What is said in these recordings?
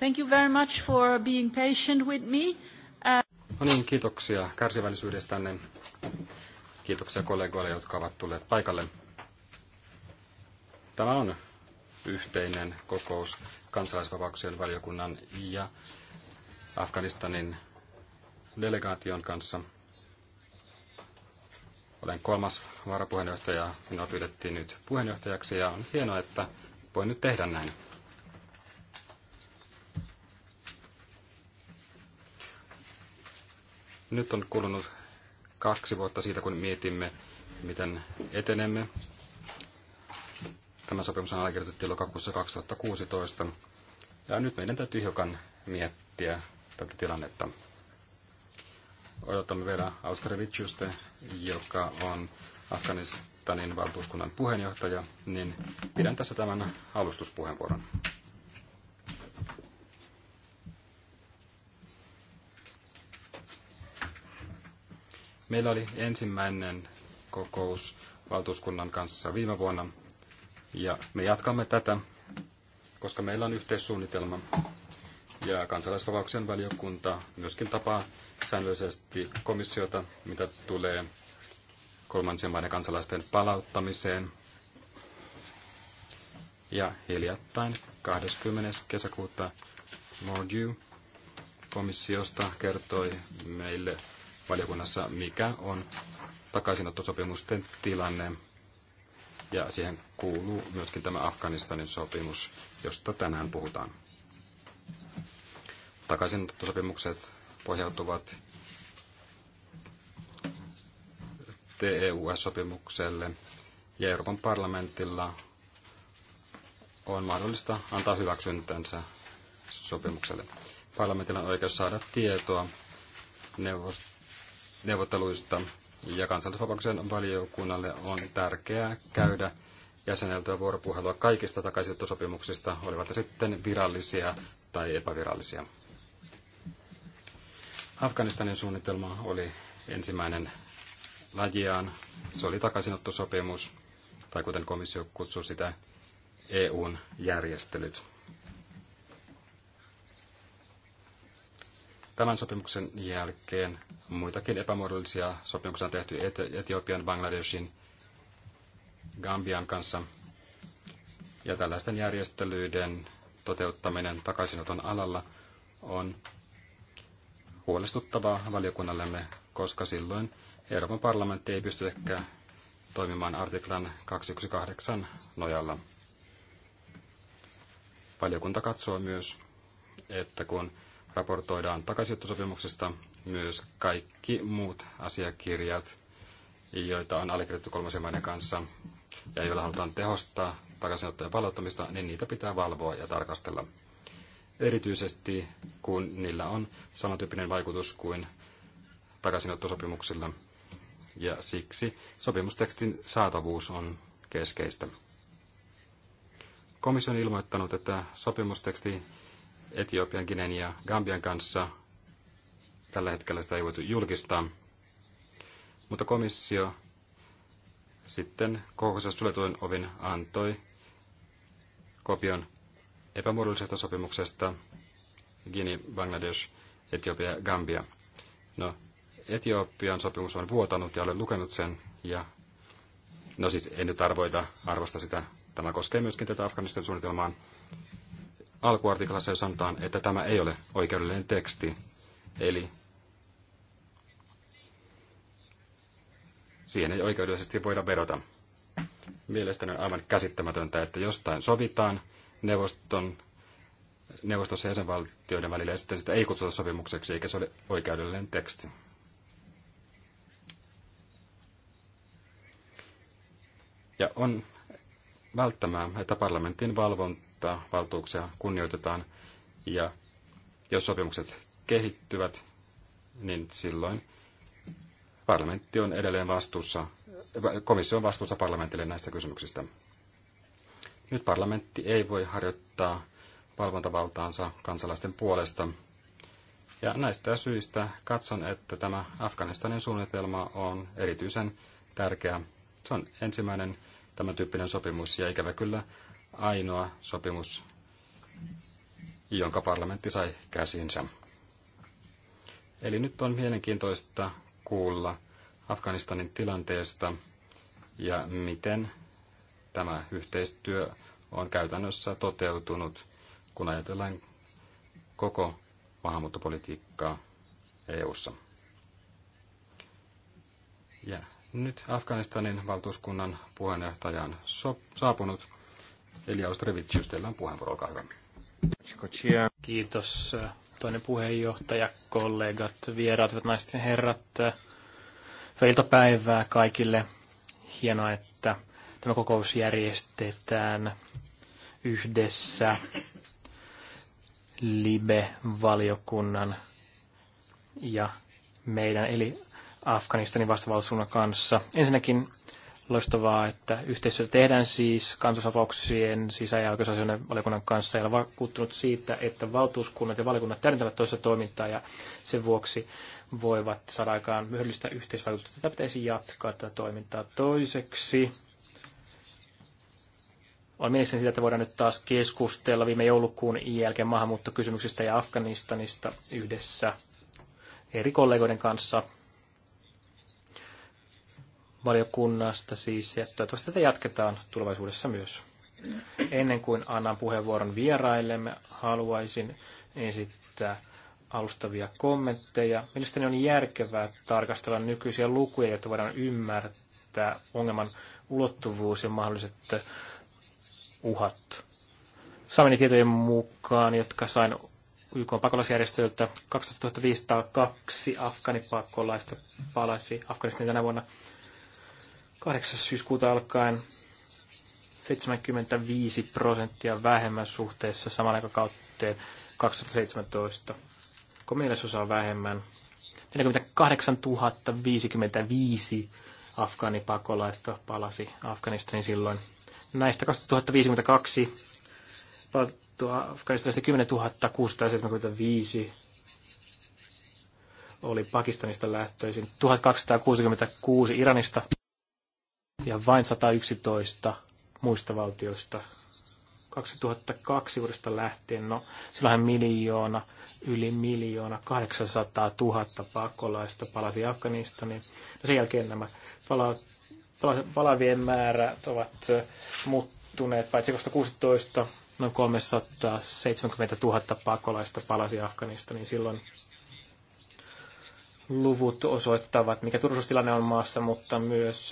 Thank you very much for being patient with me. Uh, no niin, kiitoksia kärsivällisyydestänne. Kiitoksia kollegoille, jotka ovat tulleet paikalle. Tämä on yhteinen kokous kansalaisvapauksien valiokunnan ja Afganistanin delegaation kanssa. Olen kolmas varapuheenjohtaja. Minua pyydettiin nyt puheenjohtajaksi ja on hienoa, että voin nyt tehdä näin. Nyt on kulunut kaksi vuotta siitä, kun mietimme, miten etenemme. Tämä sopimus on allekirjoitettu lokakuussa 2016. Ja nyt meidän täytyy hiukan miettiä tätä tilannetta. Odotamme vielä Austarevichusta, joka on Afganistanin valtuuskunnan puheenjohtaja, niin pidän tässä tämän alustuspuheenvuoron. Meillä oli ensimmäinen kokous valtuuskunnan kanssa viime vuonna ja me jatkamme tätä, koska meillä on yhteissuunnitelma ja kansalaisvapauksien valiokunta myöskin tapaa säännöllisesti komissiota, mitä tulee kolmansien maiden kansalaisten palauttamiseen. Ja hiljattain 20. kesäkuuta Mordew komissiosta kertoi meille valiokunnassa, mikä on takaisinottosopimusten tilanne. Ja siihen kuuluu myöskin tämä Afganistanin sopimus, josta tänään puhutaan. Takaisinottosopimukset pohjautuvat TEUS-sopimukselle ja Euroopan parlamentilla on mahdollista antaa hyväksyntänsä sopimukselle. Parlamentilla on oikeus saada tietoa neuvost- neuvotteluista ja kansallisvapauksen valiokunnalle on tärkeää käydä jäseneltyä vuoropuhelua kaikista takaisinottosopimuksista, olivat ne sitten virallisia tai epävirallisia. Afganistanin suunnitelma oli ensimmäinen lajiaan. Se oli takaisinottosopimus, tai kuten komissio kutsuu sitä, EUn järjestelyt. Tämän sopimuksen jälkeen muitakin epämuodollisia sopimuksia on tehty Etiopian, Bangladeshin, Gambian kanssa. Ja tällaisten järjestelyiden toteuttaminen takaisinoton alalla on huolestuttavaa valiokunnallemme, koska silloin Euroopan parlamentti ei pysty ehkä toimimaan artiklan 218 nojalla. Valiokunta katsoo myös, että kun raportoidaan takaisinottosopimuksesta myös kaikki muut asiakirjat, joita on allekirjoitettu kolmansien maiden kanssa ja joilla halutaan tehostaa takaisinottojen palauttamista, niin niitä pitää valvoa ja tarkastella. Erityisesti kun niillä on samantyyppinen vaikutus kuin takaisinottosopimuksilla. Ja siksi sopimustekstin saatavuus on keskeistä. Komissio on ilmoittanut, että sopimusteksti Etiopian, Kinen ja Gambian kanssa. Tällä hetkellä sitä ei voitu julkistaa. Mutta komissio sitten kokoisessa suljetuin ovin antoi kopion epämuodollisesta sopimuksesta Gini Bangladesh, Etiopia ja Gambia. No, Etiopian sopimus on vuotanut ja olen lukenut sen ja no siis en nyt arvoita arvosta sitä. Tämä koskee myöskin tätä Afganistan suunnitelmaan alkuartiklassa jo sanotaan, että tämä ei ole oikeudellinen teksti. Eli siihen ei oikeudellisesti voida vedota. Mielestäni on aivan käsittämätöntä, että jostain sovitaan neuvoston, neuvostossa jäsenvaltioiden välillä ja sitten sitä ei kutsuta sopimukseksi eikä se ole oikeudellinen teksti. Ja on välttämään, että parlamentin valvonta että valtuuksia kunnioitetaan ja jos sopimukset kehittyvät, niin silloin parlamentti on edelleen vastuussa, komissio on vastuussa parlamentille näistä kysymyksistä. Nyt parlamentti ei voi harjoittaa valvontavaltaansa kansalaisten puolesta. Ja näistä syistä katson, että tämä Afganistanin suunnitelma on erityisen tärkeä. Se on ensimmäinen tämän tyyppinen sopimus ja ikävä kyllä ainoa sopimus, jonka parlamentti sai käsinsä. Eli nyt on mielenkiintoista kuulla Afganistanin tilanteesta ja miten tämä yhteistyö on käytännössä toteutunut, kun ajatellaan koko maahanmuuttopolitiikkaa EU:ssa. Ja nyt Afganistanin valtuuskunnan puheenjohtaja on saapunut Eli Austrevicius, teillä on puheenvuoro, olkaa hyvä. Kiitos toinen puheenjohtaja, kollegat, vieraat, hyvät naiset ja herrat. Feilta päivää kaikille. Hienoa, että tämä kokous järjestetään yhdessä LIBE-valiokunnan ja meidän, eli Afganistanin vastavalsuunnan kanssa. Ensinnäkin loistavaa, että yhteistyötä tehdään siis kansanvapauksien sisä- ja oikeusasioiden valiokunnan kanssa ja olen vakuuttunut siitä, että valtuuskunnat ja valiokunnat täydentävät toista toimintaa ja sen vuoksi voivat saada aikaan myöhemmistä yhteisvaikutusta. Tätä pitäisi jatkaa tätä toimintaa toiseksi. Olen mielestäni sitä, että voidaan nyt taas keskustella viime joulukuun jälkeen maahanmuuttokysymyksistä ja Afganistanista yhdessä eri kollegoiden kanssa valiokunnasta siis, ja toivottavasti tätä jatketaan tulevaisuudessa myös. Ennen kuin annan puheenvuoron vieraillemme, haluaisin esittää alustavia kommentteja. Mielestäni on järkevää tarkastella nykyisiä lukuja, jotta voidaan ymmärtää ongelman ulottuvuus ja mahdolliset uhat. Saamani tietojen mukaan, jotka sain YK pakolaisjärjestöltä kaksi afganipakolaista palasi Afganistanin tänä vuonna 8. syyskuuta alkaen 75 prosenttia vähemmän suhteessa saman kautteen 2017. Komielesosa on vähemmän. 48 055 afgaanipakolaista palasi Afganistanin silloin. Näistä 2052 palattua Afganistanista 10 675 oli Pakistanista lähtöisin, 1266 Iranista, ja vain 111 muista valtioista 2002 vuodesta lähtien, no silloinhan miljoona, yli miljoona, 800 000 pakolaista palasi Afganistaniin. No sen jälkeen nämä pala, pala, palavien määrät ovat muuttuneet, paitsi 2016 noin 370 000 pakolaista palasi Afganistaniin silloin. Luvut osoittavat, mikä turvallisuustilanne on maassa, mutta myös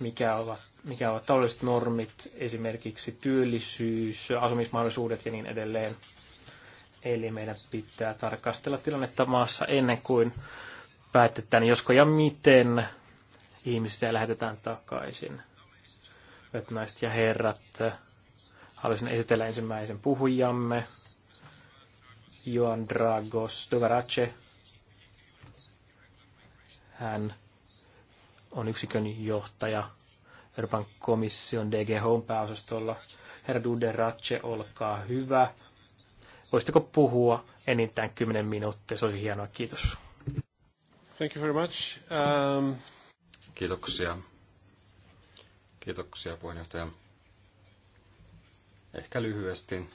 mikä ovat, mikä ovat taloudelliset normit, esimerkiksi työllisyys, asumismahdollisuudet ja niin edelleen. Eli meidän pitää tarkastella tilannetta maassa ennen kuin päätetään, josko ja miten ihmisiä lähetetään takaisin. Hyvät naiset ja herrat, haluaisin esitellä ensimmäisen puhujamme, Joan Dragos Dovarace. Hän on yksikön johtaja Euroopan komission DG Home pääosastolla. Herra Dude Ratche, olkaa hyvä. Voisitteko puhua enintään 10 minuuttia? Se olisi hienoa. Kiitos. Thank you very much. Um... Kiitoksia. Kiitoksia puheenjohtaja. Ehkä lyhyesti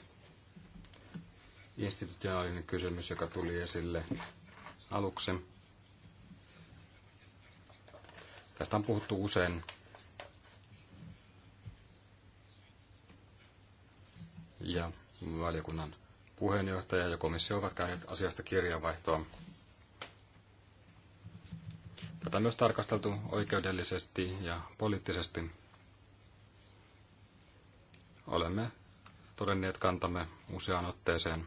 institutionaalinen kysymys, joka tuli esille aluksi. Tästä on puhuttu usein. Ja valiokunnan puheenjohtaja ja komissio ovat käyneet asiasta kirjanvaihtoa. Tätä on myös tarkasteltu oikeudellisesti ja poliittisesti. Olemme todenneet kantamme useaan otteeseen.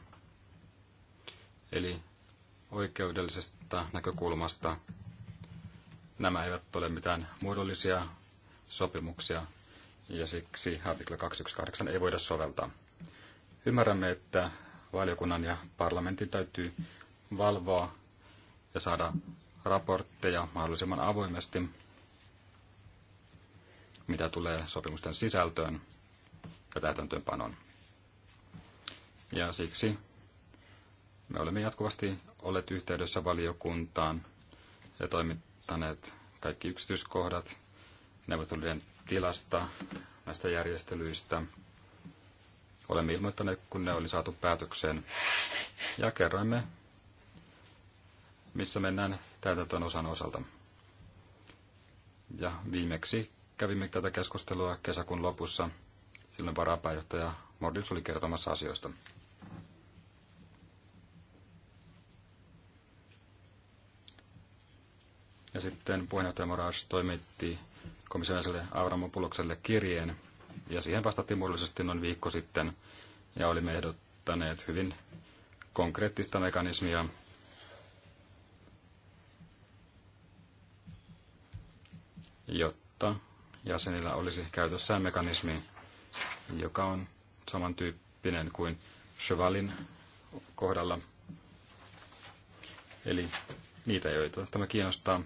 Eli oikeudellisesta näkökulmasta Nämä eivät ole mitään muodollisia sopimuksia ja siksi artikla 218 ei voida soveltaa. Ymmärrämme, että valiokunnan ja parlamentin täytyy valvoa ja saada raportteja mahdollisimman avoimesti, mitä tulee sopimusten sisältöön ja täytäntöönpanoon. Ja siksi me olemme jatkuvasti olleet yhteydessä valiokuntaan ja toimittaneet ottaneet kaikki yksityiskohdat neuvottelujen tilasta, näistä järjestelyistä. Olemme ilmoittaneet, kun ne oli saatu päätökseen. Ja kerroimme, missä mennään täytäntöön osan osalta. Ja viimeksi kävimme tätä keskustelua kesäkuun lopussa. Silloin varapääjohtaja Mordils oli kertomassa asioista. Ja sitten puheenjohtaja Moraes toimitti komissionaiselle Avramopulokselle kirjeen, ja siihen vastattiin muodollisesti noin viikko sitten, ja olimme ehdottaneet hyvin konkreettista mekanismia, jotta jäsenillä olisi käytössään mekanismi, joka on samantyyppinen kuin Chevalin kohdalla. Eli niitä, joita tämä kiinnostaa,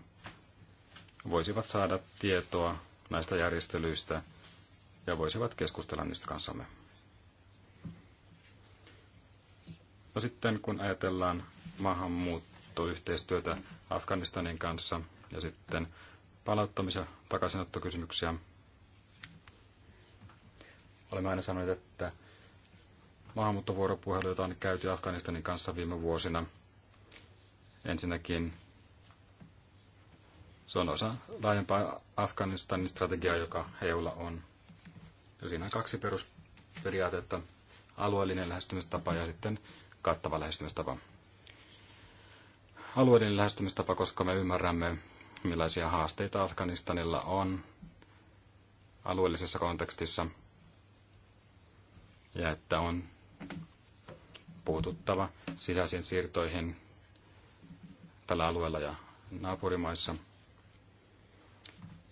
voisivat saada tietoa näistä järjestelyistä ja voisivat keskustella niistä kanssamme. No sitten kun ajatellaan maahanmuuttoyhteistyötä Afganistanin kanssa ja sitten palauttamis- ja takaisinottokysymyksiä, olemme aina sanoneet, että maahanmuuttovuoropuhelu, jota on käyty Afganistanin kanssa viime vuosina, ensinnäkin se on osa laajempaa Afganistanin strategiaa, joka EUlla on. Ja siinä on kaksi perusperiaatetta, alueellinen lähestymistapa ja sitten kattava lähestymistapa. Alueellinen lähestymistapa, koska me ymmärrämme, millaisia haasteita Afganistanilla on alueellisessa kontekstissa ja että on puututtava sisäisiin siirtoihin tällä alueella ja naapurimaissa –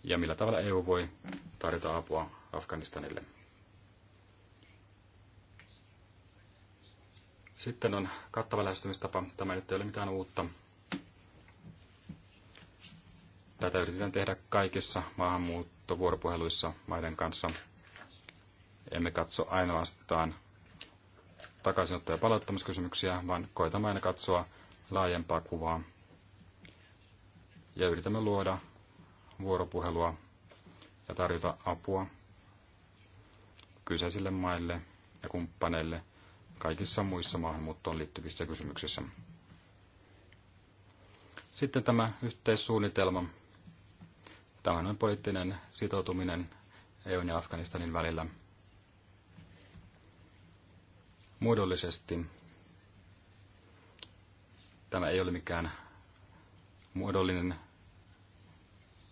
ja millä tavalla EU voi tarjota apua Afganistanille. Sitten on kattava lähestymistapa. Tämä nyt ei ole mitään uutta. Tätä yritetään tehdä kaikissa maahanmuuttovuoropuheluissa maiden kanssa. Emme katso ainoastaan takaisinotto- ja palauttamiskysymyksiä, vaan koitamme aina katsoa laajempaa kuvaa. Ja yritämme luoda vuoropuhelua ja tarjota apua kyseisille maille ja kumppaneille kaikissa muissa maahanmuuttoon liittyvissä kysymyksissä. Sitten tämä yhteissuunnitelma. Tämä on poliittinen sitoutuminen EUn ja Afganistanin välillä. Muodollisesti tämä ei ole mikään muodollinen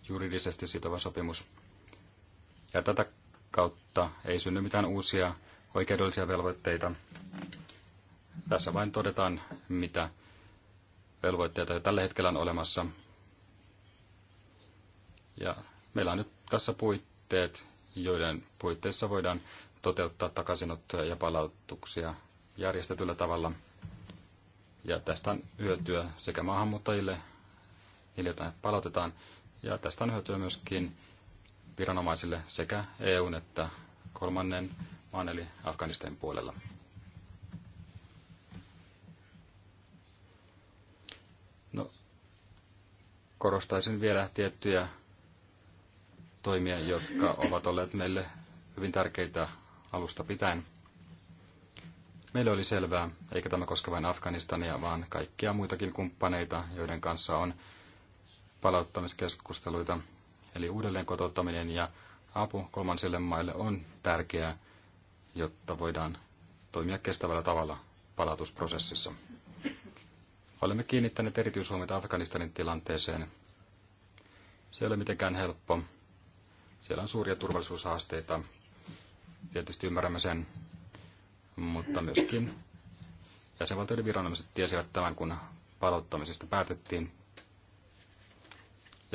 juridisesti sitova sopimus. Ja tätä kautta ei synny mitään uusia oikeudellisia velvoitteita. Tässä vain todetaan, mitä velvoitteita jo tällä hetkellä on olemassa. Ja meillä on nyt tässä puitteet, joiden puitteissa voidaan toteuttaa takaisinottoja ja palautuksia järjestetyllä tavalla. Ja tästä on hyötyä sekä maahanmuuttajille, niille palautetaan, ja tästä on hyötyä myöskin viranomaisille sekä EUn että kolmannen maan eli Afganistanin puolella. No, korostaisin vielä tiettyjä toimia, jotka ovat olleet meille hyvin tärkeitä alusta pitäen. Meille oli selvää, eikä tämä koske vain Afganistania, vaan kaikkia muitakin kumppaneita, joiden kanssa on palauttamiskeskusteluita. Eli uudelleen kotouttaminen ja apu kolmansille maille on tärkeää, jotta voidaan toimia kestävällä tavalla palautusprosessissa. Olemme kiinnittäneet erityishuomiota Afganistanin tilanteeseen. Se ei ole mitenkään helppo. Siellä on suuria turvallisuushaasteita. Tietysti ymmärrämme sen, mutta myöskin jäsenvaltioiden viranomaiset tiesivät tämän, kun palauttamisesta päätettiin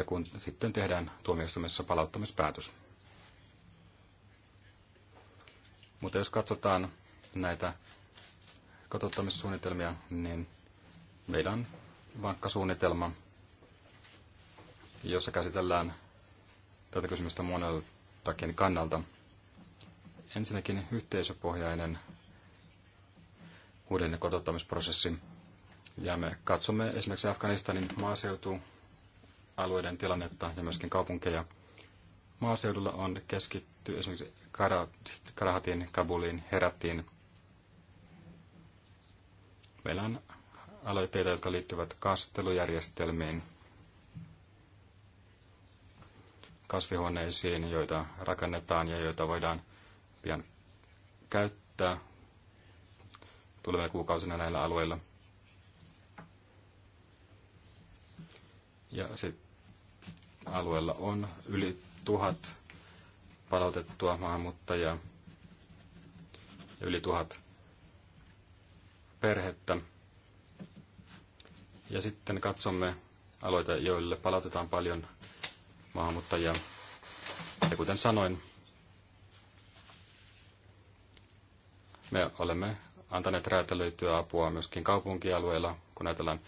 ja kun sitten tehdään tuomioistuimessa palauttamispäätös. Mutta jos katsotaan näitä kotouttamissuunnitelmia, niin meillä on vankka suunnitelma, jossa käsitellään tätä kysymystä moneltakin kannalta. Ensinnäkin yhteisöpohjainen uuden kotouttamisprosessi. Ja me katsomme esimerkiksi Afganistanin maaseutu alueiden tilannetta ja myöskin kaupunkeja. Maaseudulla on keskitty esimerkiksi Karahatin, Kabuliin, Herattiin. Meillä on aloitteita, jotka liittyvät kastelujärjestelmiin, kasvihuoneisiin, joita rakennetaan ja joita voidaan pian käyttää tulevina kuukausina näillä alueilla. Ja sitten alueella on yli tuhat palautettua maahanmuuttajaa ja yli tuhat perhettä. Ja sitten katsomme alueita, joille palautetaan paljon maahanmuuttajia. Ja kuten sanoin, me olemme antaneet räätälöityä apua myöskin kaupunkialueilla, kun ajatellaan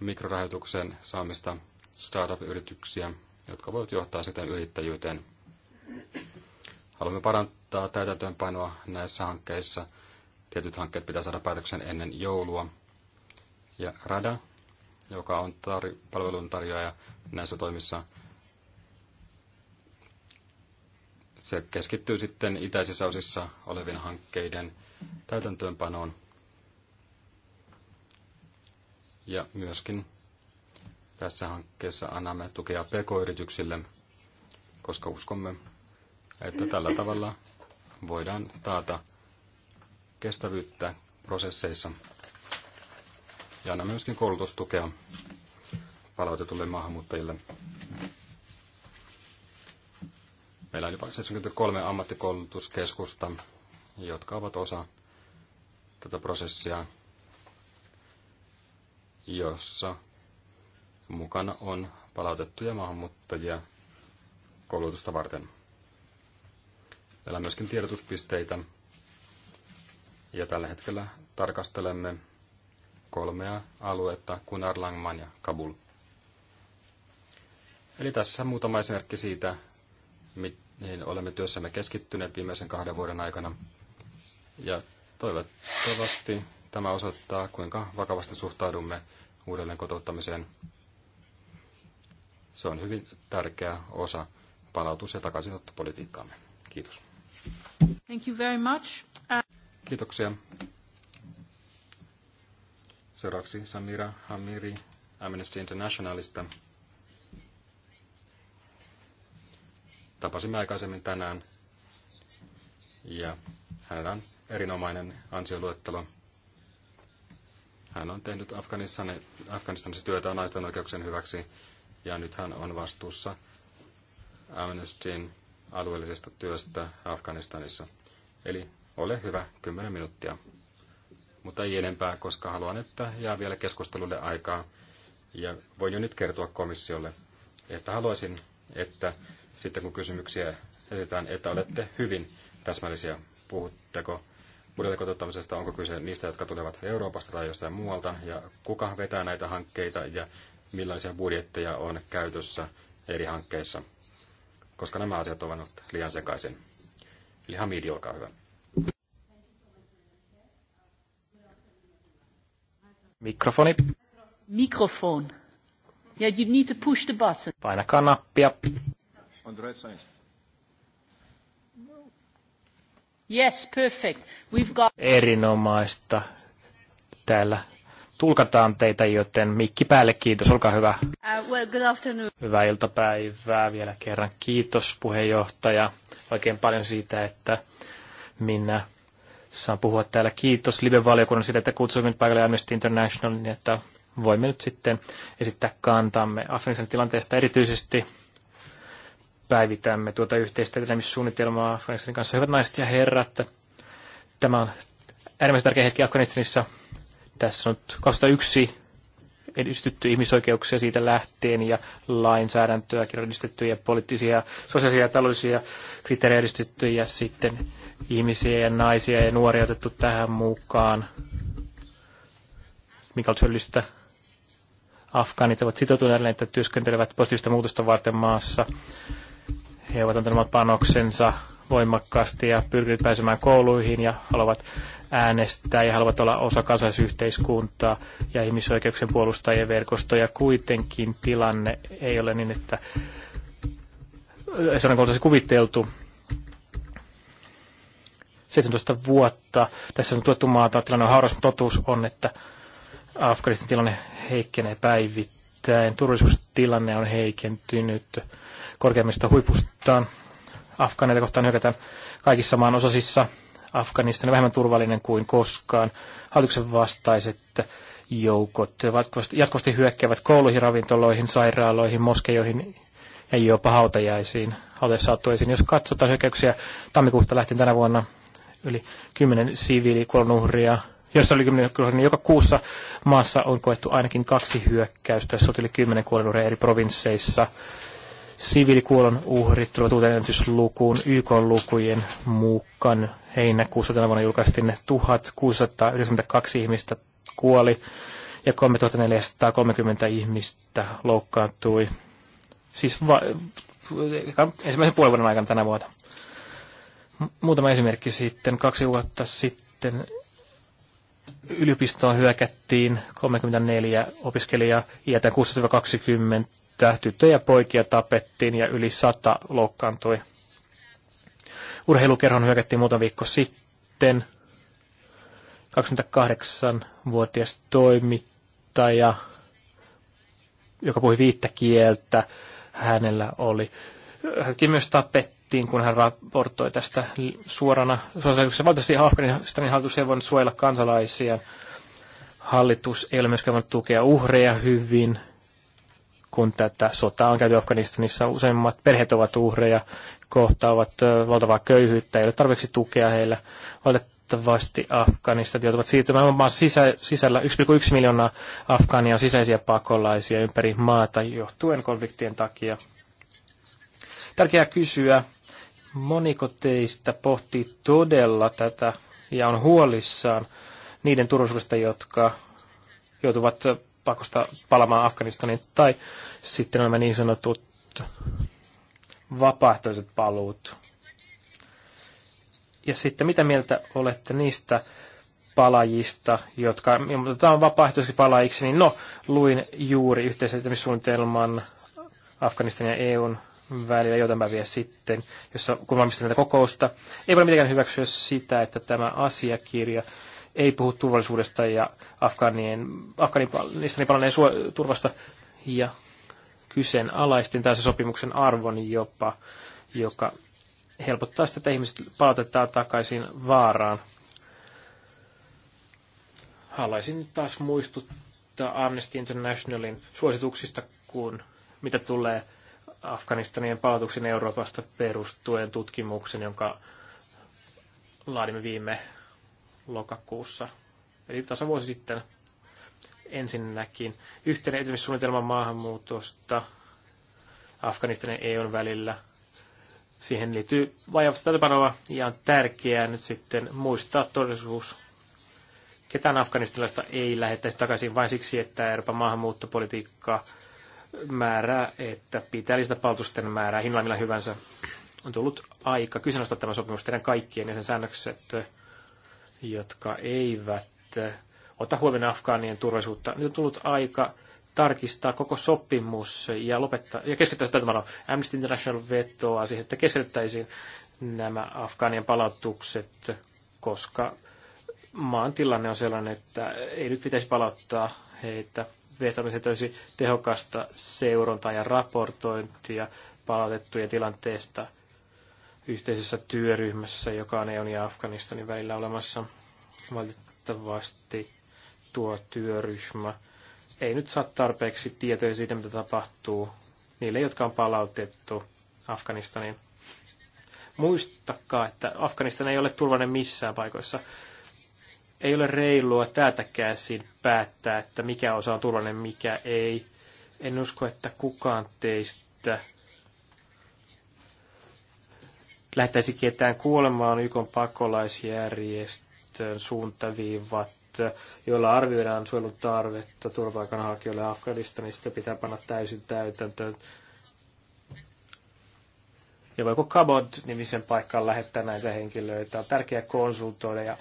mikrorahoituksen saamista startup-yrityksiä, jotka voivat johtaa sitten yrittäjyyteen. Haluamme parantaa täytäntöönpanoa näissä hankkeissa. Tietyt hankkeet pitää saada päätöksen ennen joulua. Ja RADA, joka on tar- palveluntarjoaja näissä toimissa, se keskittyy sitten itäisissä osissa olevien hankkeiden täytäntöönpanoon ja myöskin tässä hankkeessa annamme tukea pk-yrityksille, koska uskomme, että tällä tavalla voidaan taata kestävyyttä prosesseissa ja annamme myöskin koulutustukea palautetulle maahanmuuttajille. Meillä on jopa 73 ammattikoulutuskeskusta, jotka ovat osa tätä prosessia, jossa mukana on palautettuja maahanmuuttajia koulutusta varten. Meillä on myöskin tiedotuspisteitä ja tällä hetkellä tarkastelemme kolmea aluetta, Kunar, Langman ja Kabul. Eli tässä muutama esimerkki siitä, mihin olemme työssämme keskittyneet viimeisen kahden vuoden aikana. Ja toivottavasti tämä osoittaa, kuinka vakavasti suhtaudumme uudelleen kotouttamiseen se on hyvin tärkeä osa palautus- ja takaisinottopolitiikkaamme. Kiitos. Thank you very much. Uh, Kiitoksia. Seuraavaksi Samira Hamiri Amnesty Internationalista. Tapasimme aikaisemmin tänään ja hänellä on erinomainen ansioluettelo. Hän on tehnyt Afganistanissa työtä naisten oikeuksien hyväksi ja nyt hän on vastuussa Amnestyn alueellisesta työstä Afganistanissa. Eli ole hyvä, 10 minuuttia. Mutta ei enempää, koska haluan, että jää vielä keskustelulle aikaa. Ja voin jo nyt kertoa komissiolle, että haluaisin, että sitten kun kysymyksiä esitetään, että olette hyvin täsmällisiä. Puhutteko budjetin onko kyse niistä, jotka tulevat Euroopasta tai jostain muualta, ja kuka vetää näitä hankkeita, ja millaisia budjetteja on käytössä eri hankkeissa, koska nämä asiat ovat liian sekaisin. Eli Hamidi, olkaa hyvä. Mikrofoni. Mikrofon. Yeah, you need to push the button. Painakaa nappia. On the right side. Yes, perfect. We've got... Erinomaista. Täällä tulkataan teitä, joten mikki päälle, kiitos, olkaa hyvä. Uh, well, good afternoon. Hyvää iltapäivää vielä kerran. Kiitos puheenjohtaja oikein paljon siitä, että minä saan puhua täällä. Kiitos live-valiokunnan siitä, että kutsuimme nyt paikalle Amnesty International, niin että voimme nyt sitten esittää kantamme Afganistanin tilanteesta erityisesti päivitämme tuota yhteistä etenemissuunnitelmaa Afganistanin kanssa. Hyvät naiset ja herrat, tämä on äärimmäisen tärkeä hetki Afganistanissa tässä on 2001 edistytty ihmisoikeuksia siitä lähtien ja lainsäädäntöä edistetty ja poliittisia, sosiaalisia ja taloudellisia kriteerejä edistetty ja sitten ihmisiä ja naisia ja nuoria otettu tähän mukaan, mikä on hyödyllistä. Afgaanit ovat sitoutuneet, että työskentelevät positiivista muutosta varten maassa. He ovat antaneet panoksensa voimakkaasti ja pyrkivät pääsemään kouluihin ja haluavat äänestää ja haluavat olla osa kansalaisyhteiskuntaa ja ihmisoikeuksien puolustajien verkostoja. Kuitenkin tilanne ei ole niin, että sanankohtaisesti kuviteltu 17 vuotta. Tässä on tuettu maata, tilanne on hauras, mutta totuus on, että Afganistan tilanne heikkenee päivittäin. Turvallisuustilanne on heikentynyt korkeimmista huipustaan. Afganeita kohtaan hyökätään kaikissa maan osasissa Afganistan on vähemmän turvallinen kuin koskaan. Hallituksen vastaiset joukot jatkuvasti hyökkäävät kouluihin, ravintoloihin, sairaaloihin, moskeijoihin ja jopa hautajaisiin. Hautajaisiin saattuu esiin. Jos katsotaan hyökkäyksiä tammikuusta lähtien tänä vuonna yli 10 siviilikuolonuhria, jossa oli 10 niin joka kuussa maassa on koettu ainakin kaksi hyökkäystä, jos oli 10 kuolonuhria eri provinsseissa siviilikuolon uhrit tulevat uuteen ennätyslukuun YK-lukujen mukaan. Heinäkuussa tänä vuonna julkaistiin 1692 ihmistä kuoli ja 3430 ihmistä loukkaantui. Siis va- ensimmäisen puolen vuoden aikana tänä vuonna. Muutama esimerkki sitten. Kaksi vuotta sitten yliopistoon hyökättiin 34 opiskelijaa iätään 16-20 että tyttöjä ja poikia tapettiin ja yli sata loukkaantui. Urheilukerhon hyökättiin muutama viikko sitten. 28-vuotias toimittaja, joka puhui viittä kieltä, hänellä oli. Hänkin myös tapettiin, kun hän raportoi tästä suorana Suosituksessa valtaisesti Afganistanin hallitus ei voinut suojella kansalaisia. Hallitus ei ole myöskään voinut tukea uhreja hyvin kun tätä sotaa on käyty Afganistanissa. Useimmat perheet ovat uhreja, kohtaavat valtavaa köyhyyttä, ei ole tarpeeksi tukea heillä. Valitettavasti Afganistat joutuvat siirtymään maan sisä, sisällä. 1,1 miljoonaa Afgania on sisäisiä pakolaisia ympäri maata johtuen konfliktien takia. Tärkeää kysyä, moniko teistä pohtii todella tätä ja on huolissaan niiden turvallisuudesta, jotka joutuvat pakosta palamaan Afganistaniin, tai sitten nämä niin sanotut vapaaehtoiset paluut. Ja sitten mitä mieltä olette niistä palajista, jotka otetaan vapaaehtoisiksi palajiksi, niin no, luin juuri yhteisöitymissuunnitelman Afganistanin ja EUn välillä jotain päiviä sitten, jossa, kun valmistelin tätä kokousta. Ei voi mitenkään hyväksyä sitä, että tämä asiakirja ei puhu turvallisuudesta ja Afganien, Afganistanin palanneen turvasta ja kyseenalaistin tässä sopimuksen arvon jopa, joka helpottaa sitä, että ihmiset palautetaan takaisin vaaraan. Haluaisin taas muistuttaa Amnesty Internationalin suosituksista, kun mitä tulee Afganistanien palautuksen Euroopasta perustuen tutkimuksen, jonka laadimme viime lokakuussa, eli tasa vuosi sitten ensinnäkin yhteinen etymissuunnitelma maahanmuutosta Afganistanin EUn välillä. Siihen liittyy vajavasta täytäpanoa ja on tärkeää nyt sitten muistaa todellisuus. Ketään afganistilaista ei lähettäisi takaisin vain siksi, että Euroopan maahanmuuttopolitiikka määrää, että pitää lisätä palautusten määrää hinnalla millä hyvänsä. On tullut aika kyseenalaistaa tämä sopimus teidän kaikkien ja sen säännökset jotka eivät ota huomioon Afgaanien turvallisuutta. Nyt on tullut aika tarkistaa koko sopimus ja lopettaa, ja keskittää sitä tavalla. Amnesty International vetoaa siihen, että keskitettäisiin nämä Afgaanien palautukset, koska maan tilanne on sellainen, että ei nyt pitäisi palauttaa heitä. Vietnamissa olisi tehokasta seurontaa ja raportointia palautettujen tilanteesta – yhteisessä työryhmässä, joka on EUn ja Afganistanin välillä olemassa. Valitettavasti tuo työryhmä ei nyt saa tarpeeksi tietoja siitä, mitä tapahtuu niille, jotka on palautettu Afganistaniin. Muistakaa, että Afganistan ei ole turvallinen missään paikoissa. Ei ole reilua täältäkään siinä päättää, että mikä osa on turvallinen, mikä ei. En usko, että kukaan teistä lähtäisi ketään kuolemaan YK pakolaisjärjestön suuntaviivat, joilla arvioidaan suojelun tarvetta turvapaikanhakijoille Afganistanista, pitää panna täysin täytäntöön. Ja voiko Kabod-nimisen paikkaan lähettää näitä henkilöitä? On tärkeää konsultoida ja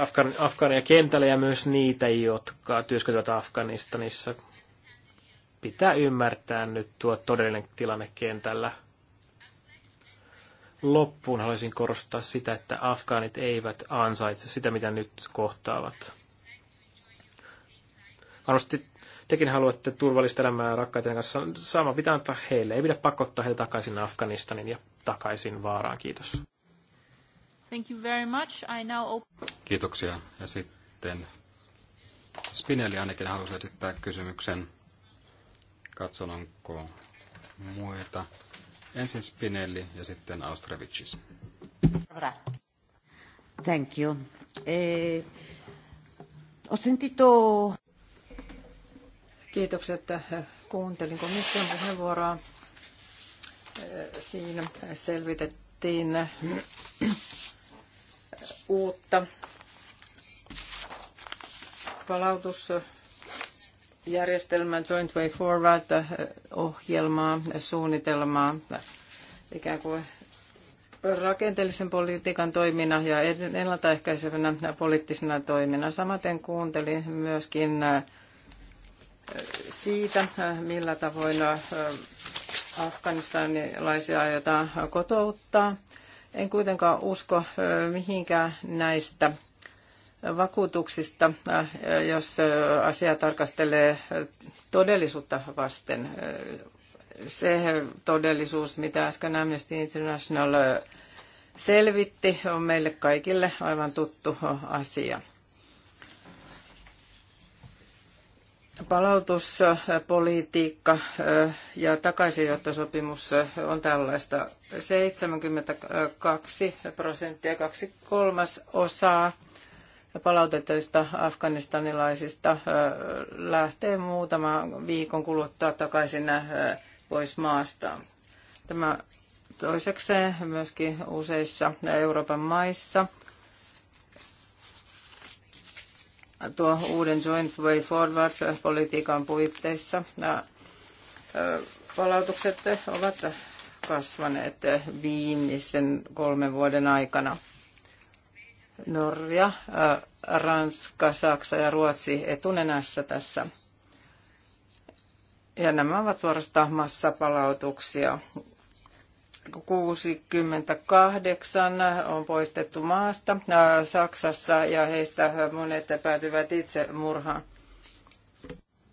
Afgan, Afgania kentällä ja myös niitä, jotka työskentelevät Afganistanissa. Pitää ymmärtää nyt tuo todellinen tilanne kentällä loppuun haluaisin korostaa sitä, että afgaanit eivät ansaitse sitä, mitä nyt kohtaavat. Varmasti tekin haluatte turvallista elämää rakkaiden kanssa. Sama pitää antaa heille. Ei pidä pakottaa heitä takaisin Afganistanin ja takaisin vaaraan. Kiitos. Thank you very much. I now open... Kiitoksia. Ja sitten Spinelli ainakin halusi esittää kysymyksen. Katson, onko muita Ensin Spinelli ja sitten Austrevicis. Thank you. Eh, sentito... Kiitoksia, että kuuntelin komission puheenvuoroa. E, siinä selvitettiin uutta palautus järjestelmän Joint Way Forward-ohjelmaa, eh, suunnitelmaa, ikään kuin rakenteellisen politiikan toimina ja ennaltaehkäisevänä poliittisena toimina. Samaten kuuntelin myöskin eh, siitä, eh, millä tavoin afganistanilaisia aiotaan kotouttaa. En kuitenkaan usko mihinkään näistä vakuutuksista, äh, jos äh, asiaa tarkastelee äh, todellisuutta vasten. Se todellisuus, mitä äsken Amnesty International selvitti, on meille kaikille aivan tuttu asia. palautuspolitiikka ja takaisinottosopimus on tällaista 72 prosenttia, kaksi osaa palautetuista afganistanilaisista lähtee muutama viikon kuluttua takaisin pois maasta. Tämä toisekseen myöskin useissa Euroopan maissa tuo uuden Joint Way Forward-politiikan puitteissa nämä palautukset ovat kasvaneet viimeisen kolmen vuoden aikana. Norja Ranska, Saksa ja Ruotsi etunenässä tässä. Ja nämä ovat suorastaan massapalautuksia. 68 on poistettu maasta äh, Saksassa ja heistä monet päätyvät itse murhaan.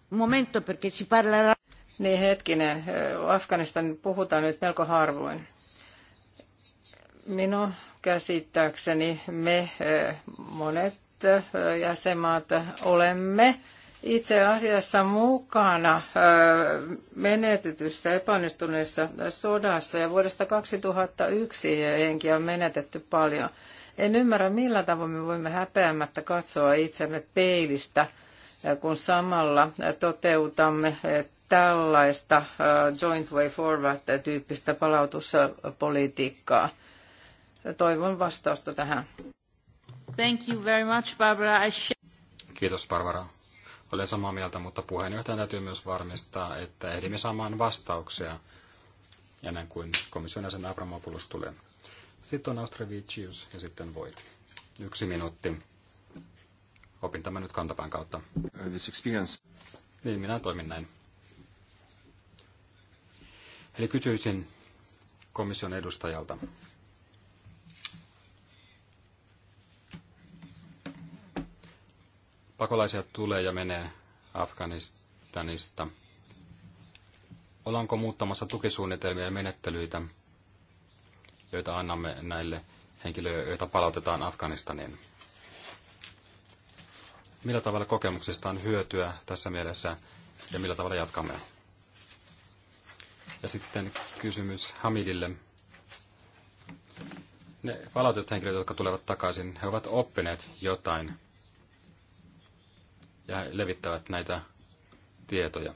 Momento, perché si parla... Niin hetkinen, Afganistan puhutaan nyt melko harvoin. Minun käsittääkseni me äh, monet jäsenmaat olemme itse asiassa mukana menetetyssä epäonnistuneessa sodassa ja vuodesta 2001 henkiä on menetetty paljon. En ymmärrä, millä tavoin me voimme häpeämättä katsoa itsemme peilistä, kun samalla toteutamme tällaista Joint Way Forward-tyyppistä palautuspolitiikkaa. Toivon vastausta tähän. Thank you very much, Barbara. Kiitos, Barbara. Olen samaa mieltä, mutta puheenjohtajan täytyy myös varmistaa, että ehdimme saamaan vastauksia ennen kuin komission jäsen Avramopoulos tulee. Sitten on Austrevicius ja sitten voit. Yksi minuutti. Opin tämän nyt kantapään kautta. Uh, this experience. Niin, minä toimin näin. Eli kysyisin komission edustajalta. pakolaisia tulee ja menee Afganistanista. Ollaanko muuttamassa tukisuunnitelmia ja menettelyitä, joita annamme näille henkilöille, joita palautetaan Afganistaniin? Millä tavalla kokemuksista on hyötyä tässä mielessä ja millä tavalla jatkamme? Ja sitten kysymys Hamidille. Ne palautetut henkilöt, jotka tulevat takaisin, he ovat oppineet jotain ja he levittävät näitä tietoja.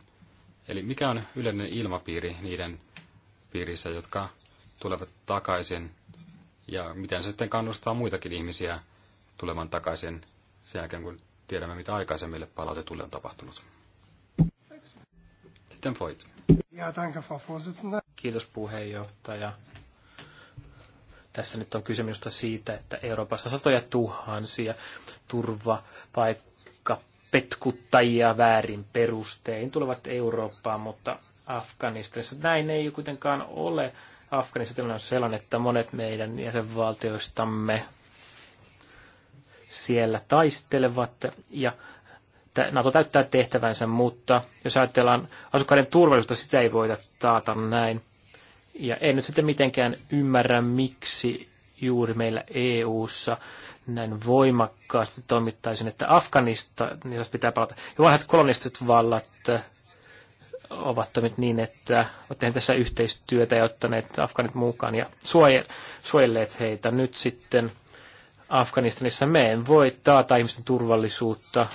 Eli mikä on yleinen ilmapiiri niiden piirissä, jotka tulevat takaisin ja miten se sitten kannustaa muitakin ihmisiä tulemaan takaisin sen jälkeen, kun tiedämme, mitä aikaisemmille palautetulle on tapahtunut. Sitten Voit. Kiitos puheenjohtaja. Tässä nyt on kysymys siitä, että Euroopassa satoja tuhansia turvapaikkoja petkuttajia väärin perustein tulevat Eurooppaan, mutta Afganistanissa näin ei kuitenkaan ole. Afganistanissa on sellainen, että monet meidän jäsenvaltioistamme siellä taistelevat ja NATO täyttää tehtävänsä, mutta jos ajatellaan asukkaiden turvallisuutta, sitä ei voida taata näin. Ja en nyt sitten mitenkään ymmärrä, miksi juuri meillä EU-ssa näin voimakkaasti toimittaisin, että Afganistanista pitää palata. Jo vanhat kolonistiset vallat eh, ovat toimineet niin, että olette tässä yhteistyötä ja ottaneet Afganit mukaan ja suojelleet heitä. Nyt sitten Afganistanissa me en voi taata ihmisten turvallisuutta.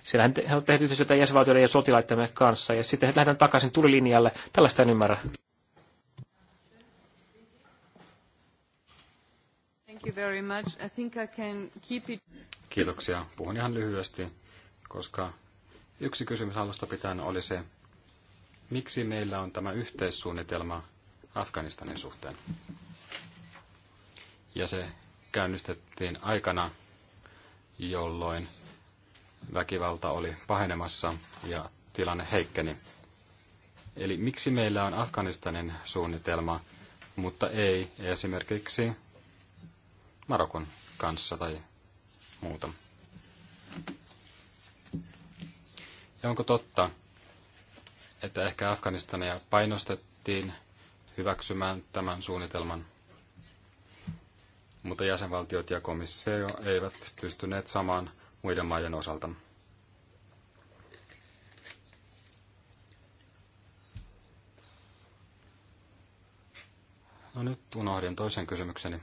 Siellähän he ovat tehneet yhteistyötä jäsenvaltioiden ja sotilaittemme kanssa ja sitten he lähdetään takaisin tulilinjalle. Tällaista en ymmärrä. Thank you very much. I think I can keep it... Kiitoksia. Puhun ihan lyhyesti, koska yksi kysymys alusta pitäen oli se, miksi meillä on tämä yhteissuunnitelma Afganistanin suhteen. Ja se käynnistettiin aikana, jolloin väkivalta oli pahenemassa ja tilanne heikkeni. Eli miksi meillä on Afganistanin suunnitelma, mutta ei esimerkiksi Marokon kanssa tai muuta. Ja onko totta, että ehkä Afganistania painostettiin hyväksymään tämän suunnitelman, mutta jäsenvaltiot ja komissio eivät pystyneet samaan muiden maiden osalta. No nyt unohdin toisen kysymykseni.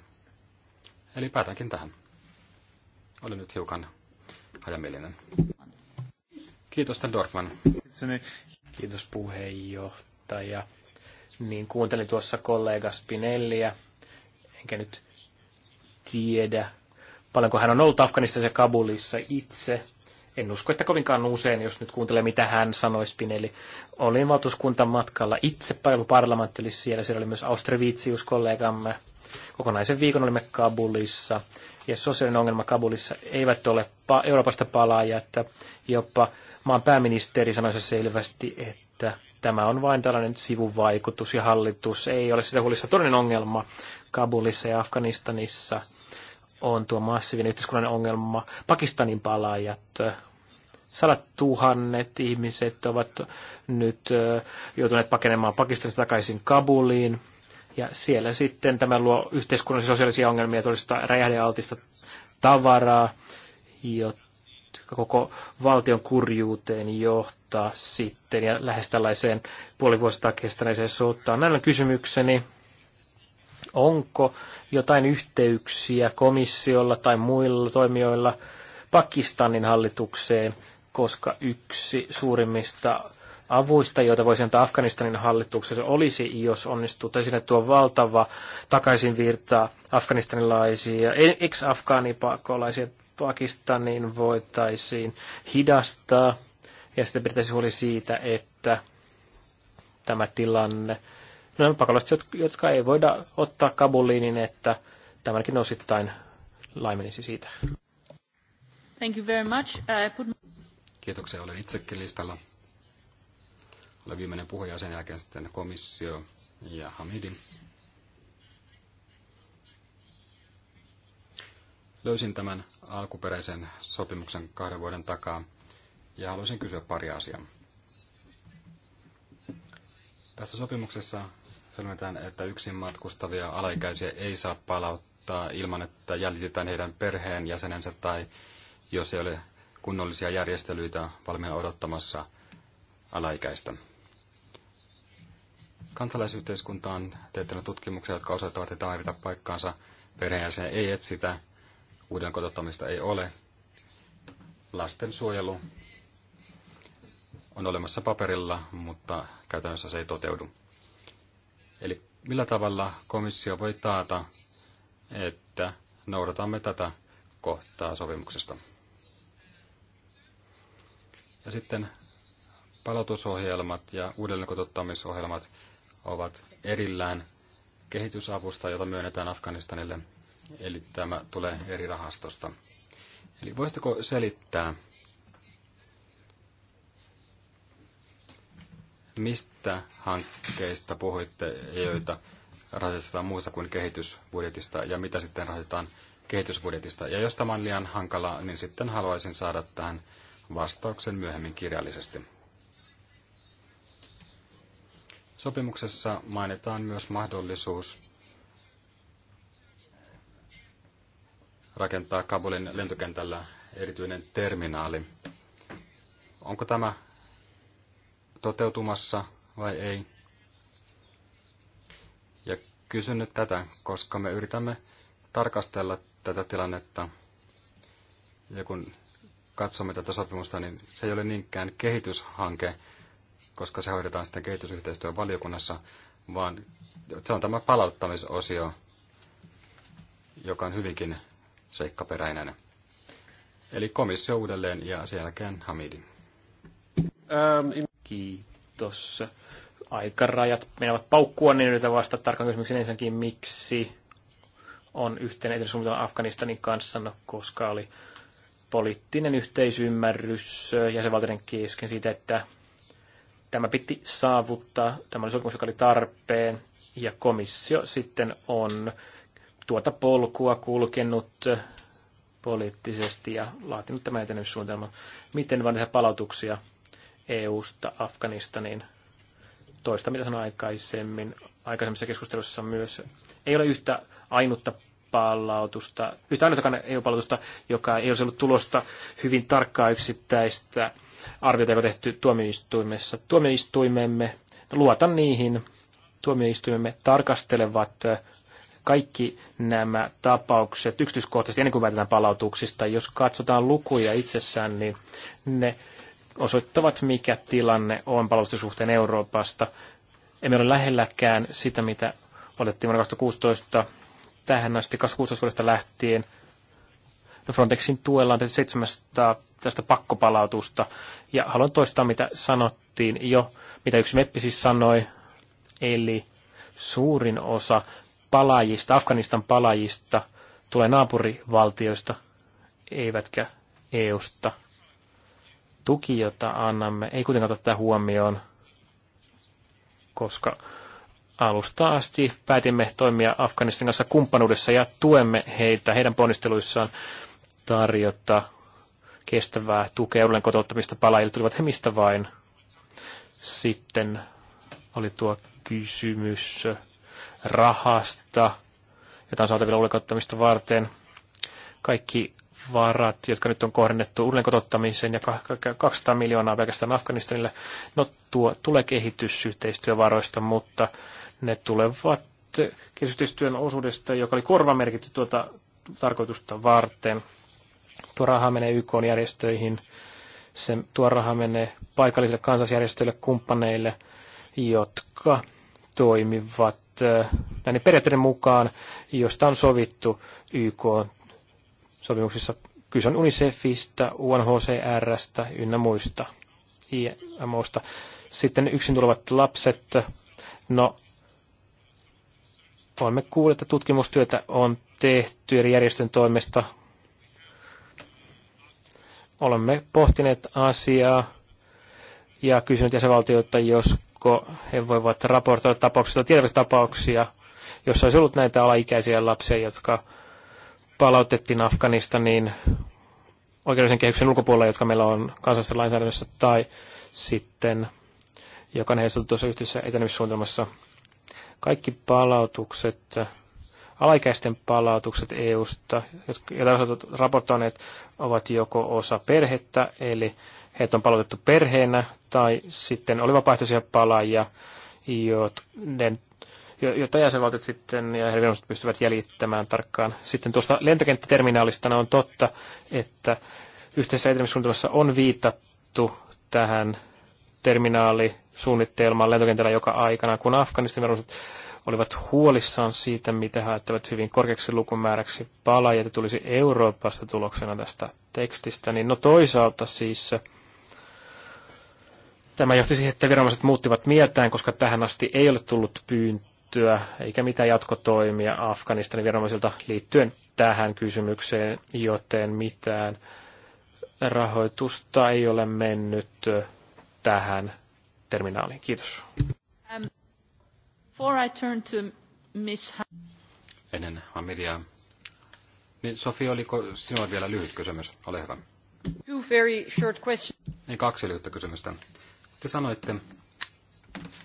Eli päätänkin tähän. Olen nyt hiukan hajamielinen. Kiitos, Dorfman. Kiitos, puheenjohtaja. Niin, kuuntelin tuossa kollega Spinelliä, enkä nyt tiedä, paljonko hän on ollut Afganistassa ja Kabulissa itse, en usko, että kovinkaan usein, jos nyt kuuntelee, mitä hän sanoi Spinelli. Olin valtuuskuntan matkalla itse, parlamentti oli siellä, siellä oli myös Austrevitsius kollegamme. Kokonaisen viikon olimme Kabulissa, ja sosiaalinen ongelma Kabulissa eivät ole pa- Euroopasta Että Jopa maan pääministeri sanoi se selvästi, että tämä on vain tällainen sivuvaikutus ja hallitus ei ole sitä huolissa. Toinen ongelma Kabulissa ja Afganistanissa on tuo massiivinen yhteiskunnallinen ongelma. Pakistanin palaajat Sadat tuhannet ihmiset ovat nyt joutuneet pakenemaan Pakistanista takaisin Kabuliin. Ja siellä sitten tämä luo yhteiskunnallisia sosiaalisia ongelmia, todellista räjähdealtista tavaraa, jotka koko valtion kurjuuteen johtaa sitten ja lähes tällaiseen puolivuosittain kestäneeseen sotaan. Näillä on kysymykseni, onko jotain yhteyksiä komissiolla tai muilla toimijoilla Pakistanin hallitukseen – koska yksi suurimmista avuista, joita voisi antaa Afganistanin hallitukselle, olisi, jos onnistuu, tai sinne tuo valtava takaisinvirta afganistanilaisia, ex-afgaanipakolaisia Pakistaniin voitaisiin hidastaa, ja sitten pitäisi huoli siitä, että tämä tilanne, no pakolaiset, jotka ei voida ottaa Kabuliin, niin että tämäkin osittain laimenisi siitä. Thank you very much. Uh, put... Kiitoksia, olen itsekin listalla. Olen viimeinen puhuja, sen jälkeen sitten komissio ja Hamidi. Löysin tämän alkuperäisen sopimuksen kahden vuoden takaa ja haluaisin kysyä pari asiaa. Tässä sopimuksessa selvitään, että yksin matkustavia alaikäisiä ei saa palauttaa ilman, että jäljitetään heidän perheenjäsenensä tai jos ei ole kunnollisia järjestelyitä valmiina odottamassa alaikäistä. Kansalaisyhteiskunta on teettänyt tutkimuksia, jotka osoittavat, että tämä paikkaansa. Perheenjäsen ei etsitä, uuden kotottamista ei ole. Lastensuojelu on olemassa paperilla, mutta käytännössä se ei toteudu. Eli millä tavalla komissio voi taata, että noudatamme tätä kohtaa sopimuksesta? Ja sitten palautusohjelmat ja uudelleenkotouttamisohjelmat ovat erillään kehitysavusta, jota myönnetään Afganistanille. Eli tämä tulee eri rahastosta. Eli voisitko selittää, mistä hankkeista puhuitte, joita rahoitetaan muusta kuin kehitysbudjetista ja mitä sitten rahoitetaan kehitysbudjetista. Ja jos tämä on liian hankala, niin sitten haluaisin saada tähän vastauksen myöhemmin kirjallisesti. Sopimuksessa mainitaan myös mahdollisuus rakentaa Kabulin lentokentällä erityinen terminaali. Onko tämä toteutumassa vai ei? Ja kysyn nyt tätä, koska me yritämme tarkastella tätä tilannetta. Ja kun katsomme tätä sopimusta, niin se ei ole niinkään kehityshanke, koska se hoidetaan sitten kehitysyhteistyön valiokunnassa, vaan se on tämä palauttamisosio, joka on hyvinkin seikkaperäinen. Eli komissio uudelleen ja sen jälkeen Hamidi. Ähm, Kiitos. Aikarajat menevät paukkua, niin yritän vastata tarkan kysymyksen ensinnäkin, miksi on yhteen etelä Afganistanin kanssa, no, koska oli poliittinen yhteisymmärrys jäsenvaltioiden kesken siitä, että tämä piti saavuttaa, tämä oli sopimus, joka oli tarpeen, ja komissio sitten on tuota polkua kulkenut poliittisesti ja laatinut tämän etenemissuunnitelman. Miten vaan palautuksia EU-sta Afganistaniin? Toista, mitä sanoin aikaisemmin, aikaisemmissa keskustelussa myös. Ei ole yhtä ainutta palautusta, yhtä ainoatakaan EU-palautusta, joka ei olisi ollut tulosta hyvin tarkkaa yksittäistä arviota, joka tehty tuomioistuimessa. Tuomioistuimemme, luotan niihin, tuomioistuimemme tarkastelevat kaikki nämä tapaukset yksityiskohtaisesti ennen kuin päätetään palautuksista. Jos katsotaan lukuja itsessään, niin ne osoittavat, mikä tilanne on palautusten suhteen Euroopasta. Emme ole lähelläkään sitä, mitä otettiin vuonna 2016 tähän asti 26 vuodesta lähtien. No Frontexin tuella on tehty 700 tästä pakkopalautusta. Ja haluan toistaa, mitä sanottiin jo, mitä yksi meppi siis sanoi. Eli suurin osa palajista, Afganistan palajista, tulee naapurivaltioista, eivätkä EUsta. Tuki, jota annamme, ei kuitenkaan ota tätä huomioon, koska alusta asti päätimme toimia Afganistan kanssa kumppanuudessa ja tuemme heitä heidän ponnisteluissaan tarjota kestävää tukea uudelleen kotouttamista palaajille, tulivat he mistä vain. Sitten oli tuo kysymys rahasta, jota on saatavilla uudelleen varten. Kaikki varat, jotka nyt on kohdennettu uudelleen kotouttamiseen ja 200 miljoonaa pelkästään Afganistanille, no tuo tulee kehitysyhteistyövaroista, mutta ne tulevat kehitystyön osuudesta, joka oli korvamerkitty tuota tarkoitusta varten. Tuo raha menee YK-järjestöihin, se, tuo raha menee paikallisille kansalaisjärjestöille, kumppaneille, jotka toimivat eh, näiden periaatteiden mukaan, josta on sovittu YK-sopimuksissa. Kyse on UNICEFistä, UNHCRstä ynnä muista, IMOsta. Sitten yksin tulevat lapset, no olemme kuulleet, että tutkimustyötä on tehty eri järjestön toimesta. Olemme pohtineet asiaa ja kysyneet jäsenvaltioita, josko he voivat raportoida tapauksista, tapauksia, jossa olisi ollut näitä alaikäisiä lapsia, jotka palautettiin Afganistaniin oikeudellisen kehyksen ulkopuolella, jotka meillä on kansallisessa lainsäädännössä, tai sitten joka on heistotettu tuossa yhteisessä etenemissuunnitelmassa kaikki palautukset, alaikäisten palautukset EU-sta, joita on raportoineet, ovat joko osa perhettä, eli heitä on palautettu perheenä, tai sitten oli vapaaehtoisia palaajia, joiden jota jäsenvaltiot sitten ja heidän pystyvät jäljittämään tarkkaan. Sitten tuosta lentokenttäterminaalista on totta, että yhteisessä etenemissuunnitelmassa on viitattu tähän terminaalisuunnitelman lentokentällä joka aikana, kun Afganistin olivat huolissaan siitä, mitä he ajattelivat hyvin korkeaksi lukumääräksi palaajia, että tulisi Euroopasta tuloksena tästä tekstistä, niin no toisaalta siis äh, tämä johti siihen, että viranomaiset muuttivat mieltään, koska tähän asti ei ole tullut pyyntöä eikä mitään jatkotoimia Afganistanin viranomaisilta liittyen tähän kysymykseen, joten mitään rahoitusta ei ole mennyt äh, tähän terminaaliin. Kiitos. Um, I turn to Miss... Ennen Hamidia. Niin Sofi, oliko sinulla vielä lyhyt kysymys? Ole hyvä. Two very short questions. Niin, kaksi lyhyttä kysymystä. Te sanoitte,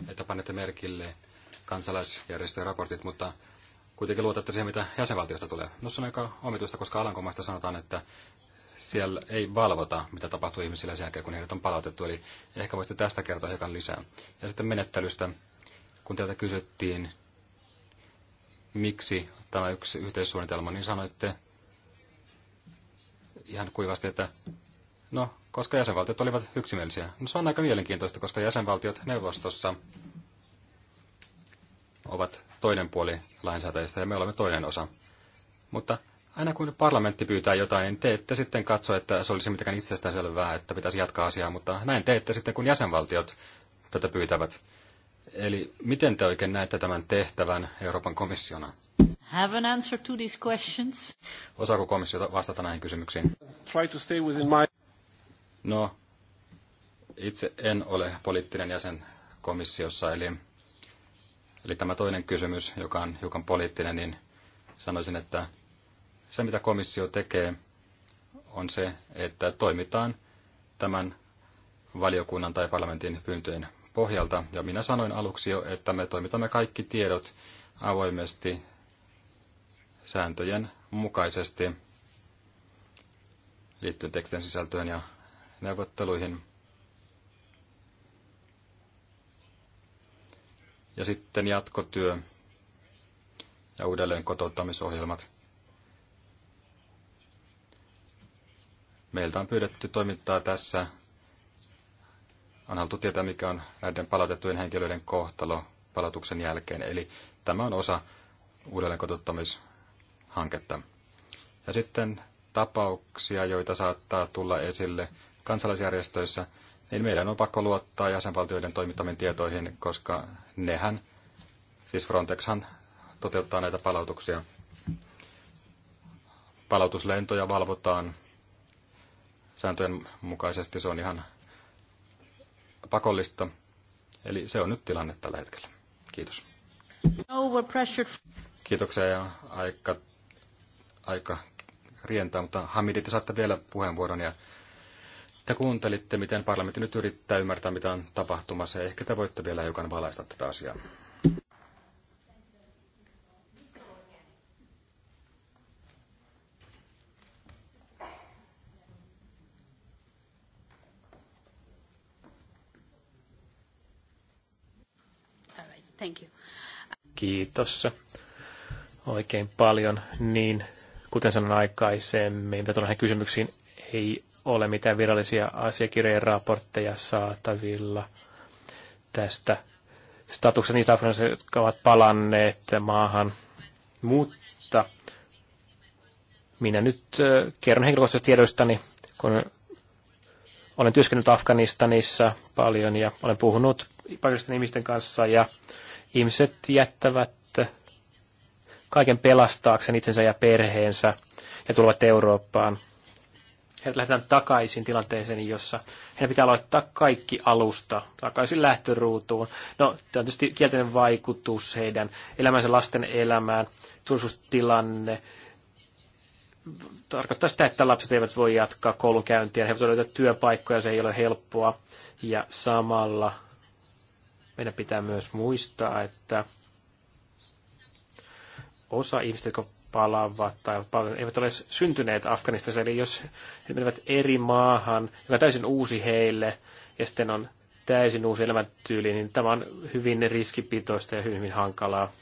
että panette merkille kansalaisjärjestöjen raportit, mutta kuitenkin luotatte siihen, mitä jäsenvaltiosta tulee. No se on aika omituista, koska Alankomaista sanotaan, että siellä ei valvota, mitä tapahtuu ihmisillä sen jälkeen, kun heidät on palautettu. Eli ehkä voisitte tästä kertoa hiukan lisää. Ja sitten menettelystä, kun teiltä kysyttiin, miksi tämä yksi yhteissuunnitelma, niin sanoitte ihan kuivasti, että no, koska jäsenvaltiot olivat yksimielisiä. No se on aika mielenkiintoista, koska jäsenvaltiot neuvostossa ovat toinen puoli lainsäätäjistä ja me olemme toinen osa. Mutta Aina kun parlamentti pyytää jotain, te ette sitten katso, että se olisi mitenkään selvää, että pitäisi jatkaa asiaa, mutta näin ette sitten, kun jäsenvaltiot tätä pyytävät. Eli miten te oikein näette tämän tehtävän Euroopan komissiona? Have an answer to these questions. Osaako komissio vastata näihin kysymyksiin? Try to stay within my... No, itse en ole poliittinen jäsen komissiossa, eli, eli tämä toinen kysymys, joka on hiukan poliittinen, niin sanoisin, että se, mitä komissio tekee, on se, että toimitaan tämän valiokunnan tai parlamentin pyyntöjen pohjalta. Ja minä sanoin aluksi jo, että me toimitamme kaikki tiedot avoimesti sääntöjen mukaisesti liittyen tekstin sisältöön ja neuvotteluihin. Ja sitten jatkotyö ja uudelleen kotouttamisohjelmat. Meiltä on pyydetty toimittaa tässä. On haluttu tietää, mikä on näiden palautettujen henkilöiden kohtalo palautuksen jälkeen. Eli tämä on osa uudelleenkotouttamishanketta. Ja sitten tapauksia, joita saattaa tulla esille kansalaisjärjestöissä, niin meidän on pakko luottaa jäsenvaltioiden toimittamiin tietoihin, koska nehän, siis Frontexhan toteuttaa näitä palautuksia. Palautuslentoja valvotaan sääntöjen mukaisesti. Se on ihan pakollista. Eli se on nyt tilanne tällä hetkellä. Kiitos. Kiitoksia ja aika, aika rientää, mutta Hamidi, te saatte vielä puheenvuoron ja te kuuntelitte, miten parlamentti nyt yrittää ymmärtää, mitä on tapahtumassa ja ehkä te voitte vielä hiukan valaista tätä asiaa. Thank you. Kiitos oikein paljon. Niin, kuten sanoin aikaisemmin, mitä tulee kysymyksiin, ei ole mitään virallisia asiakirjojen raportteja saatavilla tästä statuksesta niistä afgaaniseista, jotka ovat palanneet maahan. Mutta minä nyt kerron henkilökohtaisesta tiedoistani, kun olen työskennellyt Afganistanissa paljon ja olen puhunut paikallisten ihmisten kanssa ja Ihmiset jättävät kaiken pelastaakseen itsensä ja perheensä ja tulevat Eurooppaan. Heidät lähdetään takaisin tilanteeseen, jossa heidän pitää aloittaa kaikki alusta, takaisin lähtöruutuun. No, tämä on tietysti kielteinen vaikutus heidän elämänsä, lasten elämään, turvallisuustilanne. Tarkoittaa sitä, että lapset eivät voi jatkaa koulunkäyntiä, he eivät voi löytää työpaikkoja, se ei ole helppoa. Ja samalla meidän pitää myös muistaa, että osa ihmistä, jotka palaavat tai palaavat, eivät ole syntyneet Afganistassa. Eli jos he menevät eri maahan, joka on täysin uusi heille, ja sitten on täysin uusi elämäntyyli, niin tämä on hyvin riskipitoista ja hyvin hankalaa.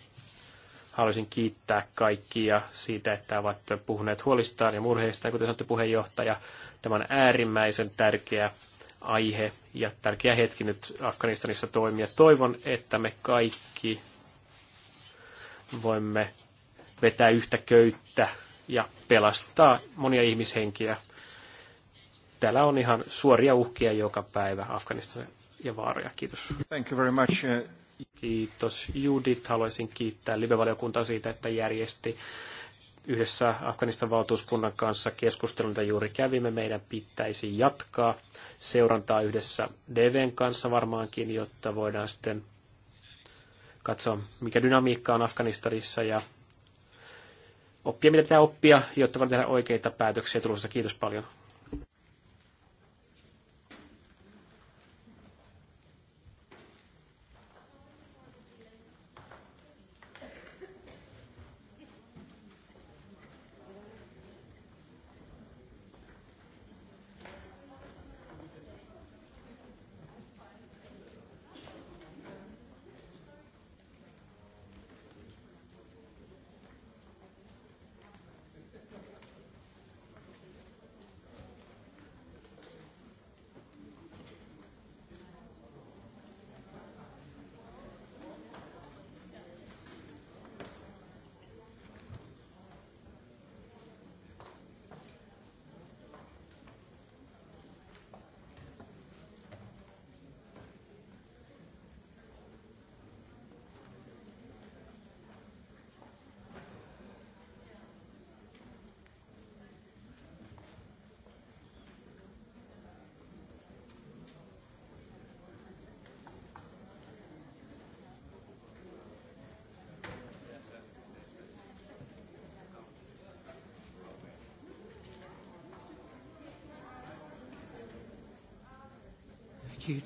Haluaisin kiittää kaikkia siitä, että ovat puhuneet huolistaan ja murheistaan, kuten sanotte puheenjohtaja. Tämä on äärimmäisen tärkeä aihe ja tärkeä hetki nyt Afganistanissa toimia. Toivon, että me kaikki voimme vetää yhtä köyttä ja pelastaa monia ihmishenkiä. Täällä on ihan suoria uhkia joka päivä Afganistan ja vaaroja. Kiitos. Thank you very much. Uh, Kiitos Judith. Haluaisin kiittää live siitä, että järjesti yhdessä Afganistan valtuuskunnan kanssa keskustelun, juuri kävimme. Meidän pitäisi jatkaa seurantaa yhdessä DVn kanssa varmaankin, jotta voidaan sitten katsoa, mikä dynamiikka on Afganistanissa ja oppia, mitä pitää oppia, jotta voidaan tehdä oikeita päätöksiä tulossa. Kiitos paljon.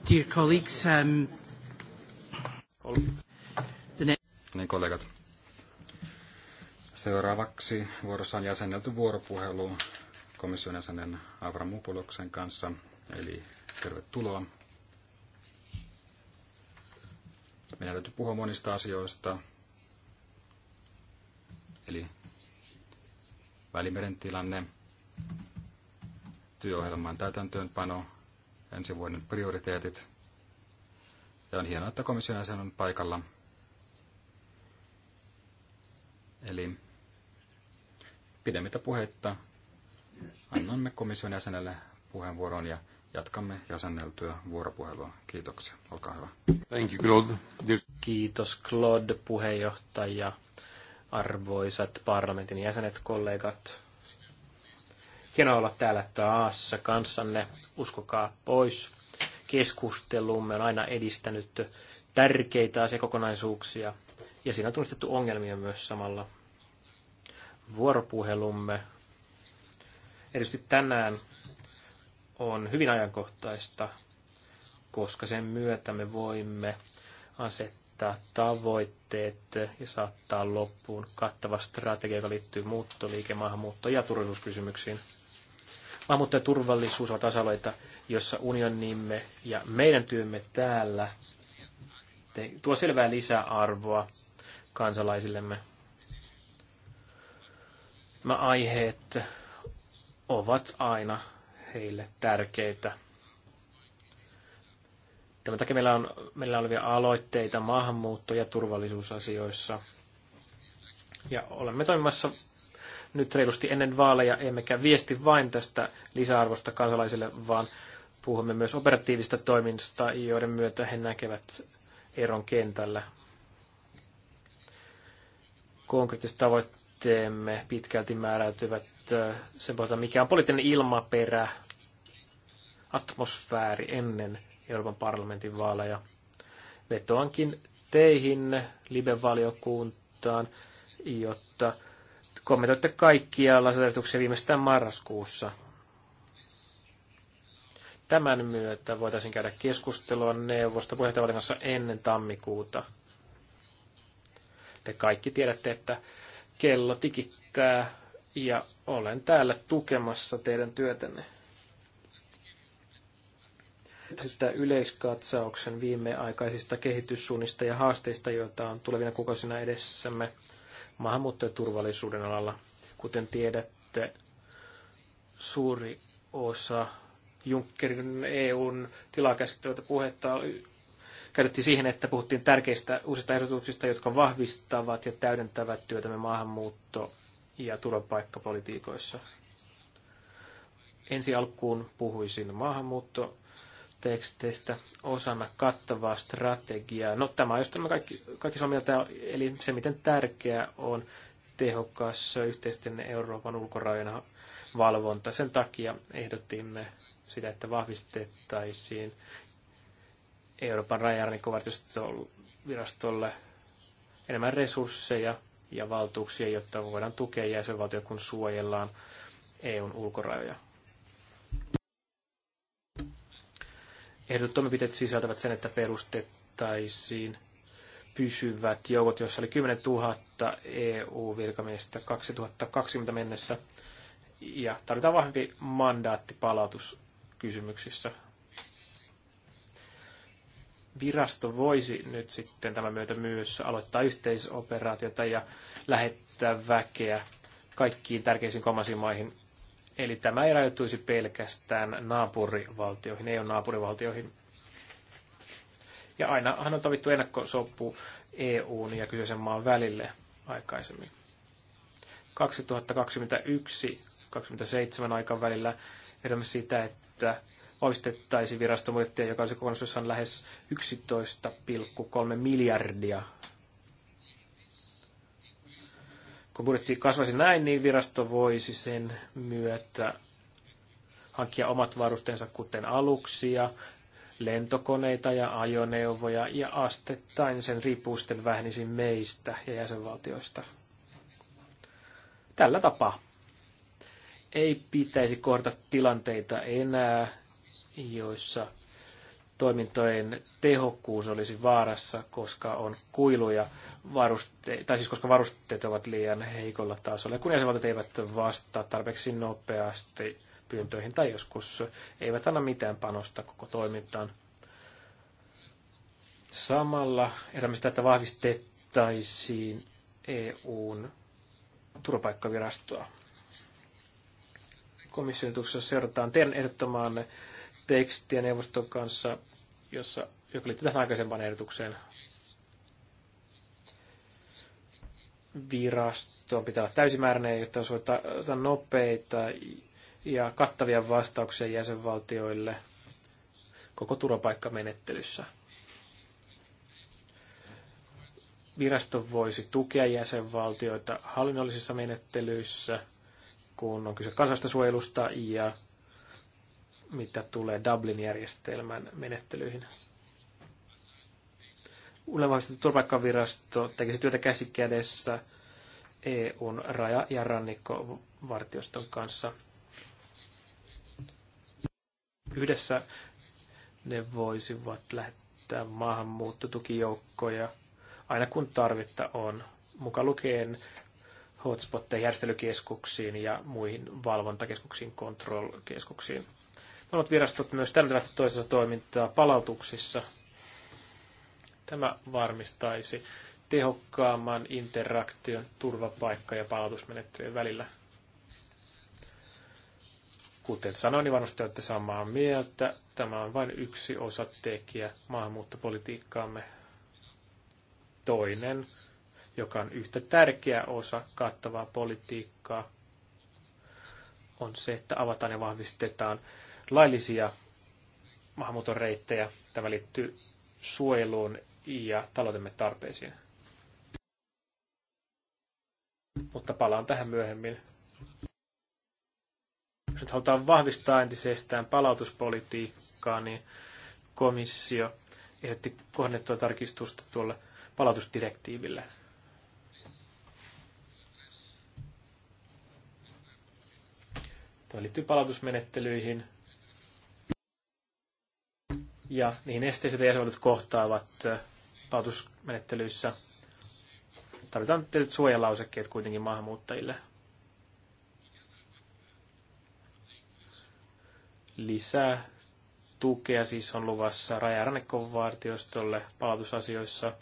dear colleagues. Um, niin, kollegat. Seuraavaksi vuorossa on jäsennelty vuoropuhelu komission jäsenen Avramopuloksen kanssa, eli tervetuloa. Meidän täytyy puhua monista asioista, eli Välimeren tilanne, työohjelman täytäntöönpano, ensi vuoden prioriteetit. Ja on hienoa, että komission jäsen on paikalla. Eli pidemmittä puheitta annamme komission jäsenelle puheenvuoron ja jatkamme jäsenneltyä vuoropuhelua. Kiitoksia. Olkaa hyvä. Thank you, Claude. Kiitos Claude, puheenjohtaja, arvoisat parlamentin jäsenet, kollegat. Hienoa olla täällä taassa kanssanne. Uskokaa pois. Keskustelumme on aina edistänyt tärkeitä asiakokonaisuuksia ja siinä on tunnistettu ongelmia myös samalla. Vuoropuhelumme, erityisesti tänään, on hyvin ajankohtaista, koska sen myötä me voimme asettaa tavoitteet ja saattaa loppuun kattava strategia, joka liittyy muuttoliike, maahanmuutto- ja turvallisuuskysymyksiin – Maahanmuutto ja turvallisuus ovat asaloita, jossa unionimme ja meidän työmme täällä te, tuo selvää lisäarvoa kansalaisillemme. Nämä aiheet ovat aina heille tärkeitä. Tämän takia meillä on, meillä olevia aloitteita maahanmuutto- ja turvallisuusasioissa. Ja olemme toimimassa nyt reilusti ennen vaaleja, emmekä viesti vain tästä lisäarvosta kansalaisille, vaan puhumme myös operatiivista toiminnasta, joiden myötä he näkevät eron kentällä. Konkreettiset tavoitteemme pitkälti määräytyvät äh, sen pohjalta, mikä on poliittinen ilmaperä, atmosfääri ennen Euroopan parlamentin vaaleja. Vetoankin teihin, live-valiokuntaan, jotta kommentoitte kaikkia lainsäädäntöksiä viimeistään marraskuussa. Tämän myötä voitaisiin käydä keskustelua neuvosta puheenjohtajavaltion kanssa ennen tammikuuta. Te kaikki tiedätte, että kello tikittää ja olen täällä tukemassa teidän työtänne. Sitten yleiskatsauksen viimeaikaisista kehityssuunnista ja haasteista, joita on tulevina kuukausina edessämme maahanmuuttajaturvallisuuden turvallisuuden alalla. Kuten tiedätte, suuri osa Junckerin EUn tilaa käsittävältä puhetta käytettiin siihen, että puhuttiin tärkeistä uusista ehdotuksista, jotka vahvistavat ja täydentävät työtämme maahanmuutto- ja turvapaikkapolitiikoissa. Ensi alkuun puhuisin maahanmuutto- teksteistä osana kattavaa strategiaa. No tämä on just tämä kaikki, kaikki samaa mieltä, eli se miten tärkeää on tehokas yhteisten Euroopan ulkorajojen valvonta. Sen takia ehdotimme sitä, että vahvistettaisiin Euroopan rajarnikovartiostovirastolle enemmän resursseja ja valtuuksia, jotta voidaan tukea jäsenvaltio, kun suojellaan EUn ulkorajoja. Ehdotut toimenpiteet sisältävät sen, että perustettaisiin pysyvät joukot, joissa oli 10 000 EU-virkamiestä 2020 mennessä. Ja tarvitaan vahvempi mandaatti palautuskysymyksissä. Virasto voisi nyt sitten tämän myötä myös aloittaa yhteisoperaatiota ja lähettää väkeä kaikkiin tärkeisiin kolmansiin maihin Eli tämä ei rajoittuisi pelkästään naapurivaltioihin, ei ole naapurivaltioihin. Ja ainahan on tavittu ennakkosoppu EUn ja kyseisen maan välille aikaisemmin. 2021-2027 aikavälillä ehdotamme sitä, että vahvistettaisiin virastobudjettia, joka olisi kokonaisuudessaan lähes 11,3 miljardia kun budjetti kasvaisi näin, niin virasto voisi sen myötä hankkia omat varusteensa, kuten aluksia, lentokoneita ja ajoneuvoja, ja astettain sen ripusten vähenisi meistä ja jäsenvaltioista. Tällä tapaa. Ei pitäisi kohdata tilanteita enää, joissa toimintojen tehokkuus olisi vaarassa, koska on kuiluja, varuste- tai siis koska varusteet ovat liian heikolla tasolla, kun jäsenvaltiot eivät vastaa tarpeeksi nopeasti pyyntöihin tai joskus eivät anna mitään panosta koko toimintaan. Samalla elämistä, että vahvistettaisiin EUn turvapaikkavirastoa. Komission seurataan teidän ehdottamaanne tekstiä neuvoston kanssa, jossa, joka liittyy tähän aikaisempaan ehdotukseen. virasto pitää olla täysimääräinen, jotta on soittaa nopeita ja kattavia vastauksia jäsenvaltioille koko turvapaikkamenettelyssä. Virasto voisi tukea jäsenvaltioita hallinnollisissa menettelyissä, kun on kyse kansallista suojelusta ja mitä tulee Dublin-järjestelmän menettelyihin. Ulevahvistettu turvapaikkavirasto tekisi työtä käsikädessä EUn raja- ja rannikkovartioston kanssa. Yhdessä ne voisivat lähettää maahanmuuttotukijoukkoja aina kun tarvetta on, mukaan lukien hotspotteja järjestelykeskuksiin ja muihin valvontakeskuksiin, kontrollkeskuksiin. Monet virastot myös täydentävät toisessa toimintaa palautuksissa. Tämä varmistaisi tehokkaamman interaktion turvapaikka- ja palautusmenettelyjen välillä. Kuten sanoin, niin varmasti olette samaa mieltä. Tämä on vain yksi osatekijä maahanmuuttopolitiikkaamme. Toinen, joka on yhtä tärkeä osa kattavaa politiikkaa, on se, että avataan ja vahvistetaan laillisia maahanmuuton reittejä. Tämä liittyy suojeluun ja taloutemme tarpeisiin. Mutta palaan tähän myöhemmin. Jos nyt halutaan vahvistaa entisestään palautuspolitiikkaa, niin komissio ehdotti kohdennettua tarkistusta tuolle palautusdirektiiville. Tuo liittyy palautusmenettelyihin – ja niihin esteisiin jäsenvaltiot kohtaavat palautusmenettelyissä. Tarvitaan tietyt suojalausekkeet kuitenkin maahanmuuttajille. Lisää tukea siis on luvassa rajarannikkovartiostolle palautusasioissa.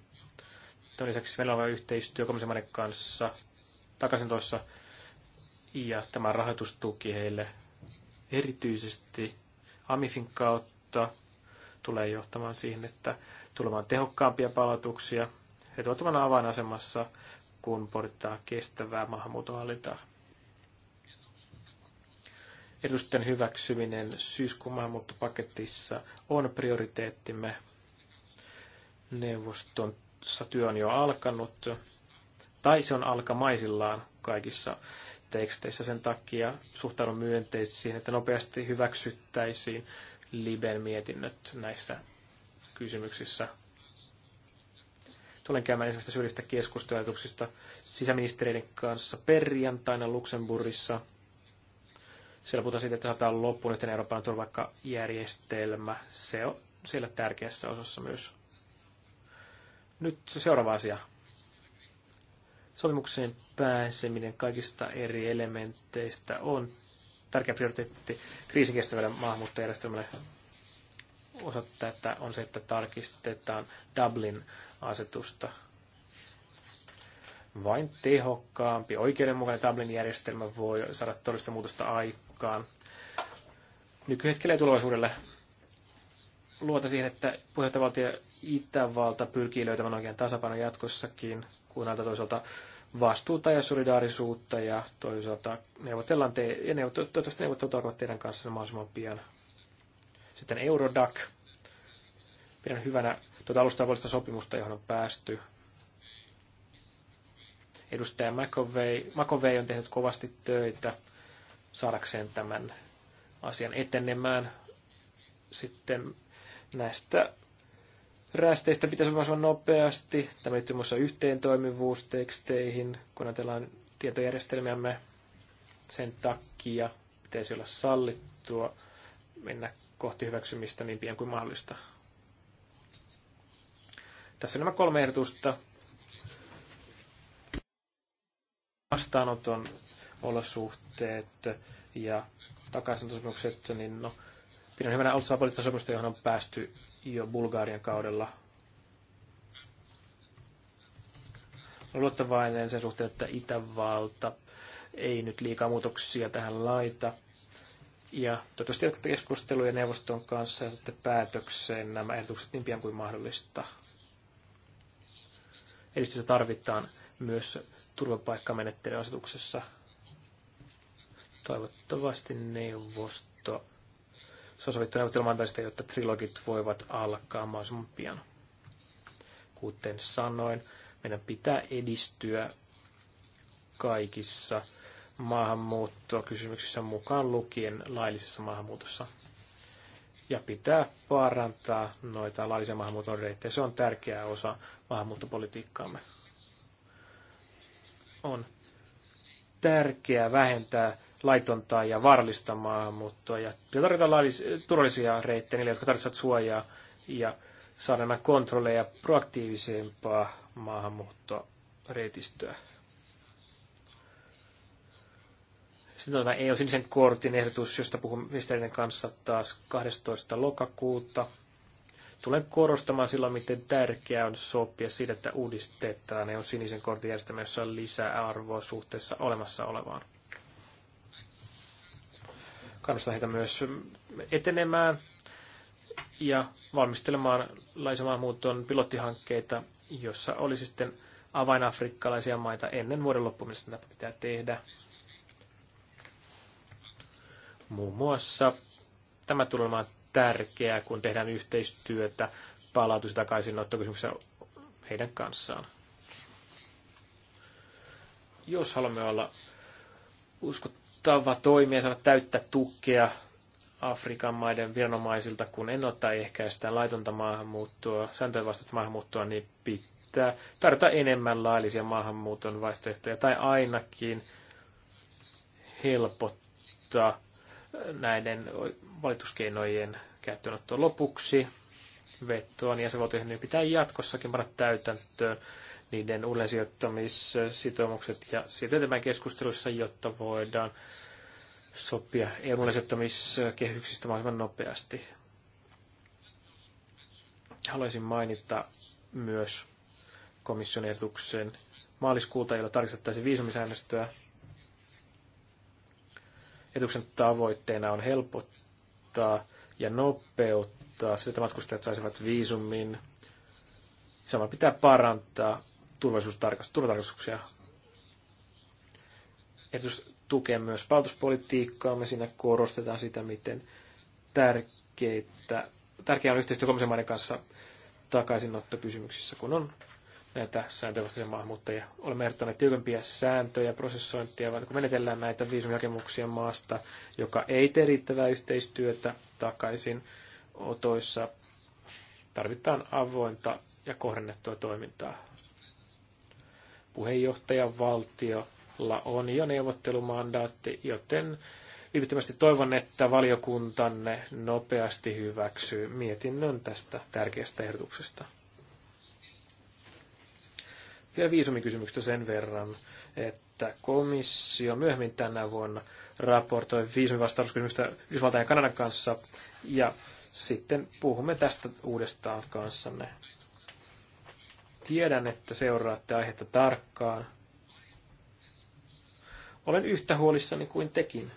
Tämän lisäksi meillä on yhteistyö komission kanssa takaisin tuossa ja tämä rahoitustuki heille erityisesti AMIFin kautta tulee johtamaan siihen, että tulemaan tehokkaampia palautuksia. He ovat olemaan avainasemassa, kun pohditaan kestävää maahanmuutohallintaa. Edusten hyväksyminen syyskuun maahanmuuttopaketissa on prioriteettimme. Neuvoston työ on jo alkanut, tai se on alkamaisillaan kaikissa teksteissä. Sen takia suhtaudun myönteisesti että nopeasti hyväksyttäisiin Liben mietinnöt näissä kysymyksissä. Tulen käymään ensimmäistä syrjistä keskustelutuksista sisäministeriöiden kanssa perjantaina Luxemburgissa. Siellä puhutaan siitä, että saadaan loppuun yhteen Euroopan turvapaikkajärjestelmä. Se on siellä tärkeässä osassa myös. Nyt se seuraava asia. Sopimukseen pääseminen kaikista eri elementeistä on tärkeä prioriteetti kriisin kestävälle maahanmuuttojärjestelmälle osoittaa, että on se, että tarkistetaan Dublin-asetusta. Vain tehokkaampi, oikeudenmukainen Dublin-järjestelmä voi saada todellista muutosta aikaan. Nykyhetkellä ja tulevaisuudelle luota siihen, että puheenjohtajavaltio Itävalta pyrkii löytämään oikean tasapainon jatkossakin, kun näiltä toisaalta vastuuta ja solidaarisuutta ja toisaalta neuvotellaan te, ja neuvot, toivottavasti neuvottelut alkavat teidän kanssa mahdollisimman pian. Sitten Eurodac. Pidän hyvänä tuota alustavallista sopimusta, johon on päästy. Edustaja McAvey, McAvey on tehnyt kovasti töitä saadakseen tämän asian etenemään. Sitten näistä Rästeistä pitäisi mahdollisimman nopeasti. Tämä liittyy muassa yhteentoimivuusteksteihin, kun ajatellaan tietojärjestelmiämme. Sen takia pitäisi olla sallittua mennä kohti hyväksymistä niin pian kuin mahdollista. Tässä nämä kolme ehdotusta. Vastaanoton olosuhteet ja takaisin niin no, pidän hyvänä alustapoliittista sopimusta, johon on päästy jo Bulgarian kaudella. luottavainen sen suhteen, että Itävalta ei nyt liikaa muutoksia tähän laita. Ja toivottavasti jatkatte keskusteluja neuvoston kanssa ja päätökseen nämä ehdotukset niin pian kuin mahdollista. Edistystä tarvitaan myös turvapaikkamenettelyasetuksessa. Toivottavasti neuvosto se on sovittu jotta trilogit voivat alkaa mahdollisimman pian. Kuten sanoin, meidän pitää edistyä kaikissa maahanmuuttokysymyksissä mukaan lukien laillisessa maahanmuutossa. Ja pitää parantaa noita laillisia maahanmuuton reittejä. Se on tärkeä osa maahanmuuttopolitiikkaamme. On tärkeää vähentää laitontaa ja vaarallista maahanmuuttoa. Ja tarvitaan laillis- turvallisia reittejä niille, jotka tarvitsevat suojaa ja saada nämä kontrolleja proaktiivisempaa maahanmuuttoa reitistöä. Sitten on tämä EU-sinisen kortin ehdotus, josta puhun ministerien kanssa taas 12. lokakuuta. Tulen korostamaan silloin, miten tärkeää on sopia siitä, että uudistetaan EU-sinisen kortin järjestelmä, jossa on lisää arvoa suhteessa olemassa olevaan. Kannustan heitä myös etenemään ja valmistelemaan muuttoon pilottihankkeita, jossa olisi sitten avainafrikkalaisia maita ennen vuoden loppumista mitä pitää tehdä. Muun muassa tämä tulee olemaan tärkeää, kun tehdään yhteistyötä palautus- takaisin ottokysymyksessä heidän kanssaan. Jos haluamme olla uskot tapa toimia, saada täyttä tukea Afrikan maiden viranomaisilta, kun ennaltaehkäistään laitonta maahanmuuttoa, sääntöjen vastaista maahanmuuttoa, niin pitää tarjota enemmän laillisia maahanmuuton vaihtoehtoja tai ainakin helpottaa näiden valituskeinojen käyttöönotto lopuksi. vettoon ja se voi niin pitää jatkossakin panna täytäntöön niiden uudelleensijoittamissitoumukset ja siitä eteenpäin keskustelussa, jotta voidaan sopia EUn mahdollisimman nopeasti. Haluaisin mainita myös komission ehdotuksen maaliskuuta, jolla tarkistettaisiin viisumisäännöstöä. Etuksen tavoitteena on helpottaa ja nopeuttaa sitä, että matkustajat saisivat viisumin. Sama pitää parantaa turvallisuustarkastuksia. Ehdotus tukee myös palautuspolitiikkaa. Me siinä korostetaan sitä, miten tärkeitä, tärkeää on yhteistyö kolmansien maiden kanssa takaisinottokysymyksissä, kun on näitä sääntövastaisia maahanmuuttajia. Olemme ehdottaneet tiukempia sääntöjä, prosessointia, vaikka kun menetellään näitä viisumihakemuksia maasta, joka ei tee riittävää yhteistyötä takaisin otoissa, tarvitaan avointa ja kohdennettua toimintaa. Puheenjohtajavaltiolla on jo neuvottelumandaatti, joten vilpittömästi toivon, että valiokuntanne nopeasti hyväksyy mietinnön tästä tärkeästä ehdotuksesta. Vielä viisumikysymyksestä sen verran, että komissio myöhemmin tänä vuonna raportoi viisumivastauskysymystä Yhdysvaltain ja Kanadan kanssa, ja sitten puhumme tästä uudestaan kanssanne. Tiedän, että seuraatte aihetta tarkkaan. Olen yhtä huolissani kuin tekin.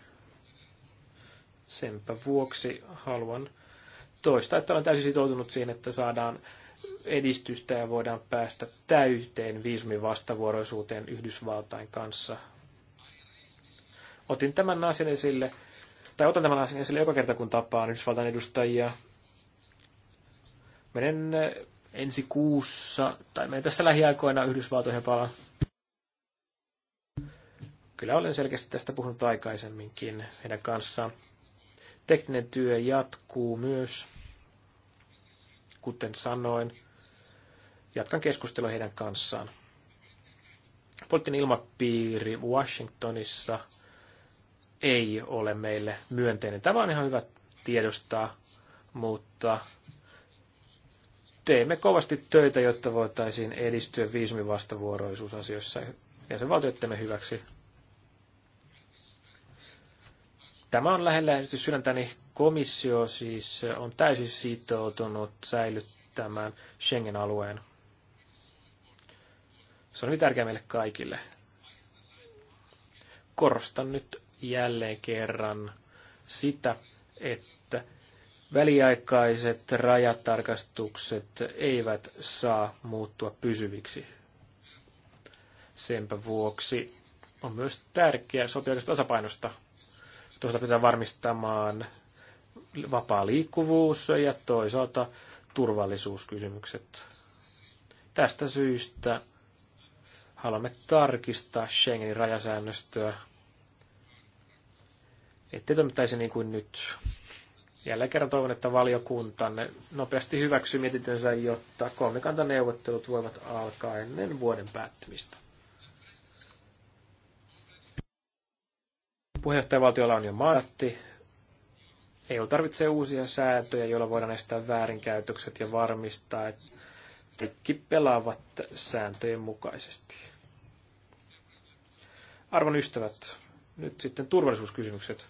Senpä vuoksi haluan toistaa, että olen täysin sitoutunut siihen, että saadaan edistystä ja voidaan päästä täyteen vastavuoroisuuteen Yhdysvaltain kanssa. Otin tämän asian esille, tai otan tämän asian esille joka kerta, kun tapaan Yhdysvaltain edustajia. Menen ensi kuussa, tai me tässä lähiaikoina Yhdysvaltoihin palaan. Kyllä olen selkeästi tästä puhunut aikaisemminkin heidän kanssaan. Tekninen työ jatkuu myös, kuten sanoin. Jatkan keskustelua heidän kanssaan. Poliittinen ilmapiiri Washingtonissa ei ole meille myönteinen. Tämä on ihan hyvä tiedostaa, mutta teemme kovasti töitä, jotta voitaisiin edistyä viisumivastavuoroisuusasioissa valtioittemme hyväksi. Tämä on lähellä siis sydäntäni. Komissio siis on täysin sitoutunut säilyttämään Schengen-alueen. Se on hyvin tärkeää meille kaikille. Korostan nyt jälleen kerran sitä, että väliaikaiset rajatarkastukset eivät saa muuttua pysyviksi. Senpä vuoksi on myös tärkeää sopia tasapainosta. Toisaalta pitää varmistamaan vapaa liikkuvuus ja toisaalta turvallisuuskysymykset. Tästä syystä haluamme tarkistaa Schengenin rajasäännöstöä, ettei toimittaisi niin kuin nyt. Jälleen kerran toivon, että valiokuntanne nopeasti hyväksyy mietintönsä, jotta kolmikantaneuvottelut voivat alkaa ennen vuoden päättymistä. Puheenjohtajavaltiolla on jo maatti. EU tarvitsee uusia sääntöjä, joilla voidaan estää väärinkäytökset ja varmistaa, että kaikki pelaavat sääntöjen mukaisesti. Arvon ystävät, nyt sitten turvallisuuskysymykset.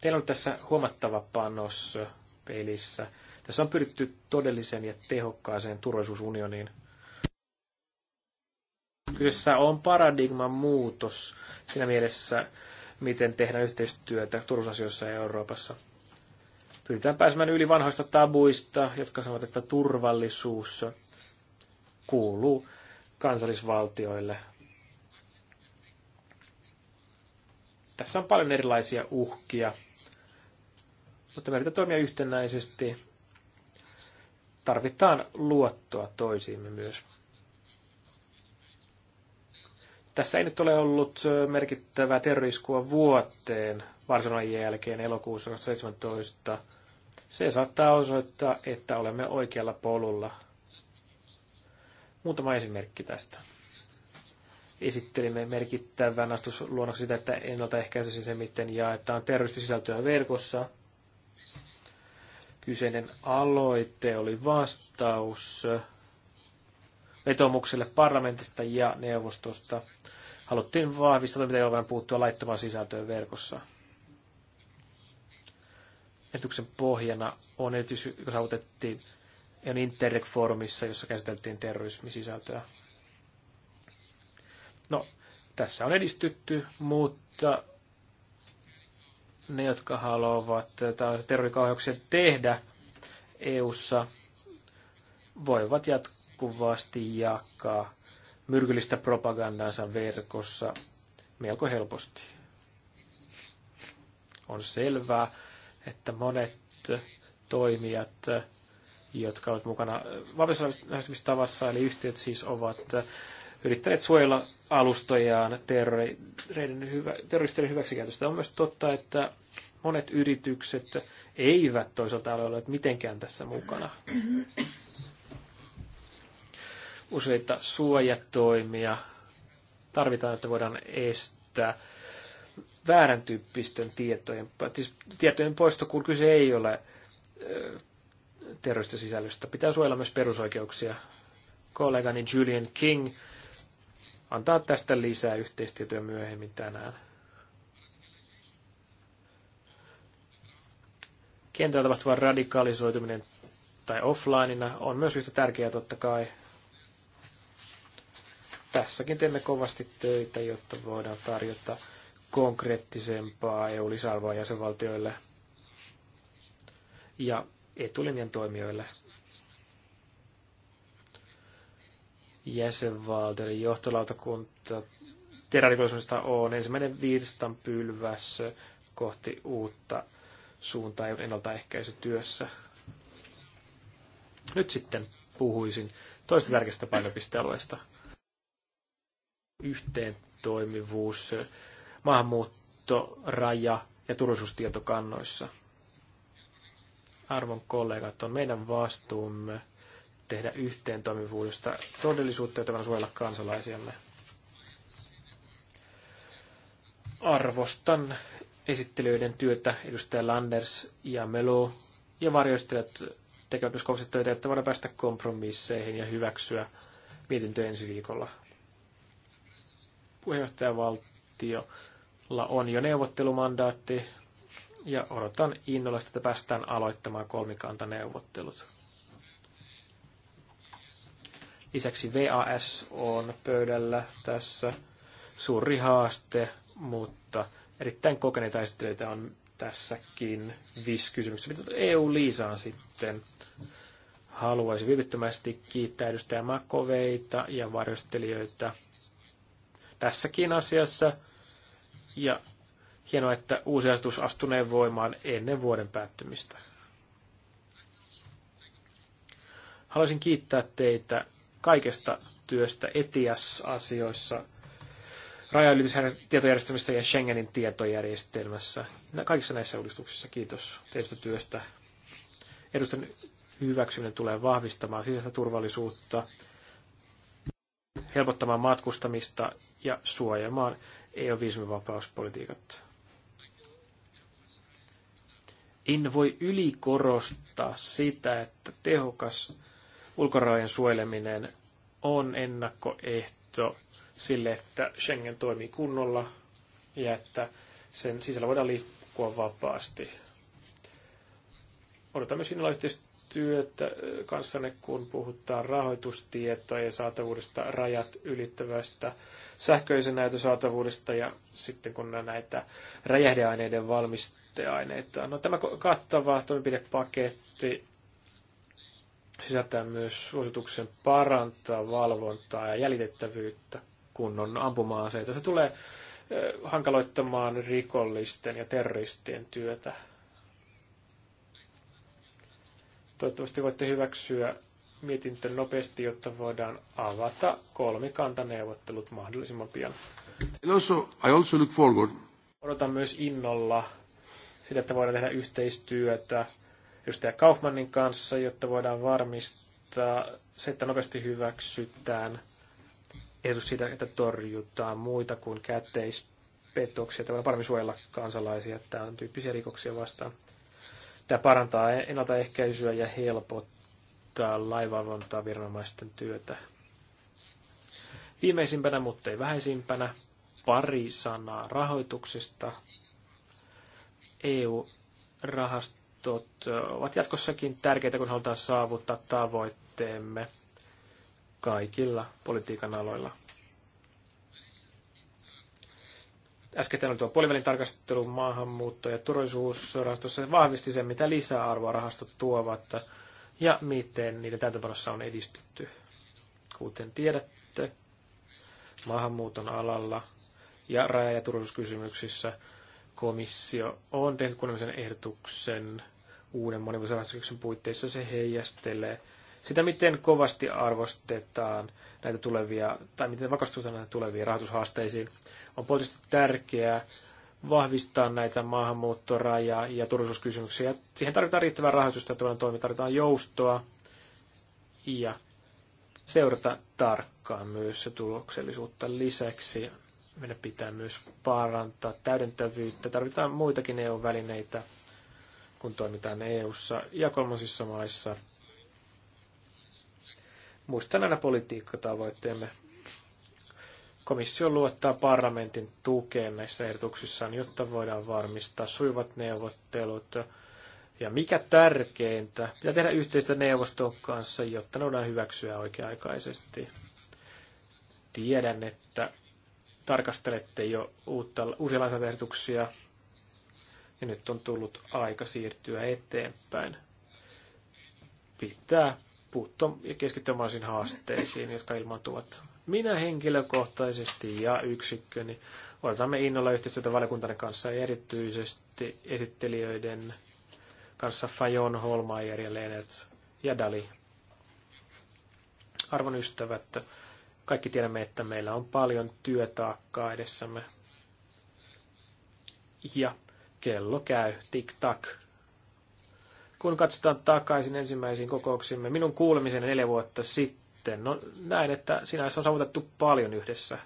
Teillä on tässä huomattava panos pelissä. Tässä on pyritty todelliseen ja tehokkaaseen turvallisuusunioniin. Kyseessä on paradigman muutos siinä mielessä, miten tehdään yhteistyötä turvallisuusasioissa Euroopassa. Pyritään pääsemään yli vanhoista tabuista, jotka sanovat, että turvallisuus kuuluu kansallisvaltioille. Tässä on paljon erilaisia uhkia, mutta meidän pitää toimia yhtenäisesti. Tarvitaan luottoa toisiimme myös. Tässä ei nyt ole ollut merkittävää terroriskua vuoteen varsinaisen jälkeen elokuussa 2017. Se saattaa osoittaa, että olemme oikealla polulla. Muutama esimerkki tästä. Esittelimme merkittävän astusluonnoksen sitä, että ennaltaehkäisisi se, miten jaetaan terroristisisältöä verkossa – Kyseinen aloite oli vastaus vetomukselle parlamentista ja neuvostosta. Haluttiin vahvistaa toimintajollain puuttua laittomaan sisältöön verkossa. Esityksen pohjana on esitys, joka saavutettiin Interreg-foorumissa, jossa käsiteltiin terrorismisisältöä. No, tässä on edistytty, mutta ne, jotka haluavat tällaisia terrorikauheuksia tehdä EU:ssa, voivat jatkuvasti jakaa myrkyllistä propagandansa verkossa melko helposti. On selvää, että monet toimijat, jotka ovat mukana tavassa, eli yhtiöt siis ovat yrittäneet suojella alustojaan terroristien hyväksikäytöstä. On myös totta, että monet yritykset eivät toisaalta ole olleet mitenkään tässä mukana. Useita suojatoimia tarvitaan, että voidaan estää väärän tyyppisten tietojen, siis tietojen poisto, kun kyse ei ole terroristisisällöstä. Pitää suojella myös perusoikeuksia. Kollegani Julian King antaa tästä lisää yhteistyötä myöhemmin tänään. Kentällä tapahtuva radikalisoituminen tai offlineina on myös yhtä tärkeää totta kai. Tässäkin teemme kovasti töitä, jotta voidaan tarjota konkreettisempaa EU-lisäarvoa jäsenvaltioille ja etulinjan toimijoille. jäsenvaltioiden johtolautakunta terrorikollisuudesta on ensimmäinen pylväs kohti uutta suuntaa ennaltaehkäisytyössä. Nyt sitten puhuisin toista tärkeästä painopistealueesta. Yhteen toimivuus, maahanmuutto, raja ja turvallisuustietokannoissa. Arvon kollegat, on meidän vastuumme tehdä yhteen toimivuudesta todellisuutta, jota suojella kansalaisiamme. Arvostan esittelyiden työtä edustaja Landers ja Melo ja varjoistelijat tekevät myös kovasti töitä, että voidaan päästä kompromisseihin ja hyväksyä mietintö ensi viikolla. Puheenjohtajavaltiolla on jo neuvottelumandaatti ja odotan innolla, että päästään aloittamaan kolmikantaneuvottelut. Lisäksi VAS on pöydällä tässä suuri haaste, mutta erittäin kokeneita esittelyitä on tässäkin viisi kysymyksiä. Mitä tuota EU-liisaan sitten? Haluaisin vilpittömästi kiittää edustaja Makoveita ja varjostelijoita tässäkin asiassa. Ja hienoa, että uusi asetus astuneen voimaan ennen vuoden päättymistä. Haluaisin kiittää teitä kaikesta työstä ETIAS-asioissa, rajaylitystietojärjestelmässä ja Schengenin tietojärjestelmässä. Kaikissa näissä uudistuksissa kiitos teistä työstä. Edustan hyväksyminen tulee vahvistamaan sisäistä turvallisuutta, helpottamaan matkustamista ja suojamaan EU-viisumivapauspolitiikat. En voi ylikorostaa sitä, että tehokas ulkorajojen suojeleminen on ennakkoehto sille, että Schengen toimii kunnolla ja että sen sisällä voidaan liikkua vapaasti. Odotamme sinulla yhteistyötä kanssanne, kun puhutaan rahoitustietoa ja saatavuudesta rajat ylittävästä sähköisen näytön saatavuudesta ja sitten kun näitä räjähdeaineiden valmisteaineita. No, tämä kattava toimenpidepaketti sisältää myös suosituksen parantaa valvontaa ja jäljitettävyyttä, kun on ampuma-aseita. Se tulee hankaloittamaan rikollisten ja terroristien työtä. Toivottavasti voitte hyväksyä mietintö nopeasti, jotta voidaan avata kolmikantaneuvottelut mahdollisimman pian. also, I also look forward. Odotan myös innolla sitä, että voidaan tehdä yhteistyötä edustaja Kaufmannin kanssa, jotta voidaan varmistaa se, että nopeasti hyväksytään ehdotus siitä, että torjutaan muita kuin käteispetoksia, että voidaan paremmin suojella kansalaisia tämän tyyppisiä rikoksia vastaan. Tämä parantaa ennaltaehkäisyä ja helpottaa laivavontaa viranomaisten työtä. Viimeisimpänä, mutta ei vähäisimpänä, pari sanaa rahoituksesta. EU-rahasto tiedot ovat jatkossakin tärkeitä, kun halutaan saavuttaa tavoitteemme kaikilla politiikan aloilla. Äsken oli tuo puolivälin tarkastelu, maahanmuutto ja turvallisuusrahastossa se vahvisti sen, mitä lisäarvoa rahastot tuovat ja miten niiden täytäntöönpanossa on edistytty. Kuten tiedätte, maahanmuuton alalla ja raja- ja turvallisuuskysymyksissä – komissio on tehnyt kunnollisen ehdotuksen uuden monivuotisen puitteissa. Se heijastelee sitä, miten kovasti arvostetaan näitä tulevia, tai miten vakastutaan näitä tulevia rahoitushaasteisiin. On poliittisesti tärkeää vahvistaa näitä maahanmuuttoraja- ja turvallisuuskysymyksiä. Siihen tarvitaan riittävää rahoitusta, että toimi tarvitaan joustoa ja seurata tarkkaan myös se tuloksellisuutta lisäksi meidän pitää myös parantaa täydentävyyttä. Tarvitaan muitakin EU-välineitä, kun toimitaan EU-ssa ja kolmansissa maissa. Muistan aina politiikkatavoitteemme. Komissio luottaa parlamentin tukeen näissä ehdotuksissaan, jotta voidaan varmistaa sujuvat neuvottelut. Ja mikä tärkeintä, pitää tehdä yhteistä neuvoston kanssa, jotta ne voidaan hyväksyä oikea-aikaisesti. Tiedän, että tarkastelette jo uutta, uusia lainsäädäntöehdotuksia ja nyt on tullut aika siirtyä eteenpäin. Pitää puuttua ja keskittyä haasteisiin, jotka ilmaantuvat. Minä henkilökohtaisesti ja yksikköni odotamme innolla yhteistyötä valiokuntanne kanssa ja erityisesti esittelijöiden kanssa Fajon, Holmeier ja Lennert ja Dali. Arvon ystävät, kaikki tiedämme, että meillä on paljon työtaakkaa edessämme. Ja kello käy, tik-tak. Kun katsotaan takaisin ensimmäisiin kokouksimme, minun kuulemisen neljä vuotta sitten, no näin, että sinänsä on saavutettu paljon yhdessä.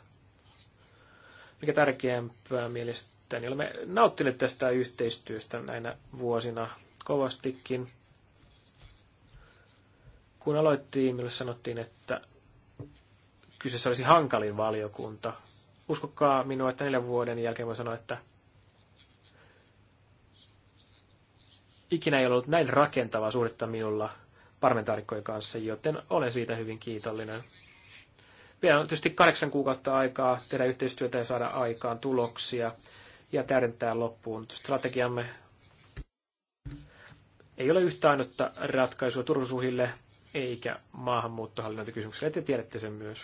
Mikä tärkeämpää mielestäni, olemme nauttineet tästä yhteistyöstä näinä vuosina kovastikin. Kun aloittiin, minulle sanottiin, että kyseessä olisi hankalin valiokunta. Uskokaa minua, että neljän vuoden jälkeen voi sanoa, että ikinä ei ollut näin rakentavaa suhdetta minulla parlamentaarikkojen kanssa, joten olen siitä hyvin kiitollinen. Vielä on tietysti kahdeksan kuukautta aikaa tehdä yhteistyötä ja saada aikaan tuloksia ja täydentää loppuun strategiamme. Ei ole yhtä ainutta ratkaisua turvallisuuhille eikä maahanmuuttohallinnointikysymyksille, ja te tiedätte sen myös.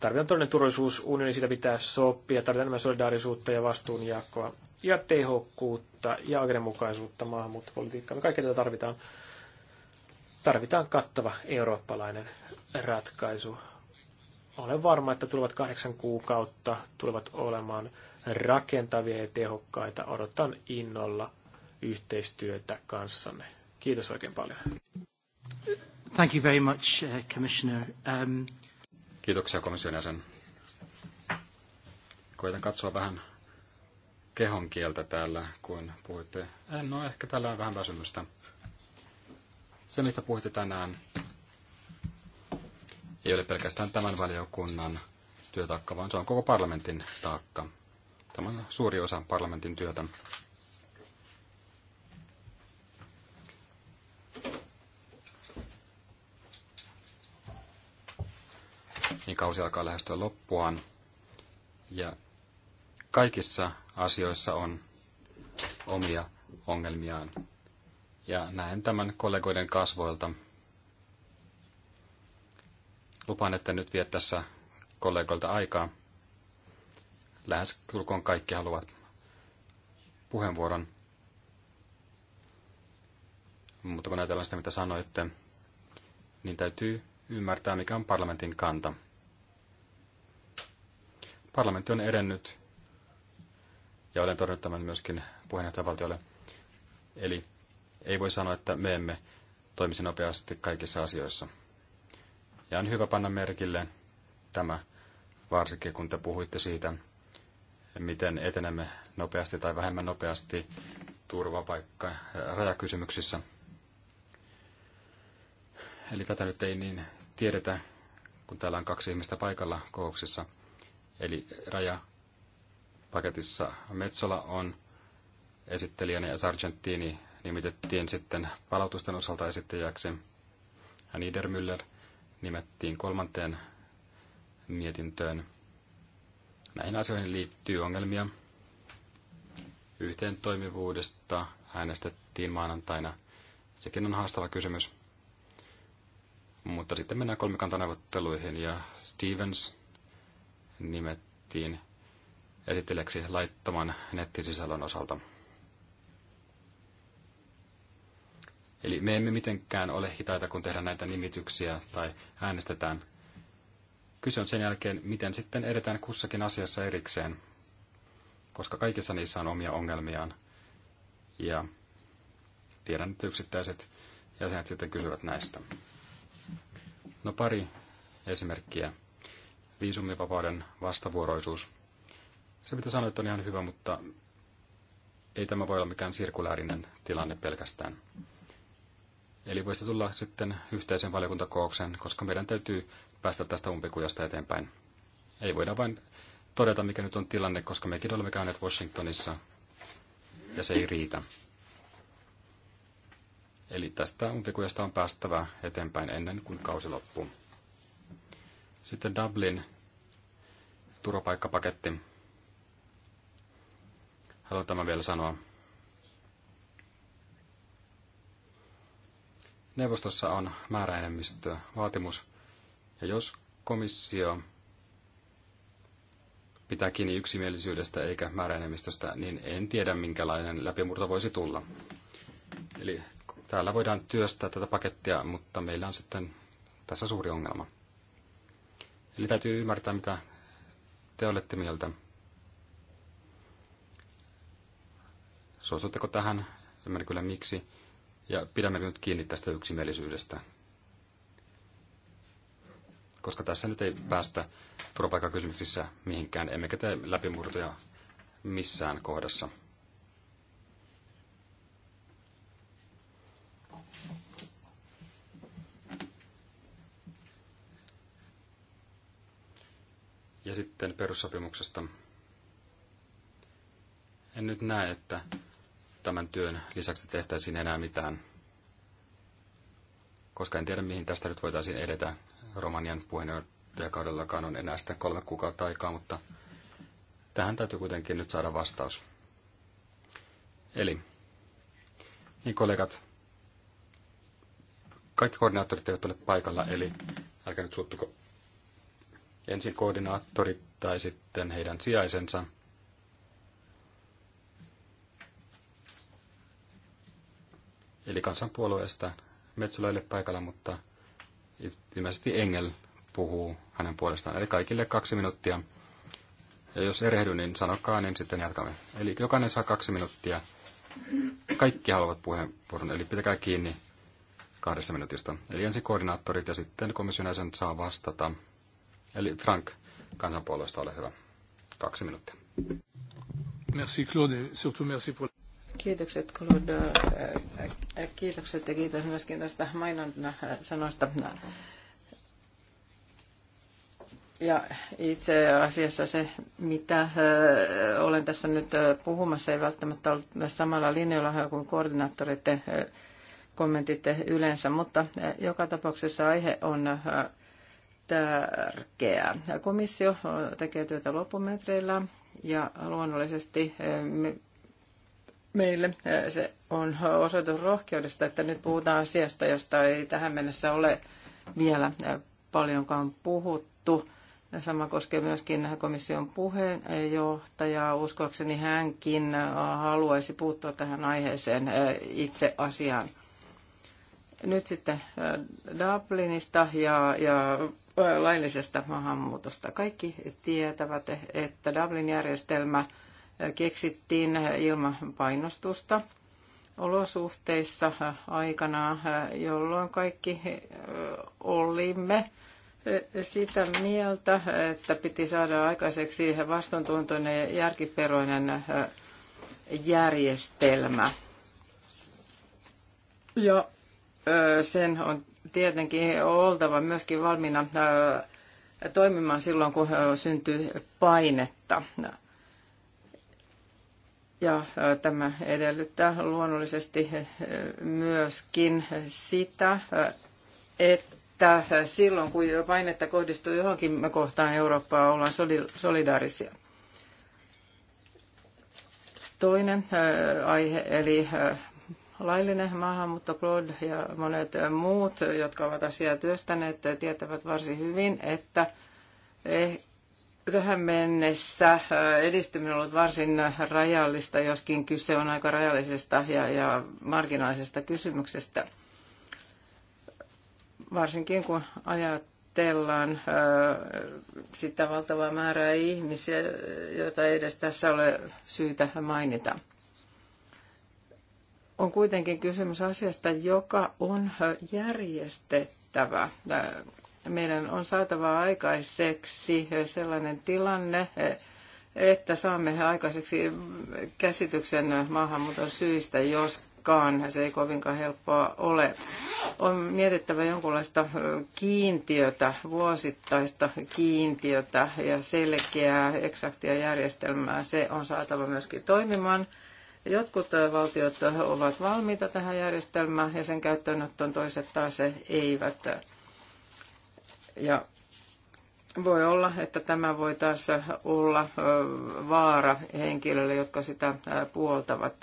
Tarvitaan todellinen turvallisuusunioni, siitä pitää sopia, tarvitaan enemmän solidaarisuutta ja vastuunjakoa ja tehokkuutta ja oikeudenmukaisuutta maahanmuuttopolitiikkaan. Me kaikkea tätä tarvitaan. Tarvitaan kattava eurooppalainen ratkaisu. Olen varma, että tulevat kahdeksan kuukautta tulevat olemaan rakentavia ja tehokkaita. Odotan innolla yhteistyötä kanssanne. Kiitos oikein paljon. Thank you very much, uh, Commissioner. Um... Kiitoksia komission jäsen. Koitan katsoa vähän kehon kieltä täällä, kun puhuitte. En, no ehkä täällä on vähän väsymystä. Se, mistä puhuitte tänään, ei ole pelkästään tämän valiokunnan työtaakka, vaan se on koko parlamentin taakka. Tämä on suuri osa parlamentin työtä. niin kausi alkaa lähestyä loppuaan. Ja kaikissa asioissa on omia ongelmiaan. Ja näen tämän kollegoiden kasvoilta. Lupaan, että nyt viet tässä kollegoilta aikaa. Lähes tulkoon kaikki haluavat puheenvuoron. Mutta kun ajatellaan sitä, mitä sanoitte, niin täytyy ymmärtää, mikä on parlamentin kanta. Parlamentti on edennyt, ja olen todennut tämän myöskin puheenjohtajavaltiolle. Eli ei voi sanoa, että me emme toimisi nopeasti kaikissa asioissa. Ja on hyvä panna merkille tämä, varsinkin kun te puhuitte siitä, miten etenemme nopeasti tai vähemmän nopeasti turvapaikka- ja rajakysymyksissä. Eli tätä nyt ei niin tiedetä, kun täällä on kaksi ihmistä paikalla kouksissa. Eli rajapaketissa Metsola on esittelijänä ja Sargentini nimitettiin sitten palautusten osalta esittäjäksi. Ja Niedermüller nimettiin kolmanteen mietintöön. Näihin asioihin liittyy ongelmia. Yhteen toimivuudesta äänestettiin maanantaina. Sekin on haastava kysymys. Mutta sitten mennään kolmikantaneuvotteluihin ja Stevens nimettiin esittelijäksi laittoman nettisisällön osalta. Eli me emme mitenkään ole hitaita, kun tehdään näitä nimityksiä tai äänestetään. Kyse on sen jälkeen, miten sitten edetään kussakin asiassa erikseen, koska kaikissa niissä on omia ongelmiaan. Ja tiedän, että yksittäiset jäsenet sitten kysyvät näistä. No pari esimerkkiä. Viisumivapauden vastavuoroisuus. Se mitä sanoit on ihan hyvä, mutta ei tämä voi olla mikään sirkuläärinen tilanne pelkästään. Eli voisi tulla sitten yhteisen valiokuntakooksen, koska meidän täytyy päästä tästä umpikujasta eteenpäin. Ei voida vain todeta, mikä nyt on tilanne, koska mekin olemme käyneet Washingtonissa, ja se ei riitä. Eli tästä umpikujasta on päästävä eteenpäin ennen kuin kausi loppuu. Sitten Dublin turvapaikkapaketti. Haluan tämän vielä sanoa. Neuvostossa on määräenemmistö vaatimus, ja jos komissio pitää kiinni yksimielisyydestä eikä määräenemmistöstä, niin en tiedä minkälainen läpimurto voisi tulla. Eli täällä voidaan työstää tätä pakettia, mutta meillä on sitten tässä suuri ongelma. Eli täytyy ymmärtää, mitä te olette mieltä. Suostutteko tähän? Ymmärrän kyllä miksi. Ja pidämme nyt kiinni tästä yksimielisyydestä. Koska tässä nyt ei päästä turvapaikkakysymyksissä mihinkään, emmekä tee läpimurtoja missään kohdassa. Ja sitten perussopimuksesta. En nyt näe, että tämän työn lisäksi tehtäisiin enää mitään, koska en tiedä, mihin tästä nyt voitaisiin edetä. Romanian puheenjohtajakaudellakaan on enää sitä kolme kuukautta aikaa, mutta tähän täytyy kuitenkin nyt saada vastaus. Eli, niin kollegat, kaikki koordinaattorit eivät ole paikalla, eli älkää nyt suuttuko ensin koordinaattorit tai sitten heidän sijaisensa. Eli kansanpuolueesta Metsola paikalla, mutta ilmeisesti Engel puhuu hänen puolestaan. Eli kaikille kaksi minuuttia. Ja jos erehdy, niin sanokaa, niin sitten jatkamme. Eli jokainen saa kaksi minuuttia. Kaikki haluavat puheenvuoron, eli pitäkää kiinni kahdesta minuutista. Eli ensin koordinaattorit ja sitten komission saa vastata Eli Frank, kansanpuolueesta ole hyvä. Kaksi minuuttia. Merci Claude, surtout merci pour... Kiitokset Claude, äh, äh, äh, kiitokset ja kiitos myöskin tästä mainon sanoista. Ja itse asiassa se, mitä olen tässä nyt puhumassa, ei välttämättä ollut samalla linjalla kuin koordinaattoreiden kommentit yleensä, mutta joka tapauksessa aihe on tärkeää. Komissio tekee työtä loppumetreillä ja luonnollisesti me, meille eh, se on osoitus rohkeudesta, että nyt puhutaan asiasta, josta ei tähän mennessä ole vielä eh, paljonkaan puhuttu. Sama koskee myöskin komission puheenjohtajaa. Uskoakseni hänkin haluaisi puuttua tähän aiheeseen eh, itse asiaan. Nyt sitten Dublinista ja, ja laillisesta maahanmuutosta. Kaikki tietävät, että Dublin-järjestelmä keksittiin ilman painostusta olosuhteissa aikana, jolloin kaikki olimme sitä mieltä, että piti saada aikaiseksi vastuuntuntoinen ja järkiperoinen järjestelmä. Ja sen on tietenkin oltava myöskin valmiina toimimaan silloin, kun syntyy painetta. Ja tämä edellyttää luonnollisesti myöskin sitä, että silloin kun painetta kohdistuu johonkin kohtaan Eurooppaa, ollaan solidaarisia. Toinen aihe, eli Laillinen maahanmuutto, Claude ja monet muut, jotka ovat asiaa työstäneet, tietävät varsin hyvin, että eh, tähän mennessä eh, edistyminen on ollut varsin rajallista, joskin kyse on aika rajallisesta ja, ja marginaalisesta kysymyksestä. Varsinkin kun ajatellaan eh, sitä valtavaa määrää ihmisiä, joita ei edes tässä ole syytä mainita on kuitenkin kysymys asiasta, joka on järjestettävä. Meidän on saatava aikaiseksi sellainen tilanne, että saamme aikaiseksi käsityksen maahanmuuton syistä, joskaan se ei kovinkaan helppoa ole. On mietittävä jonkunlaista kiintiötä, vuosittaista kiintiötä ja selkeää, eksaktia järjestelmää. Se on saatava myöskin toimimaan Jotkut valtiot ovat valmiita tähän järjestelmään ja sen käyttöönottoon toiset taas eivät. Ja voi olla, että tämä voi taas olla vaara henkilöille, jotka sitä puoltavat.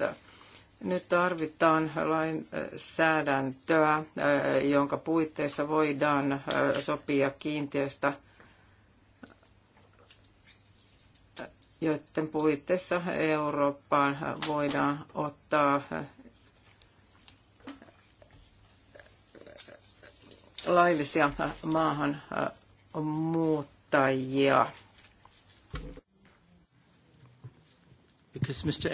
Nyt tarvitaan lainsäädäntöä, jonka puitteissa voidaan sopia kiinteästä joiden puitteissa Eurooppaan voidaan ottaa äh, laillisia äh, maahanmuuttajia. Äh, Because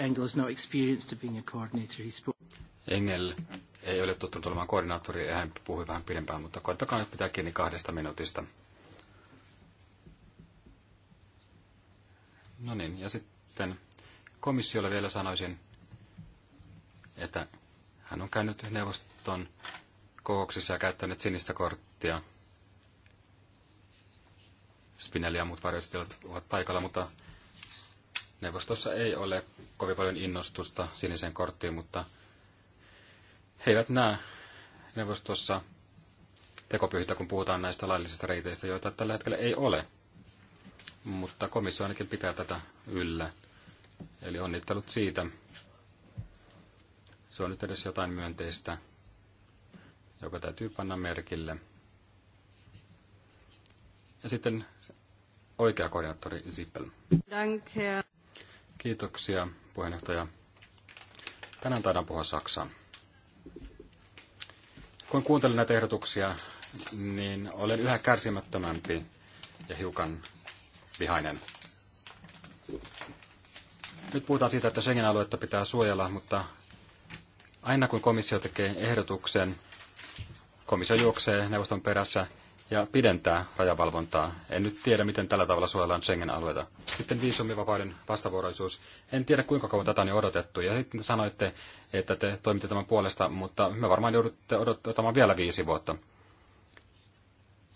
Engel ei ole tottunut olemaan koordinaattori ja hän puhui vähän pidempään, mutta koettakaa nyt pitää kiinni kahdesta minuutista. No niin, ja sitten komissiolle vielä sanoisin, että hän on käynyt neuvoston kokouksissa ja käyttänyt sinistä korttia. Spinelli ja muut varjostelijat ovat paikalla, mutta neuvostossa ei ole kovin paljon innostusta siniseen korttiin, mutta he eivät näe neuvostossa tekopyhitä, kun puhutaan näistä laillisista reiteistä, joita tällä hetkellä ei ole mutta komissio ainakin pitää tätä yllä. Eli onnittelut siitä. Se on nyt edes jotain myönteistä, joka täytyy panna merkille. Ja sitten oikea koordinaattori Zippel. Kiitoksia, puheenjohtaja. Tänään taidaan puhua Saksaa. Kun kuuntelen näitä ehdotuksia, niin olen yhä kärsimättömämpi ja hiukan vihainen. Nyt puhutaan siitä, että Schengen-aluetta pitää suojella, mutta aina kun komissio tekee ehdotuksen, komissio juoksee neuvoston perässä ja pidentää rajavalvontaa. En nyt tiedä, miten tällä tavalla suojellaan Schengen-alueita. Sitten viisumivapauden vastavuoroisuus. En tiedä, kuinka kauan tätä on jo odotettu. Ja sitten sanoitte, että te toimitte tämän puolesta, mutta me varmaan joudutte odottamaan vielä viisi vuotta.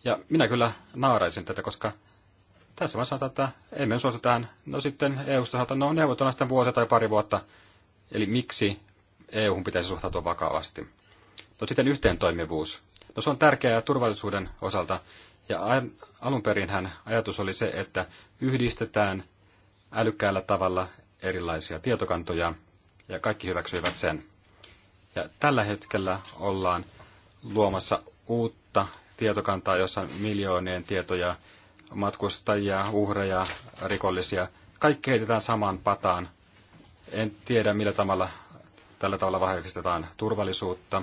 Ja minä kyllä naaraisin tätä, koska tässä vaan sanotaan, että emme suostu tähän. No sitten EU-sta sanotaan, no neuvotellaan sitten vuosi tai pari vuotta. Eli miksi EU-hun pitäisi suhtautua vakavasti? No sitten yhteentoimivuus. No se on tärkeää turvallisuuden osalta. Ja alun perinhän ajatus oli se, että yhdistetään älykkäällä tavalla erilaisia tietokantoja, ja kaikki hyväksyivät sen. Ja tällä hetkellä ollaan luomassa uutta tietokantaa, jossa on miljoonien tietoja matkustajia, uhreja, rikollisia. Kaikki heitetään samaan pataan. En tiedä, millä tavalla tällä tavalla vahvistetaan turvallisuutta.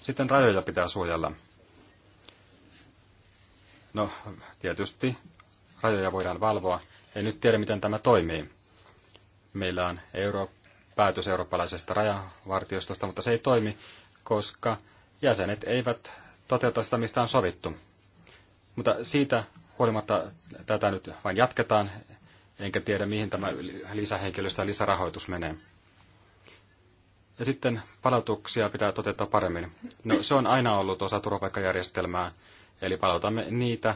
Sitten rajoja pitää suojella. No, tietysti rajoja voidaan valvoa. En nyt tiedä, miten tämä toimii. Meillä on euro, päätös eurooppalaisesta rajavartiostosta, mutta se ei toimi, koska jäsenet eivät toteuta sitä, mistä on sovittu. Mutta siitä huolimatta tätä nyt vain jatketaan, enkä tiedä mihin tämä lisähenkilöstö ja lisärahoitus menee. Ja sitten palautuksia pitää toteuttaa paremmin. No se on aina ollut osa turvapaikkajärjestelmää, eli palautamme niitä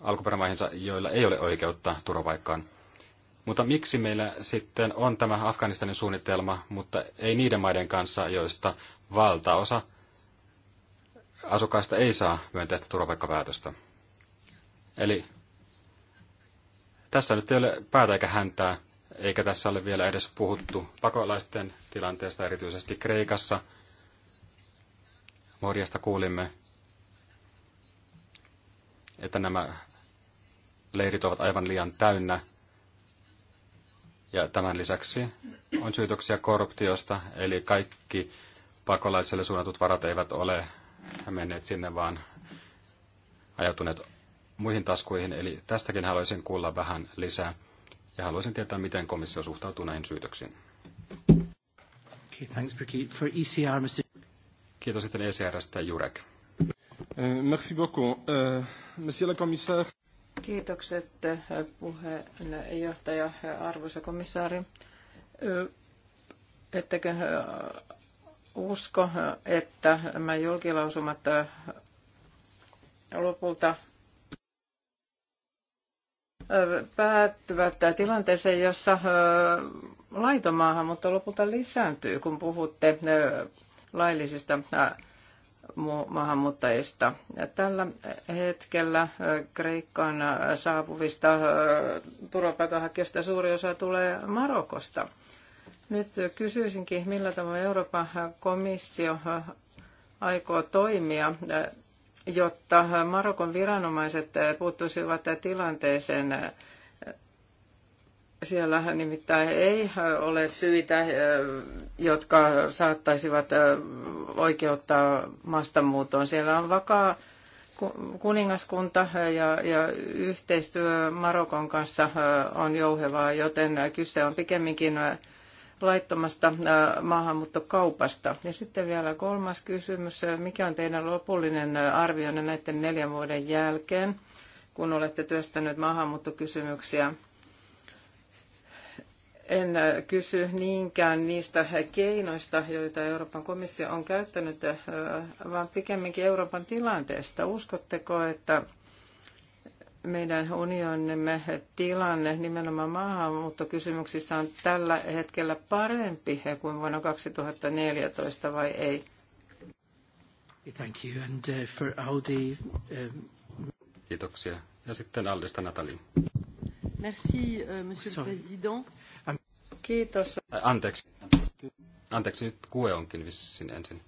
alkuperämaihinsa, joilla ei ole oikeutta turvapaikkaan. Mutta miksi meillä sitten on tämä Afganistanin suunnitelma, mutta ei niiden maiden kanssa, joista valtaosa asukkaista ei saa myönteistä turvapaikkapäätöstä. Eli tässä nyt ei ole päätä eikä häntää, eikä tässä ole vielä edes puhuttu pakolaisten tilanteesta, erityisesti Kreikassa. Morjasta kuulimme, että nämä leirit ovat aivan liian täynnä. Ja tämän lisäksi on syytöksiä korruptiosta, eli kaikki pakolaisille suunnatut varat eivät ole menneet sinne, vaan ajatuneet muihin taskuihin. Eli tästäkin haluaisin kuulla vähän lisää ja haluaisin tietää, miten komissio suhtautuu näihin syytöksiin. ECR, e Kiitos sitten ECRstä, Jurek. Eh, merci beaucoup. Eh, monsieur le commissaire. Kiitokset eh, puheenjohtaja, arvoisa komissaari. Ettekö usko, että nämä julkilausumat äh, lopulta äh, päättyvät tilanteeseen, jossa äh, laitomaahan, mutta lopulta lisääntyy, kun puhutte laillisista maahanmuuttajista. Tällä hetkellä Kreikkaan saapuvista turvapaikanhakijoista suuri osa tulee Marokosta. Nyt kysyisinkin, millä tavalla Euroopan komissio aikoo toimia, jotta Marokon viranomaiset puuttuisivat tilanteeseen. Siellä nimittäin ei ole syitä, jotka saattaisivat oikeuttaa maastamuutoon. Siellä on vakaa kuningaskunta ja, ja yhteistyö Marokon kanssa on jouhevaa, joten kyse on pikemminkin laittomasta äh, maahanmuuttokaupasta. Ja sitten vielä kolmas kysymys. Mikä on teidän lopullinen äh, arvionne näiden neljän vuoden jälkeen, kun olette työstänyt maahanmuuttokysymyksiä? En äh, kysy niinkään niistä keinoista, joita Euroopan komissio on käyttänyt, vaan pikemminkin Euroopan tilanteesta. Uskotteko, että meidän unionimme tilanne nimenomaan maahanmuuttokysymyksissä on tällä hetkellä parempi kuin vuonna 2014 vai ei? Thank you. And uh, for Audi. um... Kiitoksia. Ja sitten Aldista Natali. Merci, uh, monsieur Sorry. le président. Kiitos. Anteeksi. Anteeksi, nyt kue onkin vissin ensin.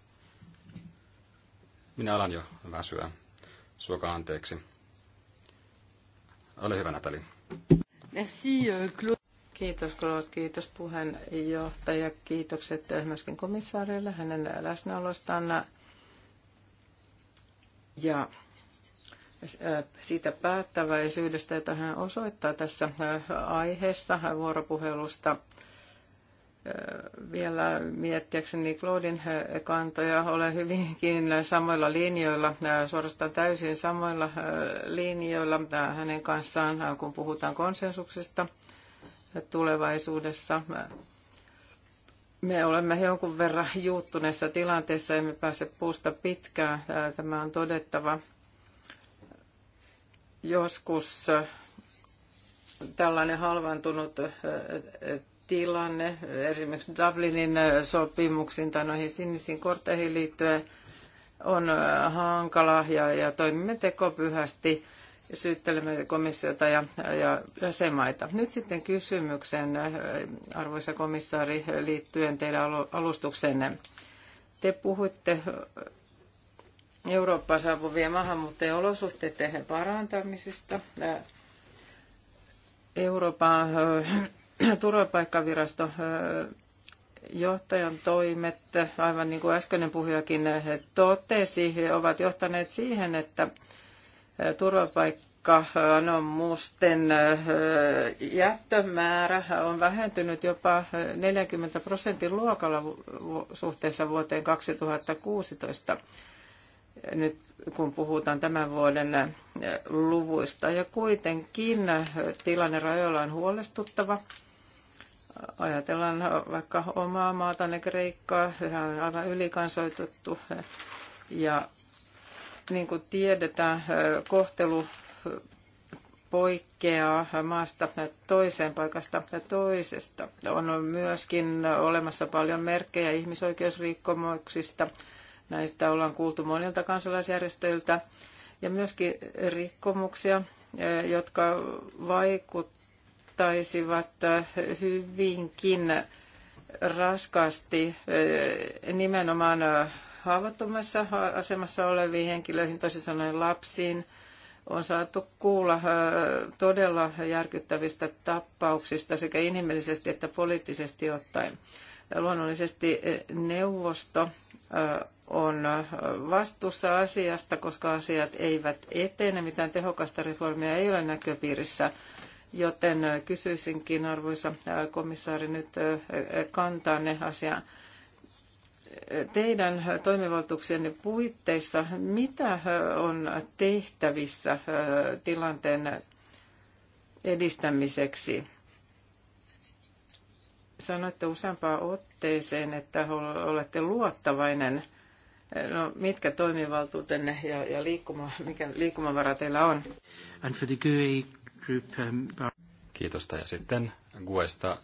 Minä alan jo väsyä. Suokaa anteeksi. Ole hyvä, Natali. Merci, euh, Claude. Kiitos, Claude. Kiitos puheenjohtaja. Kiitokset myöskin komissaarille hänen läsnäolostaan. Ja äh, siitä päättäväisyydestä, jota hän osoittaa tässä äh, aiheessa äh, vuoropuhelusta vielä miettiäkseni Claudin äh, kantoja. Olen hyvinkin samoilla linjoilla, äh, suorastaan täysin samoilla äh, linjoilla hänen kanssaan, kun puhutaan konsensuksesta tulevaisuudessa. Me olemme jonkun verran juuttuneessa tilanteessa, emme pääse puusta pitkään. Tämä on todettava. Joskus tällainen halvantunut tilanne esimerkiksi Dublinin sopimuksiin tai noihin sinisiin kortteihin liittyen on hankala ja, ja toimimme tekopyhästi syyttelemme komissiota ja, ja jäsenmaita. Nyt sitten kysymyksen, arvoisa komissaari, liittyen teidän alustuksenne. Te puhuitte Eurooppaan saapuvien maahanmuuttajien olosuhteiden parantamisesta. Euroopan turvapaikkavirasto johtajan toimet, aivan niin kuin äskeinen puhujakin totesi, ovat johtaneet siihen, että turvapaikka-anomusten jättömäärä on vähentynyt jopa 40 prosentin luokalla suhteessa vuoteen 2016 nyt kun puhutaan tämän vuoden luvuista. Ja kuitenkin tilanne rajoilla on huolestuttava ajatellaan vaikka omaa maata, ne Kreikkaa, sehän on aivan ylikansoitettu. Ja niin kuin tiedetään, kohtelu poikkeaa maasta toiseen paikasta ja toisesta. On myöskin olemassa paljon merkkejä ihmisoikeusrikkomuksista. Näistä ollaan kuultu monilta kansalaisjärjestöiltä. Ja myöskin rikkomuksia, jotka vaikuttavat johtaisivat äh, hyvinkin raskaasti äh, nimenomaan äh, haavoittumassa asemassa oleviin henkilöihin, toisin sanoen lapsiin. On saatu kuulla todella järkyttävistä tapauksista sekä inhimillisesti että poliittisesti ottaen. Luonnollisesti neuvosto on vastuussa asiasta, koska asiat eivät etene. Mitään tehokasta reformia ei ole näköpiirissä Joten kysyisinkin, arvoisa komissaari, nyt kantaanne asiaan teidän toimivaltuuksienne puitteissa, mitä on tehtävissä tilanteen edistämiseksi? Sanoitte useampaan otteeseen, että olette luottavainen. No, mitkä toimivaltuutenne ja, ja liikkuma, mikä liikkumavara teillä on? And for the GUE Um, Kiitos. Ja sitten Guesta.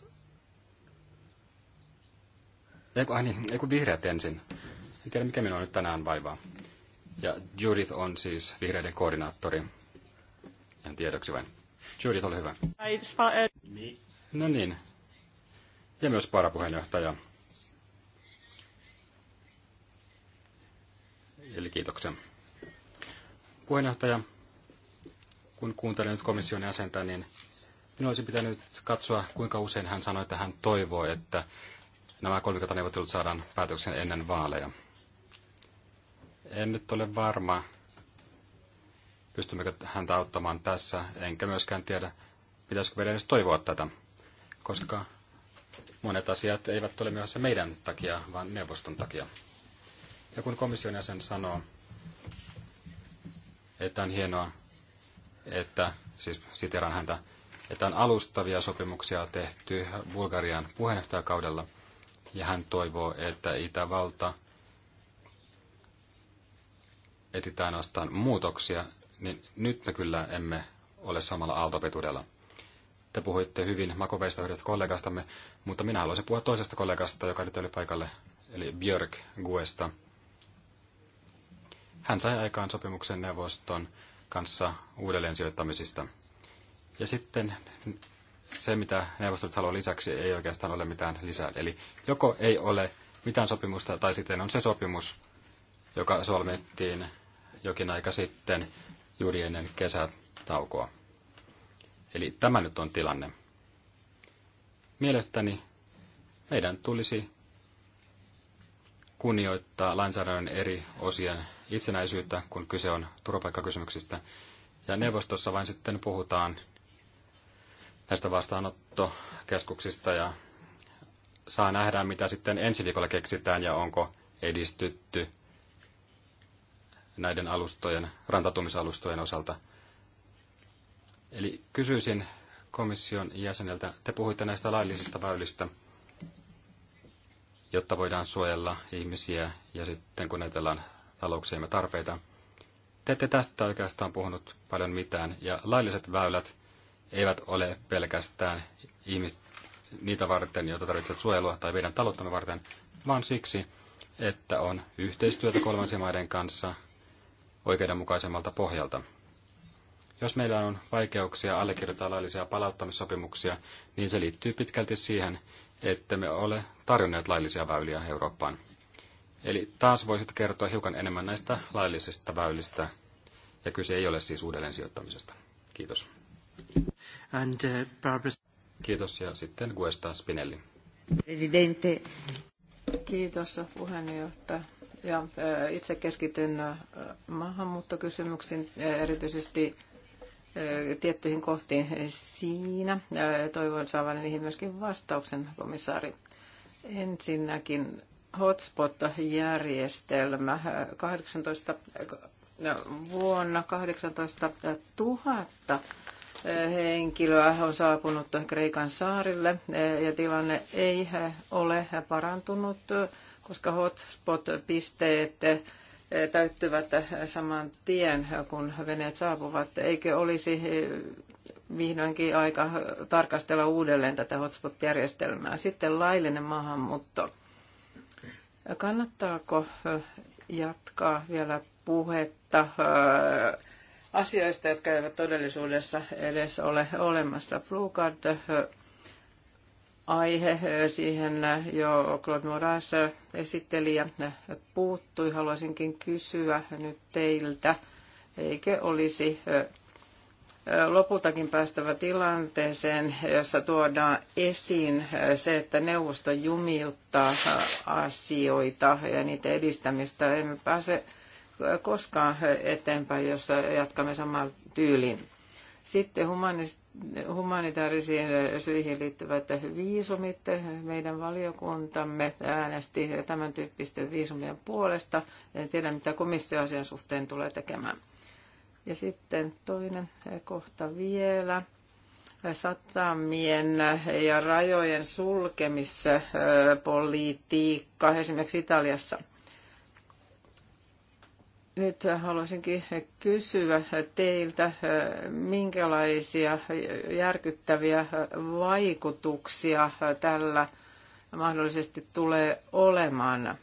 Eiku, ai niin, eiku vihreät ensin. En tiedä, mikä minua nyt tänään vaivaa. Ja Judith on siis vihreiden koordinaattori. Ihan tiedoksi vain. Judith, ole hyvä. No niin. Ja myös parapuheenjohtaja. Eli kiitoksia. Puheenjohtaja, kun kuuntelin nyt komission jäsentä, niin minun olisi pitänyt katsoa, kuinka usein hän sanoi, että hän toivoo, että nämä kolmikantaneuvottelut saadaan päätöksen ennen vaaleja. En nyt ole varma, pystymmekö häntä auttamaan tässä, enkä myöskään tiedä, pitäisikö meidän edes toivoa tätä, koska monet asiat eivät ole myöhässä meidän takia, vaan neuvoston takia. Ja kun komission jäsen sanoo, että on hienoa, että, siis siteran häntä, että on alustavia sopimuksia tehty Bulgarian puheenjohtajakaudella, ja hän toivoo, että Itävalta etsitään ainoastaan muutoksia, niin nyt me kyllä emme ole samalla aaltopetudella. Te puhuitte hyvin makoveista yhdestä kollegastamme, mutta minä haluaisin puhua toisesta kollegasta, joka nyt oli paikalle, eli Björk Guesta. Hän sai aikaan sopimuksen neuvoston kanssa uudelleen sijoittamisista. Ja sitten se, mitä neuvostot haluaa lisäksi, ei oikeastaan ole mitään lisää. Eli joko ei ole mitään sopimusta, tai sitten on se sopimus, joka solmittiin jokin aika sitten juuri ennen kesätaukoa. Eli tämä nyt on tilanne. Mielestäni meidän tulisi kunnioittaa lainsäädännön eri osien itsenäisyyttä, kun kyse on turvapaikkakysymyksistä. Ja neuvostossa vain sitten puhutaan näistä vastaanottokeskuksista ja saa nähdä, mitä sitten ensi viikolla keksitään ja onko edistytty näiden alustojen, rantatumisalustojen osalta. Eli kysyisin komission jäseneltä, te puhuitte näistä laillisista väylistä, jotta voidaan suojella ihmisiä ja sitten kun ajatellaan talouksiemme tarpeita. Te ette tästä oikeastaan puhunut paljon mitään, ja lailliset väylät eivät ole pelkästään ihmis, niitä varten, joita tarvitsevat suojelua tai meidän talouttamme varten, vaan siksi, että on yhteistyötä kolmansien maiden kanssa oikeudenmukaisemmalta pohjalta. Jos meillä on vaikeuksia allekirjoittaa laillisia palauttamissopimuksia, niin se liittyy pitkälti siihen, että me ole tarjonneet laillisia väyliä Eurooppaan. Eli taas voisit kertoa hiukan enemmän näistä laillisista väylistä, ja kyse ei ole siis uudelleen sijoittamisesta. Kiitos. And, uh, Barbara... Kiitos, ja sitten Guesta Spinelli. Presidente. Kiitos puheenjohtaja. Ja, uh, itse keskityn uh, maahanmuuttokysymyksiin, uh, erityisesti tiettyihin kohtiin siinä. Toivon saavan niihin myöskin vastauksen, komissaari. Ensinnäkin hotspot-järjestelmä. 18, no, vuonna 18 000 henkilöä on saapunut Kreikan saarille ja tilanne ei ole parantunut, koska hotspot-pisteet täyttyvät saman tien, kun veneet saapuvat. Eikö olisi vihdoinkin aika tarkastella uudelleen tätä hotspot-järjestelmää? Sitten laillinen maahanmuutto. Kannattaako jatkaa vielä puhetta asioista, jotka eivät todellisuudessa edes ole olemassa? Blue Card aihe, siihen jo Claude Moras ja puuttui. Haluaisinkin kysyä nyt teiltä, eikö olisi lopultakin päästävä tilanteeseen, jossa tuodaan esiin se, että neuvosto jumiuttaa asioita ja niitä edistämistä. Emme pääse koskaan eteenpäin, jos jatkamme samaan tyyliin. Sitten humanitaarisiin syihin liittyvät viisumit. Meidän valiokuntamme äänesti tämän tyyppisten viisumien puolesta. En tiedä, mitä komissio asian suhteen tulee tekemään. Ja sitten toinen kohta vielä. Satamien ja rajojen sulkemispolitiikka esimerkiksi Italiassa. Nyt haluaisinkin kysyä teiltä, minkälaisia järkyttäviä vaikutuksia tällä mahdollisesti tulee olemaan.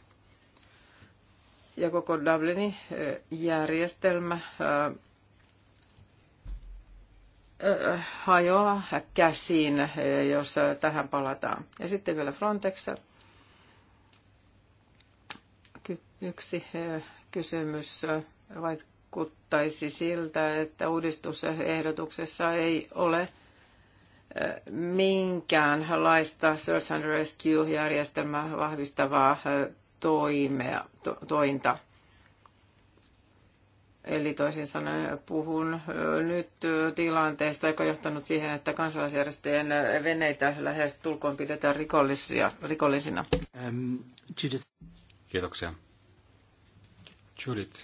Ja koko Dublinin järjestelmä hajoaa käsiin, jos tähän palataan. Ja sitten vielä Frontex. Yksi eh, kysymys vaikuttaisi siltä, että uudistusehdotuksessa ei ole eh, minkäänlaista search and rescue-järjestelmää vahvistavaa eh, toimea, to, tointa – Eli toisin sanoen puhun nyt tilanteesta, joka on johtanut siihen, että kansalaisjärjestöjen veneitä lähes tulkoon pidetään rikollisia, rikollisina. Um, Kiitoksia. Judith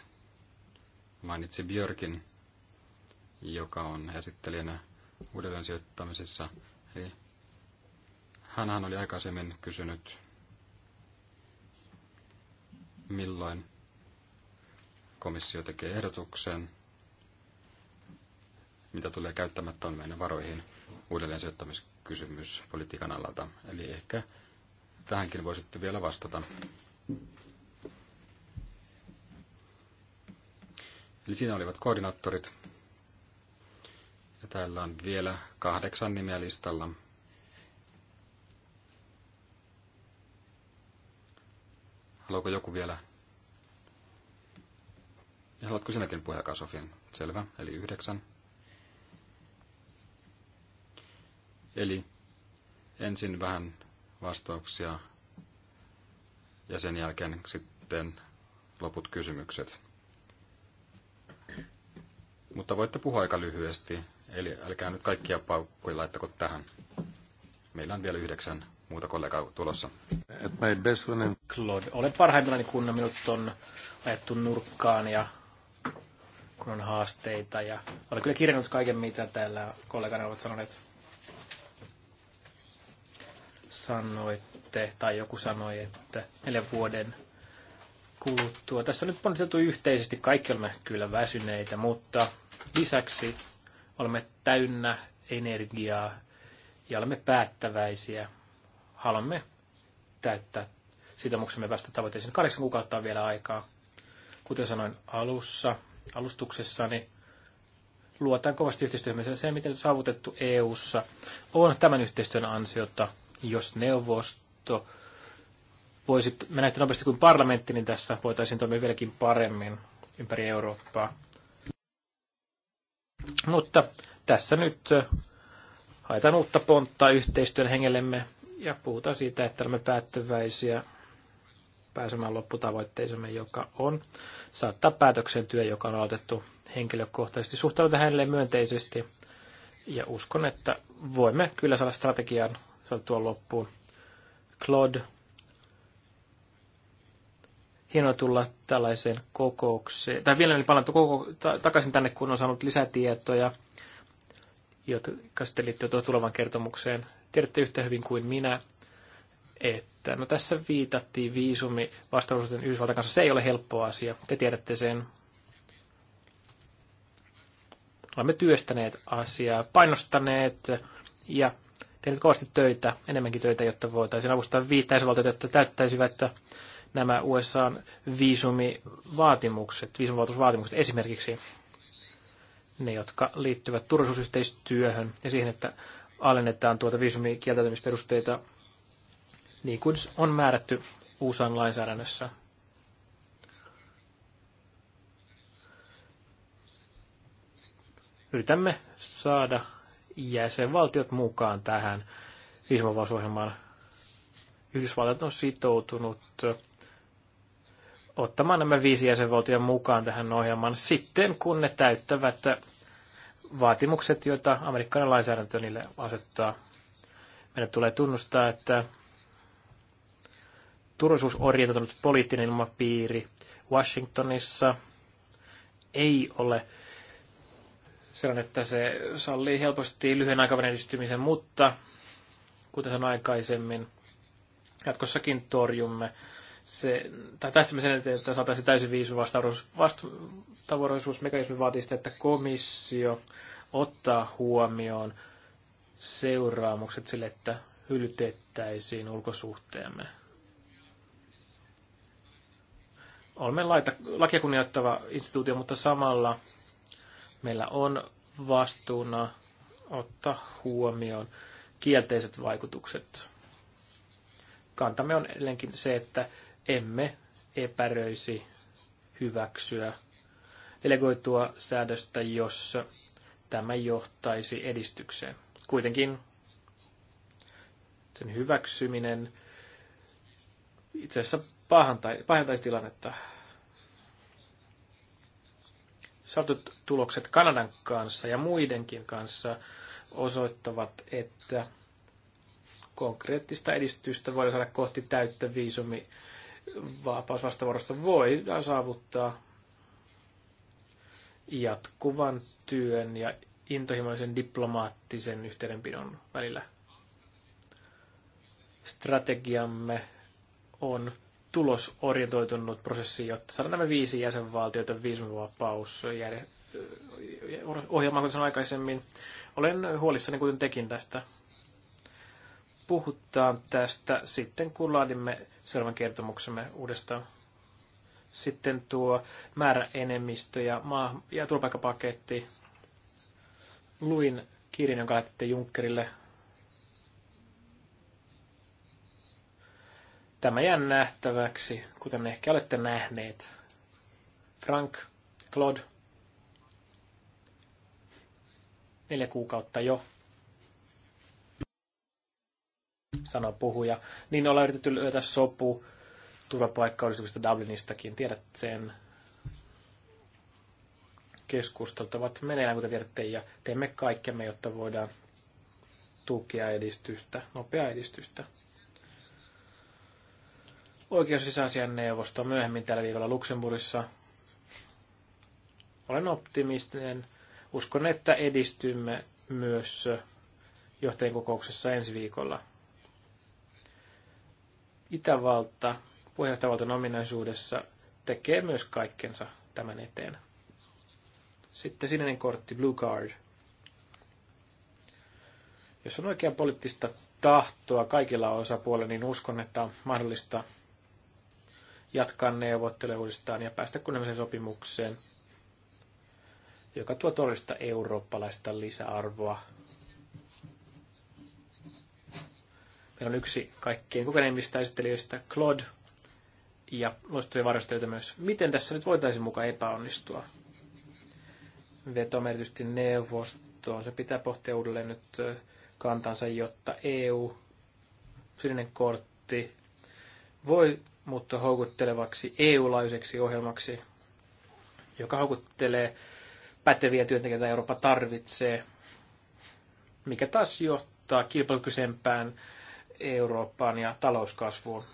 mainitsi Björkin, joka on esittelijänä uudelleen sijoittamisessa. Eli hänhän oli aikaisemmin kysynyt, milloin komissio tekee ehdotuksen, mitä tulee käyttämättä meidän varoihin uudelleen sijoittamiskysymys politiikan alalta. Eli ehkä tähänkin voisitte vielä vastata. Eli siinä olivat koordinaattorit. Ja täällä on vielä kahdeksan nimeä listalla. Haluaako joku vielä ja haluatko sinäkin puheenjohtaja Sofian? Selvä, eli yhdeksän. Eli ensin vähän vastauksia ja sen jälkeen sitten loput kysymykset. Mutta voitte puhua aika lyhyesti, eli älkää nyt kaikkia paukkuja laittako tähän. Meillä on vielä yhdeksän muuta kollegaa tulossa. Claude, olen parhaimmillani, kun minut on ajettu nurkkaan ja kun on haasteita. Ja olen kyllä kirjannut kaiken, mitä täällä kollegana ovat sanoneet. Sanoitte, tai joku sanoi, että neljän vuoden kuluttua. Tässä on nyt ponnisteltu yhteisesti, kaikki olemme kyllä väsyneitä, mutta lisäksi olemme täynnä energiaa ja olemme päättäväisiä. Haluamme täyttää sitoumuksemme päästä tavoitteisiin. Kahdeksan kuukautta on vielä aikaa. Kuten sanoin alussa, alustuksessani. Luotan kovasti yhteistyöhön. Se, miten saavutettu EU:ssa, on tämän yhteistyön ansiota. Jos neuvosto voisi mennä yhtä nopeasti kuin parlamentti, niin tässä voitaisiin toimia vieläkin paremmin ympäri Eurooppaa. Mutta tässä nyt haetaan uutta pontta yhteistyön hengellemme ja puhutaan siitä, että olemme päättäväisiä pääsemään lopputavoitteisemme, joka on saattaa päätöksen työ, joka on aloitettu henkilökohtaisesti. suhtautua hänelle myönteisesti ja uskon, että voimme kyllä saada strategian tuon loppuun. Claude, hienoa tulla tällaiseen kokoukseen. Tai vielä palaan koko, ta, takaisin tänne, kun on saanut lisätietoja, jotka sitten liittyvät tulevan kertomukseen. Tiedätte yhtä hyvin kuin minä, että no tässä viitattiin viisumi vastaavuusten Yhdysvaltain kanssa. Se ei ole helppo asia. Te tiedätte sen. Olemme työstäneet asiaa, painostaneet ja tehneet kovasti töitä, enemmänkin töitä, jotta voitaisiin avustaa viittäisvaltioita, jotta täyttäisivät nämä USAn viisumivaatimukset, viisumivaatimukset esimerkiksi ne, jotka liittyvät turvallisuusyhteistyöhön ja siihen, että alennetaan tuota viisumikieltäytymisperusteita niin kuin on määrätty USAn lainsäädännössä. Yritämme saada jäsenvaltiot mukaan tähän viisumavausohjelmaan. Yhdysvallat on sitoutunut ottamaan nämä viisi jäsenvaltion mukaan tähän ohjelmaan sitten, kun ne täyttävät vaatimukset, joita amerikkalainen lainsäädäntö niille asettaa. Meidän tulee tunnustaa, että turvallisuusorientoitunut poliittinen ilmapiiri Washingtonissa ei ole sellainen, että se sallii helposti lyhyen aikavälin edistymisen, mutta kuten sanoin aikaisemmin, jatkossakin torjumme se, tai tästä sen eteen, että saataisiin täysin viisuvastavuoroisuusmekanismi vaatii sitä, että komissio ottaa huomioon seuraamukset sille, että hyltettäisiin ulkosuhteemme. olemme laita, lakia kunnioittava instituutio, mutta samalla meillä on vastuuna ottaa huomioon kielteiset vaikutukset. Kantamme on edelleenkin se, että emme epäröisi hyväksyä delegoitua säädöstä, jos tämä johtaisi edistykseen. Kuitenkin sen hyväksyminen itse asiassa pahentaisi tilannetta. Saatut tulokset Kanadan kanssa ja muidenkin kanssa osoittavat, että konkreettista edistystä voi saada kohti täyttä viisumi vapausvastavuorosta voi saavuttaa jatkuvan työn ja intohimoisen diplomaattisen yhteydenpidon välillä. Strategiamme on tulosorientoitunut prosessi, jotta saadaan nämä viisi jäsenvaltiota viisumivapaus ohjelmaa, kuten aikaisemmin. Olen huolissani, kuten tekin tästä. Puhutaan tästä sitten, kun laadimme selvän kertomuksemme uudestaan. Sitten tuo määräenemmistö ja, maa- ja turvapaikkapaketti. Luin kirjan, jonka lähetitte Junckerille Tämä jää nähtäväksi, kuten ehkä olette nähneet. Frank, Claude, neljä kuukautta jo, sanoo puhuja, niin ollaan yritetty löytää sopu turvapaikkaudistuksesta Dublinistakin, tiedät sen. Keskustelut ovat meneillään, kuten tiedätte, ja teemme kaikkemme, jotta voidaan tukea edistystä, nopeaa edistystä oikeusisäasian neuvosto myöhemmin tällä viikolla Luxemburgissa. Olen optimistinen. Uskon, että edistymme myös johtajien kokouksessa ensi viikolla. Itävalta puheenjohtajavaltion ominaisuudessa tekee myös kaikkensa tämän eteen. Sitten sininen kortti, blue card. Jos on oikea poliittista tahtoa kaikilla osapuolilla, niin uskon, että on mahdollista jatkaa neuvotteluja uudestaan ja päästä kunnalliseen sopimukseen, joka tuo todellista eurooppalaista lisäarvoa. Meillä on yksi kaikkien kokeneimmista esittelijöistä, Claude, ja loistavia varjosteita myös. Miten tässä nyt voitaisiin mukaan epäonnistua? Vetoamme erityisesti neuvostoon. Se pitää pohtia uudelleen nyt kantansa, jotta EU, sininen kortti, voi mutta houkuttelevaksi eu laiseksi ohjelmaksi, joka houkuttelee päteviä työntekijöitä Eurooppa tarvitsee, mikä taas johtaa kilpailukykyisempään Eurooppaan ja talouskasvuun.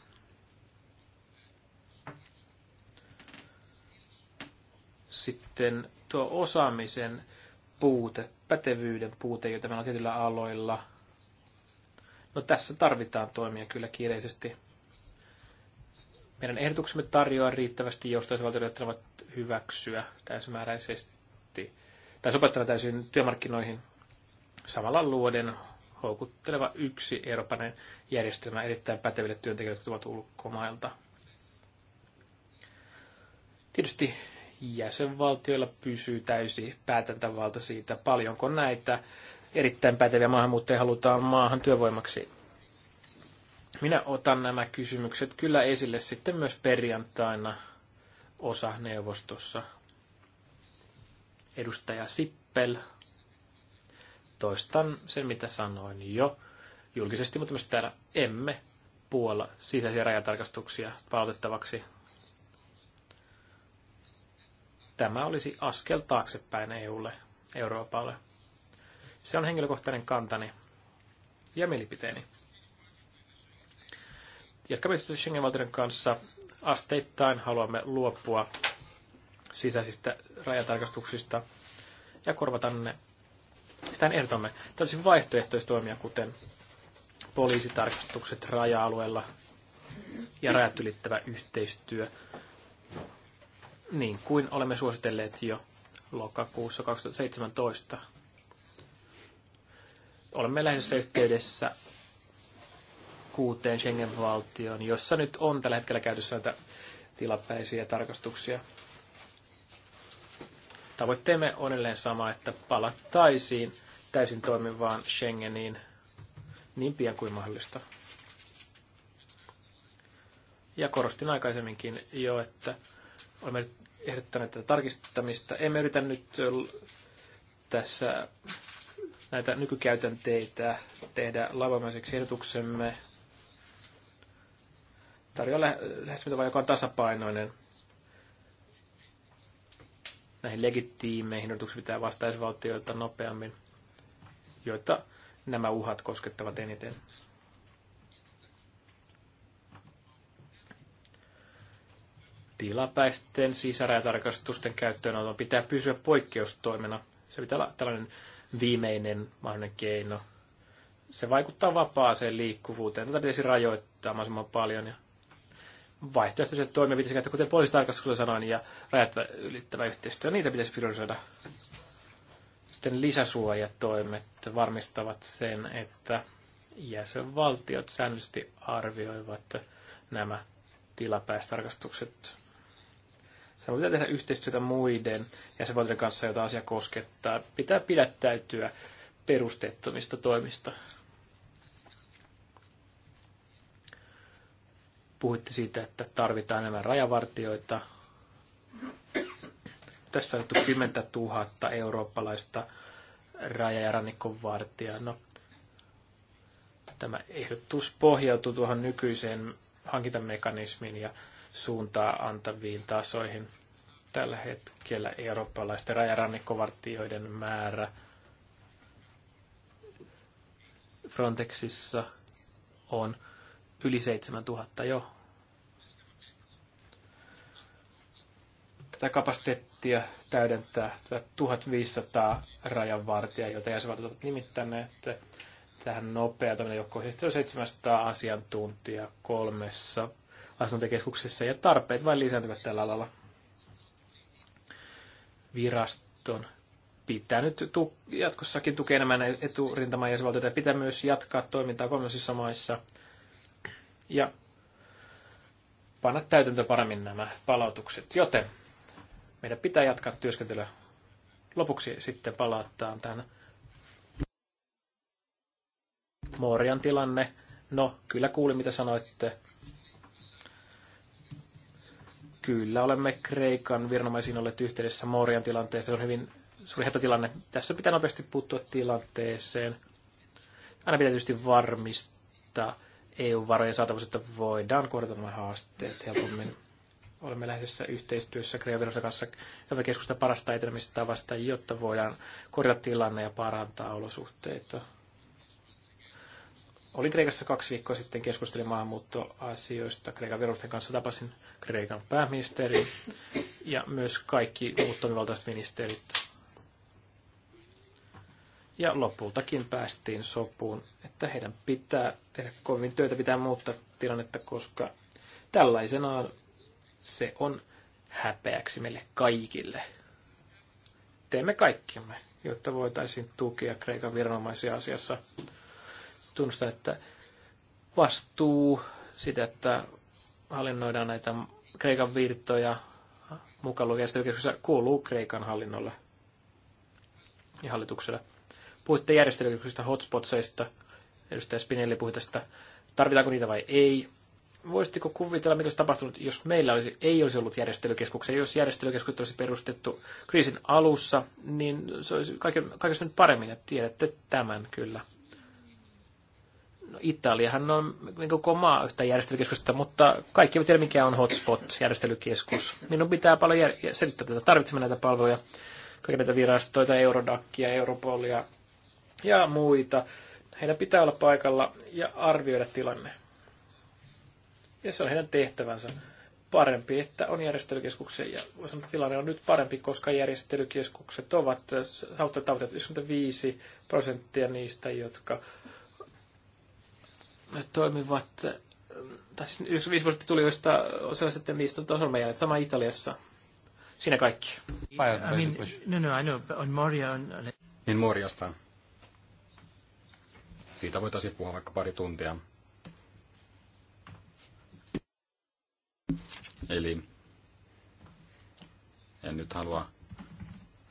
Sitten tuo osaamisen puute, pätevyyden puute, jota meillä on tietyillä aloilla. No tässä tarvitaan toimia kyllä kiireisesti meidän ehdotuksemme tarjoaa riittävästi joustoja valtioille, jotka ovat hyväksyä täysimääräisesti tai sopettava täysin työmarkkinoihin samalla luoden houkutteleva yksi eurooppalainen järjestelmä erittäin päteville työntekijöille, jotka tulevat ulkomailta. Tietysti jäsenvaltioilla pysyy täysi päätäntävalta siitä, paljonko näitä erittäin päteviä maahanmuuttajia halutaan maahan työvoimaksi. Minä otan nämä kysymykset kyllä esille sitten myös perjantaina osa neuvostossa. Edustaja Sippel. Toistan sen, mitä sanoin jo julkisesti, mutta myös täällä emme puolla sisäisiä rajatarkastuksia palautettavaksi. Tämä olisi askel taaksepäin EUlle, Euroopalle. Se on henkilökohtainen kantani ja mielipiteeni jatkamme Schengen-valtioiden kanssa asteittain haluamme luopua sisäisistä rajatarkastuksista ja korvata ne. Sitä ehdotamme. Tällaisia toimia kuten poliisitarkastukset raja-alueella ja rajat ylittävä yhteistyö, niin kuin olemme suositelleet jo lokakuussa 2017. Olemme läheisessä yhteydessä kuuteen Schengen-valtioon, jossa nyt on tällä hetkellä käytössä näitä tilapäisiä tarkastuksia. Tavoitteemme on edelleen sama, että palattaisiin täysin toimivaan Schengeniin niin pian kuin mahdollista. Ja korostin aikaisemminkin jo, että olemme ehdottaneet tätä tarkistamista. Emme yritä nyt tässä näitä nykykäytänteitä tehdä lavamaiseksi ehdotuksemme tarjoaa vaan, joka on tasapainoinen. Näihin legitiimeihin odotuksiin pitää vastaisvaltioita nopeammin, joita nämä uhat koskettavat eniten. tilapäisten sisärajatarkastusten käyttöönoton pitää pysyä poikkeustoimena. Se pitää olla tällainen viimeinen mahdollinen keino. Se vaikuttaa vapaaseen liikkuvuuteen. Tätä pitäisi rajoittaa mahdollisimman paljon. Ja vaihtoehtoiset toimia pitäisi käyttää, kuten poliisitarkastuksella sanoin, ja rajat ylittävä yhteistyö, niitä pitäisi priorisoida. Sitten lisäsuojatoimet varmistavat sen, että jäsenvaltiot säännöllisesti arvioivat nämä tilapäistarkastukset. Se pitää tehdä yhteistyötä muiden jäsenvaltioiden kanssa, joita asia koskettaa. Pitää pidättäytyä perusteettomista toimista. Puhuitte siitä, että tarvitaan enemmän rajavartioita. Tässä on 10 000 eurooppalaista raja- ja rannikkovartijaa. No, tämä ehdotus pohjautuu tuohon nykyiseen hankintamekanismiin ja suuntaa antaviin tasoihin. Tällä hetkellä eurooppalaisten rajarannikkovartijoiden määrä Frontexissa on yli 7000 jo. Tätä kapasiteettia täydentää 1500 rajanvartijaa, joita jäsenvaltiot ovat nimittäneet tähän nopea toimintajoukkoon. Sitten on 700 siis asiantuntijaa kolmessa asiantuntijakeskuksessa ja tarpeet vain lisääntyvät tällä alalla. Viraston pitää nyt tu- jatkossakin tukea enemmän eturintamaa jäsenvaltioita ja pitää myös jatkaa toimintaa kolmessa maissa – ja panna täytäntö paremmin nämä palautukset. Joten meidän pitää jatkaa työskentelyä. Lopuksi sitten palataan tähän Morjan tilanne. No, kyllä kuulin mitä sanoitte. Kyllä olemme Kreikan viranomaisiin olleet yhteydessä Morjan tilanteessa. Se on hyvin suuri tilanne. Tässä pitää nopeasti puuttua tilanteeseen. Aina pitää tietysti varmistaa, EU-varojen saatavuus, että voidaan korjata nämä haasteet helpommin. Olemme lähdössä yhteistyössä Kreovirossa kanssa tämä keskusta parasta etenemistavasta, jotta voidaan korjata tilanne ja parantaa olosuhteita. Olin Kreikassa kaksi viikkoa sitten, keskustelin maahanmuuttoasioista Kreikan virusten kanssa, tapasin Kreikan pääministerin ja myös kaikki muut toimivaltaiset ministerit. Ja lopultakin päästiin sopuun, että heidän pitää tehdä kovin töitä, pitää muuttaa tilannetta, koska tällaisenaan se on häpeäksi meille kaikille. Teemme kaikkemme, jotta voitaisiin tukea Kreikan viranomaisia asiassa. Tunnustan, että vastuu sitä, että hallinnoidaan näitä Kreikan virtoja mukaan lukien kuuluu Kreikan hallinnolle ja hallitukselle. Puhuitte järjestelyksistä hotspotseista, edustaja Spinelli puhui tästä, tarvitaanko niitä vai ei. Voisitko kuvitella, mitä olisi tapahtunut, jos meillä olisi, ei olisi ollut järjestelykeskuksia? Jos järjestelykeskukset olisi perustettu kriisin alussa, niin se olisi kaikesta nyt paremmin, että tiedätte tämän kyllä. No, Italiahan on niin koko maa yhtä järjestelykeskusta, mutta kaikki eivät tiedä, mikä on hotspot-järjestelykeskus. Minun pitää paljon jär- selittää tätä. Tarvitsemme näitä palveluja, kaikki näitä virastoita, Eurodakia, Europolia, ja muita. Heidän pitää olla paikalla ja arvioida tilanne. Ja se on heidän tehtävänsä. Parempi, että on järjestelykeskuksia. Ja voi sanoa, että tilanne on nyt parempi, koska järjestelykeskukset ovat äh, saavuttavat 95 prosenttia niistä, jotka toimivat äh, tai siis yksi prosenttia tuli joista sellaiset, että niistä on meidän. Sama Italiassa. Siinä kaikki. I mean, no, no, I know, but on Moria on... Niin Moriastaan. Siitä voitaisiin puhua vaikka pari tuntia. Eli en nyt halua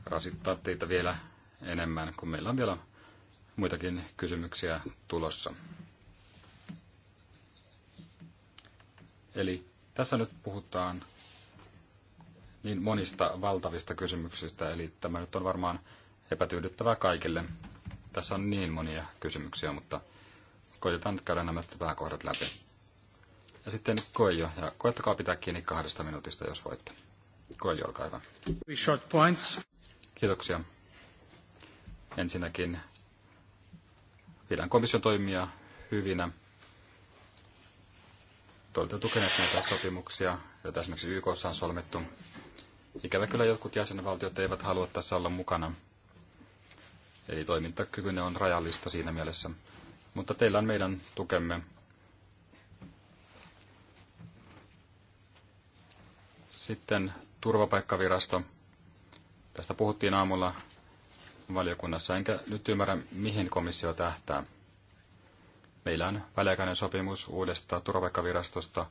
rasittaa teitä vielä enemmän, kun meillä on vielä muitakin kysymyksiä tulossa. Eli tässä nyt puhutaan niin monista valtavista kysymyksistä, eli tämä nyt on varmaan epätyydyttävää kaikille. Tässä on niin monia kysymyksiä, mutta koitetaan nyt käydä nämä pääkohdat läpi. Ja sitten jo, ja koettakaa pitää kiinni kahdesta minuutista, jos voitte. jo, olkaa hyvä. Short points. Kiitoksia. Ensinnäkin pidän komission toimia hyvinä. Te olette tukeneet näitä sopimuksia, joita esimerkiksi YK on solmittu. Ikävä kyllä jotkut jäsenvaltiot eivät halua tässä olla mukana, Eli toimintakykyne on rajallista siinä mielessä. Mutta teillä on meidän tukemme. Sitten turvapaikkavirasto. Tästä puhuttiin aamulla valiokunnassa, enkä nyt ymmärrä, mihin komissio tähtää. Meillä on väliaikainen sopimus uudesta turvapaikkavirastosta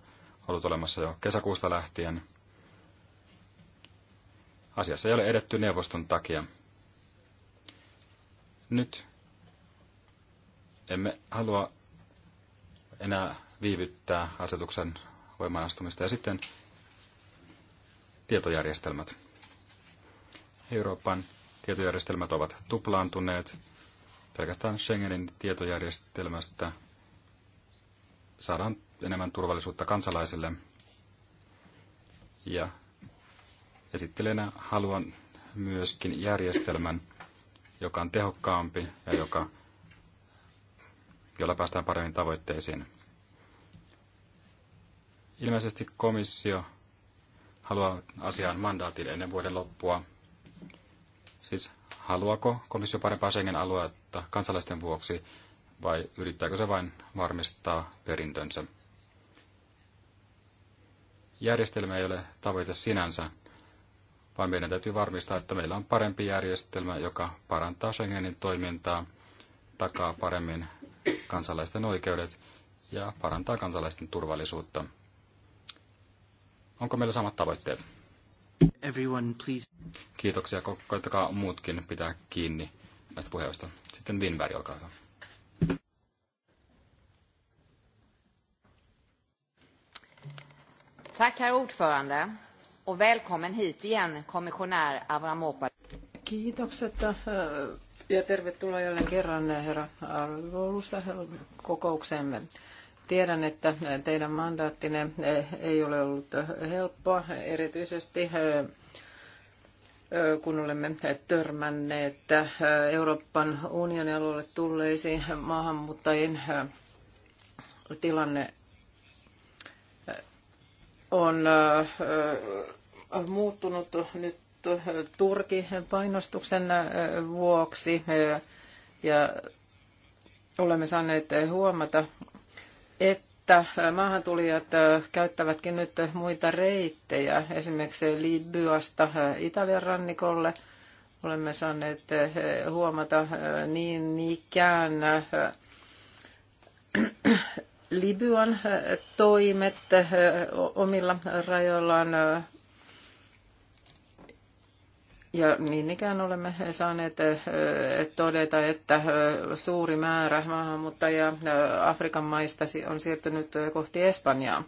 ollut olemassa jo kesäkuusta lähtien. Asiassa ei ole edetty neuvoston takia. Nyt emme halua enää viivyttää asetuksen voimaanastumista. Ja sitten tietojärjestelmät. Euroopan tietojärjestelmät ovat tuplaantuneet. Pelkästään Schengenin tietojärjestelmästä saadaan enemmän turvallisuutta kansalaisille. Ja esittelijänä haluan myöskin järjestelmän, joka on tehokkaampi ja joka, jolla päästään paremmin tavoitteisiin. Ilmeisesti komissio haluaa asiaan mandaatin ennen vuoden loppua. Siis haluaako komissio parempaa Schengen-aluetta kansalaisten vuoksi vai yrittääkö se vain varmistaa perintönsä? Järjestelmä ei ole tavoite sinänsä, vaan meidän täytyy varmistaa, että meillä on parempi järjestelmä, joka parantaa Schengenin toimintaa, takaa paremmin kansalaisten oikeudet ja parantaa kansalaisten turvallisuutta. Onko meillä samat tavoitteet? Everyone, please. Kiitoksia. Koittakaa muutkin pitää kiinni näistä puheista. Sitten Winberg, olkaa hyvä. Tack, herr ordförande och välkommen hit igen, kommissionär Avramopoulos. Äh, ja tervetuloa jälleen kerran äh, herra Arvolusta kokoukseemme. Tiedän, että äh, teidän mandaattinne ei ole ollut helppoa, erityisesti kun olemme törmänneet Euroopan unionin alueelle tulleisiin maahanmuuttajien tilanne on muuttunut nyt Turkin painostuksen vuoksi ja olemme saaneet huomata, että maahantulijat käyttävätkin nyt muita reittejä, esimerkiksi Libyasta Italian rannikolle. Olemme saaneet huomata niin ikään Libyan toimet omilla rajoillaan ja niin ikään olemme saaneet eh, todeta, että eh, suuri määrä maahanmuuttajia eh, Afrikan maista on siirtynyt kohti Espanjaa.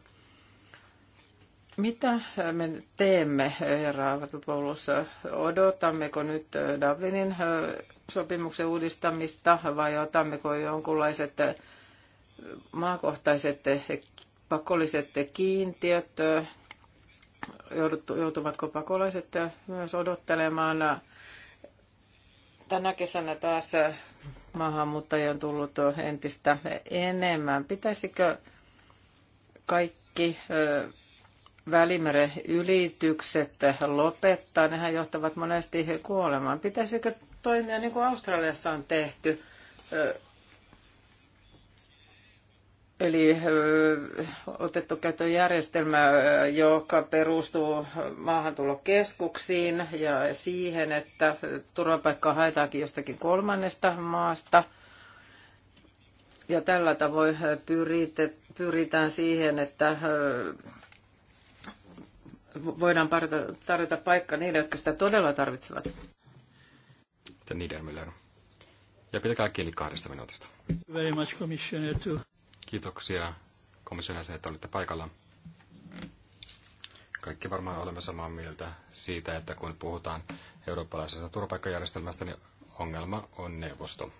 Mitä me teemme, herra Avatopoulos? Odotammeko nyt Dublinin sopimuksen uudistamista vai otammeko jonkunlaiset maakohtaiset pakolliset kiintiöt joutuvatko pakolaiset myös odottelemaan. Tänä kesänä taas maahanmuuttajia on tullut entistä enemmän. Pitäisikö kaikki Välimeren ylitykset lopettaa? Nehän johtavat monesti kuolemaan. Pitäisikö toimia niin kuin Australiassa on tehty? Eli otettu käyttöön järjestelmä, joka perustuu maahantulokeskuksiin ja siihen, että turvapaikkaa haetaankin jostakin kolmannesta maasta. Ja tällä tavoin pyritään siihen, että voidaan tarjota paikka niille, jotka sitä todella tarvitsevat. Ja niiden Ja pitäkää kiinni kahdesta minuutista. Very much, Commissioner, too. Kiitoksia komission jäsen, että olitte paikalla. Kaikki varmaan olemme samaa mieltä siitä, että kun puhutaan eurooppalaisesta turvapaikkajärjestelmästä, niin ongelma on neuvosto.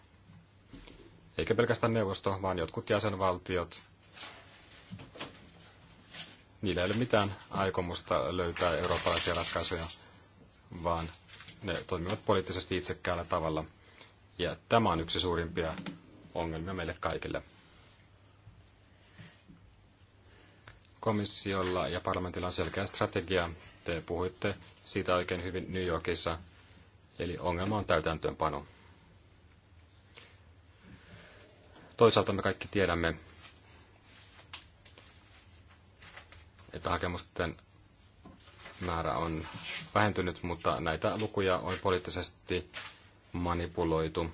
Eikä pelkästään neuvosto, vaan jotkut jäsenvaltiot. Niillä ei ole mitään aikomusta löytää eurooppalaisia ratkaisuja, vaan ne toimivat poliittisesti itsekkäällä tavalla. Ja tämä on yksi suurimpia ongelmia meille kaikille. komissiolla ja parlamentilla on selkeä strategia. Te puhuitte siitä oikein hyvin New Yorkissa, eli ongelma on täytäntöönpano. Toisaalta me kaikki tiedämme, että hakemusten määrä on vähentynyt, mutta näitä lukuja on poliittisesti manipuloitu.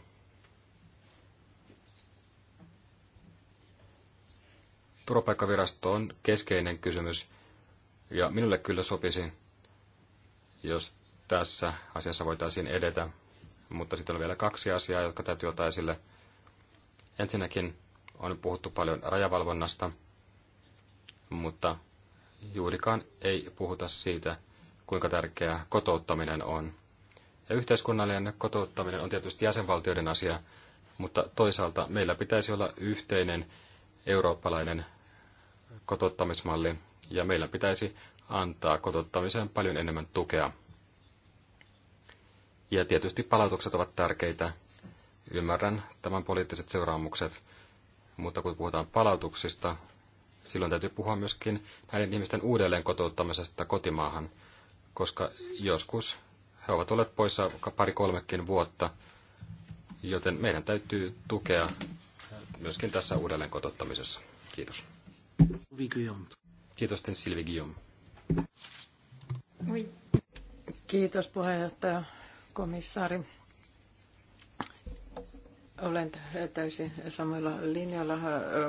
Turvapaikkavirasto on keskeinen kysymys, ja minulle kyllä sopisi, jos tässä asiassa voitaisiin edetä. Mutta sitten on vielä kaksi asiaa, jotka täytyy ottaa esille. Ensinnäkin on puhuttu paljon rajavalvonnasta, mutta juurikaan ei puhuta siitä, kuinka tärkeää kotouttaminen on. Ja yhteiskunnallinen kotouttaminen on tietysti jäsenvaltioiden asia, mutta toisaalta meillä pitäisi olla yhteinen eurooppalainen kotouttamismalli ja meillä pitäisi antaa kotottamiseen paljon enemmän tukea. Ja tietysti palautukset ovat tärkeitä. Ymmärrän tämän poliittiset seuraamukset, mutta kun puhutaan palautuksista, silloin täytyy puhua myöskin näiden ihmisten uudelleen kotouttamisesta kotimaahan, koska joskus he ovat olleet poissa pari-kolmekin vuotta, joten meidän täytyy tukea myöskin tässä uudelleen kotouttamisessa. Kiitos. Kiitos, Silvi Guillaume. Kiitos puheenjohtaja, komissaari. Olen täysin samoilla linjalla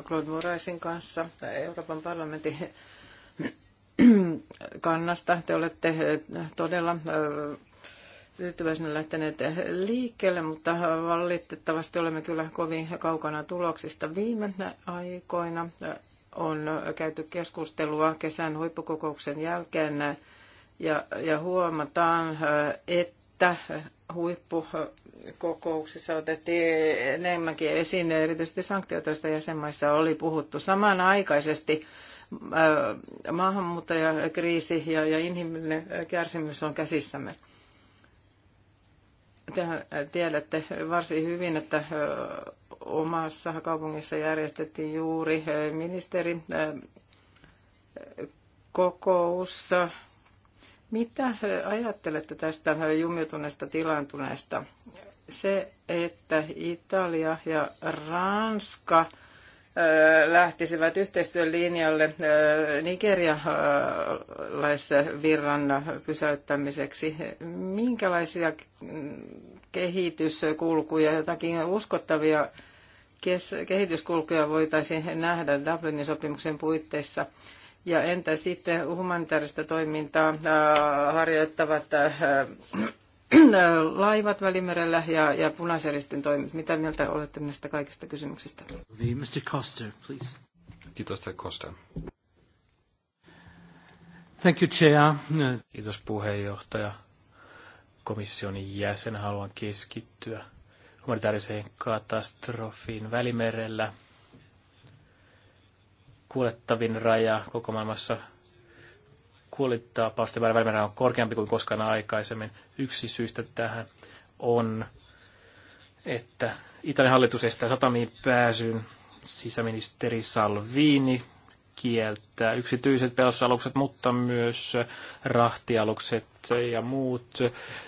Claude Moraisin kanssa Euroopan parlamentin kannasta. Te olette todella tyytyväisenä lähteneet liikkeelle, mutta valitettavasti olemme kyllä kovin kaukana tuloksista viime aikoina on käyty keskustelua kesän huippukokouksen jälkeen ja, ja huomataan, että huippukokouksissa otettiin enemmänkin esiin, erityisesti sanktioitoista jäsenmaissa oli puhuttu samanaikaisesti. Maahanmuuttajakriisi ja, ja inhimillinen kärsimys on käsissämme. Tehän tiedätte varsin hyvin, että omassa kaupungissa järjestettiin juuri eh, ministeri eh, kokoussa. Mitä eh, ajattelette tästä jumiutuneesta tilantuneesta? Se, että Italia ja Ranska lähtisivät yhteistyön linjalle virran pysäyttämiseksi. Minkälaisia mm, kehityskulkuja, jotakin uskottavia kehityskulkuja voitaisiin nähdä Dublinin sopimuksen puitteissa? Ja entä sitten humanitaarista toimintaa äh, harjoittavat äh, äh, laivat Välimerellä ja, ja punaisjärjestön toimit. Mitä mieltä olette näistä kaikista kysymyksistä? Mr. Costa, please. Kiitos, Mr. Costa. Thank you, Chair. No. Kiitos puheenjohtaja. Komission jäsen haluan keskittyä humanitaariseen katastrofiin välimerellä. Kuolettavin raja koko maailmassa kuolitapausten määrä välimerellä on korkeampi kuin koskaan aikaisemmin. Yksi syystä tähän on, että Italian hallitus estää satamiin pääsyn. Sisäministeri Salvini kieltää yksityiset pelastusalukset, mutta myös rahtialukset ja muut,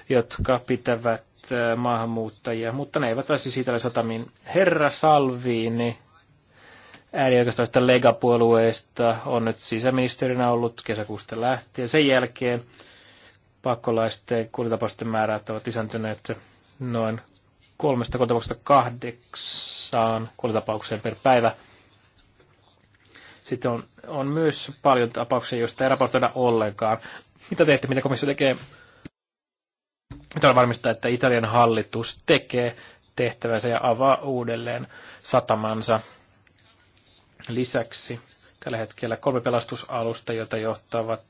jotka pitävät Äh, maahanmuuttajia, mutta ne eivät pääsi siitä satamiin. Herra Salviini äärioikeistolaisesta legapuolueesta on nyt sisäministerinä ollut kesäkuusta lähtien. Sen jälkeen pakolaisten kuljetapausten määrät ovat lisääntyneet noin kolmesta kuljetapauksesta kahdeksaan kuljetapaukseen per päivä. Sitten on, on myös paljon tapauksia, joista ei raportoida ollenkaan. Mitä teette, mitä komissio tekee Pitää varmistaa, että Italian hallitus tekee tehtävänsä ja avaa uudelleen satamansa. Lisäksi tällä hetkellä kolme pelastusalusta, joita johtavat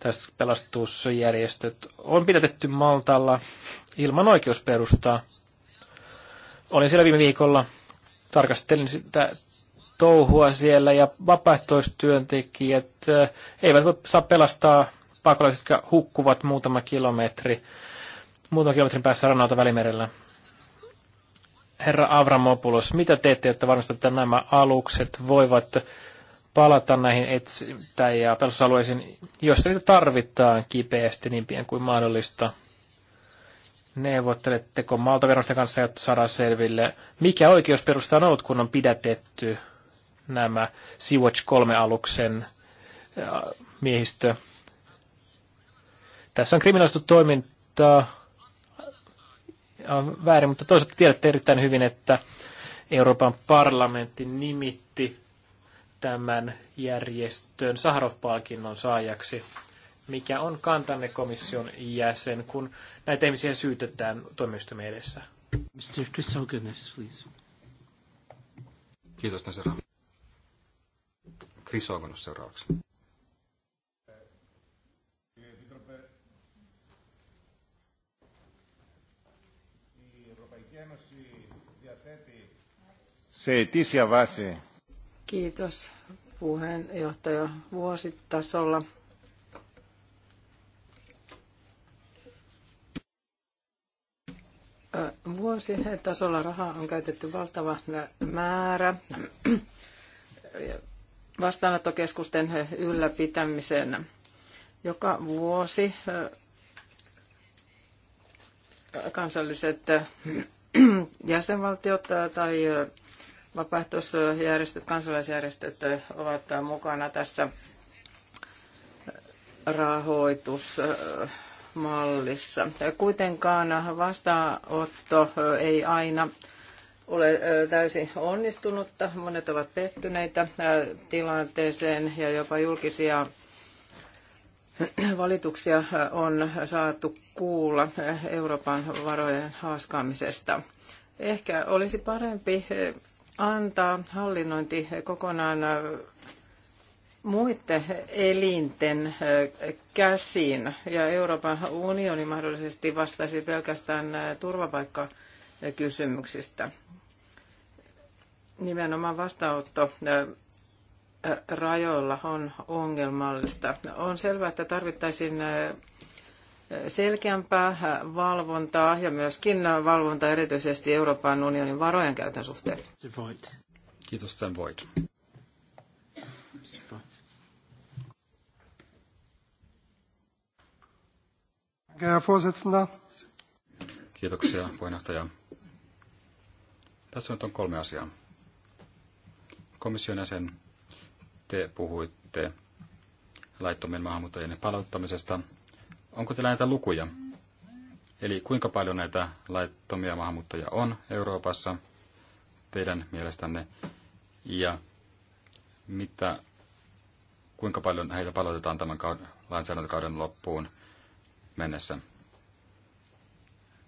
tässä pelastusjärjestöt, on pidätetty Maltalla ilman oikeusperustaa. Olin siellä viime viikolla, tarkastelin sitä touhua siellä ja vapaaehtoistyöntekijät eh, eivät saa pelastaa pakolaiset, jotka hukkuvat muutama kilometri muutaman kilometrin päässä rannalta välimerellä. Herra Avramopoulos, mitä teette, jotta varmistatte, että nämä alukset voivat palata näihin etsintä- ja pelastusalueisiin, jos niitä tarvitaan kipeästi niin pian kuin mahdollista? Neuvotteletteko maaltaverosten kanssa, jotta saadaan selville, mikä oikeusperusta on ollut, kun on pidätetty nämä Sea-Watch 3-aluksen äh, miehistö? Tässä on kriminalistu toimintaa on väärin, mutta toisaalta tiedätte erittäin hyvin, että Euroopan parlamentti nimitti tämän järjestön Saharov-palkinnon saajaksi. Mikä on kantanne komission jäsen, kun näitä ihmisiä syytetään toimistomme edessä? Mr. Chrysogonis, please. Kiitos, Nasera. Chrysogonos seuraavaksi. se vase. Kiitos puheenjohtaja vuositasolla. Vuositasolla rahaa on käytetty valtava määrä vastaanottokeskusten ylläpitämiseen. Joka vuosi kansalliset jäsenvaltiot tai Vapaaehtoisjärjestöt, kansalaisjärjestöt ovat mukana tässä rahoitusmallissa. Kuitenkaan vastaanotto ei aina ole täysin onnistunutta. Monet ovat pettyneitä tilanteeseen ja jopa julkisia valituksia on saatu kuulla Euroopan varojen haaskaamisesta. Ehkä olisi parempi antaa hallinnointi kokonaan äh, muiden elinten äh, käsiin ja Euroopan unioni mahdollisesti vastaisi pelkästään äh, turvapaikkakysymyksistä. Nimenomaan vastaanotto rajoilla on ongelmallista. On selvää, että tarvittaisiin selkeämpää valvontaa ja myöskin valvontaa erityisesti Euroopan unionin varojen käytön suhteen. Kiitos, Sam Void. Kiitoksia, puheenjohtaja. Tässä nyt on kolme asiaa. Komission jäsen, te puhuitte laittomien maahanmuuttajien palauttamisesta – Onko teillä näitä lukuja? Eli kuinka paljon näitä laittomia maahanmuuttajia on Euroopassa teidän mielestänne? Ja mitä, kuinka paljon heitä palautetaan tämän lainsäädäntökauden loppuun mennessä?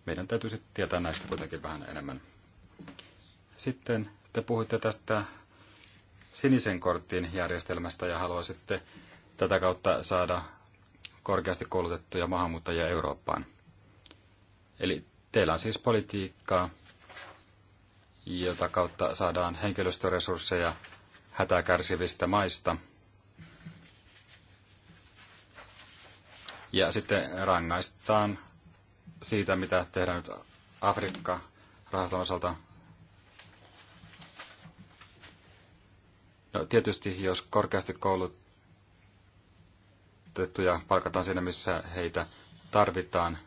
Meidän täytyisi tietää näistä kuitenkin vähän enemmän. Sitten te puhuitte tästä sinisen kortin järjestelmästä ja haluaisitte tätä kautta saada korkeasti koulutettuja maahanmuuttajia Eurooppaan. Eli teillä on siis politiikkaa, jota kautta saadaan henkilöstöresursseja hätää kärsivistä maista. Ja sitten rangaistaan siitä, mitä tehdään nyt Afrikka-rahaston osalta. No, tietysti jos korkeasti koulut ja palkataan siinä, missä heitä tarvitaan.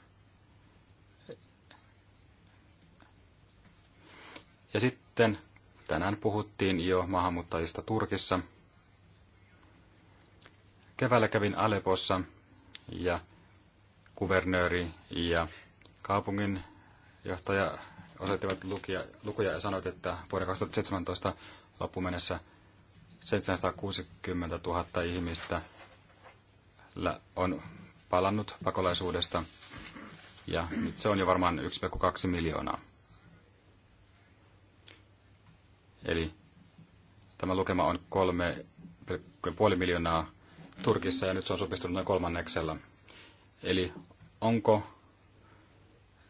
Ja sitten tänään puhuttiin jo maahanmuuttajista Turkissa. Keväällä kävin Alepossa ja kuvernööri ja johtaja osoittivat lukuja ja sanoivat, että vuoden 2017 loppumennessä 760 000 ihmistä on palannut pakolaisuudesta ja nyt se on jo varmaan 1,2 miljoonaa. Eli tämä lukema on 3,5 miljoonaa Turkissa ja nyt se on supistunut noin kolmanneksella. Eli onko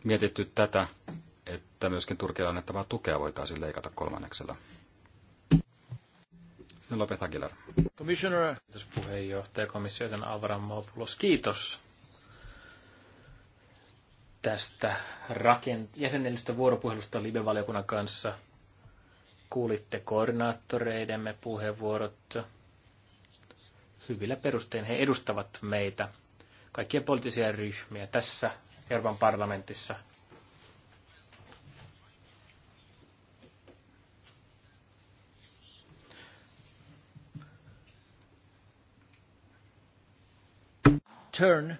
mietitty tätä, että myöskin Turkialla annettavaa tukea voitaisiin leikata kolmanneksella? Sitten Lopet Aguilar. Commissioner. Kiitos puheenjohtaja komissioiden Avramopoulos. Kiitos tästä rakent- vuoropuhelusta Libe-valiokunnan kanssa. Kuulitte koordinaattoreidemme puheenvuorot. Hyvillä perustein he edustavat meitä, kaikkia poliittisia ryhmiä tässä Euroopan parlamentissa – turn.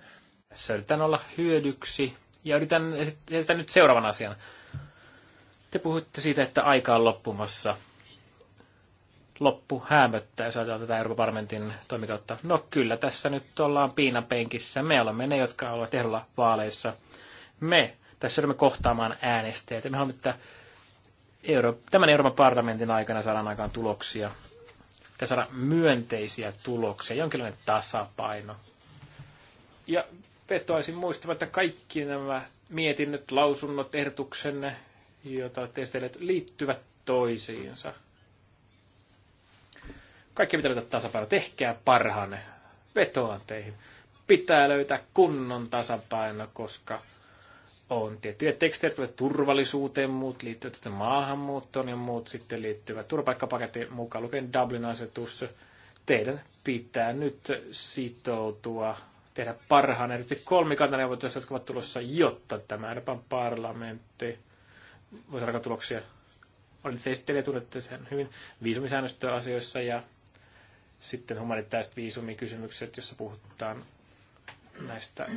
Tässä yritän olla hyödyksi ja yritän esittää nyt seuraavan asian. Te puhutte siitä, että aika on loppumassa. Loppu häämöttää, jos ajatellaan tätä Euroopan parlamentin toimikautta. No kyllä, tässä nyt ollaan piinapenkissä. Me olemme ne, jotka ovat ehdolla vaaleissa. Me tässä joudumme kohtaamaan äänestäjät. Me haluamme, että Euro- tämän Euroopan parlamentin aikana saadaan aikaan tuloksia. Pitää saada myönteisiä tuloksia, jonkinlainen tasapaino. Ja vetoaisin muistamaan, että kaikki nämä mietinnöt, lausunnot, ehdotuksenne, joita olette liittyvät toisiinsa. Kaikki mitä löytää tasapaino. Tehkää parhaanne. Vetoan teihin. Pitää löytää kunnon tasapaino, koska on tiettyjä tekstejä, jotka turvallisuuteen, muut liittyvät sitten maahanmuuttoon ja muut sitten liittyvät turvapaikkapaketin mukaan lukien Dublin-asetus. Teidän pitää nyt sitoutua tehdä parhaan, erityisesti kolmikantaneuvottelussa, jotka ovat tulossa, jotta tämä Euroopan parlamentti voisi alkaa tuloksia. Olin se esittelijä, tunnette sen hyvin viisumisäännöstöasioissa ja sitten humanitaariset viisumikysymykset, jossa puhutaan näistä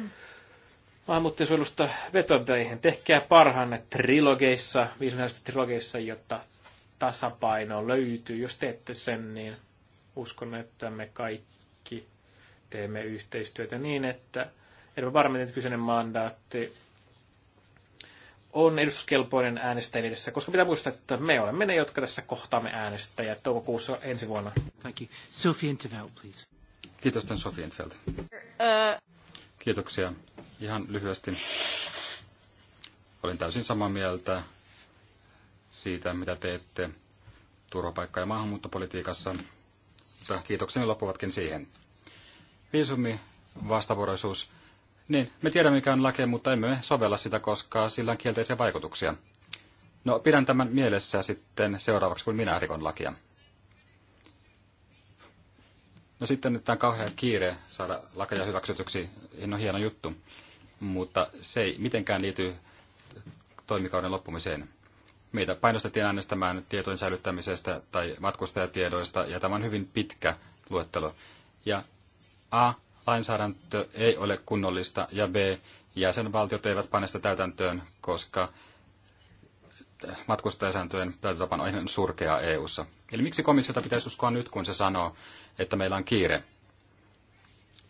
maahanmuuttajien suojelusta vetonteihin. Tehkää parhaanne trilogeissa, viisumisäännöstö trilogeissa, jotta tasapaino löytyy. Jos teette sen, niin uskon, että me kaikki teemme yhteistyötä niin, että Euroopan parlamentin kyseinen mandaatti on edustuskelpoinen äänestäjien edessä, koska pitää muistaa, että me olemme ne, jotka tässä kohtaamme äänestäjät toukokuussa ensi vuonna. Thank you. Sophie Interveld, please. Kiitos tämän Sophie Interveld. Uh... Kiitoksia. Ihan lyhyesti. Olen täysin samaa mieltä siitä, mitä teette turvapaikka- ja maahanmuuttopolitiikassa, mutta kiitokseni loppuvatkin siihen viisumi vastavuoroisuus. Niin, me tiedämme mikä on laki, mutta emme me sovella sitä, koska sillä on kielteisiä vaikutuksia. No, pidän tämän mielessä sitten seuraavaksi, kun minä rikon lakia. No sitten nyt tämä kauhea kiire saada lakeja hyväksytyksi, on hieno juttu, mutta se ei mitenkään liity toimikauden loppumiseen. Meitä painostettiin äänestämään tietojen säilyttämisestä tai matkustajatiedoista, ja tämä on hyvin pitkä luettelo. Ja A. Lainsäädäntö ei ole kunnollista ja B. Jäsenvaltiot eivät pane sitä täytäntöön, koska matkustajasääntöjen täytäntöpano on surkea EU-ssa. Eli miksi komissiota pitäisi uskoa nyt, kun se sanoo, että meillä on kiire?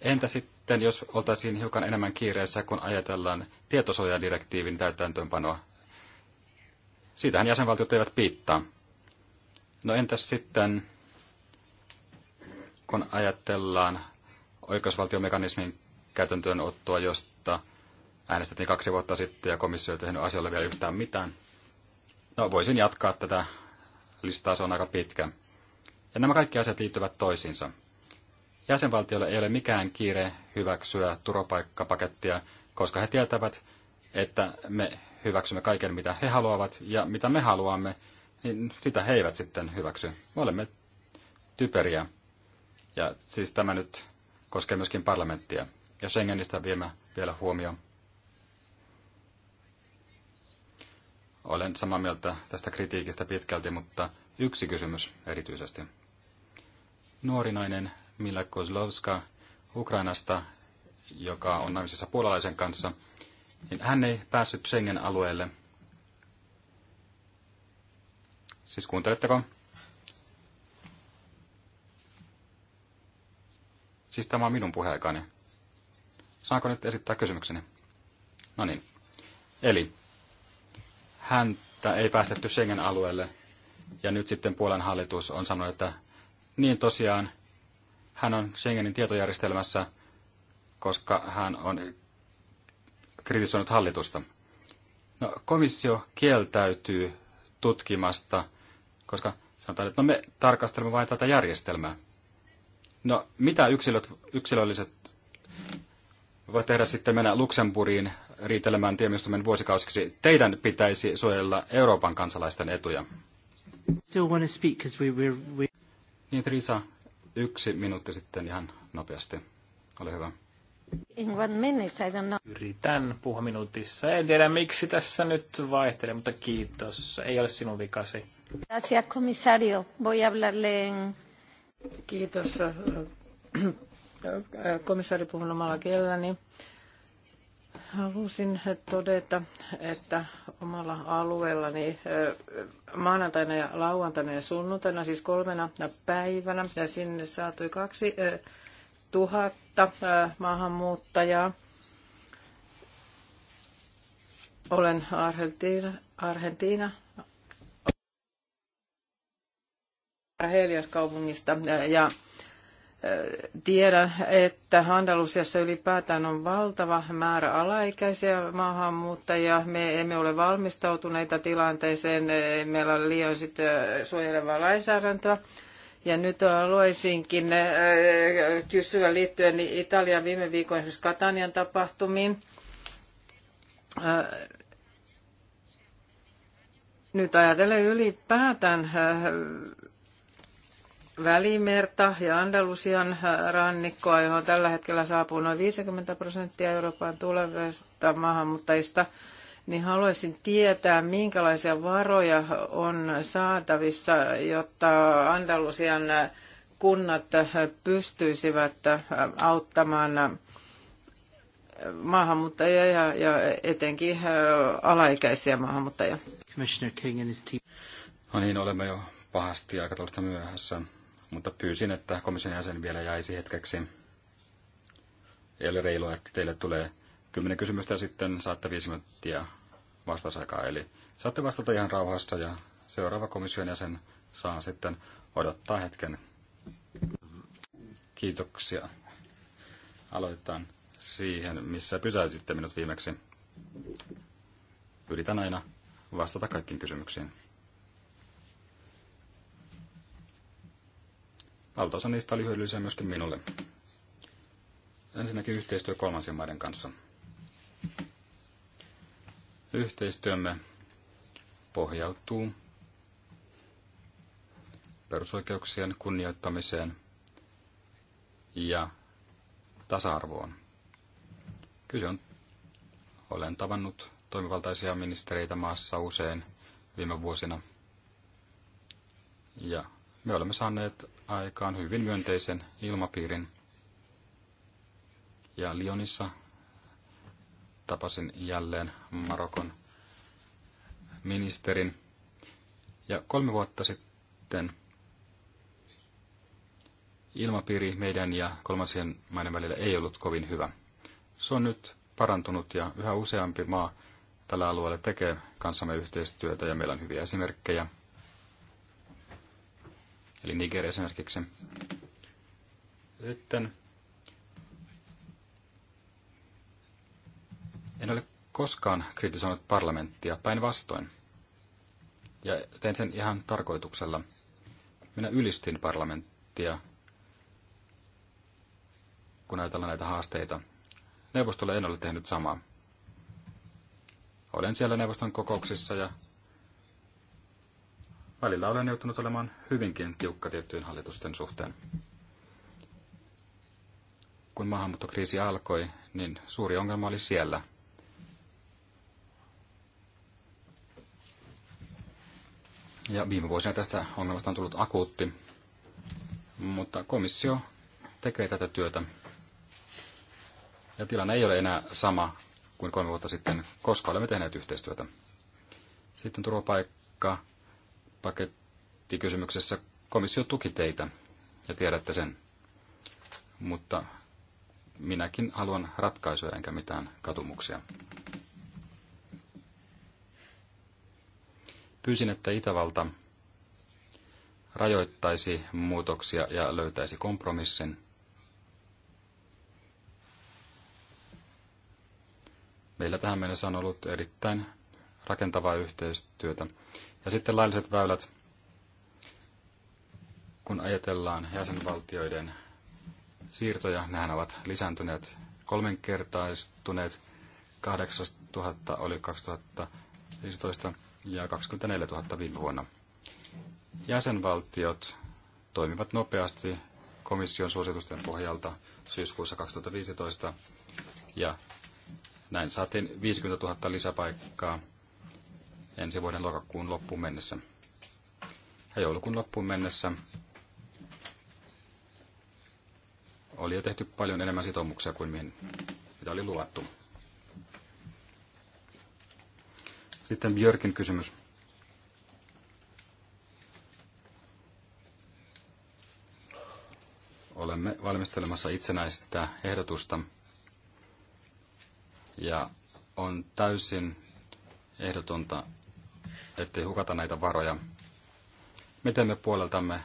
Entä sitten, jos oltaisiin hiukan enemmän kiireessä, kun ajatellaan tietosuojadirektiivin täytäntöönpanoa? Siitähän jäsenvaltiot eivät piittaa. No entäs sitten, kun ajatellaan oikeusvaltiomekanismin käytäntöönottoa, josta äänestettiin kaksi vuotta sitten ja komissio ei tehnyt asialle vielä yhtään mitään. No voisin jatkaa tätä listaa, se on aika pitkä. Ja nämä kaikki asiat liittyvät toisiinsa. Jäsenvaltioilla ei ole mikään kiire hyväksyä turvapaikkapakettia, koska he tietävät, että me hyväksymme kaiken, mitä he haluavat ja mitä me haluamme, niin sitä he eivät sitten hyväksy. Me olemme typeriä. Ja siis tämä nyt koskee myöskin parlamenttia. Ja Schengenistä vielä huomio. Olen samaa mieltä tästä kritiikistä pitkälti, mutta yksi kysymys erityisesti. Nuori nainen Mila Kozlovska Ukrainasta, joka on naimisissa puolalaisen kanssa, niin hän ei päässyt Schengen-alueelle. Siis kuunteletteko? Siis tämä on minun puheaikani. Saanko nyt esittää kysymykseni? No niin. Eli häntä ei päästetty Schengen-alueelle ja nyt sitten Puolan hallitus on sanonut, että niin tosiaan hän on Schengenin tietojärjestelmässä, koska hän on kritisoinut hallitusta. No, komissio kieltäytyy tutkimasta, koska sanotaan, että no me tarkastelemme vain tätä järjestelmää. No, mitä yksilöt, yksilölliset voi tehdä sitten mennä Luxemburgiin riitelemään tiemistumen vuosikausiksi? Teidän pitäisi suojella Euroopan kansalaisten etuja. Still want to speak, we, we're, we... Niin, Risa, yksi minuutti sitten ihan nopeasti. Ole hyvä. In one minute, I don't know. Yritän puhua minuutissa. En tiedä, miksi tässä nyt vaihtelee, mutta kiitos. Ei ole sinun vikasi. Gracias, komissario. Voy hablarle en Kiitos. Äh, äh, komissaari puhun omalla kielelläni. Haluaisin todeta, että omalla alueellani äh, maanantaina ja lauantaina ja sunnuntaina, siis kolmena päivänä, ja sinne saatui kaksi tuhatta maahanmuuttajaa. Olen Argentiina, Argentiina Helios kaupungista ja Tiedän, että Andalusiassa ylipäätään on valtava määrä alaikäisiä maahanmuuttajia. Me emme ole valmistautuneita tilanteeseen, meillä on liian sitten suojelevaa lainsäädäntöä. Ja nyt haluaisinkin kysyä liittyen Italian viime viikon esimerkiksi Katanian tapahtumiin. Nyt ajatellen ylipäätään Välimerta ja Andalusian äh, rannikkoa, johon tällä hetkellä saapuu noin 50 prosenttia Euroopan tulevista maahanmuuttajista, niin haluaisin tietää, minkälaisia varoja on saatavissa, jotta Andalusian kunnat pystyisivät auttamaan maahanmuuttajia ja, ja etenkin äh, alaikäisiä maahanmuuttajia. No niin, olemme jo pahasti aikataulusta myöhässä. Mutta pyysin, että komission jäsen vielä jäisi hetkeksi. Ei ole reilua, että teille tulee kymmenen kysymystä ja sitten saatte viisi minuuttia vastausaikaa. Eli saatte vastata ihan rauhassa ja seuraava komission jäsen saa sitten odottaa hetken. Kiitoksia. Aloitetaan siihen, missä pysäytitte minut viimeksi. Yritän aina vastata kaikkiin kysymyksiin. Valtaosa niistä oli hyödyllisiä myöskin minulle. Ensinnäkin yhteistyö kolmansien maiden kanssa. Yhteistyömme pohjautuu perusoikeuksien kunnioittamiseen ja tasa-arvoon. Kyse on, olen tavannut toimivaltaisia ministereitä maassa usein viime vuosina ja me olemme saaneet aikaan hyvin myönteisen ilmapiirin. Ja Lionissa tapasin jälleen Marokon ministerin. Ja kolme vuotta sitten ilmapiiri meidän ja kolmansien maiden välillä ei ollut kovin hyvä. Se on nyt parantunut ja yhä useampi maa tällä alueella tekee kanssamme yhteistyötä ja meillä on hyviä esimerkkejä – eli Niger esimerkiksi. Sitten en ole koskaan kritisoinut parlamenttia päinvastoin. Ja tein sen ihan tarkoituksella. Minä ylistin parlamenttia, kun ajatellaan näitä haasteita. Neuvostolle en ole tehnyt samaa. Olen siellä neuvoston kokouksissa ja välillä olen joutunut olemaan hyvinkin tiukka tiettyjen hallitusten suhteen. Kun maahanmuuttokriisi alkoi, niin suuri ongelma oli siellä. Ja viime vuosina tästä ongelmasta on tullut akuutti, mutta komissio tekee tätä työtä. Ja tilanne ei ole enää sama kuin kolme vuotta sitten, koska olemme tehneet yhteistyötä. Sitten turvapaikka pakettikysymyksessä komissio tuki teitä ja tiedätte sen. Mutta minäkin haluan ratkaisuja enkä mitään katumuksia. Pyysin, että Itävalta rajoittaisi muutoksia ja löytäisi kompromissin. Meillä tähän mennessä on ollut erittäin rakentavaa yhteistyötä ja sitten lailliset väylät, kun ajatellaan jäsenvaltioiden siirtoja, nehän ovat lisääntyneet kolmenkertaistuneet. 8000 oli 2015 ja 24 000 viime vuonna. Jäsenvaltiot toimivat nopeasti komission suositusten pohjalta syyskuussa 2015 ja näin saatiin 50 000 lisäpaikkaa ensi vuoden lokakuun loppuun mennessä. Ja joulukuun loppuun mennessä oli jo tehty paljon enemmän sitoumuksia kuin mihin, mitä oli luvattu. Sitten Björkin kysymys. Olemme valmistelemassa itsenäistä ehdotusta ja on täysin ehdotonta ettei hukata näitä varoja. Me teemme puoleltamme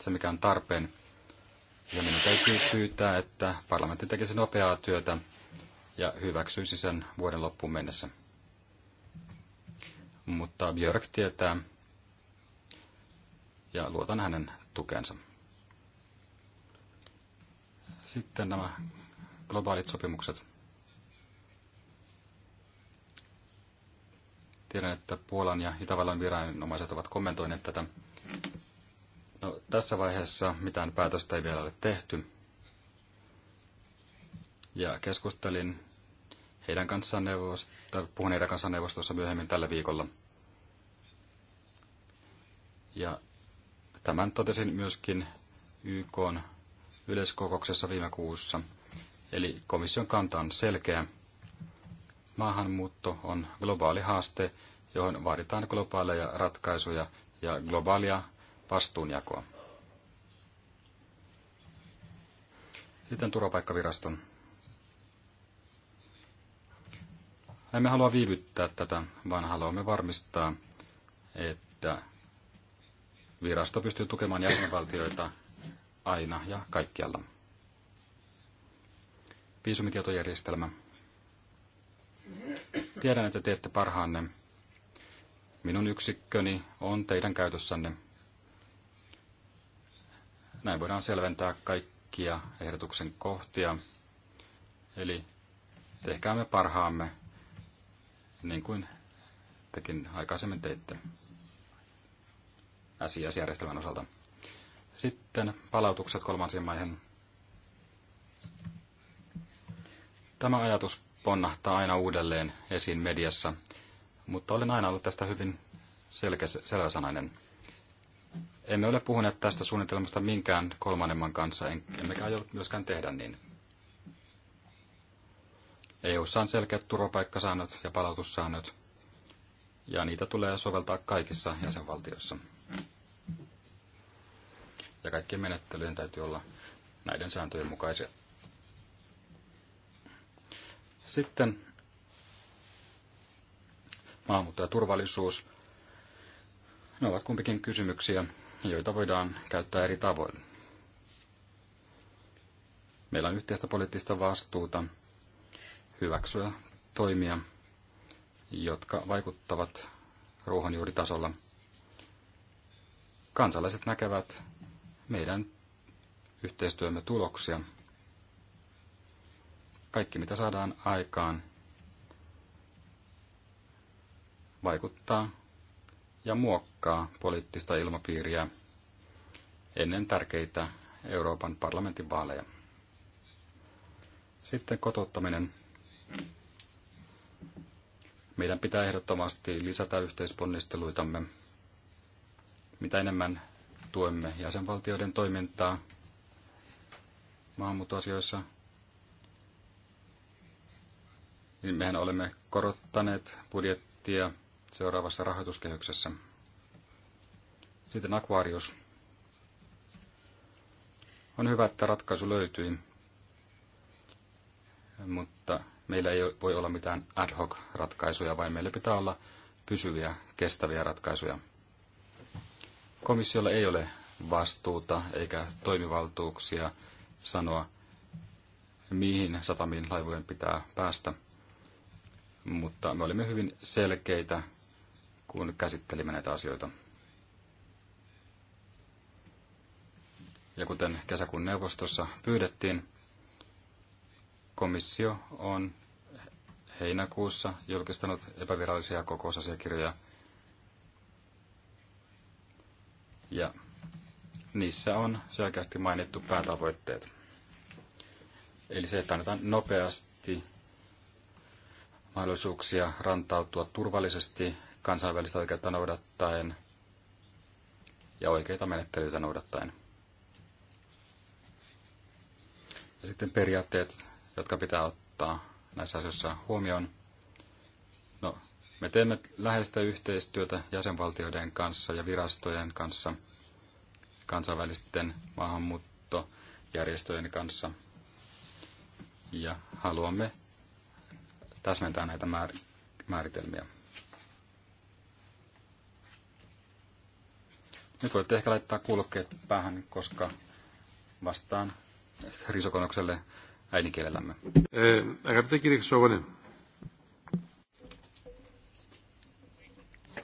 se, mikä on tarpeen. Ja minun täytyy pyytää, että parlamentti tekisi nopeaa työtä ja hyväksyisi sen vuoden loppuun mennessä. Mutta Björk tietää ja luotan hänen tukensa. Sitten nämä globaalit sopimukset. Tiedän, että Puolan ja Itävallan viranomaiset ovat kommentoineet tätä. No, tässä vaiheessa mitään päätöstä ei vielä ole tehty. Ja keskustelin heidän kanssaan neuvosta, puhun heidän kanssaan neuvostossa myöhemmin tällä viikolla. Ja tämän totesin myöskin YK yleiskokouksessa viime kuussa. Eli komission kanta on selkeä. Maahanmuutto on globaali haaste, johon vaaditaan globaaleja ratkaisuja ja globaalia vastuunjakoa. Sitten turvapaikkaviraston. Emme halua viivyttää tätä, vaan haluamme varmistaa, että virasto pystyy tukemaan jäsenvaltioita aina ja kaikkialla. Viisumitietojärjestelmä. Tiedän, että teette parhaanne. Minun yksikköni on teidän käytössänne. Näin voidaan selventää kaikkia ehdotuksen kohtia. Eli tehkäämme parhaamme, niin kuin tekin aikaisemmin teitte SIS-järjestelmän osalta. Sitten palautukset kolmansiin maihin. Tämä ajatus ponnahtaa aina uudelleen esiin mediassa, mutta olen aina ollut tästä hyvin selkä, selväsanainen. Emme ole puhuneet tästä suunnitelmasta minkään kolmannen kanssa, emmekä aio myöskään tehdä niin. EU:ssa on selkeät turvapaikkasäännöt ja palautussäännöt, ja niitä tulee soveltaa kaikissa jäsenvaltioissa. Ja kaikkien menettelyjen täytyy olla näiden sääntöjen mukaisia. Sitten maahanmuutto ja turvallisuus. Ne ovat kumpikin kysymyksiä, joita voidaan käyttää eri tavoin. Meillä on yhteistä poliittista vastuuta hyväksyä toimia, jotka vaikuttavat ruohonjuuritasolla. Kansalaiset näkevät meidän yhteistyömme tuloksia – kaikki mitä saadaan aikaan vaikuttaa ja muokkaa poliittista ilmapiiriä ennen tärkeitä Euroopan parlamentin vaaleja. Sitten kotouttaminen. Meidän pitää ehdottomasti lisätä yhteisponnisteluitamme. Mitä enemmän tuemme jäsenvaltioiden toimintaa maahanmuuttoasioissa, niin mehän olemme korottaneet budjettia seuraavassa rahoituskehyksessä. Sitten akvaarius. On hyvä, että ratkaisu löytyi, mutta meillä ei voi olla mitään ad hoc ratkaisuja, vaan meillä pitää olla pysyviä, kestäviä ratkaisuja. Komissiolla ei ole vastuuta eikä toimivaltuuksia sanoa, mihin satamiin laivojen pitää päästä – mutta me olimme hyvin selkeitä, kun käsittelimme näitä asioita. Ja kuten kesäkuun neuvostossa pyydettiin, komissio on heinäkuussa julkistanut epävirallisia kokousasiakirjoja. Ja niissä on selkeästi mainittu päätavoitteet. Eli se, että annetaan nopeasti mahdollisuuksia rantautua turvallisesti kansainvälistä oikeutta noudattaen ja oikeita menettelyitä noudattaen. Ja sitten periaatteet, jotka pitää ottaa näissä asioissa huomioon. No, me teemme läheistä yhteistyötä jäsenvaltioiden kanssa ja virastojen kanssa, kansainvälisten maahanmuuttojärjestöjen kanssa. Ja haluamme täsmentää näitä määritelmiä. Nyt voitte ehkä laittaa kuulokkeet päähän, koska vastaan risokonokselle äidinkielellämme. Agapita kirja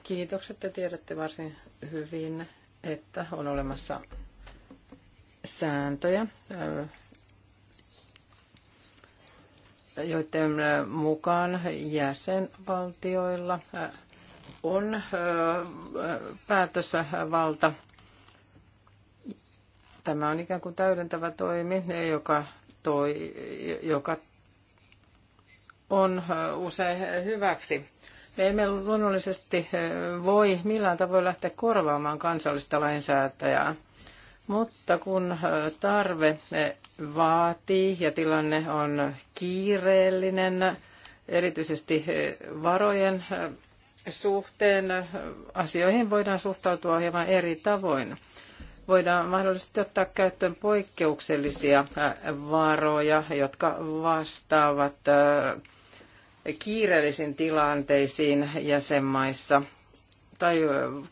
Kiitokset. Te tiedätte varsin hyvin, että on olemassa sääntöjä joiden mukaan jäsenvaltioilla on päätösvalta. Tämä on ikään kuin täydentävä toimi, joka, toi, joka on usein hyväksi. Me emme luonnollisesti voi millään tavoin lähteä korvaamaan kansallista lainsäätäjää. Mutta kun tarve vaatii ja tilanne on kiireellinen, erityisesti varojen suhteen, asioihin voidaan suhtautua hieman eri tavoin. Voidaan mahdollisesti ottaa käyttöön poikkeuksellisia varoja, jotka vastaavat kiireellisiin tilanteisiin jäsenmaissa – tai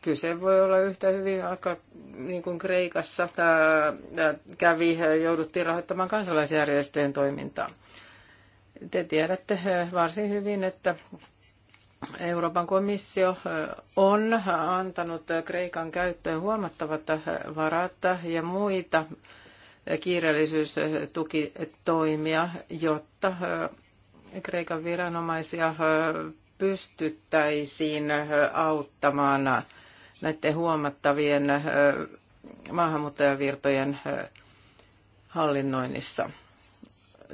kyse voi olla yhtä hyvin aika niin kuin Kreikassa tämä kävi, jouduttiin rahoittamaan kansalaisjärjestöjen toimintaa. Te tiedätte varsin hyvin, että Euroopan komissio on antanut Kreikan käyttöön huomattavat varat ja muita kiireellisyystukitoimia, jotta Kreikan viranomaisia pystyttäisiin äh, auttamaan näiden huomattavien äh, maahanmuuttajavirtojen äh, hallinnoinnissa.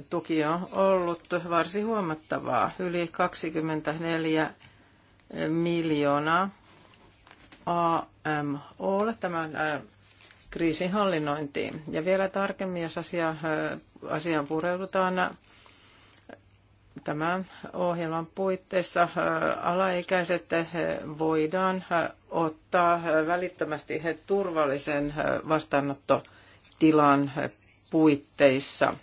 Tuki on ollut varsin huomattavaa, yli 24 miljoonaa AMO, tämän kriisin hallinnointiin. Ja vielä tarkemmin, jos asia, asiaan pureudutaan tämän ohjelman puitteissa äh, alaikäiset äh, voidaan äh, ottaa välittömästi turvallisen vastaanottotilan puitteissa.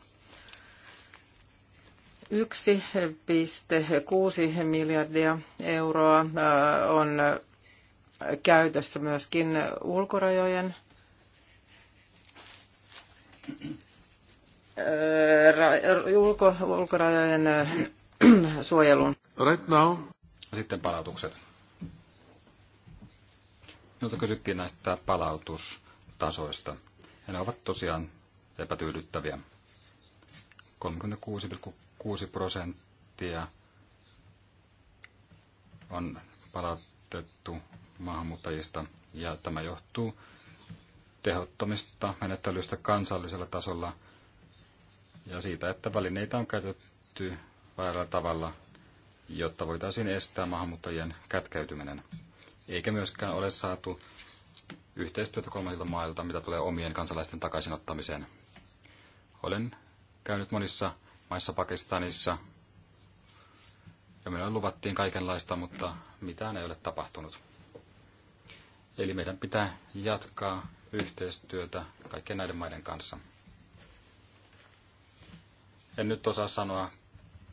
1,6 miljardia euroa on käytössä myöskin ulkorajojen ulko, ulkorajojen suojelun. Right now. Sitten palautukset. Minulta kysyttiin näistä palautustasoista. Ja ne ovat tosiaan epätyydyttäviä. 36,6 prosenttia on palautettu maahanmuuttajista ja tämä johtuu tehottomista menettelyistä kansallisella tasolla ja siitä, että välineitä on käytetty väärällä tavalla, jotta voitaisiin estää maahanmuuttajien kätkeytyminen. Eikä myöskään ole saatu yhteistyötä kolmansilta mailta, mitä tulee omien kansalaisten takaisinottamiseen. Olen käynyt monissa maissa Pakistanissa, ja meillä luvattiin kaikenlaista, mutta mitään ei ole tapahtunut. Eli meidän pitää jatkaa yhteistyötä kaikkien näiden maiden kanssa. En nyt osaa sanoa,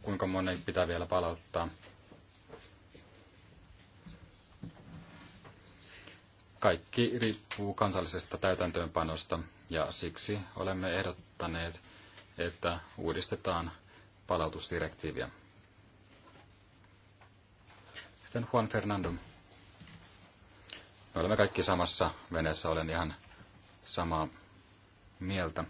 kuinka monen pitää vielä palauttaa. Kaikki riippuu kansallisesta täytäntöönpanosta ja siksi olemme ehdottaneet, että uudistetaan palautusdirektiiviä. Sitten Juan Fernando. Me olemme kaikki samassa veneessä, olen ihan samaa mieltä.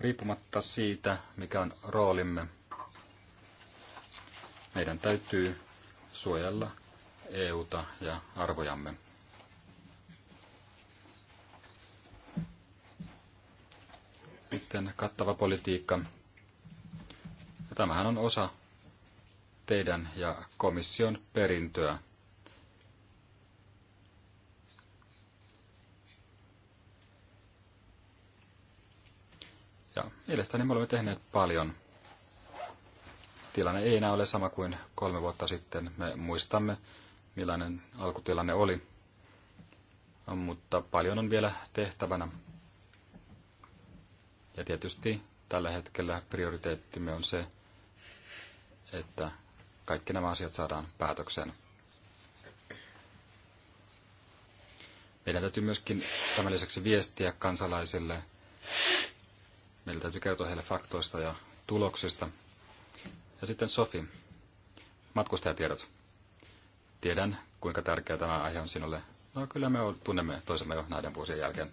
riippumatta siitä, mikä on roolimme, meidän täytyy suojella EUta ja arvojamme. Sitten kattava politiikka. Ja tämähän on osa teidän ja komission perintöä Ja mielestäni me olemme tehneet paljon. Tilanne ei enää ole sama kuin kolme vuotta sitten. Me muistamme, millainen alkutilanne oli. Mutta paljon on vielä tehtävänä. Ja tietysti tällä hetkellä prioriteettimme on se, että kaikki nämä asiat saadaan päätökseen. Meidän täytyy myöskin tämän lisäksi viestiä kansalaisille Meillä täytyy kertoa heille faktoista ja tuloksista. Ja sitten Sofi, matkustajatiedot. Tiedän, kuinka tärkeä tämä aihe on sinulle. No kyllä me tunnemme toisemme jo näiden vuosien jälkeen.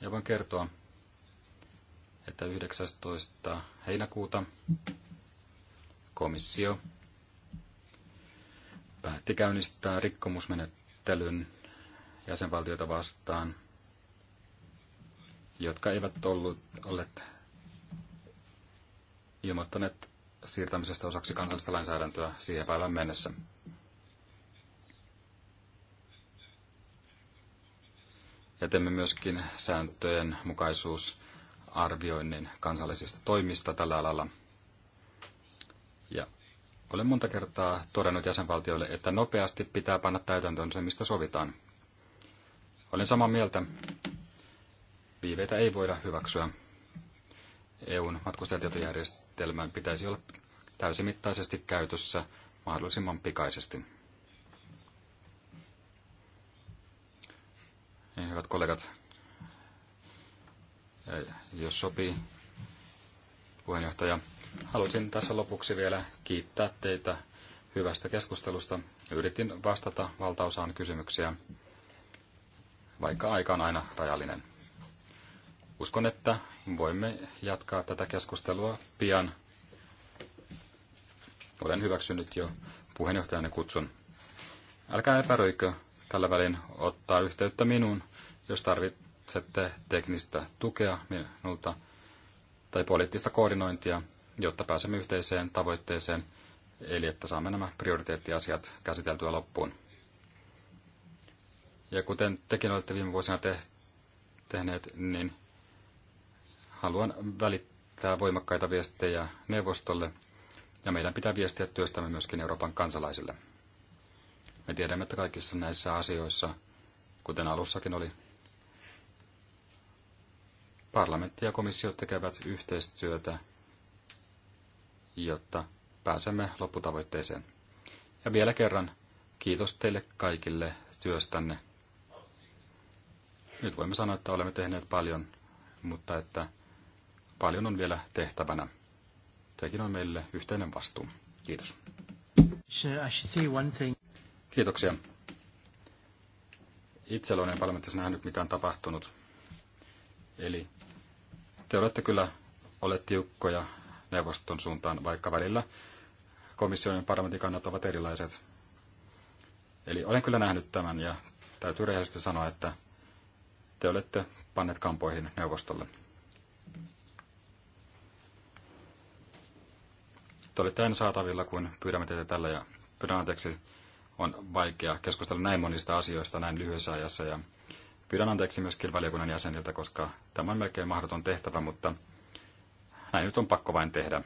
Ja voin kertoa, että 19. heinäkuuta komissio päätti käynnistää rikkomusmenettelyn jäsenvaltioita vastaan – jotka eivät ollut, olleet ilmoittaneet siirtämisestä osaksi kansallista lainsäädäntöä siihen päivään mennessä. Ja teemme myöskin sääntöjen mukaisuusarvioinnin kansallisista toimista tällä alalla. Ja olen monta kertaa todennut jäsenvaltioille, että nopeasti pitää panna täytäntöön se, mistä sovitaan. Olen samaa mieltä, Viiveitä ei voida hyväksyä. EUn matkustajatietojärjestelmän pitäisi olla täysimittaisesti käytössä mahdollisimman pikaisesti. Niin, hyvät kollegat, jos sopii, puheenjohtaja, haluaisin tässä lopuksi vielä kiittää teitä hyvästä keskustelusta. Yritin vastata valtaosaan kysymyksiä, vaikka aika on aina rajallinen. Uskon, että voimme jatkaa tätä keskustelua pian. Olen hyväksynyt jo puheenjohtajanne kutsun. Älkää epäröikö tällä välin ottaa yhteyttä minuun, jos tarvitsette teknistä tukea minulta tai poliittista koordinointia, jotta pääsemme yhteiseen tavoitteeseen, eli että saamme nämä prioriteettiasiat käsiteltyä loppuun. Ja kuten tekin olette viime vuosina te- tehneet, niin haluan välittää voimakkaita viestejä neuvostolle ja meidän pitää viestiä työstämme myöskin Euroopan kansalaisille. Me tiedämme, että kaikissa näissä asioissa, kuten alussakin oli, parlamentti ja komissio tekevät yhteistyötä, jotta pääsemme lopputavoitteeseen. Ja vielä kerran kiitos teille kaikille työstänne. Nyt voimme sanoa, että olemme tehneet paljon, mutta että paljon on vielä tehtävänä. Sekin on meille yhteinen vastuu. Kiitos. Kiitoksia. Itse olen parlamentissa nähnyt, mitä on tapahtunut. Eli te olette kyllä olleet tiukkoja neuvoston suuntaan, vaikka välillä komission ja parlamentin kannat ovat erilaiset. Eli olen kyllä nähnyt tämän ja täytyy rehellisesti sanoa, että te olette panneet kampoihin neuvostolle. Te olette aina saatavilla, kun pyydämme teitä tällä ja pyydän anteeksi. On vaikea keskustella näin monista asioista näin lyhyessä ajassa ja pyydän anteeksi myöskin valiokunnan jäseniltä, koska tämä on melkein mahdoton tehtävä, mutta näin nyt on pakko vain tehdä.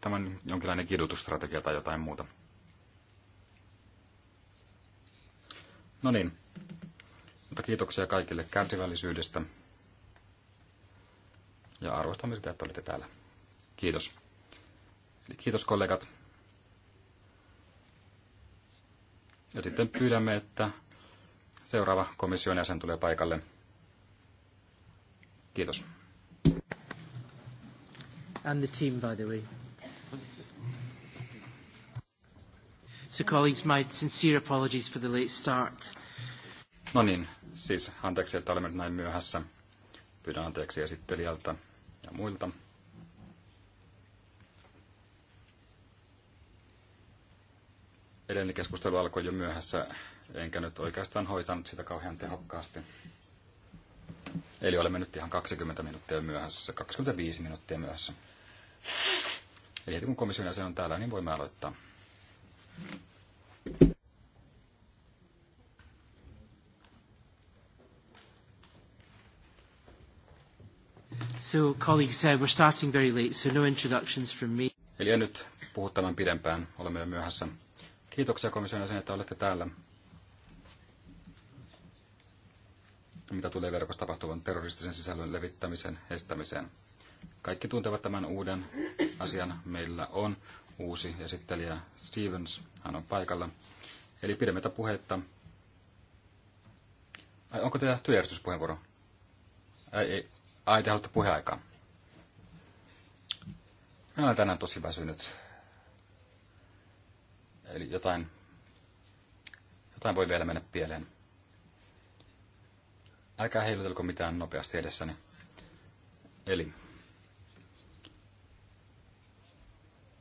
Tämä on jonkinlainen kidutusstrategia tai jotain muuta. No niin, mutta kiitoksia kaikille kärsivällisyydestä ja arvostamme sitä, että olette täällä. Kiitos. Kiitos kollegat. Ja sitten pyydämme, että seuraava komission jäsen tulee paikalle. Kiitos. And the team, by the way. So colleagues, my sincere apologies for the late start. No niin, siis anteeksi, että olemme nyt näin myöhässä. Pyydän anteeksi esittelijältä ja muilta. Edellinen keskustelu alkoi jo myöhässä, enkä nyt oikeastaan hoitanut sitä kauhean tehokkaasti. Eli olemme nyt ihan 20 minuuttia myöhässä, 25 minuuttia myöhässä. Eli heti kun komission jäsen on täällä, niin voimme aloittaa. So, colleagues, uh, we're starting very late, so no introductions from me. Eli en nyt puhu tämän pidempään, olemme jo myöhässä. Kiitoksia komission jäsen, että olette täällä. Mitä tulee verkossa tapahtuvan terroristisen sisällön levittämisen estämiseen. Kaikki tuntevat tämän uuden asian. Meillä on uusi esittelijä Stevens, hän on paikalla. Eli pidemmätä puhetta. Ai, onko teillä työjärjestyspuheenvuoro? Ai, ei, Ai, te haluatte puheaikaa. Minä olen tänään tosi väsynyt. Eli jotain, jotain voi vielä mennä pieleen. Älkää heilutelko mitään nopeasti edessäni. Eli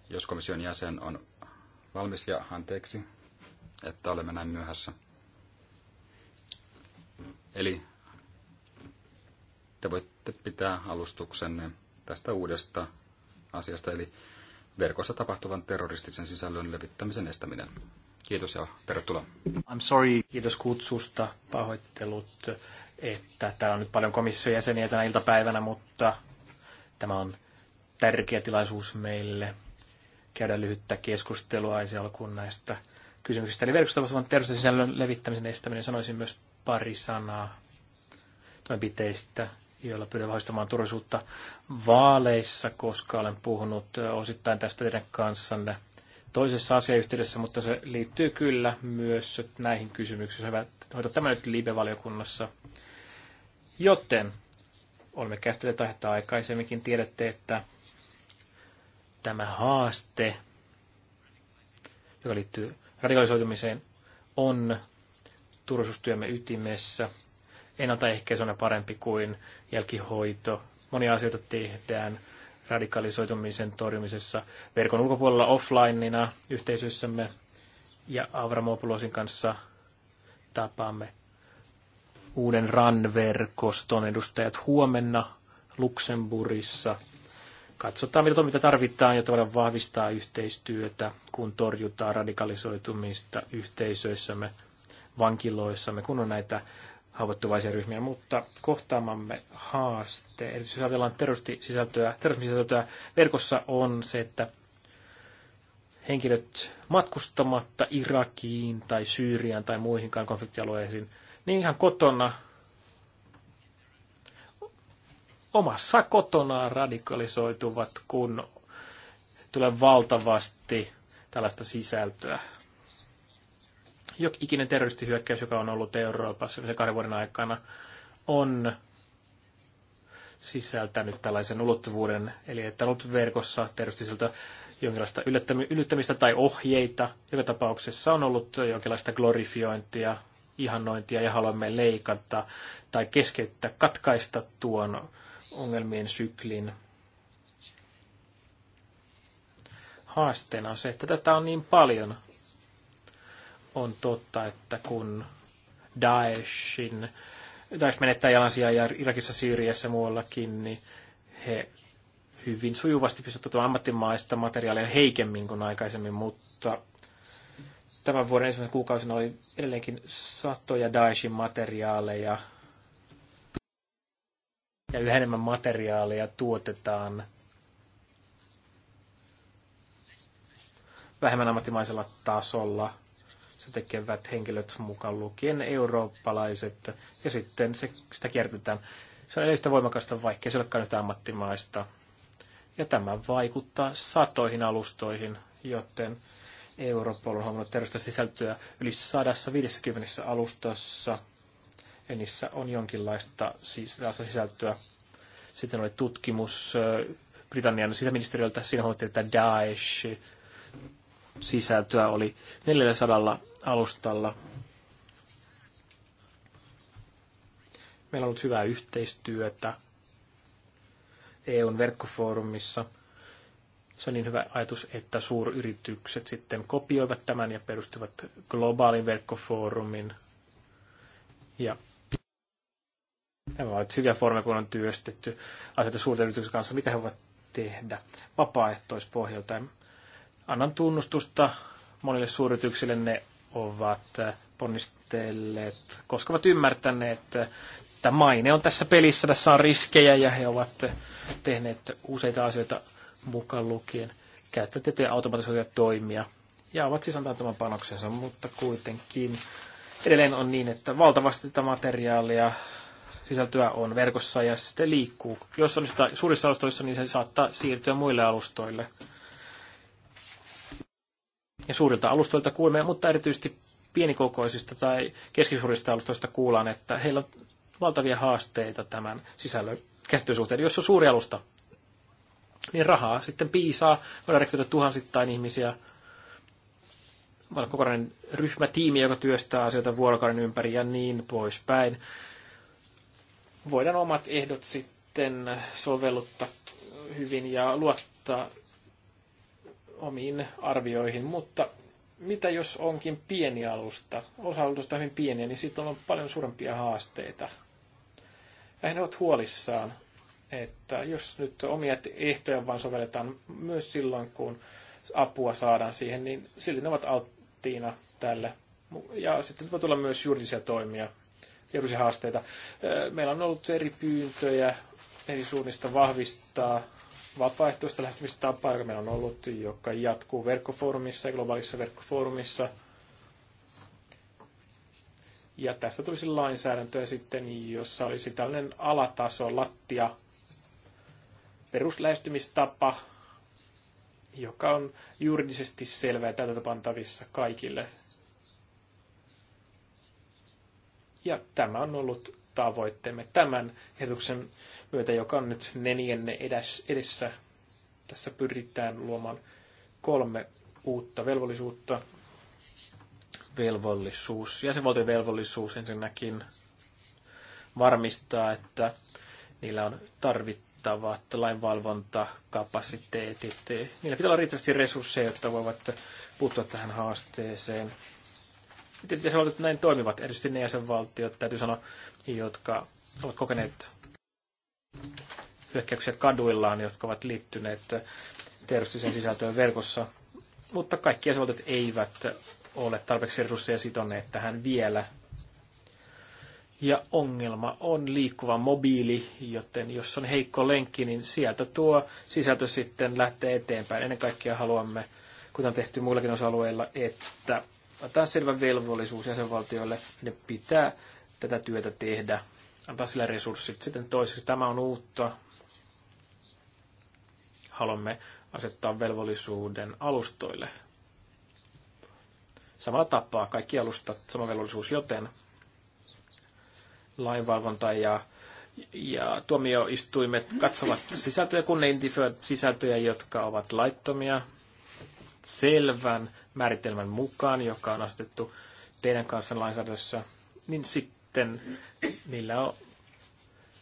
jos komission jäsen on valmis ja anteeksi, että olemme näin myöhässä. Eli te voitte voitte pitää alustuksenne tästä uudesta asiasta, eli verkossa tapahtuvan terroristisen sisällön levittämisen estäminen. Kiitos ja tervetuloa. I'm sorry. Kiitos kutsusta, pahoittelut, että täällä on nyt paljon komission jäseniä tänä iltapäivänä, mutta tämä on tärkeä tilaisuus meille käydä lyhyttä keskustelua ensi alkuun näistä kysymyksistä. Eli verkossa tapahtuvan terroristisen sisällön levittämisen estäminen, sanoisin myös pari sanaa toimenpiteistä, joilla pyydän vahvistamaan turvallisuutta vaaleissa, koska olen puhunut osittain tästä teidän kanssanne toisessa asiayhteydessä, mutta se liittyy kyllä myös näihin kysymyksiin. Hyvä hoitaa tämä nyt live-valiokunnassa. Joten olemme käsitelleet aihetta aikaisemminkin. Tiedätte, että tämä haaste, joka liittyy radikalisoitumiseen, on turvallisuustyömme ytimessä – ennaltaehkäisy on parempi kuin jälkihoito. Monia asioita tehdään radikalisoitumisen torjumisessa verkon ulkopuolella offlineina yhteisöissämme ja Avramopulosin kanssa tapaamme uuden RAN-verkoston edustajat huomenna Luxemburissa. Katsotaan, mitä mitä tarvitaan, jotta voidaan vahvistaa yhteistyötä, kun torjutaan radikalisoitumista yhteisöissämme, vankiloissamme, kun on näitä haavoittuvaisia ryhmiä, mutta kohtaamamme haaste, eli jos ajatellaan terrorismisisältöä, terrorismisisältöä verkossa on se, että henkilöt matkustamatta Irakiin tai Syyriaan tai muihinkaan konfliktialueisiin, niin ihan kotona, omassa kotonaan radikalisoituvat, kun tulee valtavasti tällaista sisältöä Jok ikinen terroristihyökkäys, joka on ollut Euroopassa viimeisen kahden vuoden aikana, on sisältänyt tällaisen ulottuvuuden, eli että on ollut verkossa terroristisilta jonkinlaista yllyttämistä tai ohjeita. Joka tapauksessa on ollut jonkinlaista glorifiointia, ihannointia ja haluamme leikata tai keskeyttää, katkaista tuon ongelmien syklin. Haasteena on se, että tätä on niin paljon, on totta, että kun Daeshin, Daesh menettää jalansia ja Irakissa, Syyriassa ja muuallakin, niin he hyvin sujuvasti pystyvät ammattimaista materiaalia heikemmin kuin aikaisemmin, mutta tämän vuoden ensimmäisen kuukausina oli edelleenkin satoja Daeshin materiaaleja ja yhä enemmän materiaaleja tuotetaan vähemmän ammattimaisella tasolla – se tekevät henkilöt mukaan lukien eurooppalaiset, ja sitten se, sitä kiertetään. Se on yhtä voimakasta, vaikkei se olekaan yhtä ammattimaista. Ja tämä vaikuttaa satoihin alustoihin, joten Europol on huomannut terveistä sisältöä yli 150 alustassa. Ja niissä on jonkinlaista sisältöä. Sitten oli tutkimus Britannian sisäministeriöltä. Siinä huomattiin, että Daesh sisältöä oli 400 alustalla. Meillä on ollut hyvää yhteistyötä EUn verkkofoorumissa. Se on niin hyvä ajatus, että suuryritykset sitten kopioivat tämän ja perustuvat globaalin verkkofoorumin. Ja tämä on hyviä foorumeja, kun on työstetty asioita suurten yritysten kanssa, mitä he voivat tehdä vapaaehtoispohjalta. Annan tunnustusta monille suurityksille, ne ovat ponnistelleet, koska ovat ymmärtäneet, että maine on tässä pelissä, tässä on riskejä ja he ovat tehneet useita asioita mukaan lukien käyttötietoja automatisoituja toimia ja ovat siis antaneet tämän panoksensa, mutta kuitenkin edelleen on niin, että valtavasti tätä materiaalia sisältöä on verkossa ja sitten liikkuu. Jos on sitä suurissa alustoissa, niin se saattaa siirtyä muille alustoille ja suurilta alustoilta kuulemme, mutta erityisesti pienikokoisista tai keskisuurista alustoista kuullaan, että heillä on valtavia haasteita tämän sisällön käsittelysuhteen. Jos on suuri alusta, niin rahaa sitten piisaa, voidaan rekrytoida tuhansittain ihmisiä, voi kokonainen ryhmä, tiimi, joka työstää asioita vuorokauden ympäri ja niin poispäin. Voidaan omat ehdot sitten sovelluttaa hyvin ja luottaa omiin arvioihin, mutta mitä jos onkin pieni alusta, osa alusta hyvin pieniä, niin sitten on paljon suurempia haasteita. Ja he ovat huolissaan, että jos nyt omia ehtoja vaan sovelletaan myös silloin, kun apua saadaan siihen, niin silti ne ovat alttiina tälle. Ja sitten voi tulla myös juridisia toimia, juridisia haasteita. Meillä on ollut eri pyyntöjä eri suunnista vahvistaa vapaaehtoista lähestymistapaa, joka meillä on ollut, joka jatkuu verkkofoorumissa ja globaalissa verkkofoorumissa. Ja tästä tulisi lainsäädäntöä sitten, jossa olisi tällainen alataso, lattia, peruslähestymistapa, joka on juridisesti selvä ja tätä pantavissa kaikille. Ja tämä on ollut tavoitteemme tämän ehdotuksen myötä, joka on nyt neljänne edessä. Tässä pyritään luomaan kolme uutta velvollisuutta. Velvollisuus, jäsenvaltojen velvollisuus ensinnäkin varmistaa, että niillä on tarvittavat lainvalvontakapasiteetit. Niillä pitää olla riittävästi resursseja, jotta voivat puuttua tähän haasteeseen. Miten jäsenvaltiot näin toimivat? Erityisesti ne jäsenvaltiot, täytyy sanoa, jotka ovat kokeneet hyökkäyksiä kaduillaan, jotka ovat liittyneet terroristiseen sisältöön verkossa. Mutta kaikki jäsenvaltiot eivät ole tarpeeksi resursseja sitoneet tähän vielä. Ja ongelma on liikkuva mobiili, joten jos on heikko lenkki, niin sieltä tuo sisältö sitten lähtee eteenpäin. Ennen kaikkea haluamme, kuten on tehty muillakin osa-alueilla, että tämä selvä velvollisuus jäsenvaltioille, ne pitää tätä työtä tehdä antaa sille resurssit. Sitten toiseksi tämä on uutta. Haluamme asettaa velvollisuuden alustoille. Samalla tapaa kaikki alustat, sama velvollisuus, joten lainvalvonta ja, ja tuomioistuimet katsovat sisältöjä, kun ne identifioivat sisältöjä, jotka ovat laittomia selvän määritelmän mukaan, joka on asetettu teidän kanssa lainsäädännössä, niin sit sitten niillä on,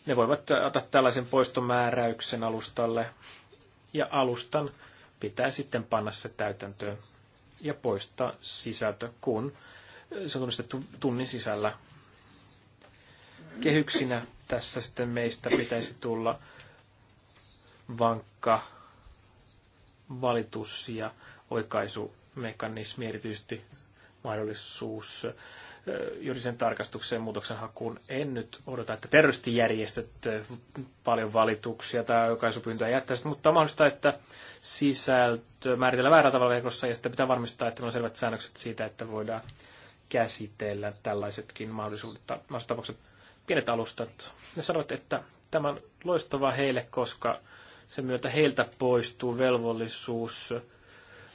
ne voivat ottaa tällaisen poistomääräyksen alustalle ja alustan pitää sitten panna se täytäntöön ja poistaa sisältö, kun se on tunnistettu tunnin sisällä. Kehyksinä tässä sitten meistä pitäisi tulla vankka valitus ja oikaisumekanismi, erityisesti mahdollisuus juridisen tarkastukseen muutoksen hakuun. En nyt odota, että terroristijärjestöt paljon valituksia tai oikaisupyyntöjä jättäisivät, mutta on mahdollista, että sisältö määritellään väärällä tavalla verkossa ja sitten pitää varmistaa, että on selvät säännökset siitä, että voidaan käsitellä tällaisetkin mahdollisuudet, Mahdollisuudet tapaukset. Pienet alustat, ne sanovat, että tämä on loistavaa heille, koska sen myötä heiltä poistuu velvollisuus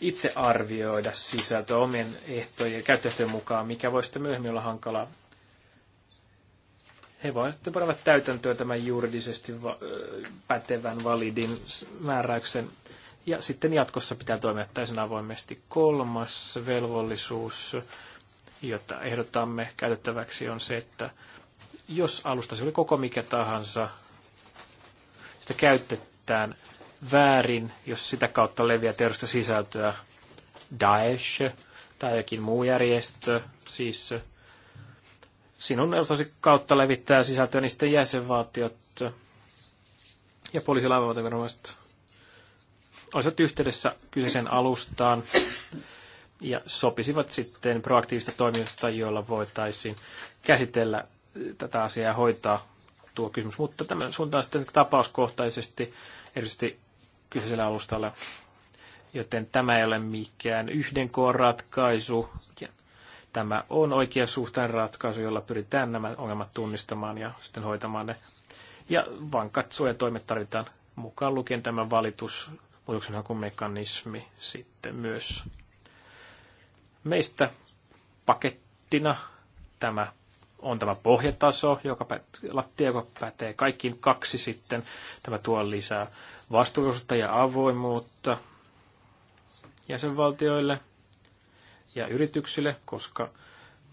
itse arvioida sisältö omien ehtojen ja käyttöehtojen mukaan, mikä voi sitten myöhemmin olla hankalaa. He voivat sitten panna täytäntöön tämän juridisesti va- pätevän validin määräyksen. Ja sitten jatkossa pitää toimia täysin avoimesti. Kolmas velvollisuus, jota ehdotamme käytettäväksi, on se, että jos alustasi oli koko mikä tahansa, sitä käytetään – väärin, jos sitä kautta leviää terrorista sisältöä Daesh tai jokin muu järjestö, siis sinun osasi kautta levittää sisältöä, niin sitten jäsenvaltiot ja poliisi- ja olisivat yhteydessä kyseisen alustaan ja sopisivat sitten proaktiivista toiminnasta, jolla voitaisiin käsitellä tätä asiaa ja hoitaa tuo kysymys. Mutta tämä suuntaan sitten tapauskohtaisesti, erityisesti kyseisellä alustalla. Joten tämä ei ole mikään yhden koon ratkaisu. Tämä on oikea suhteen ratkaisu, jolla pyritään nämä ongelmat tunnistamaan ja sitten hoitamaan ne. Ja vankat suojatoimet tarvitaan mukaan lukien tämä valitus muutoksenhakumekanismi sitten myös. Meistä pakettina tämä on tämä pohjataso, joka pätee, lattia, joka pätee kaikkiin kaksi sitten. Tämä tuo lisää vastuullisuutta ja avoimuutta jäsenvaltioille ja yrityksille, koska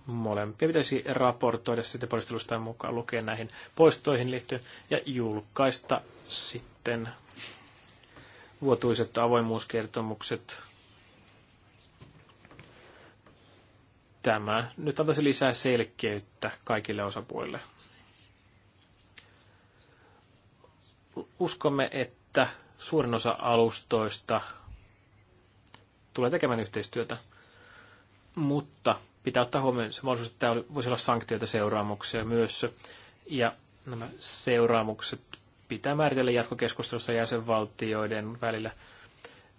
molempia pitäisi raportoida sitten poistelusta mukaan lukea näihin poistoihin liittyen ja julkaista sitten vuotuiset avoimuuskertomukset. Tämä nyt antaisi lisää selkeyttä kaikille osapuolille. Uskomme, että että suurin osa alustoista tulee tekemään yhteistyötä, mutta pitää ottaa huomioon se mahdollisuus, että tämä voisi olla sanktioita seuraamuksia myös, ja nämä seuraamukset pitää määritellä jatkokeskustelussa jäsenvaltioiden välillä.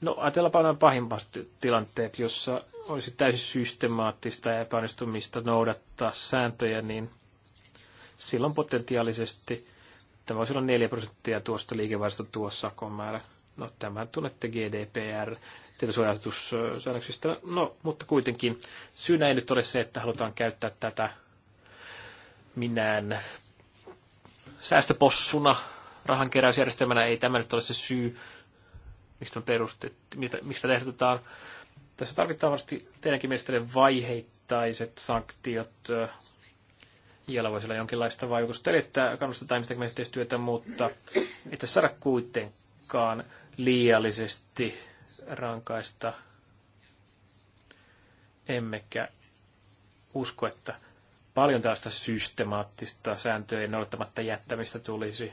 No ajatellaanpa nämä pahimmat tilanteet, jossa olisi täysin systemaattista ja epäonnistumista noudattaa sääntöjä, niin silloin potentiaalisesti Tämä voisi olla 4 prosenttia tuosta liikevaihdosta tuossa sakon määrä. No tämä tunnette GDPR tietosuojatussäännöksistä. No, mutta kuitenkin syynä ei nyt ole se, että halutaan käyttää tätä minään säästöpossuna rahankeräysjärjestelmänä. Ei tämä nyt ole se syy, mistä perustettu, miksi tätä ehdotetaan. Tässä tarvitaan varmasti teidänkin mielestäni vaiheittaiset sanktiot jolla voisi olla jonkinlaista vaikutusta. Eli että kannustetaan ihmisten yhteistyötä, mutta että saada kuitenkaan liiallisesti rankaista. Emmekä usko, että paljon tällaista systemaattista sääntöjen noudattamatta jättämistä tulisi.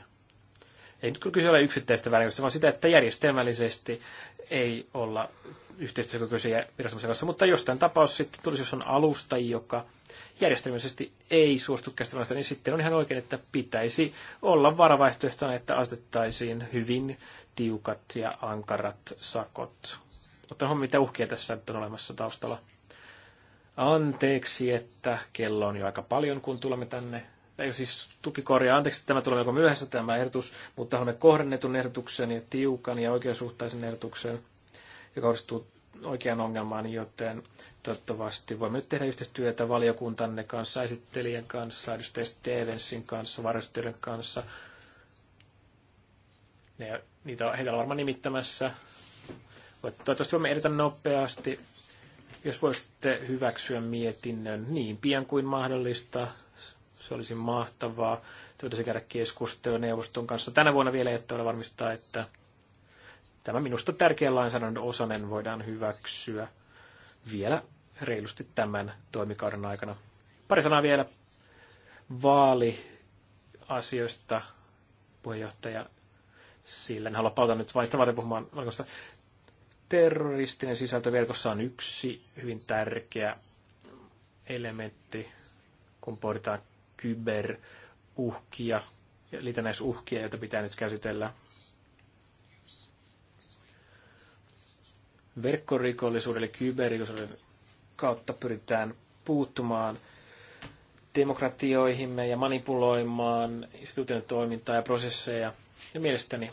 Ei nyt kyse ole yksittäistä väärinkäytöstä, vaan sitä, että järjestelmällisesti ei olla yhteistyökykyisiä viranomaisen kanssa. Mutta jos tämän tapaus sitten tulisi, jos on alusta, joka järjestelmällisesti ei suostu käsittelemään niin sitten on ihan oikein, että pitäisi olla varavaihtoehtona, että asetettaisiin hyvin tiukat ja ankarat sakot. Mutta on mitä uhkia tässä nyt on olemassa taustalla. Anteeksi, että kello on jo aika paljon, kun tulemme tänne eikä siis tupikorja, anteeksi, tämä tulee melko myöhässä tämä ehdotus, mutta haluamme kohdennetun ehdotuksen ja tiukan ja oikeasuhtaisen ehdotuksen, joka kohdistuu oikeaan ongelmaan, joten toivottavasti voimme nyt tehdä yhteistyötä valiokuntanne kanssa, esittelijän kanssa, edustaja Stevensin kanssa, varjostyöiden kanssa. Ne, niitä, heitä on varmaan nimittämässä. Toivottavasti voimme edetä nopeasti. Jos voisitte hyväksyä mietinnön niin pian kuin mahdollista, se olisi mahtavaa. Se käydä keskustelua neuvoston kanssa tänä vuonna vielä, ei voidaan varmistaa, että tämä minusta tärkeä lainsäädännön osanen voidaan hyväksyä vielä reilusti tämän toimikauden aikana. Pari sanaa vielä vaaliasioista, puheenjohtaja sillä en halua palata nyt vain sitä varten puhumaan valkoista. Terroristinen sisältö verkossa on yksi hyvin tärkeä elementti, kun pohditaan kyberuhkia ja liitännäisuhkia, joita pitää nyt käsitellä. Verkkorikollisuudelle, kyberrikollisuuden kautta pyritään puuttumaan demokratioihimme ja manipuloimaan instituution toimintaa ja prosesseja. Ja mielestäni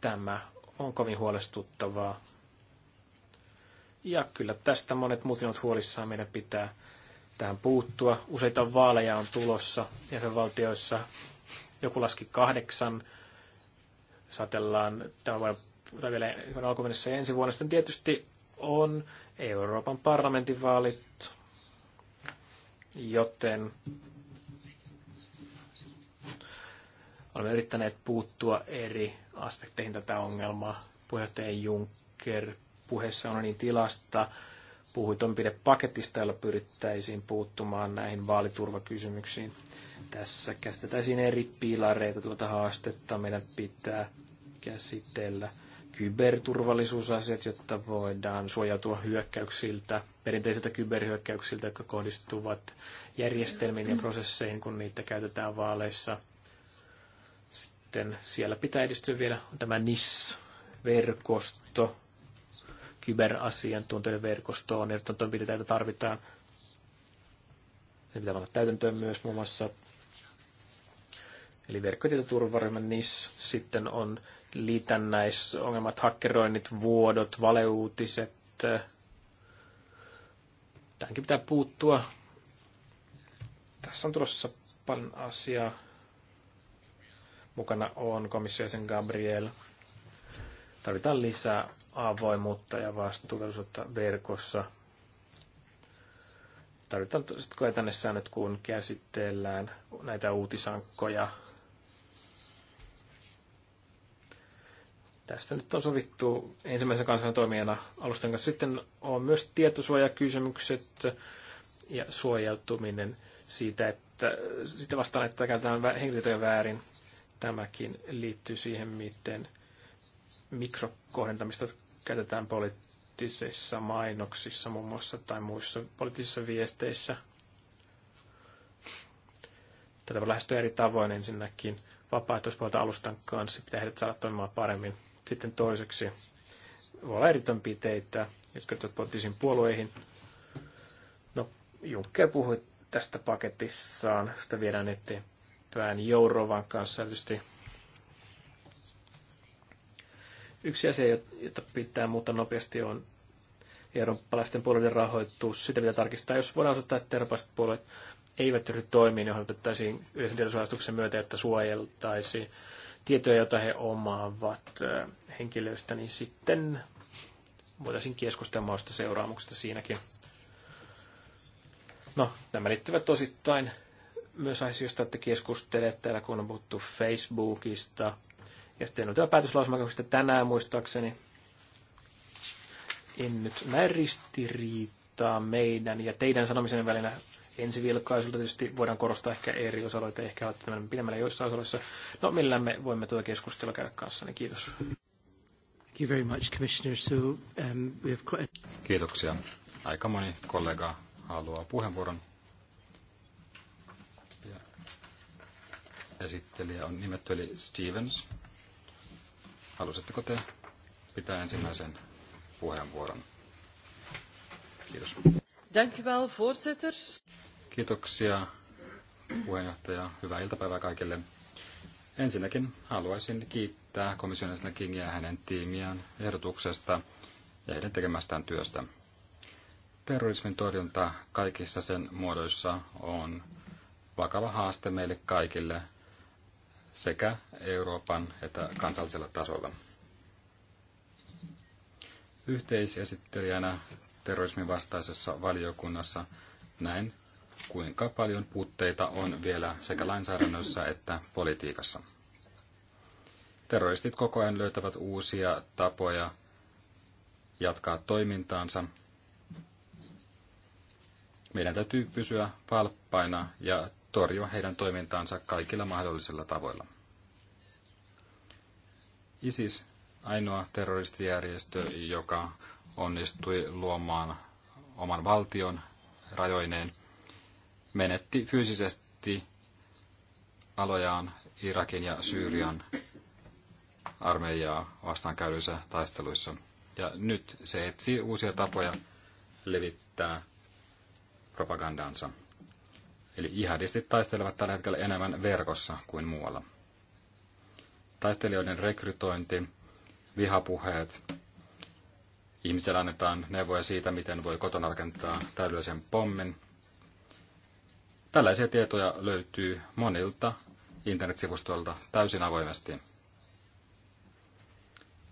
tämä on kovin huolestuttavaa. Ja kyllä tästä monet muutkin ovat huolissaan. Meidän pitää tähän puuttua. Useita vaaleja on tulossa jäsenvaltioissa. Joku laski kahdeksan. Satellaan, tämä voi tai vielä alku ensi vuonna sitten tietysti on Euroopan parlamentin vaalit, joten olemme yrittäneet puuttua eri aspekteihin tätä ongelmaa. Puheenjohtaja Juncker puheessa on niin tilasta, puhui toimenpidepaketista, jolla pyrittäisiin puuttumaan näihin vaaliturvakysymyksiin. Tässä käsiteltäisiin eri pilareita tuota haastetta. Meidän pitää käsitellä kyberturvallisuusasiat, jotta voidaan suojautua hyökkäyksiltä, perinteisiltä kyberhyökkäyksiltä, jotka kohdistuvat järjestelmiin ja prosesseihin, kun niitä käytetään vaaleissa. Sitten siellä pitää edistyä vielä tämä NIS-verkosto, kyberasiantuntijoiden verkostoon, jotta toimenpiteitä tarvitaan. Ne pitää olla täytäntöön myös muun muassa. Eli verkkotietoturvaryhmä NIS sitten on liitännäisongelmat, hakkeroinnit, vuodot, valeuutiset. Tähänkin pitää puuttua. Tässä on tulossa paljon asiaa. Mukana on komission Gabriel Tarvitaan lisää avoimuutta ja vastuullisuutta verkossa. Tarvitaan kai tänne säännöt, kun käsitellään näitä uutisankkoja. Tästä nyt on sovittu ensimmäisen kansan toimijana alusten kanssa. Sitten on myös tietosuojakysymykset ja suojautuminen siitä, että sitten vastaan, että käytetään henkilötietoja väärin. Tämäkin liittyy siihen, miten mikrokohdentamista käytetään poliittisissa mainoksissa muun muassa tai muissa poliittisissa viesteissä. Tätä voi lähestyä eri tavoin ensinnäkin vapaaehtoispuolta alustan kanssa, pitää heidät saada toimimaan paremmin. Sitten toiseksi voi olla eri toimenpiteitä, jotka liittyvät poliittisiin puolueihin. No, Juncker puhui tästä paketissaan, sitä viedään eteenpäin Jourovan kanssa tietysti Yksi asia, jota pitää muuttaa nopeasti, on eurooppalaisten puolueiden rahoitus. Sitä pitää tarkistaa, jos voidaan osoittaa, että eurooppalaiset puolueet eivät ryhdy toimiin, niin otettaisiin yleisen tietosuojastuksen myötä, että suojeltaisiin tietoja, joita he omaavat eh, henkilöistä, niin sitten voitaisiin keskustella mahdollisista seuraamuksista siinäkin. No, nämä liittyvät osittain myös asioista, että keskustelet täällä, kun on puhuttu Facebookista, ja sitten on päätöslausumakauksesta tänään muistaakseni. En nyt näe ristiriitaa meidän ja teidän sanomisen välillä ensivilkaisulta tietysti voidaan korostaa ehkä eri osaloita, ehkä olla pidemmällä joissain osaloissa. No millä me voimme tuota keskustelua käydä kanssani. Kiitos. Thank you very much, Commissioner. So, um, we have quite... Kiitoksia. Aika moni kollega haluaa puheenvuoron. Ja esittelijä on nimetty eli Stevens. Halusitteko te pitää ensimmäisen puheenvuoron? Kiitos. Dank u wel, voorzitter. Kiitoksia puheenjohtaja. Hyvää iltapäivää kaikille. Ensinnäkin haluaisin kiittää komission Kingia ja hänen tiimiään ehdotuksesta ja heidän tekemästään työstä. Terrorismin torjunta kaikissa sen muodoissa on vakava haaste meille kaikille sekä Euroopan että kansallisella tasolla. Yhteisesittelijänä terrorismin vastaisessa valiokunnassa näin, kuinka paljon puutteita on vielä sekä lainsäädännössä että politiikassa. Terroristit koko ajan löytävät uusia tapoja jatkaa toimintaansa. Meidän täytyy pysyä valppaina ja torjua heidän toimintaansa kaikilla mahdollisilla tavoilla. ISIS, ainoa terroristijärjestö, joka onnistui luomaan oman valtion rajoineen, menetti fyysisesti alojaan Irakin ja Syyrian armeijaa vastaan käydyissä taisteluissa. Ja nyt se etsii uusia tapoja levittää propagandansa. Eli jihadistit taistelevat tällä hetkellä enemmän verkossa kuin muualla. Taistelijoiden rekrytointi, vihapuheet, ihmisille annetaan neuvoja siitä, miten voi kotona rakentaa täydellisen pommin. Tällaisia tietoja löytyy monilta internetsivustoilta täysin avoimesti.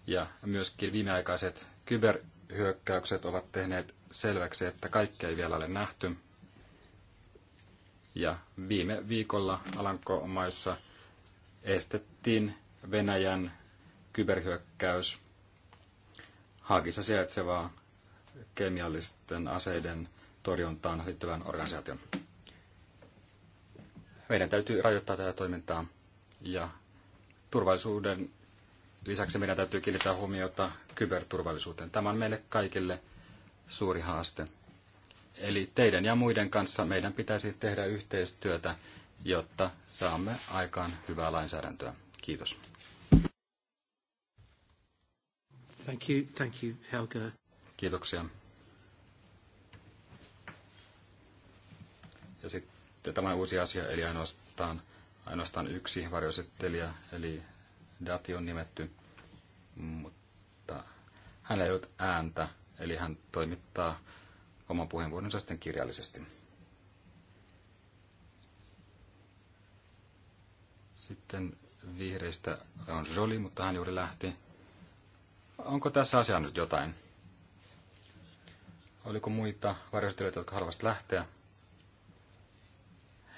Ja myöskin viimeaikaiset kyberhyökkäykset ovat tehneet selväksi, että kaikkea ei vielä ole nähty – ja viime viikolla Alankomaissa estettiin Venäjän kyberhyökkäys Haagissa sijaitsevaa kemiallisten aseiden torjuntaan liittyvän organisaation. Meidän täytyy rajoittaa tätä toimintaa ja turvallisuuden lisäksi meidän täytyy kiinnittää huomiota kyberturvallisuuteen. Tämä on meille kaikille suuri haaste. Eli teidän ja muiden kanssa meidän pitäisi tehdä yhteistyötä, jotta saamme aikaan hyvää lainsäädäntöä. Kiitos. Thank you, thank you, Helga. Kiitoksia. Ja sitten tämä uusi asia, eli ainoastaan, ainoastaan yksi varjoesittelijä, eli Dati on nimetty, mutta hän ei ole ääntä, eli hän toimittaa oman puheenvuoronsa sitten kirjallisesti. Sitten vihreistä on Jolie, mutta hän juuri lähti. Onko tässä asia nyt jotain? Oliko muita varjostelijoita, jotka haluaisivat lähteä?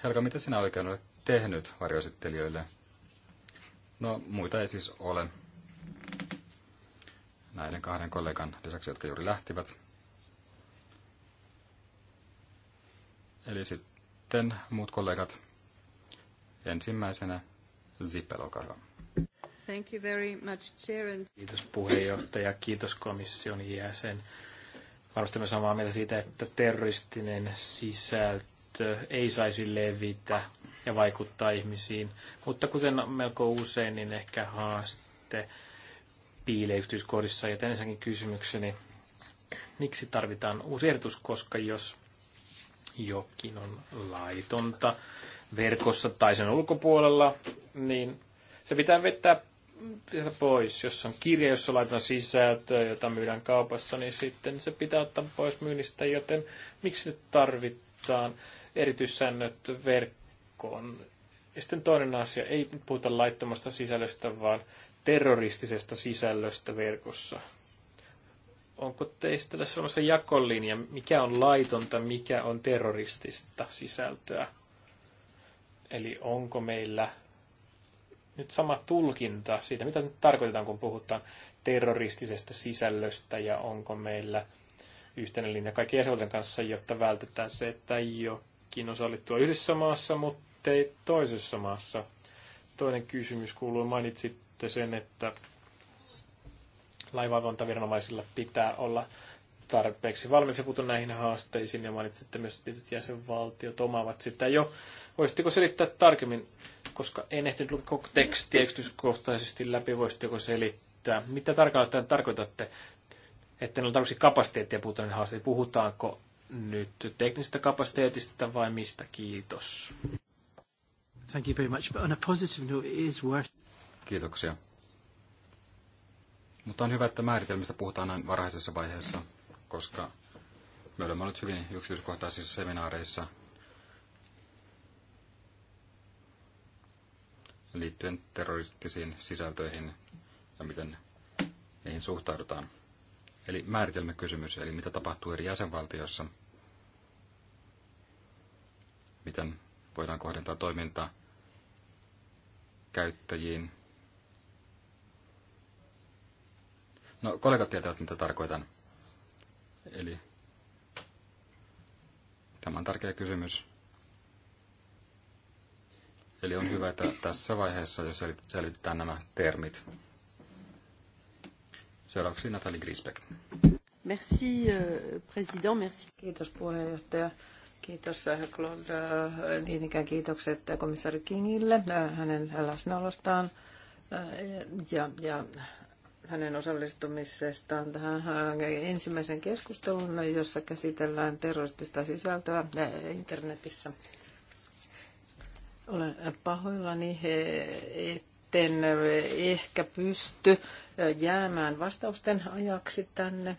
Helka, mitä sinä oikein olet tehnyt varjoesittelijöille? No, muita ei siis ole. Näiden kahden kollegan lisäksi, jotka juuri lähtivät. Eli sitten muut kollegat. Ensimmäisenä Zippel, olkaa hyvä. Thank you very much, Chair. And... Kiitos puheenjohtaja, kiitos komission jäsen. Varmasti me samaa mieltä siitä, että terroristinen sisältö ei saisi levitä ja vaikuttaa ihmisiin. Mutta kuten melko usein, niin ehkä haaste piilee yksityiskohdissa. Ja ensinnäkin kysymykseni, miksi tarvitaan uusi ehdotus, koska jos jokin on laitonta verkossa tai sen ulkopuolella, niin se pitää vetää pois. Jos on kirja, jossa laitetaan sisältöä, jota myydään kaupassa, niin sitten se pitää ottaa pois myynnistä, joten miksi nyt tarvitaan erityissäännöt verkkoon? Ja sitten toinen asia, ei puhuta laittomasta sisällöstä, vaan terroristisesta sisällöstä verkossa onko teistä tässä olemassa jakolinja, mikä on laitonta, mikä on terroristista sisältöä? Eli onko meillä nyt sama tulkinta siitä, mitä nyt tarkoitetaan, kun puhutaan terroristisesta sisällöstä ja onko meillä yhtenä linja kaikkien jäsenvaltion kanssa, jotta vältetään se, että jokin osallittua yhdessä maassa, mutta ei toisessa maassa. Toinen kysymys kuuluu, mainitsitte sen, että laivavontaviranomaisilla pitää olla tarpeeksi valmiiksi puuttua näihin haasteisiin ja mainitsitte myös, että tietyt jäsenvaltiot omaavat sitä jo. Voisitteko selittää tarkemmin, koska en ehtinyt lukea tekstiä yksityiskohtaisesti läpi, voisitteko selittää, mitä tarkoitan, tarkoitatte, että ne on tarpeeksi kapasiteettia puuttua näihin haasteisiin? Puhutaanko nyt teknistä kapasiteetista vai mistä? Kiitos. Thank you very much. But on a positive note, it is worth... Kiitoksia. Mutta on hyvä, että määritelmistä puhutaan näin varhaisessa vaiheessa, koska me olemme olleet hyvin yksityiskohtaisissa seminaareissa liittyen terroristisiin sisältöihin ja miten niihin suhtaudutaan. Eli määritelmäkysymys, eli mitä tapahtuu eri jäsenvaltiossa, miten voidaan kohdentaa toimintaa käyttäjiin No, kollegat tietävät, mitä tarkoitan. Eli tämä on tärkeä kysymys. Eli on hyvä, että tässä vaiheessa jo selvitetään nämä termit. Seuraavaksi natali Grisbeck. Merci, euh, president. Merci. Kiitos puheenjohtaja. Kiitos äh, Claude. Äh, niin ikään kiitokset äh, komissaari Kingille hänen läsnäolostaan ja, ja hänen osallistumisestaan tähän ensimmäisen keskustelun, jossa käsitellään terroristista sisältöä eh, internetissä. Olen pahoillani, eh, etten eh, ehkä pysty jäämään vastausten ajaksi tänne,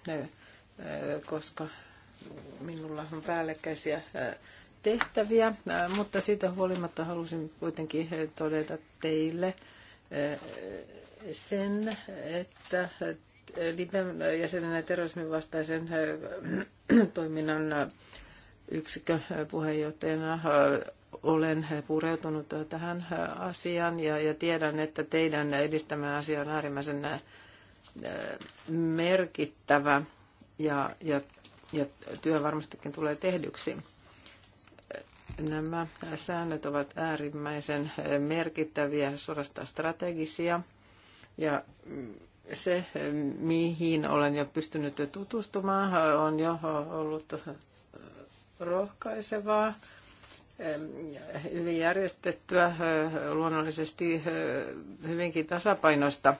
koska minulla on päällekkäisiä tehtäviä, mutta siitä huolimatta halusin kuitenkin todeta teille, sen, että Liben jäsenenä terrorismin vastaisen äh, toiminnan yksikköpuheenjohtajana äh, olen pureutunut tähän asiaan ja, ja tiedän, että teidän edistämään asia on äärimmäisen äh, merkittävä ja, ja, ja työ varmastikin tulee tehdyksi. Nämä säännöt ovat äärimmäisen merkittäviä, suorastaan strategisia – ja se, mihin olen jo pystynyt tutustumaan, on jo ollut rohkaisevaa, hyvin järjestettyä, luonnollisesti hyvinkin tasapainosta.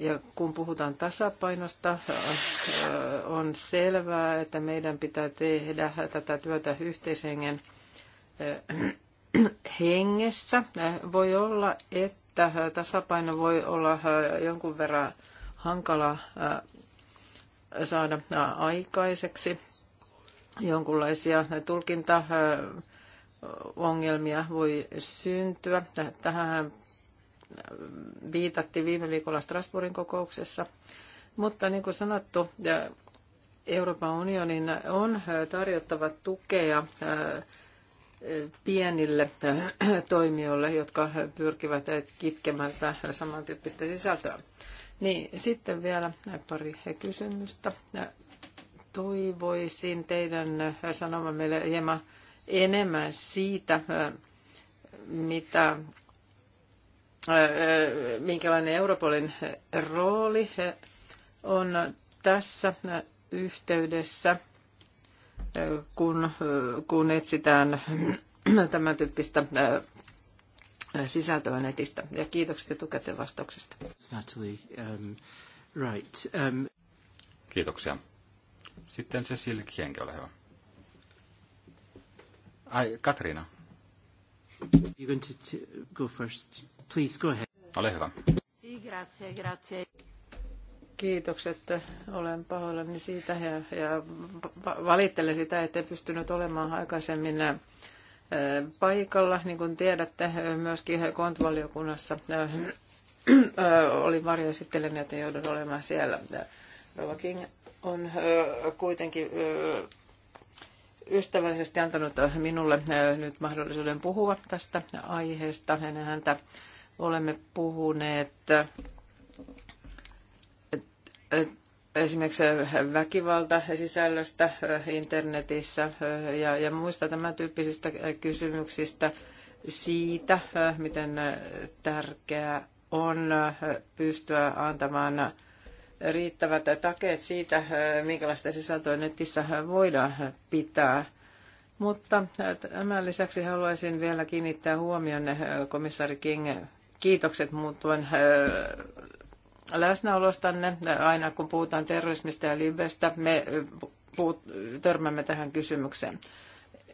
Ja kun puhutaan tasapainosta, on selvää, että meidän pitää tehdä tätä työtä yhteishengen hengessä. Voi olla, että että äh, tasapaino voi olla äh, jonkun verran äh, hankala saada aikaiseksi. Jonkinlaisia tulkintaongelmia ongelmia voi syntyä. Tähän viitattiin viime viikolla Strasbourgin kokouksessa. Mutta niin kuin sanottu, Euroopan unionin on tarjottava tukea pienille toimijoille, jotka pyrkivät kitkemään samantyyppistä sisältöä. Niin, sitten vielä pari kysymystä. Toivoisin teidän sanomaan meille hieman enemmän siitä, mitä, minkälainen Europolin rooli on tässä yhteydessä – kun, kun etsitään tämän tyyppistä sisältöä netistä. Ja kiitokset etukäteen vastauksesta. Natalie, um, right, um... Kiitoksia. Sitten se Kienke, ole hyvä. Ai, Katriina. You're going to go first. Please, go ahead. Ole hyvä. Grazie, grazie kiitokset. Olen pahoillani siitä ja, ja valittelen sitä, että pystynyt olemaan aikaisemmin äh, paikalla. Niin kuin tiedätte, myöskin kontvaliokunnassa äh, äh, olin varjoesittelen, että joudun olemaan siellä. Rova King on kuitenkin ystävällisesti antanut minulle nyt mahdollisuuden puhua tästä aiheesta. Hänen häntä olemme puhuneet esimerkiksi väkivalta sisällöstä internetissä ja, ja muista tämän tyyppisistä kysymyksistä siitä, miten tärkeää on pystyä antamaan riittävät takeet siitä, minkälaista sisältöä netissä voidaan pitää. Mutta tämän lisäksi haluaisin vielä kiinnittää huomioon komissaari King kiitokset muuttuen läsnäolostanne. Aina kun puhutaan terrorismista ja libestä, me eh, törmäämme tähän kysymykseen.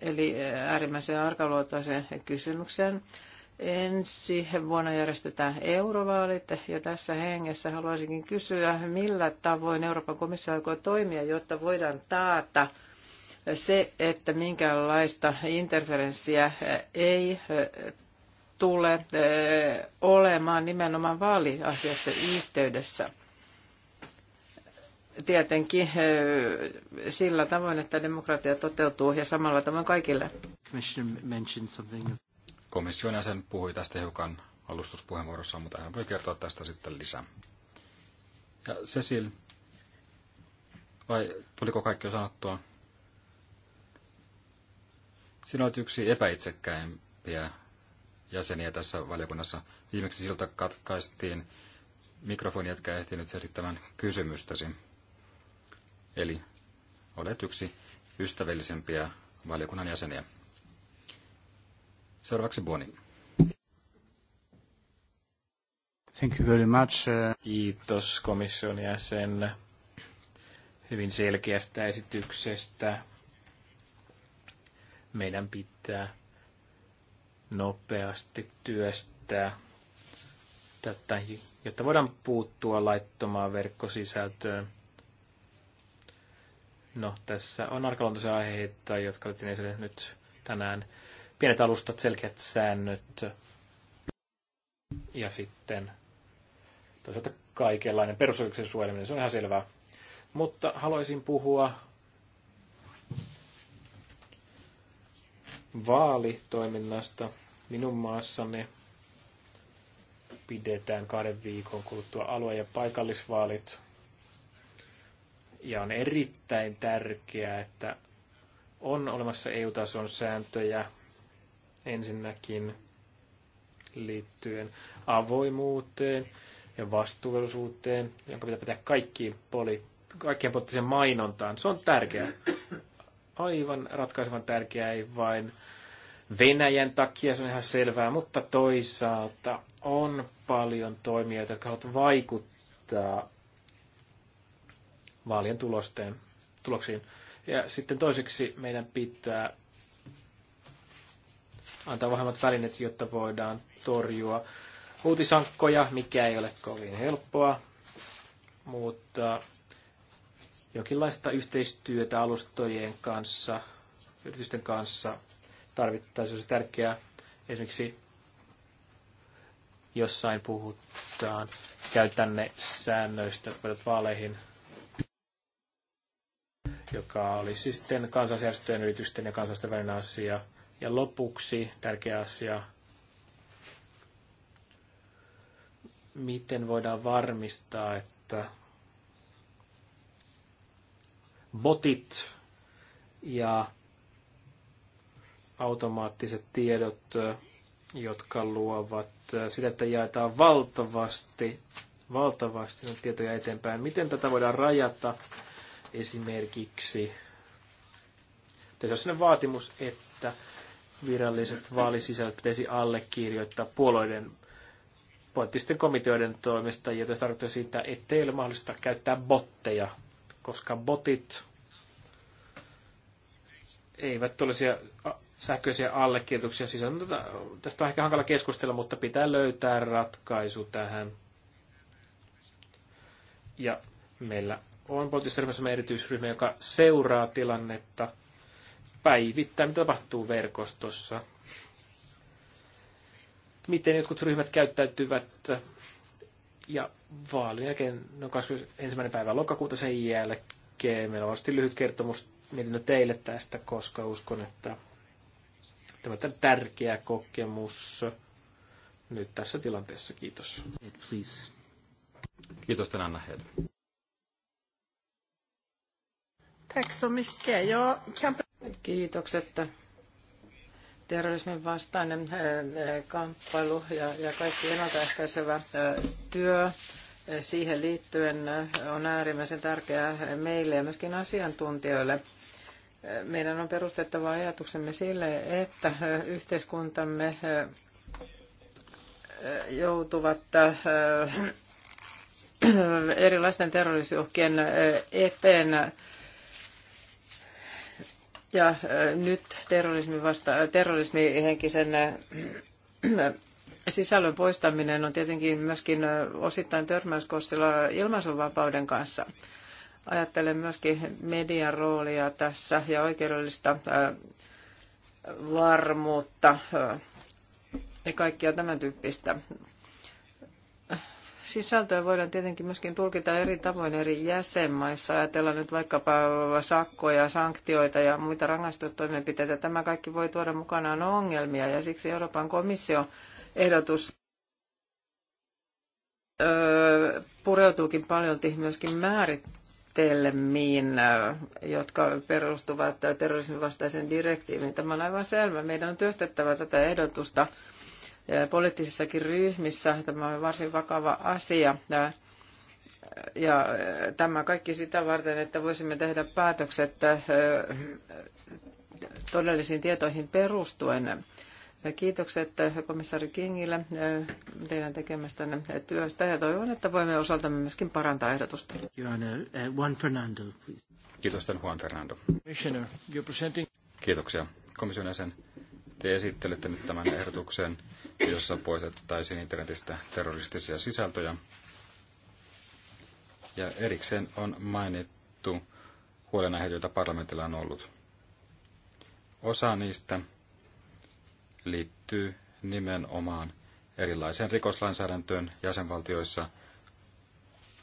Eli eh, äärimmäisen arkaluontoiseen kysymykseen. Ensi vuonna järjestetään eurovaalit ja tässä hengessä haluaisinkin kysyä, millä tavoin Euroopan komissio aikoo toimia, jotta voidaan taata se, että minkäänlaista interferenssiä eh, ei tule eh, olemaan nimenomaan vaaliasioiden yhteydessä. Tietenkin eh, sillä tavoin, että demokratia toteutuu ja samalla tavoin kaikille. Komission jäsen puhui tästä hiukan alustuspuheenvuorossa, mutta hän voi kertoa tästä sitten lisää. Ja Cecil, vai tuliko kaikki jo sanottua? Sinä olet yksi epäitsekkäimpiä jäseniä tässä valiokunnassa. Viimeksi siltä katkaistiin mikrofoni, etkä ehtinyt esittämään kysymystäsi. Eli olet yksi ystävällisempiä valiokunnan jäseniä. Seuraavaksi Boni. Thank you very much. Uh, Kiitos komission jäsen hyvin selkeästä esityksestä. Meidän pitää nopeasti työstää tätä, jotta voidaan puuttua laittomaan verkkosisältöön. No, tässä on arkaluontoisia aiheita, jotka otettiin esille nyt tänään. Pienet alustat, selkeät säännöt ja sitten toisaalta kaikenlainen perusoikeuksien suojeleminen, se on ihan selvää. Mutta haluaisin puhua vaalitoiminnasta minun maassani pidetään kahden viikon kuluttua alue- ja paikallisvaalit. Ja on erittäin tärkeää, että on olemassa EU-tason sääntöjä ensinnäkin liittyen avoimuuteen ja vastuullisuuteen, jonka pitää pitää kaikkiin poli- kaikkien poliittiseen mainontaan. Se on tärkeää aivan ratkaisevan tärkeä ei vain Venäjän takia, se on ihan selvää, mutta toisaalta on paljon toimijoita, jotka haluavat vaikuttaa vaalien tulosten, tuloksiin. Ja sitten toiseksi meidän pitää antaa vähemmät välineet, jotta voidaan torjua uutisankkoja, mikä ei ole kovin helppoa, mutta jonkinlaista yhteistyötä alustojen kanssa, yritysten kanssa tarvittaisiin. Se olisi tärkeää esimerkiksi jossain puhutaan käytänne säännöistä, jotka vaaleihin, joka olisi siis sitten kansalaisjärjestöjen, yritysten ja kansalaisten välinen asia. Ja lopuksi tärkeä asia, miten voidaan varmistaa, että botit ja automaattiset tiedot, jotka luovat sitä, että jaetaan valtavasti, valtavasti tietoja eteenpäin. Miten tätä voidaan rajata esimerkiksi? Tässä on sellainen vaatimus, että viralliset vaalisisällöt pitäisi allekirjoittaa puolueiden poliittisten komiteoiden toimesta, ja tässä tarkoittaa sitä, ettei ole mahdollista käyttää botteja koska botit eivät tällaisia sähköisiä allekirjoituksia sisällä. Tästä on ehkä hankala keskustella, mutta pitää löytää ratkaisu tähän. Ja meillä on poliittisessa erityisryhmä, joka seuraa tilannetta päivittäin, mitä tapahtuu verkostossa. Miten jotkut ryhmät käyttäytyvät ja vaalin jälkeen, no 21. päivä lokakuuta sen jälkeen, meillä on varmasti lyhyt kertomus mietinnö teille tästä, koska uskon, että tämä on tärkeä kokemus nyt tässä tilanteessa. Kiitos. Please. Kiitos tänään nähdään. Tack så mycket. Jag kan... Kiitokset terrorismin vastainen kamppailu ja, kaikki kaikki ennaltaehkäisevä työ siihen liittyen on äärimmäisen tärkeää meille ja myöskin asiantuntijoille. Meidän on perustettava ajatuksemme sille, että yhteiskuntamme joutuvat erilaisten terrorisuhkien eteen ja äh, nyt terrorismi vasta, terrorismihenkisen äh, sisällön poistaminen on tietenkin myöskin äh, osittain törmäyskossilla ilmaisuvapauden kanssa. Ajattelen myöskin median roolia tässä ja oikeudellista varmuutta ja kaikkia tämän tyyppistä sisältöä voidaan tietenkin myöskin tulkita eri tavoin eri jäsenmaissa. Ajatellaan nyt vaikkapa sakkoja, sanktioita ja muita rangaistustoimenpiteitä. Tämä kaikki voi tuoda mukanaan ongelmia ja siksi Euroopan komission ehdotus pureutuukin paljon myöskin määrittelemiin, jotka perustuvat terrorismin vastaisen direktiiviin. Tämä on aivan selvä. Meidän on työstettävä tätä ehdotusta poliittisissakin ryhmissä. Tämä on varsin vakava asia. Ja tämä kaikki sitä varten, että voisimme tehdä päätökset todellisiin tietoihin perustuen. Kiitokset komissaari Kingille teidän tekemästänne työstä ja toivon, että voimme osaltamme myöskin parantaa ehdotusta. Uh, Juan Fernando, Kiitos, Juan Fernando. Kiitoksia. Komission jäsen, te esittelette nyt tämän ehdotuksen jossa poistettaisiin internetistä terroristisia sisältöjä. Ja erikseen on mainittu huolenaiheet, joita parlamentilla on ollut. Osa niistä liittyy nimenomaan erilaiseen rikoslainsäädäntöön jäsenvaltioissa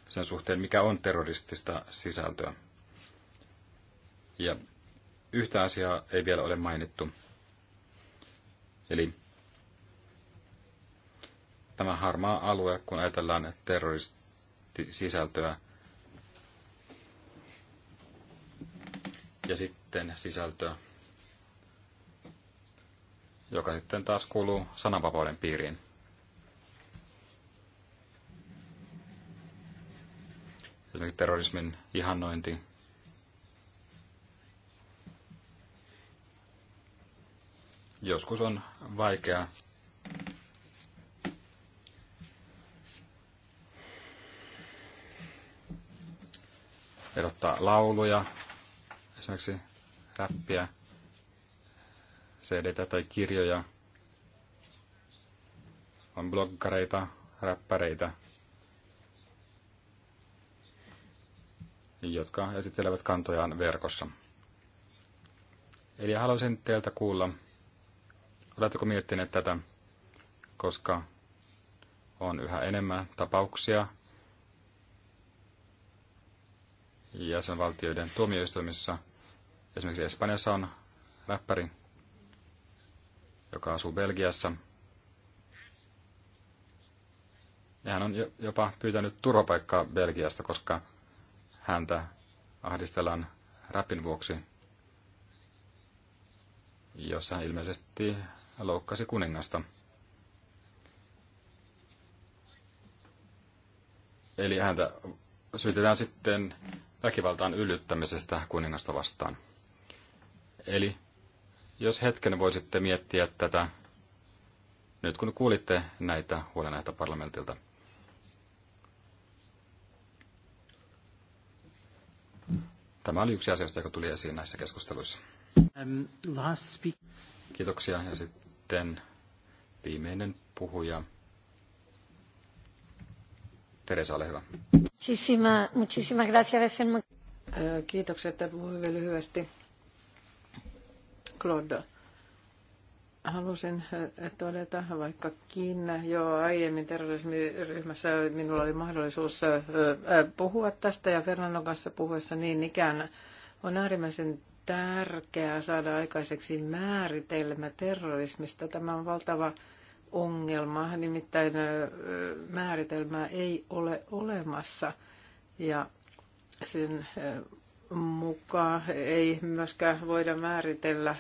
sen suhteen, mikä on terroristista sisältöä. Ja yhtä asiaa ei vielä ole mainittu. Eli tämä harmaa alue, kun ajatellaan terroristisisältöä ja sitten sisältöä, joka sitten taas kuuluu sananvapauden piiriin. Esimerkiksi terrorismin ihannointi, joskus on vaikea ehdottaa lauluja, esimerkiksi räppiä, cd tai kirjoja. On bloggareita, räppäreitä, jotka esittelevät kantojaan verkossa. Eli haluaisin teiltä kuulla, oletteko miettineet tätä, koska on yhä enemmän tapauksia, jäsenvaltioiden tuomioistuimissa. Esimerkiksi Espanjassa on räppäri, joka asuu Belgiassa. Ja hän on jopa pyytänyt turvapaikkaa Belgiasta, koska häntä ahdistellaan räpin vuoksi, jossa hän ilmeisesti loukkasi kuningasta. Eli häntä syytetään sitten väkivaltaan yllyttämisestä kuningasta vastaan. Eli jos hetken voisitte miettiä tätä, nyt kun kuulitte näitä huolenaita parlamentilta. Tämä oli yksi asia, joka tuli esiin näissä keskusteluissa. Um, Kiitoksia. Ja sitten viimeinen puhuja Teresa, puhemies Kiitokset hyvin lyhyesti. Claude, halusin äh, todeta, vaikkakin jo aiemmin terrorismiryhmässä minulla oli mahdollisuus äh, äh, puhua tästä ja Fernandon kanssa puhuessa niin ikään on äärimmäisen tärkeää saada aikaiseksi määritelmä terrorismista. Tämä on valtava ongelma, nimittäin määritelmää ei ole olemassa ja sen mukaan ei myöskään voida määritellä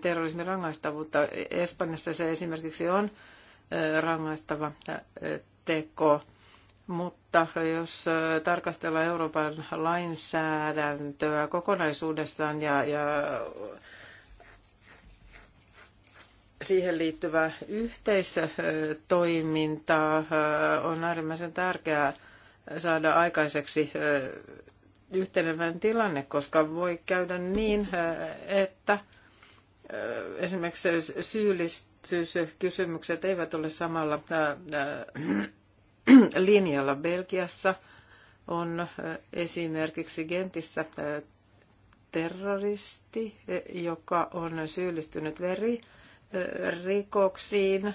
terrorismin rangaistavuutta. Espanjassa se esimerkiksi on rangaistava teko, mutta jos tarkastellaan Euroopan lainsäädäntöä kokonaisuudessaan ja, ja siihen liittyvä yhteistoiminta on äärimmäisen tärkeää saada aikaiseksi yhtenevän tilanne, koska voi käydä niin, että esimerkiksi syyllisyyskysymykset eivät ole samalla linjalla. Belgiassa on esimerkiksi Gentissä terroristi, joka on syyllistynyt veri rikoksiin.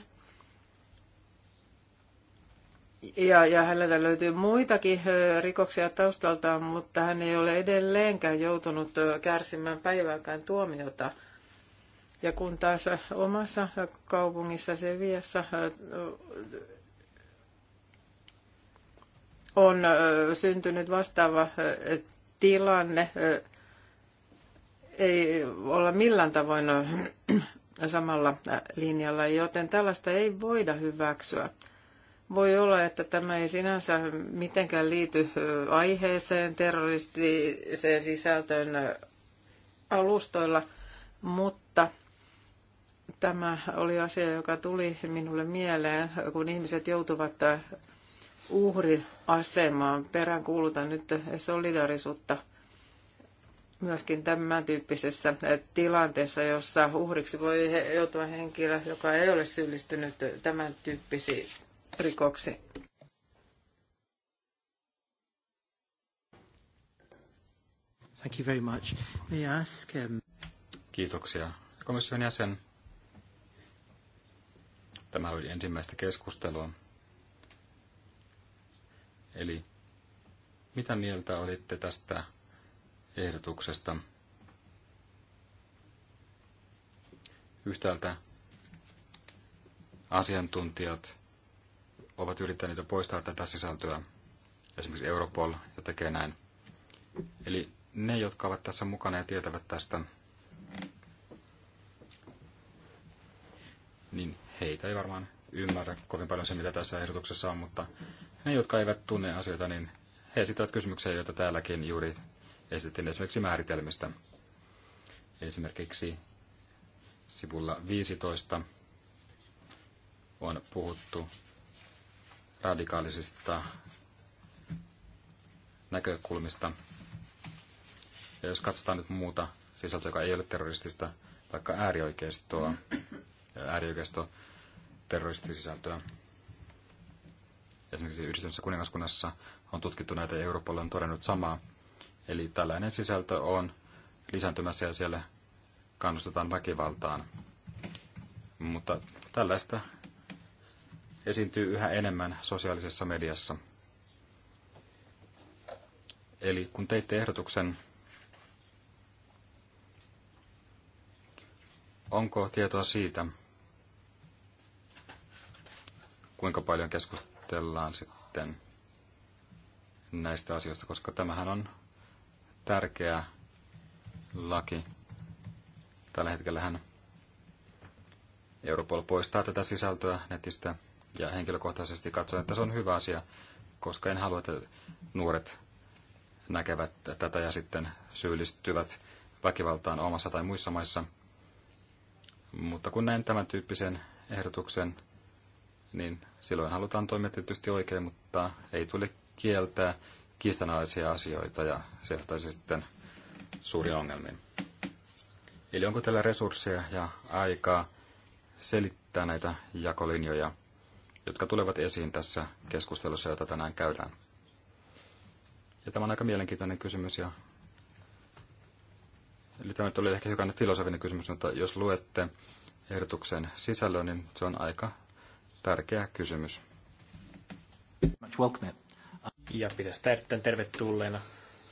Ja, ja häneltä löytyy muitakin rikoksia taustaltaan, mutta hän ei ole edelleenkään joutunut kärsimään päivääkään tuomiota. Ja kun taas omassa kaupungissa Seviassa on syntynyt vastaava tilanne, ei olla millään tavoin samalla äh, linjalla, joten tällaista ei voida hyväksyä. Voi olla, että tämä ei sinänsä mitenkään liity äh, aiheeseen, terroristiseen sisältöön äh, alustoilla, mutta tämä oli asia, joka tuli minulle mieleen, kun ihmiset joutuvat uhrin asemaan. kuulutan nyt solidarisuutta myöskin tämän tyyppisessä tilanteessa, jossa uhriksi voi joutua henkilö, joka ei ole syyllistynyt tämän tyyppisiin rikoksiin. Thank you very much. May I ask, um... Kiitoksia. Komission jäsen, tämä oli ensimmäistä keskustelua. Eli mitä mieltä olitte tästä ehdotuksesta. Yhtäältä asiantuntijat ovat yrittäneet jo poistaa tätä sisältöä. Esimerkiksi Europol jo tekee näin. Eli ne, jotka ovat tässä mukana ja tietävät tästä, niin heitä ei varmaan ymmärrä kovin paljon se, mitä tässä ehdotuksessa on, mutta ne, jotka eivät tunne asioita, niin he esittävät kysymyksiä, joita täälläkin juuri esitin esimerkiksi määritelmistä. Esimerkiksi sivulla 15 on puhuttu radikaalisista näkökulmista. Ja jos katsotaan nyt muuta sisältöä, joka ei ole terroristista, vaikka äärioikeistoa, äärioikeisto terroristisisältöä. Esimerkiksi yhdistyneessä kuningaskunnassa on tutkittu näitä ja Euroopalla on todennut samaa. Eli tällainen sisältö on lisääntymässä ja siellä kannustetaan väkivaltaan. Mutta tällaista esiintyy yhä enemmän sosiaalisessa mediassa. Eli kun teitte ehdotuksen, onko tietoa siitä, kuinka paljon keskustellaan sitten näistä asioista, koska tämähän on tärkeä laki. Tällä hetkellä hän Europol poistaa tätä sisältöä netistä ja henkilökohtaisesti katsoen, että se on hyvä asia, koska en halua, että nuoret näkevät tätä ja sitten syyllistyvät väkivaltaan omassa tai muissa maissa. Mutta kun näen tämän tyyppisen ehdotuksen, niin silloin halutaan toimia tietysti oikein, mutta ei tule kieltää kiistanalaisia asioita ja se johtaisi sitten suuriin ongelmiin. Eli onko tällä resursseja ja aikaa selittää näitä jakolinjoja, jotka tulevat esiin tässä keskustelussa, jota tänään käydään? Ja tämä on aika mielenkiintoinen kysymys ja Eli tämä oli ehkä hiukan filosofinen kysymys, mutta jos luette ehdotuksen sisällön, niin se on aika tärkeä kysymys. Much welcome ja pidän sitä erittäin tervetulleena.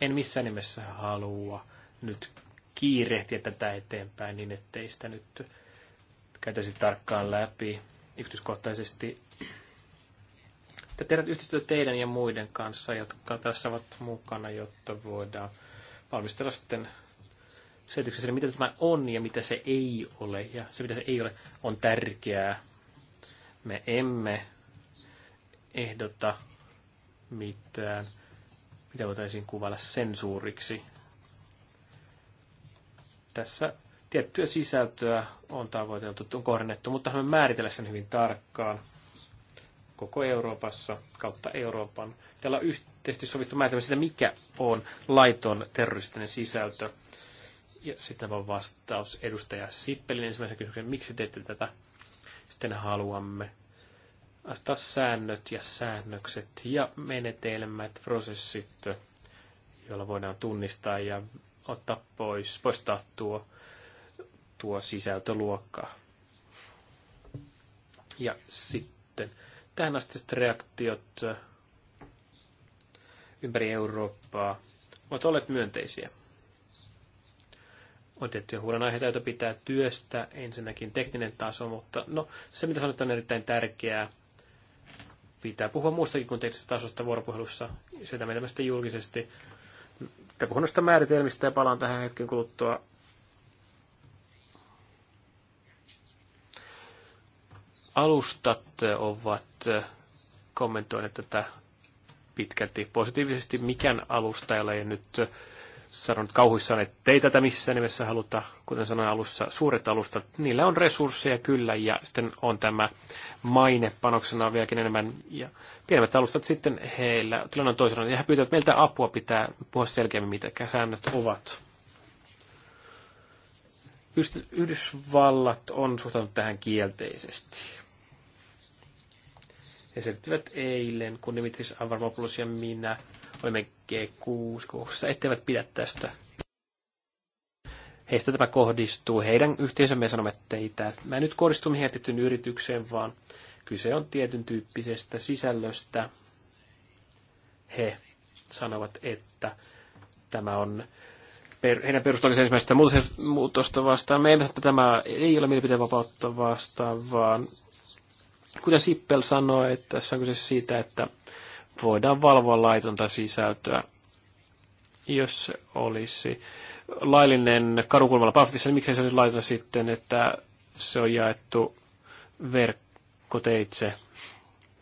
En missään nimessä halua nyt kiirehtiä tätä eteenpäin niin, ettei sitä nyt käytäisi tarkkaan läpi yksityiskohtaisesti. Te tehdään yhteistyötä teidän ja muiden kanssa, jotka tässä ovat mukana, jotta voidaan valmistella sitten selityksessä, mitä tämä on ja mitä se ei ole. Ja se, mitä se ei ole, on tärkeää. Me emme ehdota mitään, mitä voitaisiin kuvailla sensuuriksi. Tässä tiettyä sisältöä on tavoiteltu, on kohdennettu, mutta me määritellä sen hyvin tarkkaan koko Euroopassa kautta Euroopan. Täällä on yhteisesti sovittu määritelmä sitä, mikä on laiton terroristinen sisältö. Ja sitten on vastaus edustaja Sippelin ensimmäisen kysymyksen, miksi teette tätä? Sitten haluamme taas säännöt ja säännökset ja menetelmät, prosessit, joilla voidaan tunnistaa ja ottaa pois, poistaa tuo, tuo sisältöluokka. Ja sitten tähän asti reaktiot äh, ympäri Eurooppaa ovat olleet myönteisiä. On tiettyjä huolenaiheita, joita pitää työstä, ensinnäkin tekninen taso, mutta no, se mitä sanotaan on erittäin tärkeää, pitää puhua muustakin kuin teknisestä tasosta vuoropuhelussa. Sitä menemme sitten julkisesti. Tämä puhun noista määritelmistä ja palaan tähän hetken kuluttua. Alustat ovat kommentoineet tätä pitkälti positiivisesti. Mikään alusta ei ole nyt sanonut kauhuissaan, että ei tätä missään nimessä haluta, kuten sanoin alussa, suuret alustat, niillä on resursseja kyllä, ja sitten on tämä maine panoksena vieläkin enemmän, ja pienemmät alustat sitten heillä, tilanne on toisenlainen, ja he pyytävät meiltä apua, pitää puhua selkeämmin, mitä säännöt ovat. Yhdysvallat on suhtautunut tähän kielteisesti. He selittivät eilen, kun Dimitris Avramopoulos ja minä olimme G6 etteivät pidä tästä. Heistä tämä kohdistuu heidän yhteisömme sanomme, että ei tämä nyt kohdistu mihin yritykseen, vaan kyse on tietyn tyyppisestä sisällöstä. He sanovat, että tämä on per, heidän perustuslakinsa ensimmäisestä muutosta vastaan. Me emme että tämä ei ole mielipiteen vapautta vastaan, vaan kuten Sippel sanoi, että tässä on kyse siitä, että voidaan valvoa laitonta sisältöä. Jos se olisi laillinen karukulmalla Paftissa, niin miksei se olisi laitonta sitten, että se on jaettu verkkoteitse.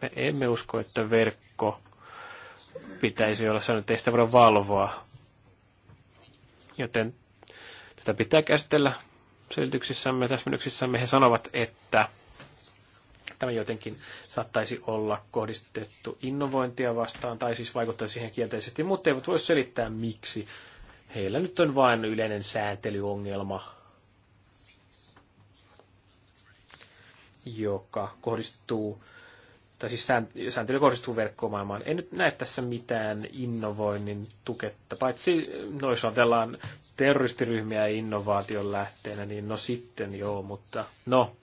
Me emme usko, että verkko pitäisi olla sellainen, että ei sitä voida valvoa. Joten tätä pitää käsitellä selityksissämme ja täsmennyksissämme. He sanovat, että Tämä jotenkin saattaisi olla kohdistettu innovointia vastaan, tai siis vaikuttaa siihen kielteisesti, mutta eivät voi selittää miksi. Heillä nyt on vain yleinen sääntelyongelma, joka kohdistuu tai siis sääntely kohdistuu verkkomaailmaan. En nyt näe tässä mitään innovoinnin tuketta, paitsi noissa on ajatellaan terroristiryhmiä innovaation lähteenä, niin no sitten joo, mutta no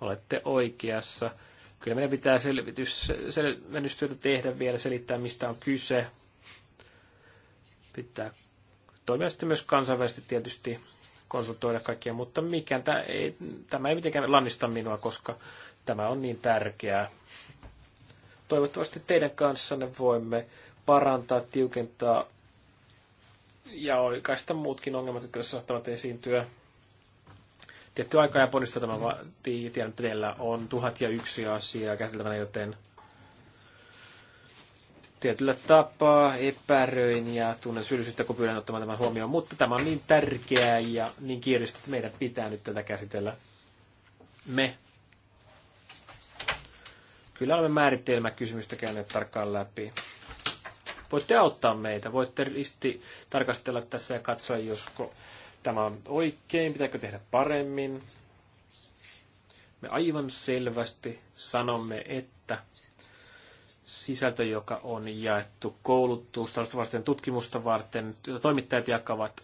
olette oikeassa. Kyllä meidän pitää selvitys, selvennystyötä tehdä vielä, selittää mistä on kyse. Pitää toimia sitten myös kansainvälisesti tietysti konsultoida kaikkia, mutta mikään tämä ei, tämä ei mitenkään lannista minua, koska tämä on niin tärkeää. Toivottavasti teidän kanssanne voimme parantaa, tiukentaa ja oikaista muutkin ongelmat, jotka saattavat esiintyä tietty aika ja tämä vaatii. Tiedän, että teillä on tuhat ja yksi asiaa käsiteltävänä, joten tietyllä tapaa epäröin ja tunnen syyllisyyttä, kun pyydän ottamaan tämän huomioon. Mutta tämä on niin tärkeää ja niin kiireistä, että meidän pitää nyt tätä käsitellä. Me kyllä olemme määritelmäkysymystä käyneet tarkkaan läpi. Voitte auttaa meitä, voitte risti tarkastella tässä ja katsoa, josko tämä on oikein, pitääkö tehdä paremmin. Me aivan selvästi sanomme, että sisältö, joka on jaettu koulutusta varten, tutkimusta varten, jota toimittajat jakavat,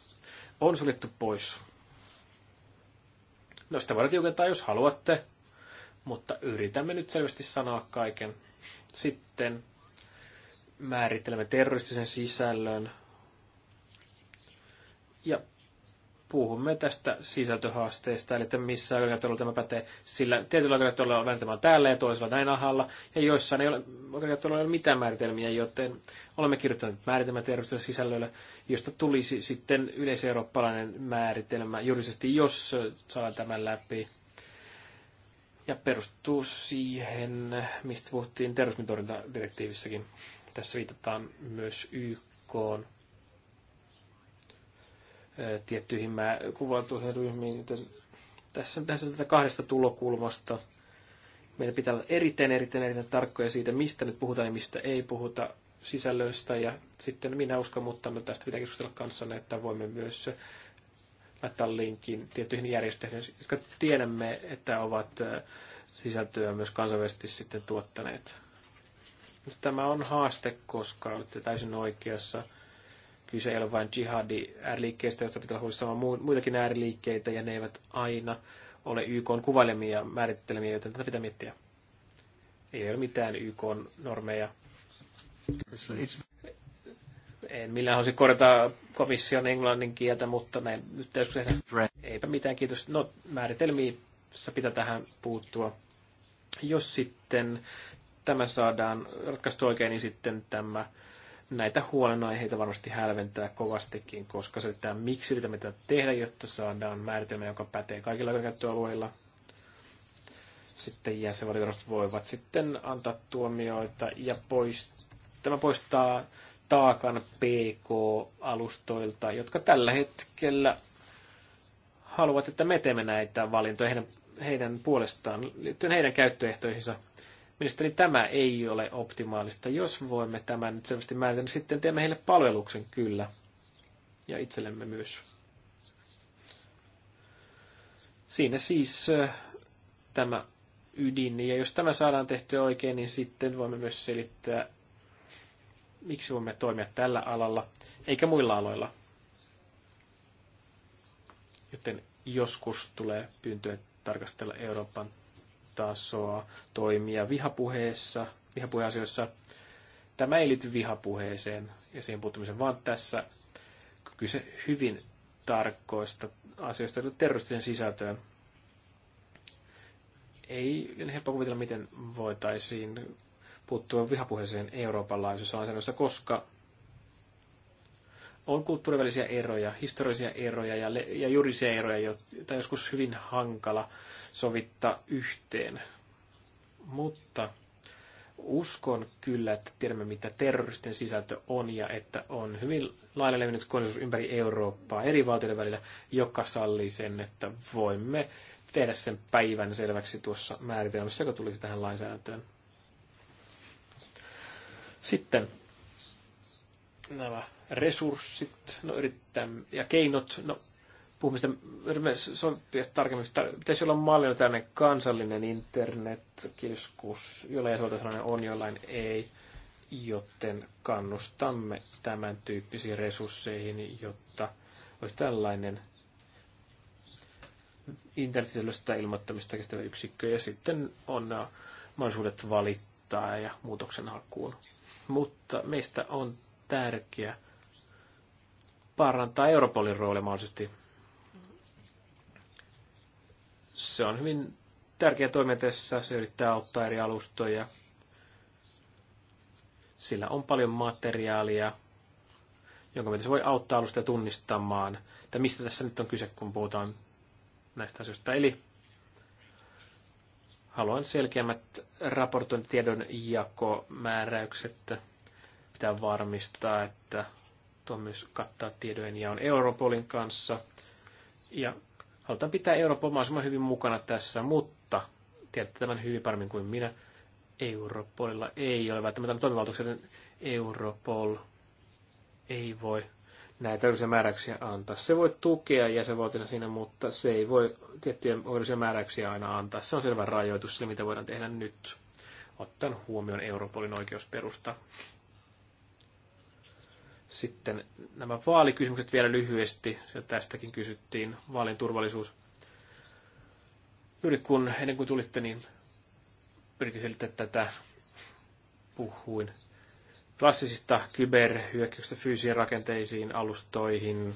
on suljettu pois. No sitä voidaan tiukentaa, jos haluatte, mutta yritämme nyt selvästi sanoa kaiken. Sitten määrittelemme terroristisen sisällön ja puhumme tästä sisältöhaasteesta, eli että missä oikeudenkäyttöalueella tämä pätee, sillä tietyllä oikeudenkäyttöalueella on välttämättä täällä ja toisella näin ahalla, ja joissain ei ole ole mitään määritelmiä, joten olemme kirjoittaneet määritelmät järjestelmän sisällöllä, josta tulisi sitten yleiseurooppalainen määritelmä juridisesti, jos saadaan tämän läpi. Ja perustuu siihen, mistä puhuttiin terrorismin direktiivissäkin. Tässä viitataan myös YK tiettyihin mä, kuvaltuihin ryhmiin. Joten tässä on tätä kahdesta tulokulmasta. Meidän pitää olla erittäin, erittäin, erittäin tarkkoja siitä, mistä nyt puhutaan ja mistä ei puhuta sisällöistä. Ja sitten minä uskon, mutta no tästä pitää keskustella kanssanne, että voimme myös laittaa linkin tiettyihin järjestöihin, jotka tiedämme, että ovat sisältöä myös kansainvälisesti sitten tuottaneet. Tämä on haaste, koska olette täysin oikeassa Kyse ei ole vain jihadi ääriliikkeestä, josta pitää huolissaan muitakin ääriliikkeitä, ja ne eivät aina ole YK kuvailemia määrittelemiä, joten tätä pitää miettiä. Ei ole mitään YK normeja. En millään halusi korjata komission englannin kieltä, mutta näin nyt joskus tehdä. Eipä mitään, kiitos. No, määritelmiä pitää tähän puuttua. Jos sitten tämä saadaan ratkaistua oikein, niin sitten tämä näitä huolenaiheita varmasti hälventää kovastikin, koska se selittää, miksi sitä mitä tehdä, jotta saadaan määritelmä, joka pätee kaikilla käyttöalueilla. Sitten jäsenvaltiot voivat sitten antaa tuomioita ja poistaa, tämä poistaa taakan PK-alustoilta, jotka tällä hetkellä haluavat, että me teemme näitä valintoja heidän, heidän puolestaan liittyen heidän käyttöehtoihinsa – Mielestäni tämä ei ole optimaalista. Jos voimme tämän nyt selvästi määritellä, niin sitten teemme heille palveluksen kyllä. Ja itsellemme myös. Siinä siis äh, tämä ydin. Ja jos tämä saadaan tehtyä oikein, niin sitten voimme myös selittää, miksi voimme toimia tällä alalla, eikä muilla aloilla. Joten joskus tulee pyyntöä tarkastella Euroopan tasoa toimia vihapuheessa, vihapuheasioissa. Tämä ei liity vihapuheeseen ja siihen puuttumiseen, vaan tässä kyse hyvin tarkkoista asioista terroristisen sisältöön. Ei helppo kuvitella, miten voitaisiin puuttua vihapuheeseen Euroopan laajuisessa koska on kulttuurivälisiä eroja, historiallisia eroja ja, le- ja juridisia eroja, joita joskus hyvin hankala sovittaa yhteen. Mutta uskon kyllä, että tiedämme, mitä terroristin sisältö on ja että on hyvin lailla levinnyt konsensus ympäri Eurooppaa eri valtioiden välillä, joka sallii sen, että voimme tehdä sen päivän selväksi tuossa määritelmässä, joka tulisi tähän lainsäädäntöön. Sitten nämä resurssit no, yrittäm- ja keinot, no, puhumme sitä, sopia tarkemmin, tar- pitäisi olla mallina tällainen kansallinen internetkeskus, jollain sellainen on, jollain ei, joten kannustamme tämän tyyppisiin resursseihin, jotta olisi tällainen internetsisällöstä ilmoittamista kestävä yksikkö, ja sitten on nämä mahdollisuudet valittaa ja muutoksen hakuun. Mutta meistä on tärkeä parantaa Europolin roolia mahdollisesti. Se on hyvin tärkeä toimija tässä, se yrittää auttaa eri alustoja. Sillä on paljon materiaalia, jonka myötä se voi auttaa alustaa tunnistamaan, että mistä tässä nyt on kyse, kun puhutaan näistä asioista. Eli haluan selkeämmät raportointitiedon jakomääräykset pitää varmistaa, että tuo myös kattaa tiedojen ja on Europolin kanssa. Ja halutaan pitää Europol mahdollisimman hyvin mukana tässä, mutta tiedätte tämän hyvin paremmin kuin minä. Europolilla ei ole välttämättä toimivaltuuksia, joten Europol ei voi näitä oikeudellisia määräyksiä antaa. Se voi tukea jäsenvaltiona siinä, mutta se ei voi tiettyjä oikeudellisia määräyksiä aina antaa. Se on selvä rajoitus sille, mitä voidaan tehdä nyt, ottaen huomioon Europolin oikeusperusta. Sitten nämä vaalikysymykset vielä lyhyesti, Se tästäkin kysyttiin, vaalin turvallisuus. Juuri kun, ennen kuin tulitte, niin yritin selittää tätä, puhuin klassisista kyberhyökkäyksistä fyysien rakenteisiin, alustoihin,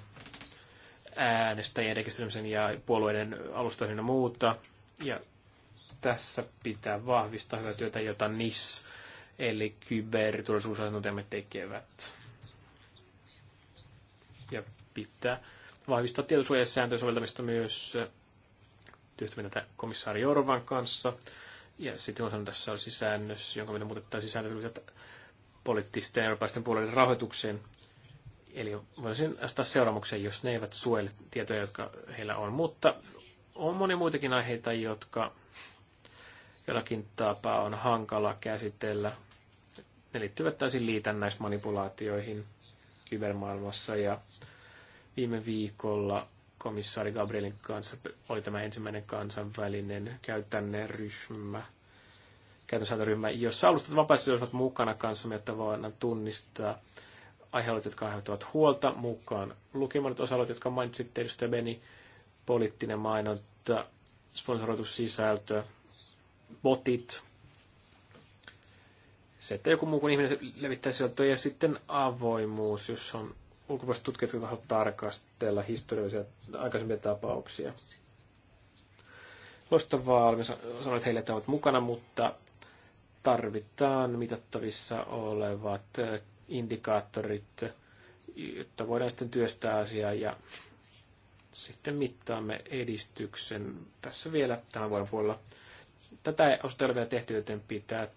äänestäjien rekisteröimisen ja puolueiden alustoihin ja muuta. Ja tässä pitää vahvistaa hyvää työtä, jota NIS, eli kyberturvallisuusasiantuntijamme tekevät ja pitää vahvistaa tietosuojasääntöjen soveltamista myös työstäminen tätä komissaari Jorvan kanssa. Ja sitten on sanonut, tässä olisi säännös, jonka meidän muutettaisiin sääntöjä poliittisten ja eurooppalaisten puolueiden rahoitukseen. Eli voisin astaa seuraamukseen, jos ne eivät suojele tietoja, jotka heillä on. Mutta on monia muitakin aiheita, jotka jollakin tapaa on hankala käsitellä. Ne liittyvät täysin liitännäismanipulaatioihin – kybermaailmassa ja viime viikolla komissaari Gabrielin kanssa oli tämä ensimmäinen kansainvälinen käytännön ryhmä, käytännössääntöryhmä, jossa alustat vapaasti olisivat mukana kanssamme, jotta voidaan tunnistaa aiheet, jotka aiheuttavat huolta mukaan. Lukemat osa-alueet, jotka mainitsitte, edustaja Beni, poliittinen mainonta, sponsoroitu sisältö, botit, se, että joku muu kuin ihminen levittää sisältöä ja sitten avoimuus, jos on ulkopuoliset tutkijat, jotka haluavat tarkastella historiallisia aikaisempia tapauksia. Loistavaa, olemme sanoneet heille, että ovat mukana, mutta tarvitaan mitattavissa olevat indikaattorit, jotta voidaan sitten työstää asiaa ja sitten mittaamme edistyksen tässä vielä tämän vuoden puolella. Tätä ei ole vielä tehty, joten pitää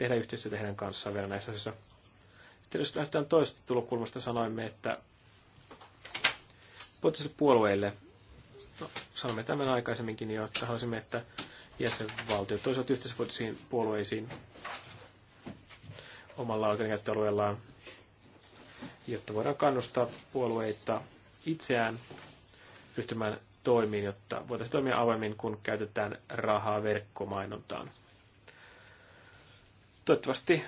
tehdä yhteistyötä heidän kanssaan vielä näissä asioissa. Sitten jos lähdetään toisesta tulokulmasta, sanoimme, että poliittisille puolueille, no, sanomme tämän aikaisemminkin jo, että haluaisimme, että jäsenvaltiot toisivat yhteispoliittisiin puolueisiin omalla oikeudenkäyttöalueellaan, jotta voidaan kannustaa puolueita itseään ryhtymään toimiin, jotta voitaisiin toimia avoimin, kun käytetään rahaa verkkomainontaan. Toivottavasti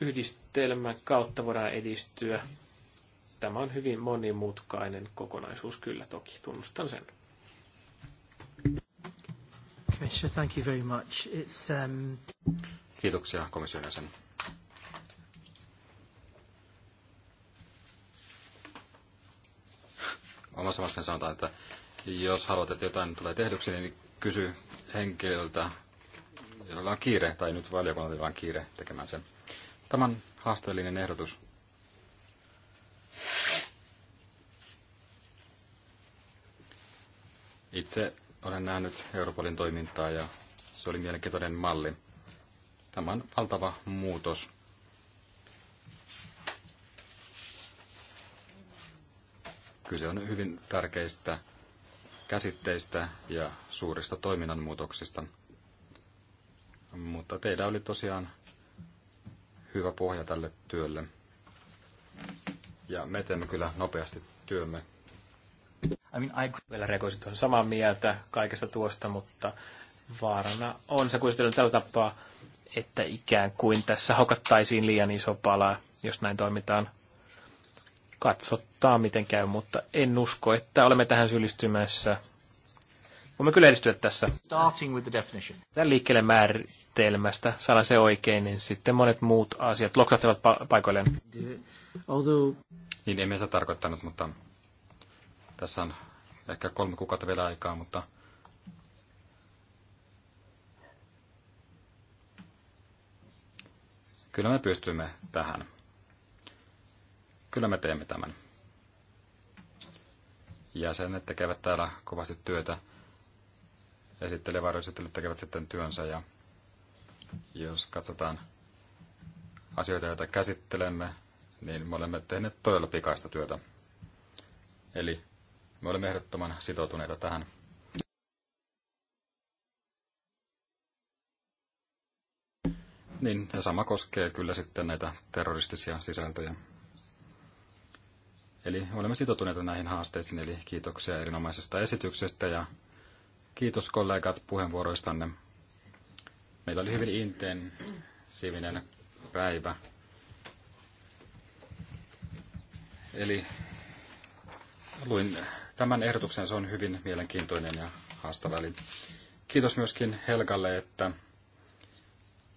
yhdistelmän kautta voidaan edistyä. Tämä on hyvin monimutkainen kokonaisuus, kyllä toki, tunnustan sen. Commissioner, thank you very much. It's, um... Kiitoksia komission jäsen. Omassa vastaan sanotaan, että jos haluat, että jotain tulee tehdyksi, niin kysy henkilöltä, jos ollaan kiire, tai nyt valiokunnalla on kiire tekemään sen. Tämän haasteellinen ehdotus. Itse olen nähnyt Europolin toimintaa ja se oli mielenkiintoinen malli. Tämä on valtava muutos. Kyse on hyvin tärkeistä käsitteistä ja suurista toiminnan muutoksista – mutta teillä oli tosiaan hyvä pohja tälle työlle. Ja me teemme kyllä nopeasti työmme. I mean, I... Vielä reagoisin tuossa samaa mieltä kaikesta tuosta, mutta vaarana on se kuitenkin tällä tapaa, että ikään kuin tässä hokattaisiin liian iso palaa, jos näin toimitaan. Katsottaa, miten käy, mutta en usko, että olemme tähän syyllistymässä. Voimme kyllä edistyä tässä. Starting with the definition. Tämän liikkeelle määr- määritelmästä saada se oikein, niin sitten monet muut asiat loksahtavat pa- paikoilleen. Niin, emme sitä tarkoittanut, mutta tässä on ehkä kolme kuukautta vielä aikaa, mutta kyllä me pystymme tähän. Kyllä me teemme tämän. Jäsenet tekevät täällä kovasti työtä. Esittelijä ja tekevät sitten työnsä ja jos katsotaan asioita, joita käsittelemme, niin me olemme tehneet todella pikaista työtä. Eli me olemme ehdottoman sitoutuneita tähän. Niin, ja sama koskee kyllä sitten näitä terroristisia sisältöjä. Eli olemme sitoutuneita näihin haasteisiin, eli kiitoksia erinomaisesta esityksestä ja kiitos kollegat puheenvuoroistanne. Meillä oli hyvin intensiivinen päivä. Eli luin tämän ehdotuksen, se on hyvin mielenkiintoinen ja haastava. Eli kiitos myöskin Helgalle, että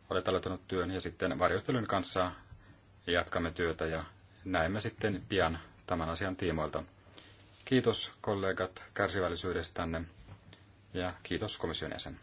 olet aloittanut työn ja sitten varjoittelun kanssa jatkamme työtä ja näemme sitten pian tämän asian tiimoilta. Kiitos kollegat kärsivällisyydestänne ja kiitos komission jäsen.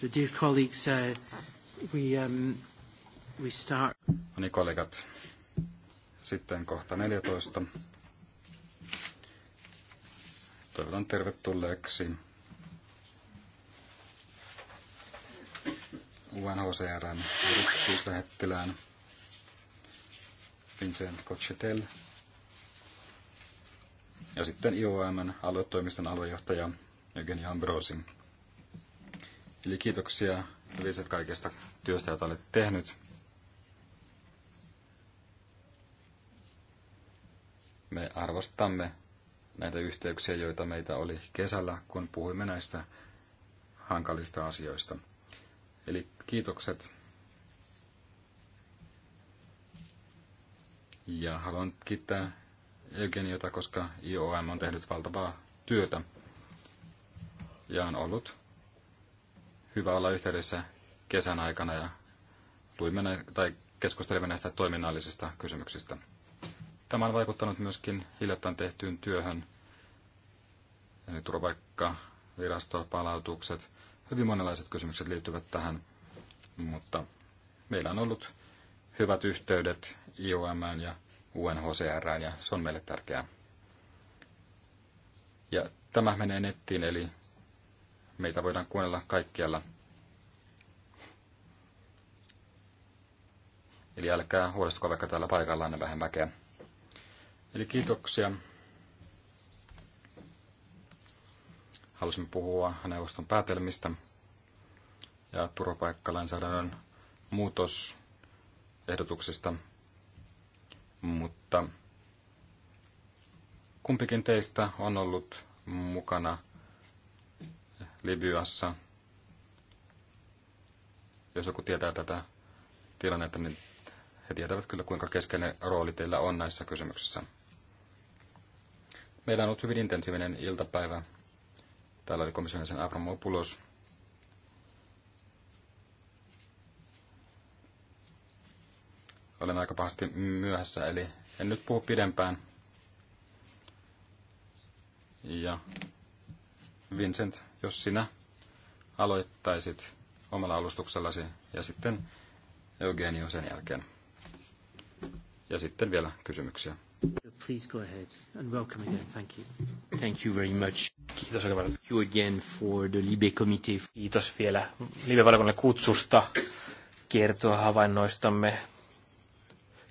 So dear colleagues, uh, we, um, we start... No niin, kollegat. Sitten kohta 14. Toivotan tervetulleeksi UNHCRn yrityslähettilään Vincent Cochetel ja sitten IOMn aluetoimiston aluejohtaja Eugenia Ambrosin. Eli kiitoksia Liiset kaikesta työstä, jota olet tehnyt. Me arvostamme näitä yhteyksiä, joita meitä oli kesällä, kun puhuimme näistä hankalista asioista. Eli kiitokset. Ja haluan kiittää Eugeniota, koska IOM on tehnyt valtavaa työtä ja on ollut hyvä olla yhteydessä kesän aikana ja luimme tai keskustelimme näistä toiminnallisista kysymyksistä. Tämä on vaikuttanut myöskin hiljattain tehtyyn työhön, eli virasto, palautukset, hyvin monenlaiset kysymykset liittyvät tähän, mutta meillä on ollut hyvät yhteydet IOM ja UNHCR ja se on meille tärkeää. Ja tämä menee nettiin, eli Meitä voidaan kuunnella kaikkialla. Eli älkää huolestuko vaikka täällä paikallaan on vähän väkeä. Eli kiitoksia. Halusin puhua neuvoston päätelmistä ja turvapaikkalainsäädännön muutosehdotuksista, mutta kumpikin teistä on ollut mukana – Libyassa. Jos joku tietää tätä tilannetta, niin he tietävät kyllä, kuinka keskeinen rooli teillä on näissä kysymyksissä. Meillä on ollut hyvin intensiivinen iltapäivä. Täällä oli komission jäsen Avramopoulos. Olen aika pahasti myöhässä, eli en nyt puhu pidempään. Ja Vincent, jos sinä aloittaisit omalla alustuksellasi ja sitten Eugenio sen jälkeen. Ja sitten vielä kysymyksiä. Please go ahead and welcome again. Thank you. Thank you very much. Kiitos oikein paljon. You again for the Libe Committee. Kiitos vielä Libe-valiokunnan kutsusta kertoa havainnoistamme.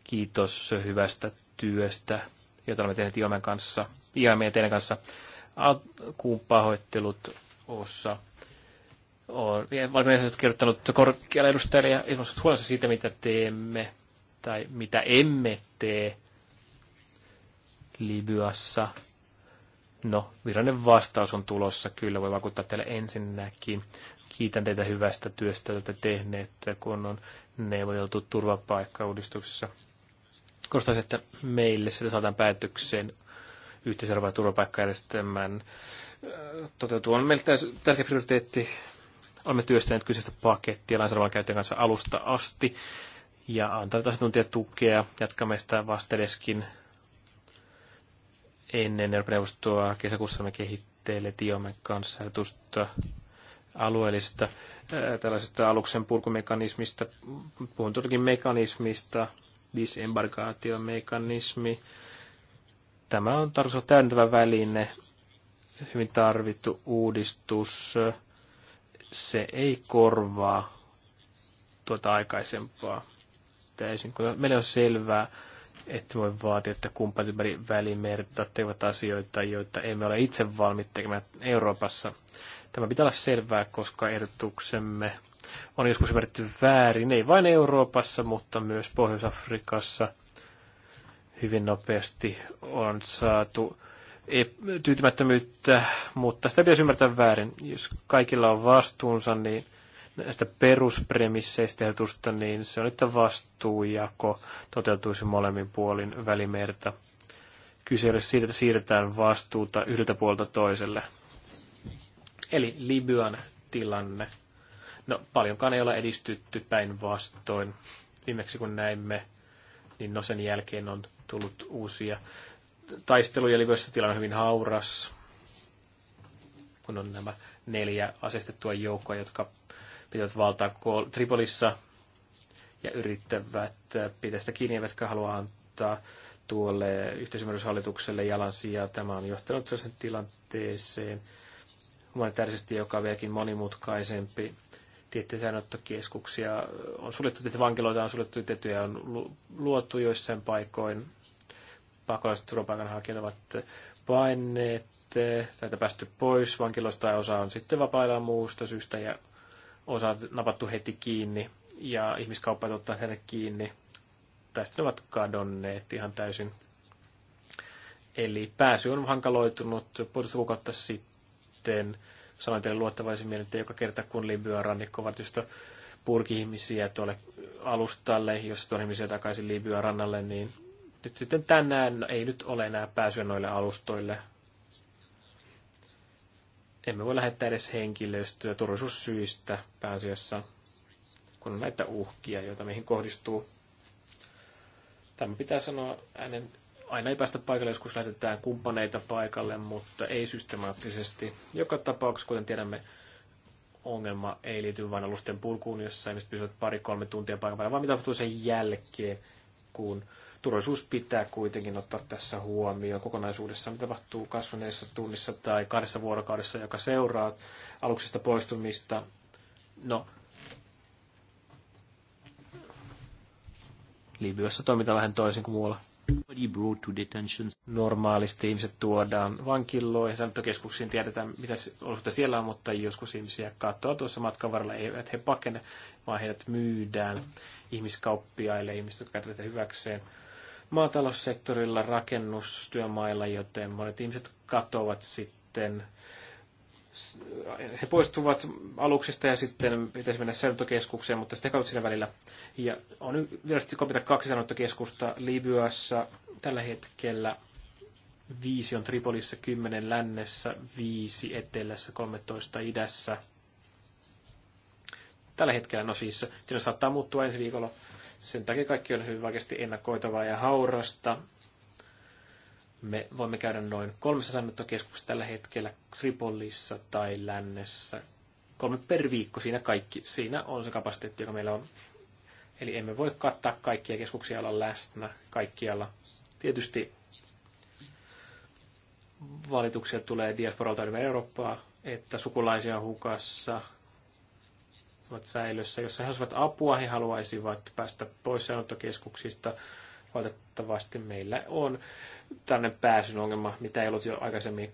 Kiitos hyvästä työstä, jota olemme tehneet Iomen kanssa, Iomen ja teidän kanssa alkuun pahoittelut osa on valmiina kirjoittanut korkealle edustajalle ja ilmaissut huolensa siitä, mitä teemme tai mitä emme tee Libyassa. No, virallinen vastaus on tulossa, kyllä voi vakuuttaa teille ensinnäkin. Kiitän teitä hyvästä työstä, jota tehneet, kun on neuvoteltu turvapaikkauudistuksessa. Korostaisin, että meille sitä saadaan päätökseen yhteisarvoa turvapaikkajärjestelmän äh, toteutuu. On meillä tärkeä prioriteetti. Olemme työstäneet kyseistä pakettia lainsäädännön käyttäjän kanssa alusta asti ja antaneet asiantuntijatukea. Jatkamme sitä vastedeskin ennen Euroopan neuvostoa. Kesäkuussa me kehitteille Tiomen kanssa ajatusta alueellisesta äh, tällaisesta aluksen purkumekanismista, puhun todellakin mekanismista, disembarkaatiomekanismi, Tämä on tarkoitus täydentävä väline, hyvin tarvittu uudistus. Se ei korvaa tuota aikaisempaa täysin, kun meillä on selvää, että voi vaatia, että kumppanit välimerta tekevät asioita, joita emme ole itse valmiit tekemään Euroopassa. Tämä pitää olla selvää, koska ehdotuksemme on joskus ymmärretty väärin, ei vain Euroopassa, mutta myös Pohjois-Afrikassa, hyvin nopeasti on saatu e- tyytymättömyyttä, mutta sitä pitäisi ymmärtää väärin. Jos kaikilla on vastuunsa, niin näistä peruspremisseistä ehdotusta, niin se on, että vastuujako toteutuisi molemmin puolin välimerta. Kyse ei ole siitä, että siirretään vastuuta yhdeltä puolta toiselle. Eli Libyan tilanne. No, paljonkaan ei ole edistytty päinvastoin. Viimeksi kun näimme, niin no sen jälkeen on tullut uusia taisteluja, eli myös tilanne on hyvin hauras, kun on nämä neljä asestettua joukkoa, jotka pitävät valtaa Tripolissa ja yrittävät äh, pitää sitä kiinni, eivätkä halua antaa tuolle yhteisymmärryshallitukselle jalansijaa. Tämä on johtanut sellaisen tilanteeseen humanitaarisesti, joka on vieläkin monimutkaisempi. Tiettyjä säännöttökeskuksia on suljettu, tiettyjä vankiloita on suljettu, tiettyjä on luotu joissain paikoin pakolaiset turvapaikanhakijat ovat paineet tai päästy pois vankilosta ja osa on sitten vapailla muusta syystä ja osa on napattu heti kiinni ja ihmiskauppa ei ottaa heidät kiinni Tästä ne ovat kadonneet ihan täysin. Eli pääsy on hankaloitunut puolesta kuukautta sitten. Sanoin teille luottavaisemmin, että joka kerta kun Libyan rannikkovartisto purki ihmisiä tuolle alustalle, jos tuon ihmisiä takaisin Libyan rannalle, niin nyt sitten tänään no, ei nyt ole enää pääsyä noille alustoille. Emme voi lähettää edes henkilöstöä turvallisuussyistä pääasiassa, kun on näitä uhkia, joita meihin kohdistuu. Tämä pitää sanoa äänen aina ei päästä paikalle, joskus lähetetään kumppaneita paikalle, mutta ei systemaattisesti. Joka tapauksessa, kuten tiedämme, ongelma ei liity vain alusten purkuun, jossa ihmiset pysyvät pari-kolme tuntia paikan päällä, vaan mitä tapahtuu sen jälkeen, kun Turvallisuus pitää kuitenkin ottaa tässä huomioon kokonaisuudessaan, mitä tapahtuu kasvaneessa tunnissa tai kahdessa vuorokaudessa, joka seuraa aluksesta poistumista. No, Libyassa toimitaan vähän toisin kuin muualla. Normaalisti ihmiset tuodaan vankiloihin, sanottokeskuksiin tiedetään, mitä olosuhteita siellä on, mutta joskus ihmisiä katsoo tuossa matkan varrella, eivät he pakene, vaan heidät myydään ihmiskauppiaille, ihmiset, jotka käytetään hyväkseen maataloussektorilla, rakennustyömailla, joten monet ihmiset katoavat sitten he poistuvat aluksista ja sitten pitäisi mennä säilyntökeskukseen, mutta sitten katsotaan siinä välillä. Ja on virallisesti kopita kaksi säilöntökeskusta Libyassa. Tällä hetkellä viisi on Tripolissa, kymmenen lännessä, viisi etelässä, 13 idässä. Tällä hetkellä, no siis, siinä saattaa muuttua ensi viikolla sen takia kaikki on hyvin vaikeasti ennakoitavaa ja haurasta. Me voimme käydä noin 300 keskuksessa tällä hetkellä Tripolissa tai Lännessä. Kolme per viikko siinä kaikki. Siinä on se kapasiteetti, joka meillä on. Eli emme voi kattaa kaikkia keskuksia olla läsnä kaikkialla. Tietysti valituksia tulee diasporalta ympäri Eurooppaa, että sukulaisia hukassa, ovat säilössä. Jos he haluaisivat apua, he haluaisivat päästä pois sanottokeskuksista. Valitettavasti meillä on tällainen pääsyn ongelma, mitä ei ollut jo aikaisemmin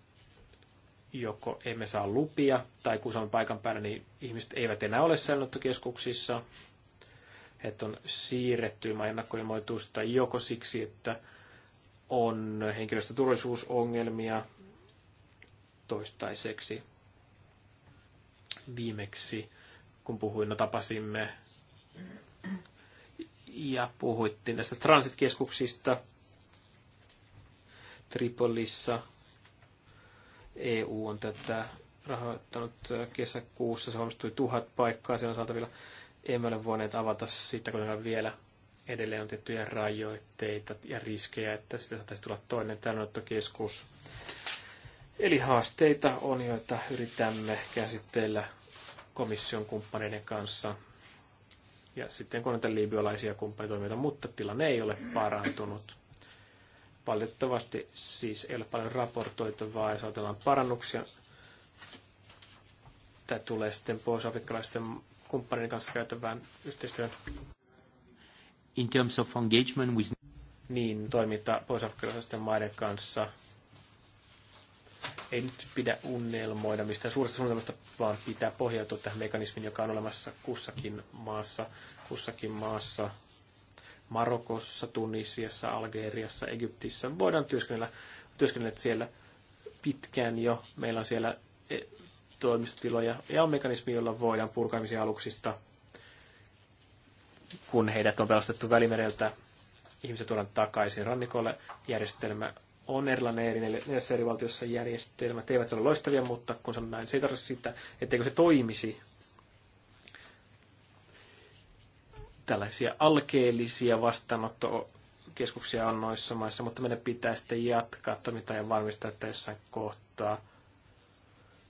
joko emme saa lupia, tai kun on paikan päällä, niin ihmiset eivät enää ole säilöntökeskuksissa. Että on siirretty ilman ennakkoilmoitusta joko siksi, että on henkilöstöturvallisuusongelmia toistaiseksi viimeksi kun puhuin, no tapasimme ja puhuittiin näistä transitkeskuksista Tripolissa. EU on tätä rahoittanut kesäkuussa, se valmistui tuhat paikkaa, siellä on saatavilla. Emme ole voineet avata sitä kuitenkaan vielä. Edelleen on tiettyjä rajoitteita ja riskejä, että sitä saattaisi tulla toinen täynnöttokeskus. Eli haasteita on, joita yritämme käsitellä komission kumppaneiden kanssa ja sitten kun näitä libyalaisia kumppanitoimijoita, mutta tilanne ei ole parantunut. Valitettavasti siis ei ole paljon raportoitavaa, jos ajatellaan parannuksia. Tämä tulee sitten pois afrikkalaisten kumppanien kanssa käytävään yhteistyön. In terms of engagement with... Niin, toiminta pohjois afrikkalaisten maiden kanssa – ei nyt pidä unelmoida mistään suuresta suunnitelmasta, vaan pitää pohjautua tähän mekanismiin, joka on olemassa kussakin maassa, kussakin maassa Marokossa, Tunisiassa, Algeriassa, Egyptissä. Voidaan työskennellä, työskennellä siellä pitkään jo. Meillä on siellä e, toimistotiloja ja on mekanismi, jolla voidaan purkamisia aluksista, kun heidät on pelastettu välimereltä. Ihmiset tuodaan takaisin rannikolle. Järjestelmä on erilainen eri neljässä eri valtiossa järjestelmät eivät ole loistavia, mutta kun sanon näin, se ei sitä, etteikö se toimisi. Tällaisia alkeellisia vastaanottokeskuksia on noissa maissa, mutta meidän pitää sitten jatkaa toimintaa ja varmistaa, että jossain kohtaa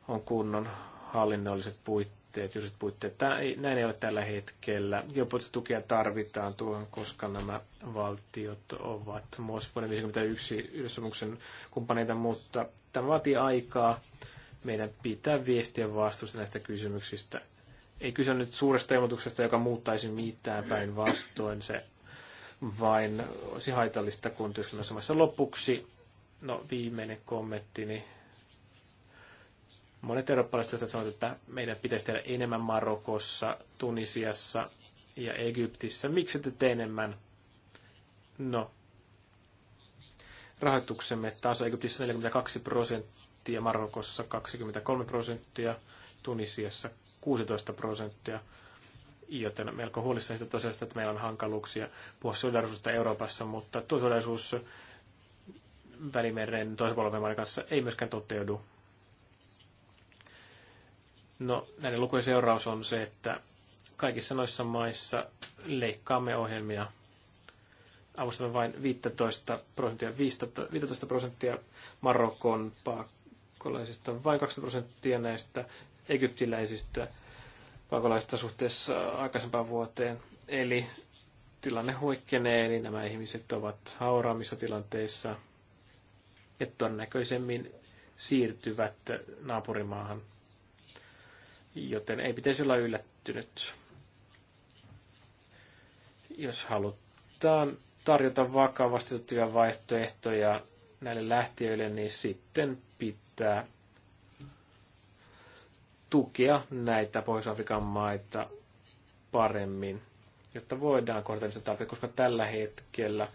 on kunnon hallinnolliset puitteet, juridiset puitteet. Tää, näin ei ole tällä hetkellä. Geopoliittista tukea tarvitaan tuohon, koska nämä valtiot ovat muassa vuoden 1951 yhdessopimuksen kumppaneita, mutta tämä vaatii aikaa. Meidän pitää viestiä vastuusta näistä kysymyksistä. Ei kyse nyt suuresta ilmoituksesta, joka muuttaisi mitään päin vastoin. Se vain olisi haitallista, kun työskennellä samassa lopuksi. No viimeinen kommenttini Monet eurooppalaiset ovat sanovat, että meidän pitäisi tehdä enemmän Marokossa, Tunisiassa ja Egyptissä. Miksi te tee enemmän? No, rahoituksemme taso Egyptissä 42 prosenttia, Marokossa 23 prosenttia, Tunisiassa 16 prosenttia. Joten melko huolissaan siitä tosiaan, että meillä on hankaluuksia puhua solidarisuudesta Euroopassa, mutta tuo solidarisuus Välimeren toisen kanssa ei myöskään toteudu. No, näiden lukujen seuraus on se, että kaikissa noissa maissa leikkaamme ohjelmia. Avustamme vain 15 prosenttia, 15 prosenttia Marokon pakolaisista, vain 20 prosenttia näistä egyptiläisistä pakolaisista suhteessa aikaisempaan vuoteen. Eli tilanne huikkenee, eli nämä ihmiset ovat hauraamissa tilanteissa ja todennäköisemmin siirtyvät naapurimaahan – joten ei pitäisi olla yllättynyt. Jos halutaan tarjota vakavasti tuttuja vaihtoehtoja näille lähtiöille, niin sitten pitää tukea näitä Pohjois-Afrikan maita paremmin, jotta voidaan kohdata niitä tarpeita, koska tällä hetkellä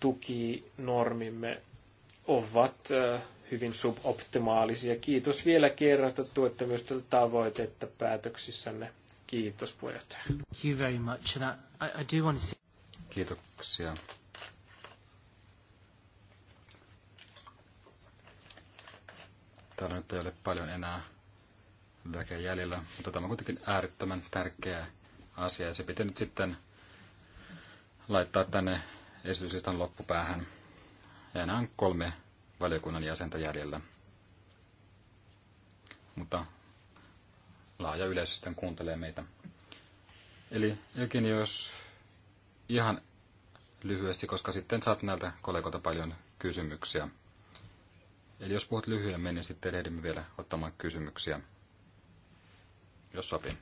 tukinormimme ovat äh, hyvin suboptimaalisia. Kiitos vielä kerran, että tuette myös tätä tavoitetta päätöksissänne. Kiitos puheenjohtaja. Thank you very much. And I, I do want to see... Kiitoksia. Täällä nyt ei ole paljon enää väkeä jäljellä, mutta tämä on kuitenkin äärettömän tärkeä asia ja se pitää nyt sitten laittaa tänne esityslistan loppupäähän. Ja enää on kolme valiokunnan jäsentä jäljellä. Mutta laaja yleisö sitten kuuntelee meitä. Eli jokin jos ihan lyhyesti, koska sitten saat näiltä kollegoilta paljon kysymyksiä. Eli jos puhut lyhyemmin, niin sitten ehdimme vielä ottamaan kysymyksiä, jos sopii.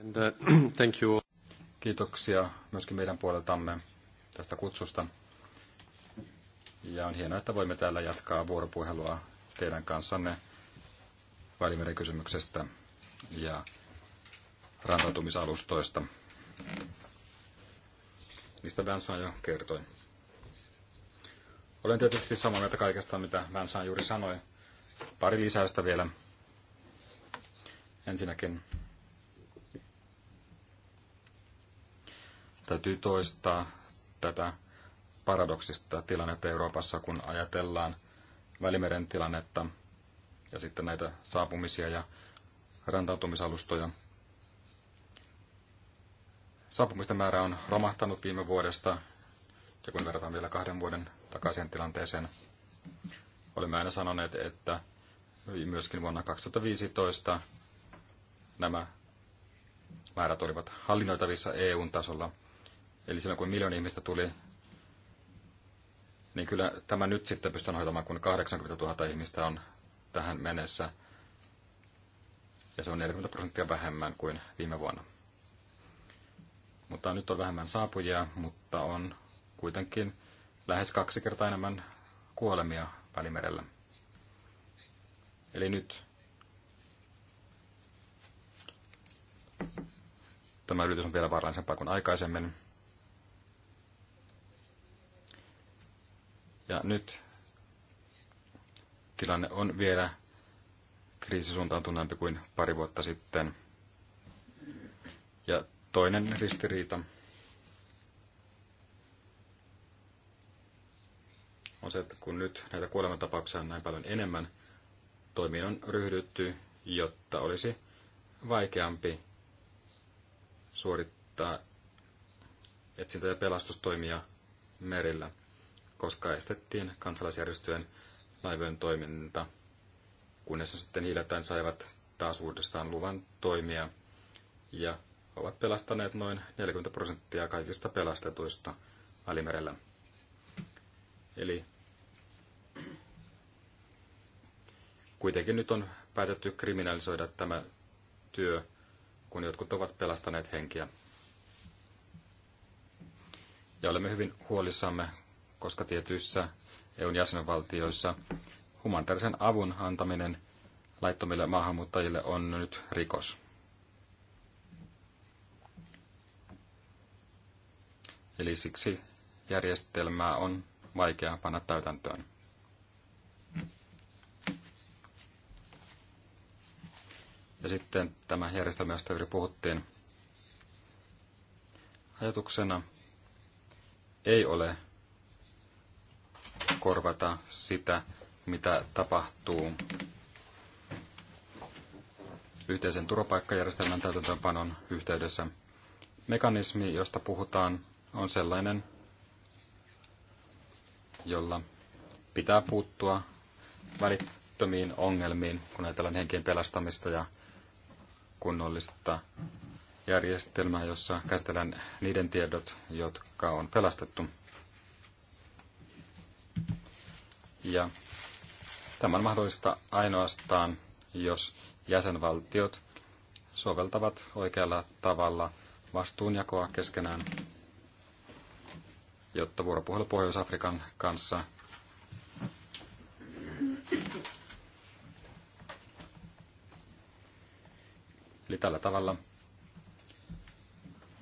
And, uh, thank you. Kiitoksia myöskin meidän puoleltamme tästä kutsusta. Ja on hienoa, että voimme täällä jatkaa vuoropuhelua teidän kanssanne Välimeren kysymyksestä ja rantautumisalustoista. Mistä Vincent jo kertoi. Olen tietysti samaa mieltä kaikesta, mitä Vincent juuri sanoi. Pari lisäystä vielä. Ensinnäkin täytyy toistaa tätä paradoksista tilannetta Euroopassa, kun ajatellaan Välimeren tilannetta ja sitten näitä saapumisia ja rantautumisalustoja. Saapumisten määrä on romahtanut viime vuodesta, ja kun verrataan vielä kahden vuoden takaisin tilanteeseen, olemme aina sanoneet, että myöskin vuonna 2015 nämä määrät olivat hallinnoitavissa eu tasolla. Eli silloin kun miljoona ihmistä tuli niin kyllä tämä nyt sitten pystytään hoitamaan, kun 80 000 ihmistä on tähän mennessä, ja se on 40 prosenttia vähemmän kuin viime vuonna. Mutta nyt on vähemmän saapujia, mutta on kuitenkin lähes kaksi kertaa enemmän kuolemia Välimerellä. Eli nyt tämä ylitys on vielä vaarallisempaa kuin aikaisemmin. Ja nyt tilanne on vielä kriisisuuntaantuneempi kuin pari vuotta sitten. Ja toinen ristiriita on se, että kun nyt näitä kuolematapauksia on näin paljon enemmän, toimiin on ryhdytty, jotta olisi vaikeampi suorittaa etsintä- ja pelastustoimia merillä koska estettiin kansalaisjärjestöjen laivojen toiminta, kunnes ne sitten hiljattain saivat taas uudestaan luvan toimia ja ovat pelastaneet noin 40 prosenttia kaikista pelastetuista Välimerellä. Eli kuitenkin nyt on päätetty kriminalisoida tämä työ, kun jotkut ovat pelastaneet henkiä. Ja olemme hyvin huolissamme, koska tietyissä EUn jäsenvaltioissa humanitaarisen avun antaminen laittomille maahanmuuttajille on nyt rikos. Eli siksi järjestelmää on vaikea panna täytäntöön. Ja sitten tämä järjestelmä, josta juuri puhuttiin. Ajatuksena ei ole korvata sitä, mitä tapahtuu yhteisen turvapaikkajärjestelmän täytäntöönpanon yhteydessä. Mekanismi, josta puhutaan, on sellainen, jolla pitää puuttua välittömiin ongelmiin, kun ajatellaan henkien pelastamista ja kunnollista järjestelmää, jossa käsitellään niiden tiedot, jotka on pelastettu. Ja tämä on mahdollista ainoastaan, jos jäsenvaltiot soveltavat oikealla tavalla vastuunjakoa keskenään, jotta vuoropuhelu Pohjois-Afrikan kanssa Eli tällä tavalla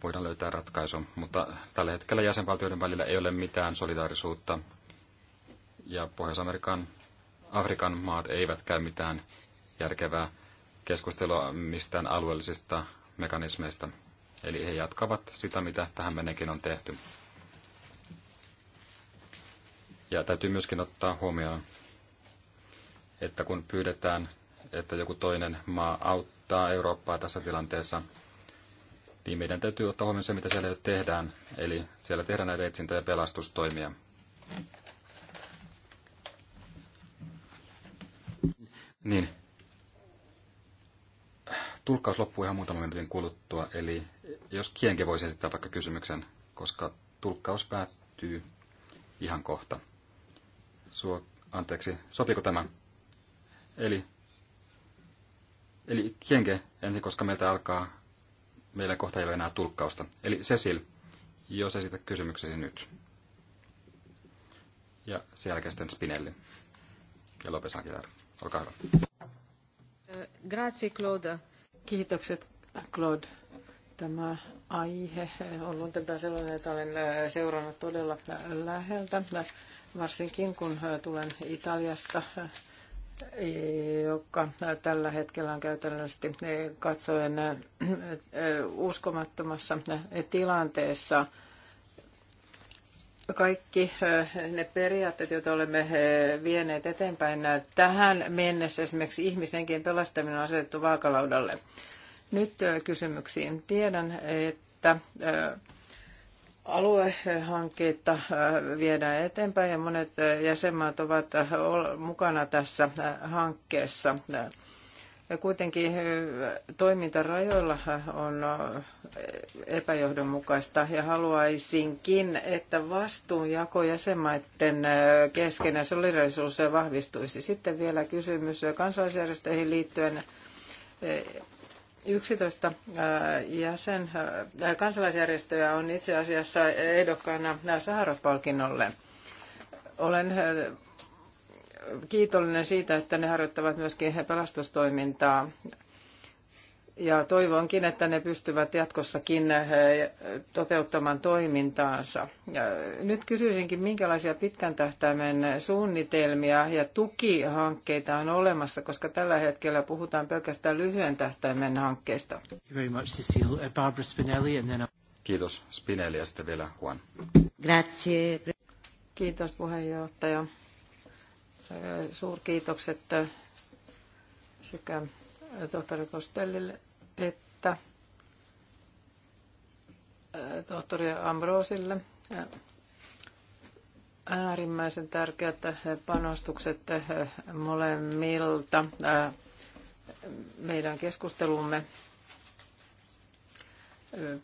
voidaan löytää ratkaisu, mutta tällä hetkellä jäsenvaltioiden välillä ei ole mitään solidaarisuutta ja Pohjois-Amerikan, Afrikan maat eivät käy mitään järkevää keskustelua mistään alueellisista mekanismeista. Eli he jatkavat sitä, mitä tähän mennekin on tehty. Ja täytyy myöskin ottaa huomioon, että kun pyydetään, että joku toinen maa auttaa Eurooppaa tässä tilanteessa, niin meidän täytyy ottaa huomioon se, mitä siellä jo tehdään. Eli siellä tehdään näitä etsintä- ja pelastustoimia. Niin. Tulkkaus loppuu ihan muutaman minuutin kuluttua, eli jos Kienke voisi esittää vaikka kysymyksen, koska tulkkaus päättyy ihan kohta. Suo, anteeksi, sopiiko tämä? Eli, eli Kienke ensin, koska meiltä alkaa, meillä kohta ei ole enää tulkkausta. Eli Cecil, jos esität kysymyksesi nyt. Ja sen jälkeen sitten Spinelli ja Lopes Aguilar. Olkaa hyvä. Grazie, Claude. Kiitokset, Claude. Tämä aihe on luonteeltaan sellainen, että olen äh, seurannut todella äh, läheltä, äh, varsinkin kun tulen Italiasta, joka tällä hetkellä on käytännössä katsoen uskomattomassa tilanteessa – kaikki ne periaatteet, joita olemme vieneet eteenpäin tähän mennessä, esimerkiksi ihmisenkin pelastaminen on asetettu vaakalaudalle. Nyt kysymyksiin. Tiedän, että aluehankkeita viedään eteenpäin ja monet jäsenmaat ovat mukana tässä hankkeessa. Kuitenkin toiminta on epäjohdonmukaista ja haluaisinkin, että vastuunjako jäsenmaiden kesken ja solidarisuus vahvistuisi. Sitten vielä kysymys kansalaisjärjestöihin liittyen. 11 jäsen, kansalaisjärjestöjä on itse asiassa ehdokkaana Saharov-palkinnolle. Olen kiitollinen siitä, että ne harjoittavat myöskin pelastustoimintaa. Ja toivonkin, että ne pystyvät jatkossakin eh, toteuttamaan toimintaansa. Ja nyt kysyisinkin, minkälaisia pitkän tähtäimen suunnitelmia ja tukihankkeita on olemassa, koska tällä hetkellä puhutaan pelkästään lyhyen tähtäimen hankkeista. Uh, Kiitos Spinelli ja sitten vielä Juan. Grazie. Kiitos puheenjohtaja. Suurkiitokset äh, sekä äh, tohtori Kostellille että äh, tohtori Ambrosille. Äärimmäisen tärkeät panostukset molemmilta meidän keskustelumme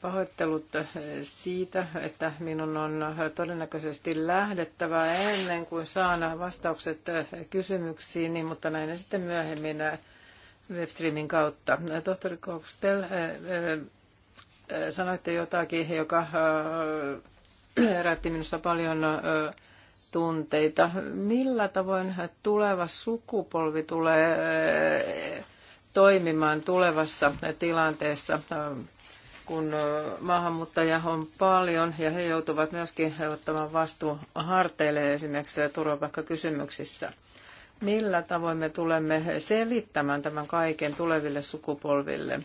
Pahoittelut eh, siitä, että minun on todennäköisesti lähdettävä ennen kuin saan vastaukset eh, kysymyksiin, niin, mutta näin sitten myöhemmin eh, webstreamin kautta. Tohtori Kostel, sanoitte jotakin, joka herätti minussa paljon tunteita. Millä tavoin tuleva sukupolvi tulee toimimaan tulevassa tilanteessa? kun maahanmuuttajia on paljon ja he joutuvat myöskin ottamaan vastuun harteille esimerkiksi turvapaikkakysymyksissä. Millä tavoin me tulemme selittämään tämän kaiken tuleville sukupolville?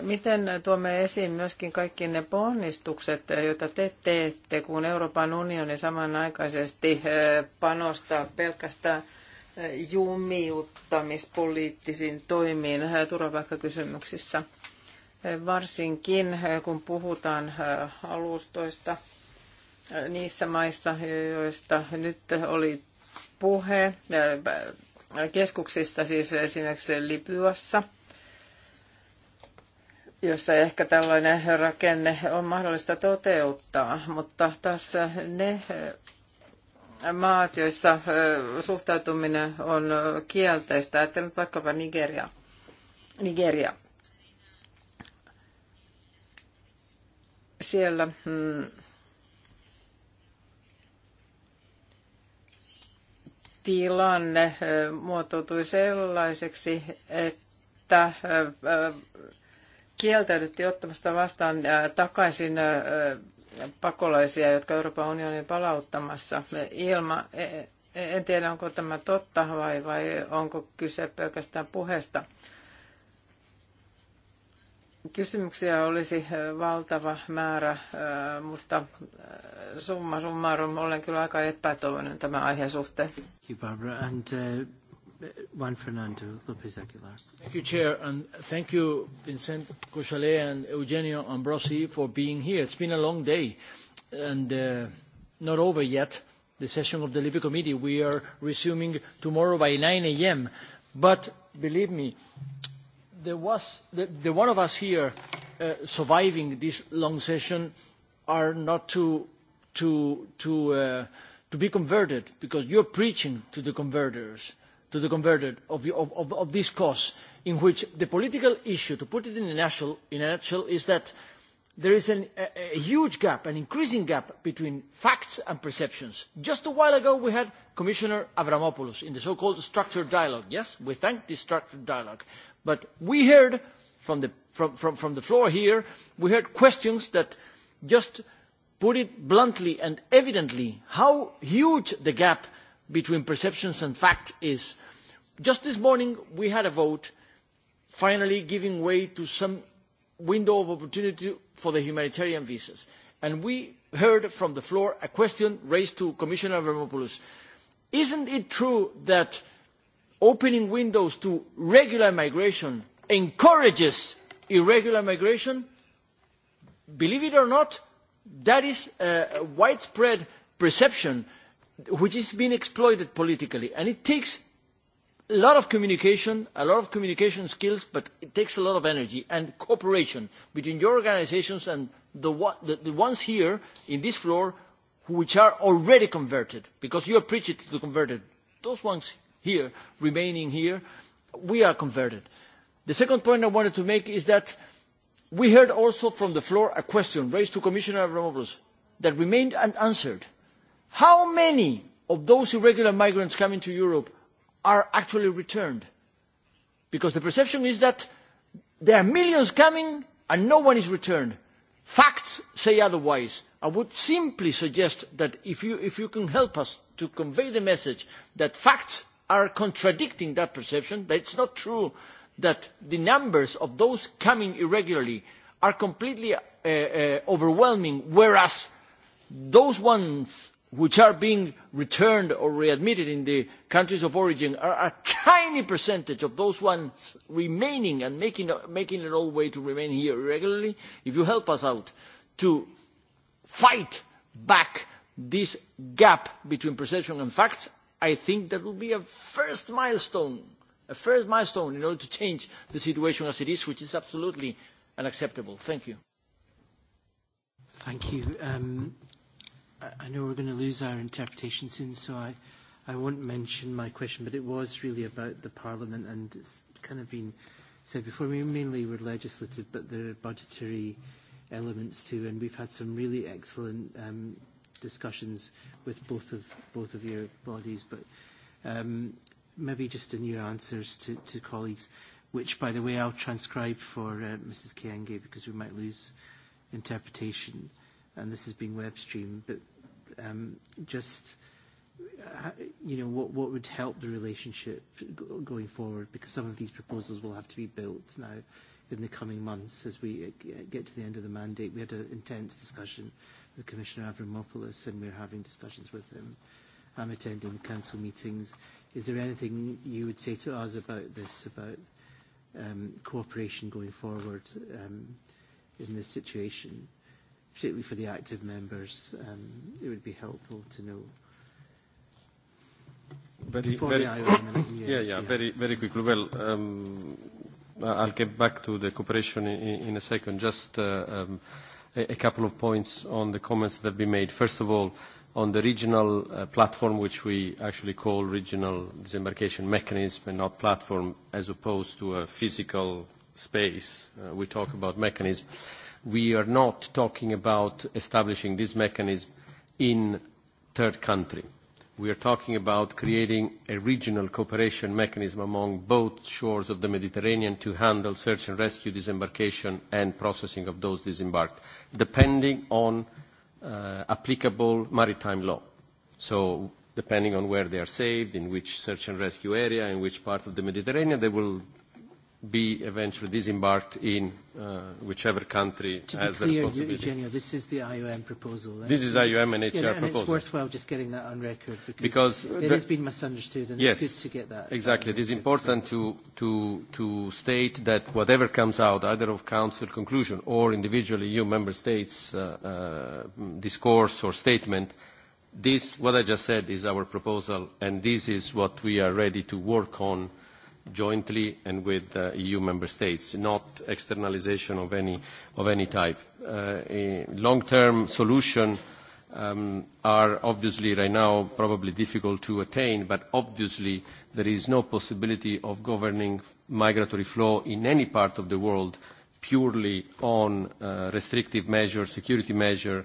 Miten tuomme esiin myöskin kaikki ne ponnistukset, joita te teette, kun Euroopan unioni samanaikaisesti panostaa pelkästään jumiuttamispoliittisiin toimiin turvapaikkakysymyksissä? varsinkin eh, kun puhutaan eh, alustoista eh, niissä maissa, joista nyt oli puhe, keskuksista siis esimerkiksi Libyassa, jossa ehkä tällainen rakenne on mahdollista toteuttaa, mutta tässä ne maat, joissa suhtautuminen on kielteistä, ajattelen vaikkapa Nigeria, Nigeria siellä mm, tilanne muotoutui sellaiseksi, että kieltäydyttiin ottamasta vastaan takaisin pakolaisia, jotka Euroopan unioni palauttamassa. Ilma, e, e, en tiedä, onko tämä totta vai, vai onko kyse pelkästään puheesta. Kysymyksiä olisi valtava määrä, mutta summa summarum olen kyllä aika epätoivoinen tämän aiheen suhteen. Thank you, Barbara. And, uh, Juan Fernando Lopez Aguilar. Thank you, Chair, and thank you, Vincent Cochalet and Eugenio Ambrosi, for being here. It's been a long day, and uh, not over yet. The session of the Libby Committee, we are resuming tomorrow by 9 a.m. But believe me, there was the, the one of us here uh, surviving this long session are not to to to uh, to be converted because you're preaching to the converters to the converted of, the, of, of, of this cause in which the political issue to put it in a nutshell, in a nutshell is that there is an, a, a huge gap an increasing gap between facts and perceptions just a while ago we had commissioner avramopoulos in the so called structured dialogue yes we thank this structured dialogue But we heard from the, from, from, from the floor here, we heard questions that just put it bluntly and evidently how huge the gap between perceptions and fact is. Just this morning we had a vote finally giving way to some window of opportunity for the humanitarian visas. And we heard from the floor a question raised to Commissioner Vermopoulos. Isn't it true that opening windows to regular migration encourages irregular migration, believe it or not, that is a widespread perception which is being exploited politically. And it takes a lot of communication, a lot of communication skills, but it takes a lot of energy and cooperation between your organisations and the, ones here in this floor which are already converted, because you are preaching to the converted. Those ones here, remaining here, we are converted. The second point I wanted to make is that we heard also from the floor a question raised to Commissioner Avramopoulos that remained unanswered. How many of those irregular migrants coming to Europe are actually returned? Because the perception is that there are millions coming and no one is returned. Facts say otherwise. I would simply suggest that if you, if you can help us to convey the message that facts are contradicting that perception, that it's not true that the numbers of those coming irregularly are completely uh, uh, overwhelming, whereas those ones which are being returned or readmitted in the countries of origin are a tiny percentage of those ones remaining and making, making it all way to remain here irregularly. If you help us out to fight back this gap between perception and facts, I think that will be a first milestone, a first milestone in order to change the situation as it is, which is absolutely unacceptable. Thank you. Thank you. Um, I know we're going to lose our interpretation soon, so I, I won't mention my question, but it was really about the Parliament, and it's kind of been said before. We mainly were legislative, but there are budgetary elements too, and we've had some really excellent um, discussions with both of both of your bodies, but um, maybe just in your answers to, to colleagues, which, by the way, I'll transcribe for uh, Mrs. Kienge because we might lose interpretation, and this is being web streamed. But um, just uh, you know, what, what would help the relationship going forward? Because some of these proposals will have to be built now in the coming months as we uh, get to the end of the mandate. We had an intense discussion with Commissioner Avramopoulos, and we're having discussions with him. I'm attending council meetings. Is there anything you would say to us about this, about um, cooperation going forward um, in this situation? Particularly for the active members, um, it would be helpful to know. Very, very, IOM, yeah, yeah, very, very quickly. Well, um, I'll get back to the cooperation in, in a second. Just uh, um, a couple of points on the comments that have been made. First of all, on the regional uh, platform, which we actually call regional disembarkation mechanism and not platform, as opposed to a physical space. Uh, we talk about mechanism. We are not talking about establishing this mechanism in third country we are talking about creating a regional cooperation mechanism among both shores of the Mediterranean to handle search and rescue, disembarkation and processing of those disembarked, depending on uh, applicable maritime law. So depending on where they are saved, in which search and rescue area, in which part of the Mediterranean, they will be eventually disembarked in uh, whichever country has the responsibility. To be clear, Eugenio, this is the IOM proposal. Eh? This is IOM and HCR yeah, and proposal. it's worthwhile just getting that on record because, it has been misunderstood and it's good to get that. Um, exactly. It is important to, to, to state that whatever comes out, either of Council conclusion or individually EU member states' uh, uh, discourse or statement, this, what I just said, is our proposal and this is what we are ready to work on jointly and with uh, EU member states, not externalization of any, type. Uh, a long-term solution um, are obviously right now probably difficult to attain, but obviously there is no possibility of governing migratory flow in any part of the world purely on uh, restrictive measures, security measure,